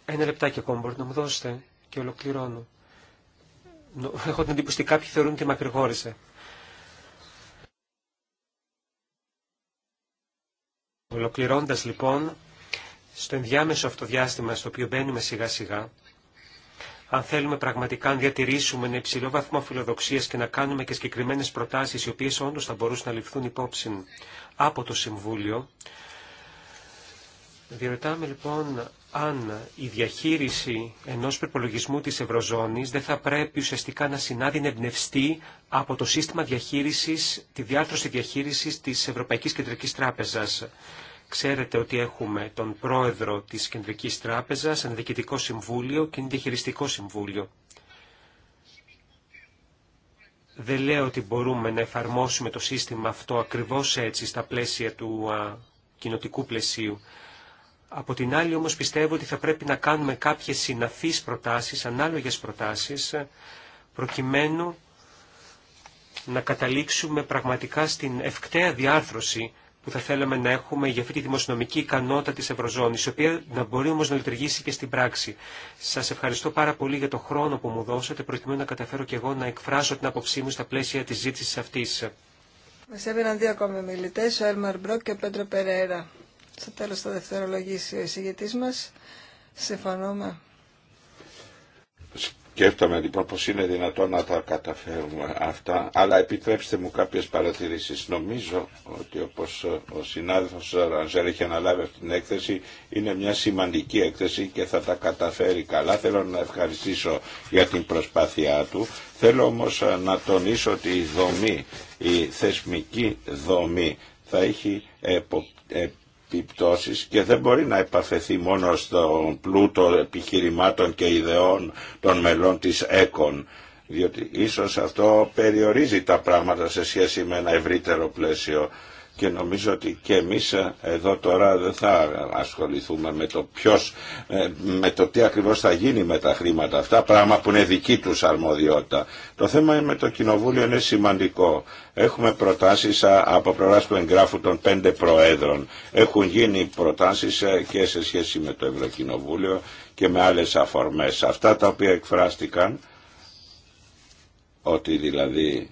S2: Ένα λεπτάκι ακόμα μπορείτε να μου δώσετε και ολοκληρώνω. Έχω την εντύπωση ότι κάποιοι θεωρούν ότι μακρηγόρησε. Ολοκληρώντας λοιπόν, στο ενδιάμεσο αυτό διάστημα στο οποίο μπαίνουμε σιγά σιγά, αν θέλουμε πραγματικά να διατηρήσουμε ένα υψηλό βαθμό φιλοδοξίας και να κάνουμε και συγκεκριμένε προτάσεις οι οποίες όντως θα μπορούσαν να ληφθούν υπόψη από το Συμβούλιο, διερωτάμε λοιπόν αν η διαχείριση ενός προπολογισμού της Ευρωζώνης δεν θα πρέπει ουσιαστικά να συνάδει να εμπνευστεί από το σύστημα διαχείρισης, τη διάρθρωση διαχείρισης της Ευρωπαϊκή Κεντρική Τράπεζα. Ξέρετε ότι έχουμε τον πρόεδρο της Κεντρικής Τράπεζας, ένα διοικητικό συμβούλιο και ένα διαχειριστικό συμβούλιο. Δεν λέω ότι μπορούμε να εφαρμόσουμε το σύστημα αυτό ακριβώς έτσι στα πλαίσια του α, κοινοτικού πλαισίου. Από την άλλη όμως πιστεύω ότι θα πρέπει να κάνουμε κάποιες συναφείς προτάσεις, ανάλογες προτάσεις, προκειμένου να καταλήξουμε πραγματικά στην ευκταία διάρθρωση που θα θέλαμε να έχουμε για αυτή τη δημοσιονομική ικανότητα της Ευρωζώνης, η οποία να μπορεί όμως να λειτουργήσει και στην πράξη. Σας ευχαριστώ πάρα πολύ για το χρόνο που μου δώσατε, Προτιμώ να καταφέρω και εγώ να εκφράσω την άποψή μου στα πλαίσια της ζήτησης αυτής.
S1: Μας έβαιναν δύο ακόμη μιλητές, ο Έλμαρ Μπρόκ και ο Πέντρο Περέρα. Στο τέλος θα δευτερολογήσει ο εισηγητής μας. Συμφωνούμε
S3: σκέφτομαι λοιπόν πως είναι δυνατόν να τα καταφέρουμε αυτά, αλλά επιτρέψτε μου κάποιες παρατηρήσεις. Νομίζω ότι όπως ο συνάδελφος Ρανζέλ έχει αναλάβει αυτή την έκθεση, είναι μια σημαντική έκθεση και θα τα καταφέρει καλά. Θέλω να ευχαριστήσω για την προσπάθειά του. Θέλω όμως να τονίσω ότι η δομή, η θεσμική δομή θα έχει επιπτώσεις και δεν μπορεί να επαφεθεί μόνο στον πλούτο επιχειρημάτων και ιδεών των μελών της ΕΚΟΝ διότι ίσως αυτό περιορίζει τα πράγματα σε σχέση με ένα ευρύτερο πλαίσιο και νομίζω ότι και εμείς ε, εδώ τώρα δεν θα ασχοληθούμε με το ποιος, ε, με το τι ακριβώς θα γίνει με τα χρήματα αυτά, πράγμα που είναι δική τους αρμοδιότητα. Το θέμα με το Κοινοβούλιο είναι σημαντικό. Έχουμε προτάσεις ε, από πλευράς του εγγράφου των πέντε προέδρων. Έχουν γίνει προτάσεις και σε σχέση με το Ευρωκοινοβούλιο και με άλλες αφορμές. Αυτά τα οποία εκφράστηκαν, ότι δηλαδή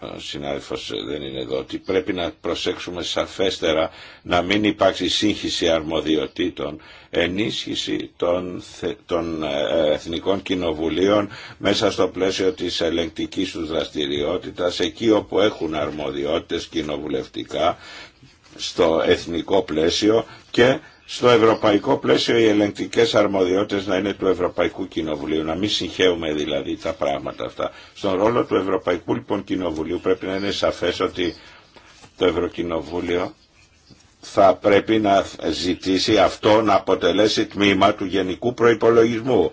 S3: ο συνάδελφος ε, δεν είναι εδώ, ότι πρέπει να προσέξουμε σαφέστερα να μην υπάρξει σύγχυση αρμοδιοτήτων, ενίσχυση των, ε, εθνικών κοινοβουλίων μέσα στο πλαίσιο της ελεγκτικής τους δραστηριότητας, εκεί όπου έχουν αρμοδιότητες κοινοβουλευτικά, στο εθνικό πλαίσιο και στο ευρωπαϊκό πλαίσιο οι ελεγκτικές αρμοδιότητες να είναι του Ευρωπαϊκού Κοινοβουλίου, να μην συγχαίουμε δηλαδή τα πράγματα αυτά. Στον ρόλο του Ευρωπαϊκού λοιπόν Κοινοβουλίου πρέπει να είναι σαφές ότι το Ευρωκοινοβούλιο θα πρέπει να ζητήσει αυτό να αποτελέσει τμήμα του γενικού προϋπολογισμού.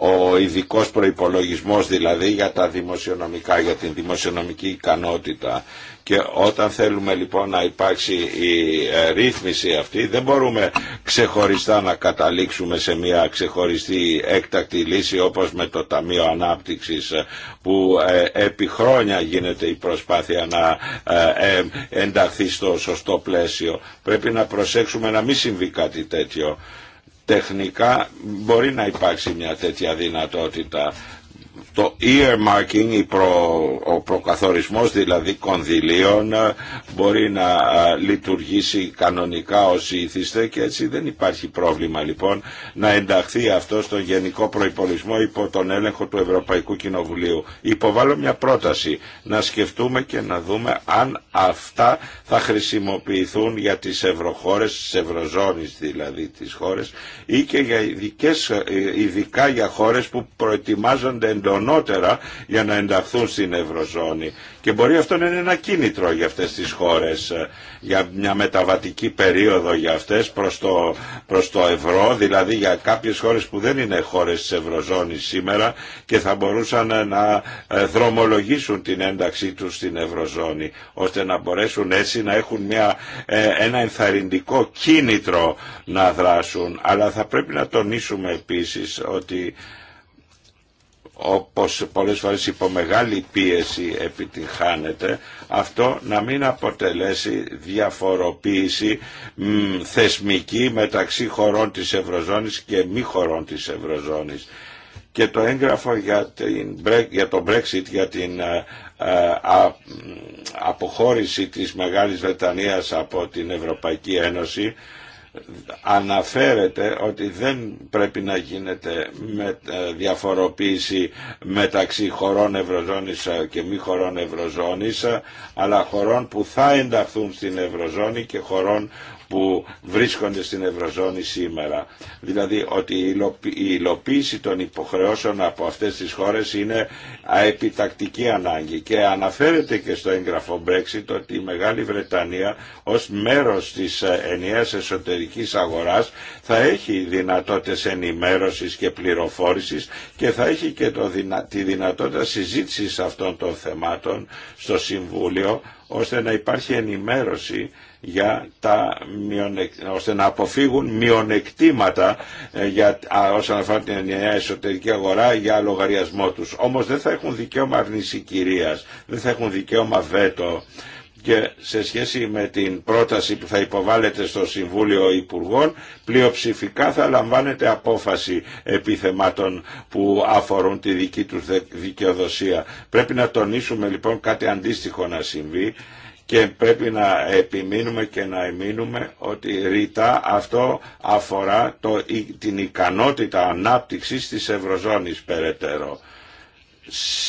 S3: Ο ειδικό προϋπολογισμός δηλαδή για τα δημοσιονομικά, για την δημοσιονομική ικανότητα και όταν θέλουμε λοιπόν να υπάρξει η ε, ρύθμιση αυτή δεν μπορούμε ξεχωριστά να καταλήξουμε σε μια ξεχωριστή έκτακτη λύση όπως με το Ταμείο Ανάπτυξης ε, που ε, επί χρόνια γίνεται η προσπάθεια να ενταχθεί στο σωστό πλαίσιο. Πρέπει να προσέξουμε να μην συμβεί κάτι τέτοιο τεχνικά μπορεί να υπάρξει μια τέτοια δυνατότητα το earmarking, ο προκαθορισμός δηλαδή κονδυλίων ε, μπορεί να ε, λειτουργήσει κανονικά ως ήθιστε και έτσι δεν υπάρχει πρόβλημα λοιπόν να ενταχθεί αυτό στο γενικό προϋπολισμό υπό τον έλεγχο του Ευρωπαϊκού Κοινοβουλίου. Υποβάλλω μια πρόταση να σκεφτούμε και να δούμε αν αυτά θα χρησιμοποιηθούν για τις ευρωχώρες, τις ευρωζώνης δηλαδή τις χώρες ή και για ειδικές, ε, ειδικά για χώρες που προετοιμάζονται εντονώς για να ενταχθούν στην Ευρωζώνη. Και μπορεί αυτό να είναι ένα κίνητρο για αυτές τις χώρες, ε, για μια μεταβατική περίοδο για αυτές προς το, προς το ευρώ, δηλαδή για κάποιες χώρες που δεν είναι χώρες της Ευρωζώνης σήμερα και θα μπορούσαν ε, να ε, δρομολογήσουν την ένταξή τους στην Ευρωζώνη, ώστε να μπορέσουν έτσι να έχουν μια, ένα ενθαρρυντικό κίνητρο να δράσουν. Αλλά θα πρέπει να τονίσουμε επίσης ότι όπως πολλές φορές υπό μεγάλη πίεση επιτυχάνεται, αυτό να μην αποτελέσει διαφοροποίηση θεσμική μεταξύ χωρών της Ευρωζώνης και μη χωρών της Ευρωζώνης. Και το έγγραφο για, την, για το Brexit, για την ε, ε, αποχώρηση της Μεγάλης Βρετανίας από την Ευρωπαϊκή Ένωση αναφέρεται ότι δεν πρέπει να γίνεται με ε, διαφοροποίηση μεταξύ χωρών Ευρωζώνης ε, και μη χωρών Ευρωζώνης ε, αλλά χωρών που θα ενταχθούν στην Ευρωζώνη και χωρών που βρίσκονται στην Ευρωζώνη σήμερα. Δηλαδή ότι η υλοποίηση των υποχρεώσεων από αυτές τις χώρες είναι αεπιτακτική ανάγκη και αναφέρεται και στο έγγραφο Brexit ότι η Μεγάλη Βρετανία ως μέρος της ε, ενιαίας εσωτερικής αγοράς θα έχει δυνατότητες ενημέρωσης και πληροφόρησης και θα έχει και το, τη δυνατότητα συζήτησης αυτών των θεμάτων στο Συμβούλιο ώστε να υπάρχει ενημέρωση για τα μειονεκ... ώστε να αποφύγουν μειονεκτήματα ε, για... όσον αφορά την ενιαία εσωτερική αγορά για λογαριασμό τους. Όμως δεν θα έχουν δικαίωμα αρνησή κυρίας, δεν θα έχουν δικαίωμα βέτο και σε σχέση με την πρόταση που θα υποβάλλεται στο Συμβούλιο Υπουργών πλειοψηφικά θα λαμβάνεται απόφαση επιθεμάτων που αφορούν τη δική τους δικαιοδοσία. Πρέπει να τονίσουμε λοιπόν κάτι αντίστοιχο να συμβεί και πρέπει να επιμείνουμε και να εμείνουμε ότι ρητά αυτό αφορά το, την ικανότητα ανάπτυξης της Ευρωζώνης περαιτέρω.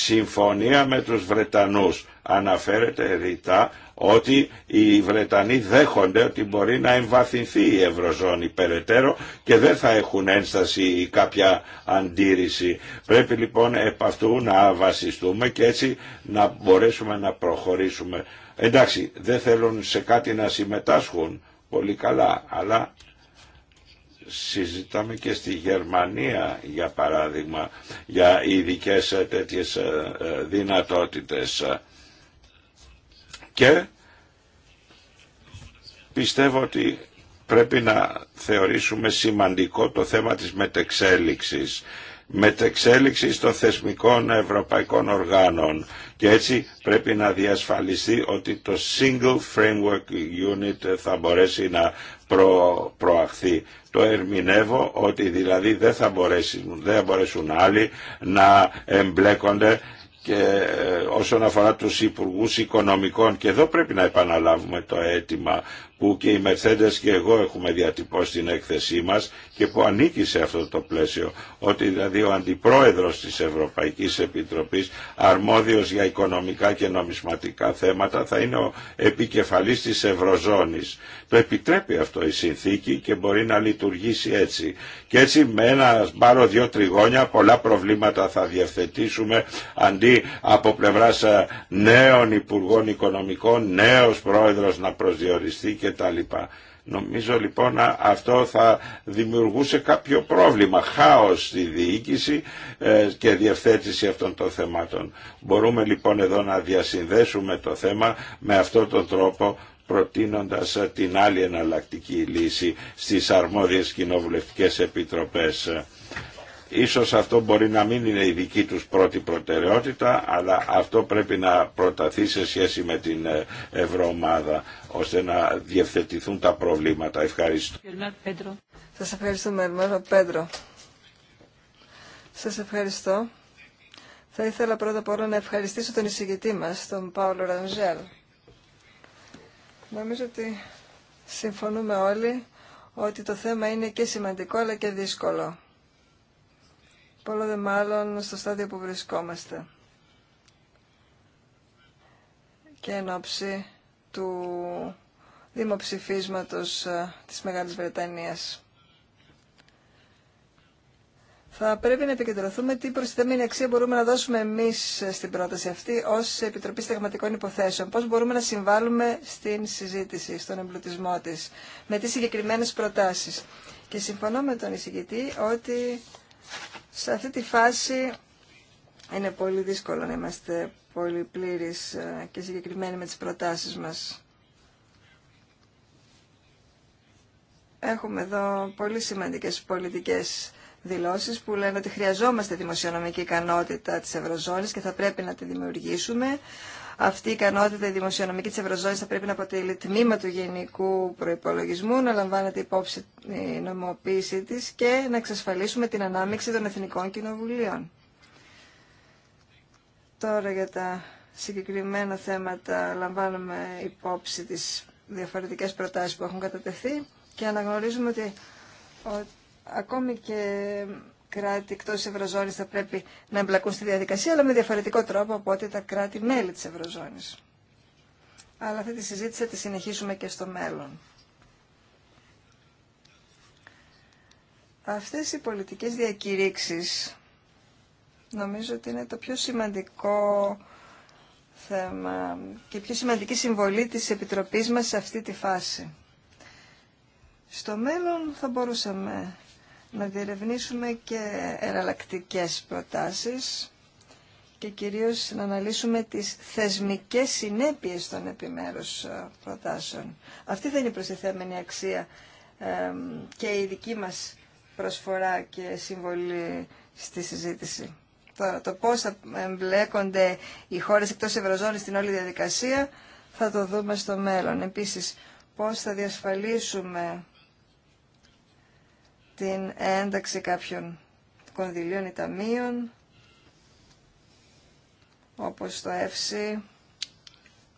S3: Συμφωνία με τους Βρετανούς αναφέρεται ρητά ότι οι Βρετανοί δέχονται ότι μπορεί να εμβαθυνθεί η Ευρωζώνη περαιτέρω και δεν θα έχουν ένσταση ή κάποια αντίρρηση. Πρέπει λοιπόν επ' αυτού να βασιστούμε και έτσι να μπορέσουμε να προχωρήσουμε Εντάξει, δεν θέλουν σε κάτι να συμμετάσχουν πολύ καλά, αλλά συζητάμε και στη Γερμανία για παράδειγμα για ειδικέ τέτοιες ε, ε, δυνατότητες και πιστεύω ότι πρέπει να θεωρήσουμε σημαντικό το θέμα της μετεξέλιξης μετεξέλιξης των θεσμικών ευρωπαϊκών οργάνων και έτσι πρέπει να διασφαλιστεί ότι το Single Framework Unit θα μπορέσει να προ, προαχθεί. Το ερμηνεύω ότι δηλαδή δεν θα, μπορέσουν, δεν θα μπορέσουν άλλοι να εμπλέκονται και ε, όσον αφορά τους υπουργούς οικονομικών και εδώ πρέπει να επαναλάβουμε το αίτημα που και οι Μερθέντες και εγώ έχουμε διατυπώσει την έκθεσή μας και που ανήκει σε αυτό το πλαίσιο, ότι δηλαδή ο Αντιπρόεδρος της Ευρωπαϊκής Επιτροπής, αρμόδιος για οικονομικά και νομισματικά θέματα, θα είναι ο επικεφαλής της Ευρωζώνης. Το επιτρέπει αυτό η συνθήκη και μπορεί να λειτουργήσει έτσι. Και έτσι με ένα μπάρο δυο τριγώνια πολλά προβλήματα θα διευθετήσουμε αντί από πλευράς ε, νέων Υπουργών Οικονομικών, νέος Πρόεδρος να προσδιοριστεί Νομίζω λοιπόν αυτό θα δημιουργούσε κάποιο πρόβλημα, χάος στη διοίκηση ε, και διευθέτηση αυτών των θεμάτων. Μπορούμε λοιπόν εδώ να διασυνδέσουμε το θέμα με αυτόν τον τρόπο προτείνοντας ε, την άλλη εναλλακτική λύση στις αρμόδιες κοινοβουλευτικές επιτροπές. Ίσως αυτό μπορεί να μην είναι η δική τους πρώτη προτεραιότητα, αλλά αυτό πρέπει να προταθεί σε σχέση με την ε, Ευρωομάδα, ώστε να διευθετηθούν τα προβλήματα. Ευχαριστώ.
S1: Σας ευχαριστούμε, Ελμάρο Πέντρο. Σας ευχαριστώ. Θα ήθελα πρώτα απ' όλα να ευχαριστήσω τον εισηγητή μας, τον Πάολο Ραντζέλ. Νομίζω ότι συμφωνούμε όλοι ότι το θέμα είναι και σημαντικό αλλά και δύσκολο. Πολλό δε μάλλον στο στάδιο που βρισκόμαστε. Και εν ώψη του δημοψηφίσματος ε, της Μεγάλης Βρετανίας. Θα πρέπει να επικεντρωθούμε τι προσθέμενη αξία μπορούμε να δώσουμε εμείς στην πρόταση αυτή ως Επιτροπή Στεγματικών Υποθέσεων. Πώς μπορούμε να συμβάλλουμε στην συζήτηση, στον εμπλουτισμό της, με τις συγκεκριμένες προτάσεις. Και συμφωνώ με τον εισηγητή ότι σε αυτή τη φάση είναι πολύ δύσκολο να είμαστε πολύ πλήρεις ε, και συγκεκριμένοι με τις προτάσεις μας. Έχουμε εδώ πολύ σημαντικές πολιτικές δηλώσεις που λένε ότι χρειαζόμαστε δημοσιονομική ικανότητα της Ευρωζώνης και θα πρέπει να τη δημιουργήσουμε, αυτή η ικανότητα η δημοσιονομική τη Ευρωζώνη θα πρέπει να αποτελεί τμήμα του γενικού προπολογισμού να λαμβάνεται υπόψη η νομοποίησή τη και να εξασφαλίσουμε την ανάμειξη των εθνικών κοινοβουλίων. Τώρα για τα συγκεκριμένα θέματα λαμβάνουμε υπόψη τις διαφορετικές προτάσεις που έχουν κατατεθεί και αναγνωρίζουμε ότι ακόμη και κράτη εκτό τη Ευρωζώνη θα πρέπει να εμπλακούν στη διαδικασία, αλλά με διαφορετικό τρόπο από ότι τα κράτη-μέλη τη Ευρωζώνη. Αλλά αυτή τη συζήτηση θα τη συνεχίσουμε και στο μέλλον. Αυτές οι πολιτικές διακηρύξεις νομίζω ότι είναι το πιο σημαντικό θέμα και η πιο σημαντική συμβολή της Επιτροπής μας σε αυτή τη φάση. Στο μέλλον θα μπορούσαμε να διερευνήσουμε και εναλλακτικέ προτάσεις και κυρίως να αναλύσουμε τις θεσμικές συνέπειες των επιμέρους ε, προτάσεων. Αυτή δεν είναι η προστιθέμενη αξία και η δική μας προσφορά και συμβολή στη συζήτηση. το πώς θα εμπλέκονται οι χώρες εκτός Ευρωζώνης στην όλη διαδικασία θα το δούμε στο μέλλον. Επίσης, πώς θα διασφαλίσουμε την ένταξη κάποιων κονδυλίων ή ταμείων, όπως το ΕΦΣΥ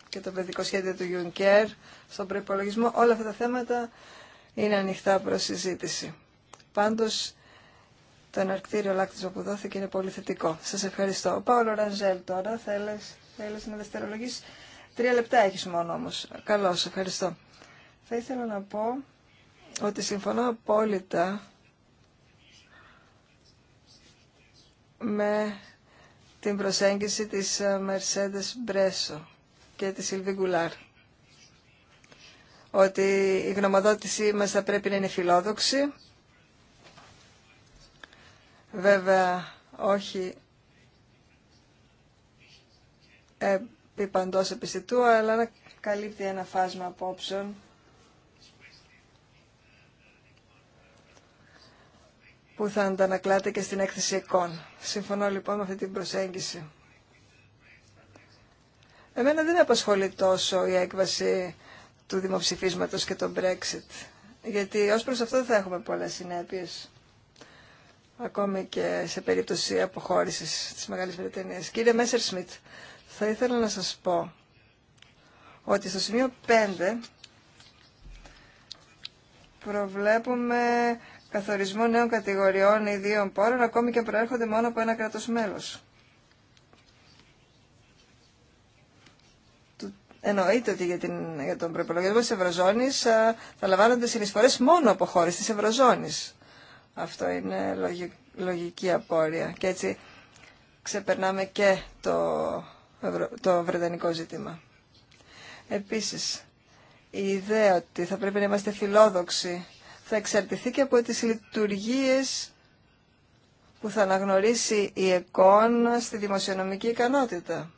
S1: και το παιδικό σχέδιο του Ιουνκέρ στον προϋπολογισμό. Όλα αυτά τα θέματα είναι ανοιχτά προς συζήτηση. Πάντως, το εναρκτήριο λάκτισμα που δόθηκε είναι πολύ θετικό. Σας ευχαριστώ. Ο Πάολο Ραζέλ τώρα, θέλεις, θέλεις να δευτερολογείς. Τρία λεπτά έχεις μόνο όμως. Καλώς, ευχαριστώ. Θα ήθελα να πω ότι συμφωνώ απόλυτα με την προσέγγιση της ε, Mercedes Μπρέσο και της Σιλβί Γκουλάρ. Ότι η γνωμοδότησή μας θα πρέπει να είναι φιλόδοξη. Βέβαια, όχι επί παντός επιστητού, αλλά να καλύπτει ένα φάσμα απόψεων που θα αντανακλάται και στην έκθεση εικόν. Συμφωνώ λοιπόν με αυτή την προσέγγιση. Εμένα δεν απασχολεί τόσο η έκβαση του δημοψηφίσματος και το Brexit, γιατί ως προς αυτό θα έχουμε πολλές συνέπειες, ακόμη και σε περίπτωση αποχώρησης της Μεγάλης Βρετανίας. Κύριε Μέσερ Σμιτ, θα ήθελα να σας πω ότι στο σημείο 5 προβλέπουμε καθορισμού νέων κατηγοριών ιδίων πόρων, ακόμη και προέρχονται μόνο από ένα κράτος μέλος. Εννοείται ότι για, την, για τον προπολογισμό της Ευρωζώνης θα λαμβάνονται συνεισφορές μόνο από χώρες της Ευρωζώνης. Αυτό είναι λογική απόρρεια. Και έτσι ξεπερνάμε και το, το βρετανικό ζήτημα. Επίσης, η ιδέα ότι θα πρέπει να είμαστε φιλόδοξοι θα εξαρτηθεί και από τις λειτουργίες που θα αναγνωρίσει η ΕΚΟΝ στη δημοσιονομική ικανότητα.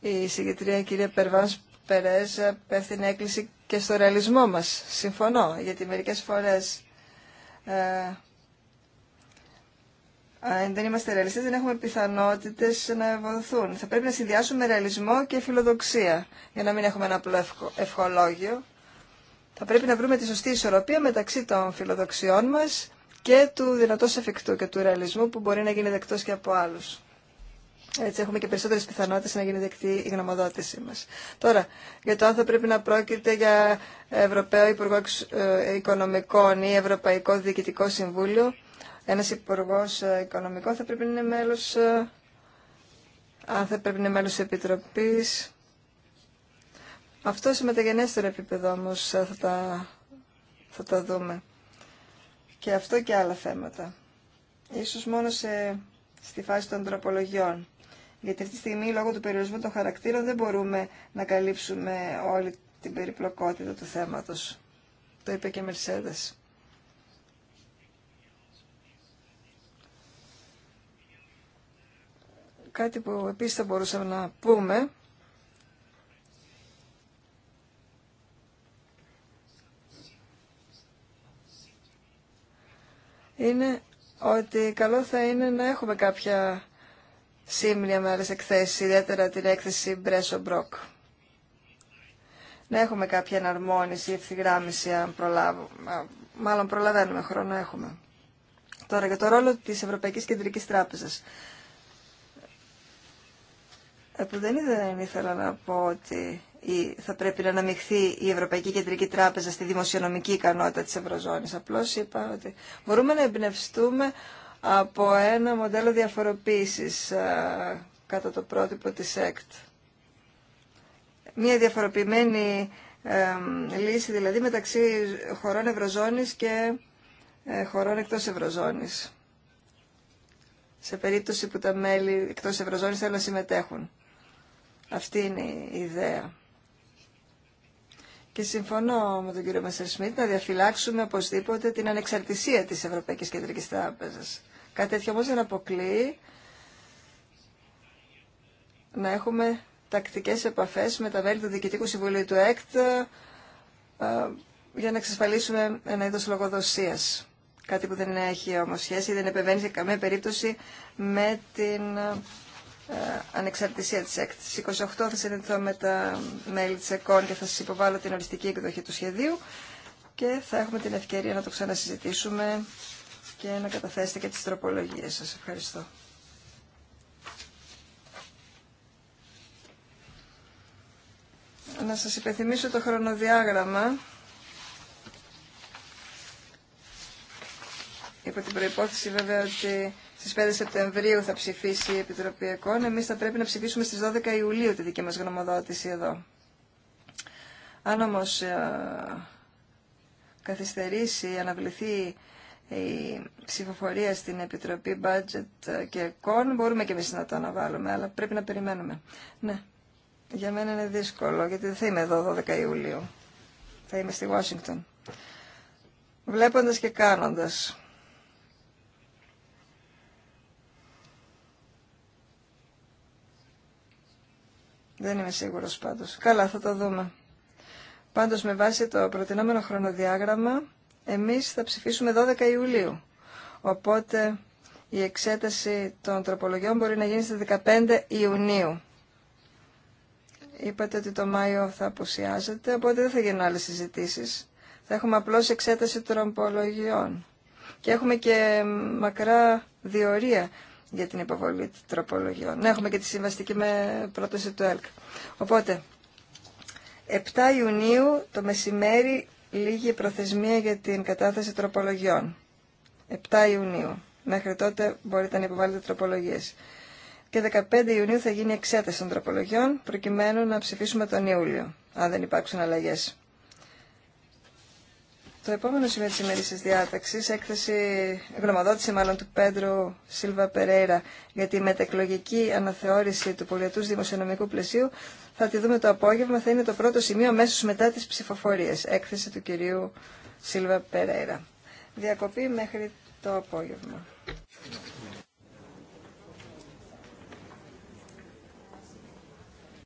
S1: Η συγκεκριά κυρία Περβάνς Περές πέφτει έκκληση και στο ρεαλισμό μας. Συμφωνώ, γιατί μερικές φορές ε, αν ε, δεν είμαστε ρεαλιστέ, δεν έχουμε πιθανότητε να ευοδοθούν. Θα πρέπει να συνδυάσουμε ρεαλισμό και φιλοδοξία για να μην έχουμε ένα απλό ευχολόγιο. Θα πρέπει να βρούμε τη σωστή ισορροπία μεταξύ των φιλοδοξιών μα και του δυνατό εφικτού και του ρεαλισμού που μπορεί να γίνει δεκτό και από άλλου. Έτσι έχουμε και περισσότερε πιθανότητε να γίνει δεκτή η γνωμοδότησή μα. Τώρα, για το αν θα πρέπει να πρόκειται για Ευρωπαίο Υπουργό ε, Οικονομικών ή Ευρωπαϊκό Διοικητικό Συμβούλιο, ένας υπουργό ε, οικονομικό θα πρέπει να είναι μέλος, ε, αν θα πρέπει να είναι μέλος Επιτροπής. Αυτό σε μεταγενέστερο επίπεδο όμως ε, θα τα, θα τα δούμε. Και αυτό και άλλα θέματα. Ίσως μόνο σε, στη φάση των τροπολογιών. Γιατί αυτή τη στιγμή λόγω του περιορισμού των χαρακτήρων δεν μπορούμε να καλύψουμε όλη την περιπλοκότητα του θέματος. Το είπε και η Μερσέδες. Κάτι που επίσης θα μπορούσαμε να πούμε είναι ότι καλό θα είναι να έχουμε κάποια σύμνοια με άλλες εκθέσεις, ιδιαίτερα την έκθεση Μπρέσο Μπρόκ. Να έχουμε κάποια εναρμόνιση, ευθυγράμμιση, αν προλάβουμε. Μάλλον προλαβαίνουμε, χρόνο έχουμε. Τώρα για το ρόλο της Ευρωπαϊκής Κεντρικής Τράπεζας. Ε, που δεν ήθελα να πω ότι θα πρέπει να αναμειχθεί η Ευρωπαϊκή Κεντρική Τράπεζα στη δημοσιονομική ικανότητα της Ευρωζώνης. Απλώς είπα ότι μπορούμε να εμπνευστούμε από ένα μοντέλο διαφοροποίησης ε, κατά το πρότυπο της ΕΚΤ. Μια διαφοροποιημένη λύση δηλαδή μεταξύ χωρών Ευρωζώνης και ε, χωρών εκτός Ευρωζώνης. Σε περίπτωση που τα μέλη εκτός Ευρωζώνης θέλουν να συμμετέχουν. Αυτή είναι η ιδέα. Και συμφωνώ με τον κύριο Μέσσερ Σμιτ να διαφυλάξουμε οπωσδήποτε την ανεξαρτησία της Ευρωπαϊκής Κεντρικής Τράπεζας. Κάτι τέτοιο όμως δεν αποκλείει να έχουμε τακτικές επαφές με τα μέλη του Διοικητικού Συμβουλίου του ΕΚΤ ε, για να εξασφαλίσουμε ένα είδος λογοδοσίας. Κάτι που δεν έχει όμως σχέση, δεν επεμβαίνει σε καμία περίπτωση με την ε, ε, ανεξαρτησία της Στις 28 θα συνδεθώ με τα μέλη της ΕΚΟΝ και θα σας υποβάλω την οριστική εκδοχή του σχεδίου και θα έχουμε την ευκαιρία να το ξανασυζητήσουμε και να καταθέσετε και τις τροπολογίες σας. Ευχαριστώ. Να σας υπενθυμίσω το χρονοδιάγραμμα. Υπό την προϋπόθεση βέβαια ότι στις 5 Σεπτεμβρίου θα ψηφίσει η Επιτροπή ΕΚΟΝ. Εμείς θα πρέπει να ψηφίσουμε στις 12 Ιουλίου τη δική μας γνωμοδότηση εδώ. Αν όμως ε, καθυστερήσει, αναβληθεί η ψηφοφορία στην Επιτροπή Budget και ΕΚΟΝ, μπορούμε και εμείς να το αναβάλουμε, αλλά πρέπει να περιμένουμε. Ναι, για μένα είναι δύσκολο, γιατί δεν θα είμαι εδώ 12 Ιουλίου. Θα είμαι στη Washington. Βλέποντας και κάνοντας. Δεν είμαι σίγουρος πάντως. Καλά, θα το δούμε. Πάντως με βάση το προτινόμενο χρονοδιάγραμμα, εμείς θα ψηφίσουμε 12 Ιουλίου. Οπότε η εξέταση των τροπολογιών μπορεί να γίνει στις 15 Ιουνίου. Είπατε ότι το Μάιο θα αποσιάζεται, οπότε δεν θα γίνουν άλλες συζητήσεις. Θα έχουμε απλώς εξέταση τροπολογιών. Και έχουμε και μακρά διορία για την υποβολή των τροπολογιών. Να έχουμε και τη συμβαστική με πρόταση του ΕΛΚ. Οπότε, 7 Ιουνίου το μεσημέρι λίγη προθεσμία για την κατάθεση τροπολογιών. 7 Ιουνίου. Μέχρι τότε μπορείτε να υποβάλλετε τροπολογίες. Και 15 Ιουνίου θα γίνει εξέταση των τροπολογιών προκειμένου να ψηφίσουμε τον Ιούλιο, αν δεν υπάρξουν αλλαγέ. Το επόμενο σημείο της ημερήσιας διάταξης, έκθεση, γνωμοδότηση μάλλον του Πέντρου Σίλβα Περέιρα για τη μετεκλογική αναθεώρηση του πολιετούς δημοσιονομικού πλαισίου, θα τη δούμε το απόγευμα, θα είναι το πρώτο σημείο αμέσω μετά τις ψηφοφορίες. Έκθεση του κυρίου Σίλβα Περέιρα. Διακοπή μέχρι το απόγευμα.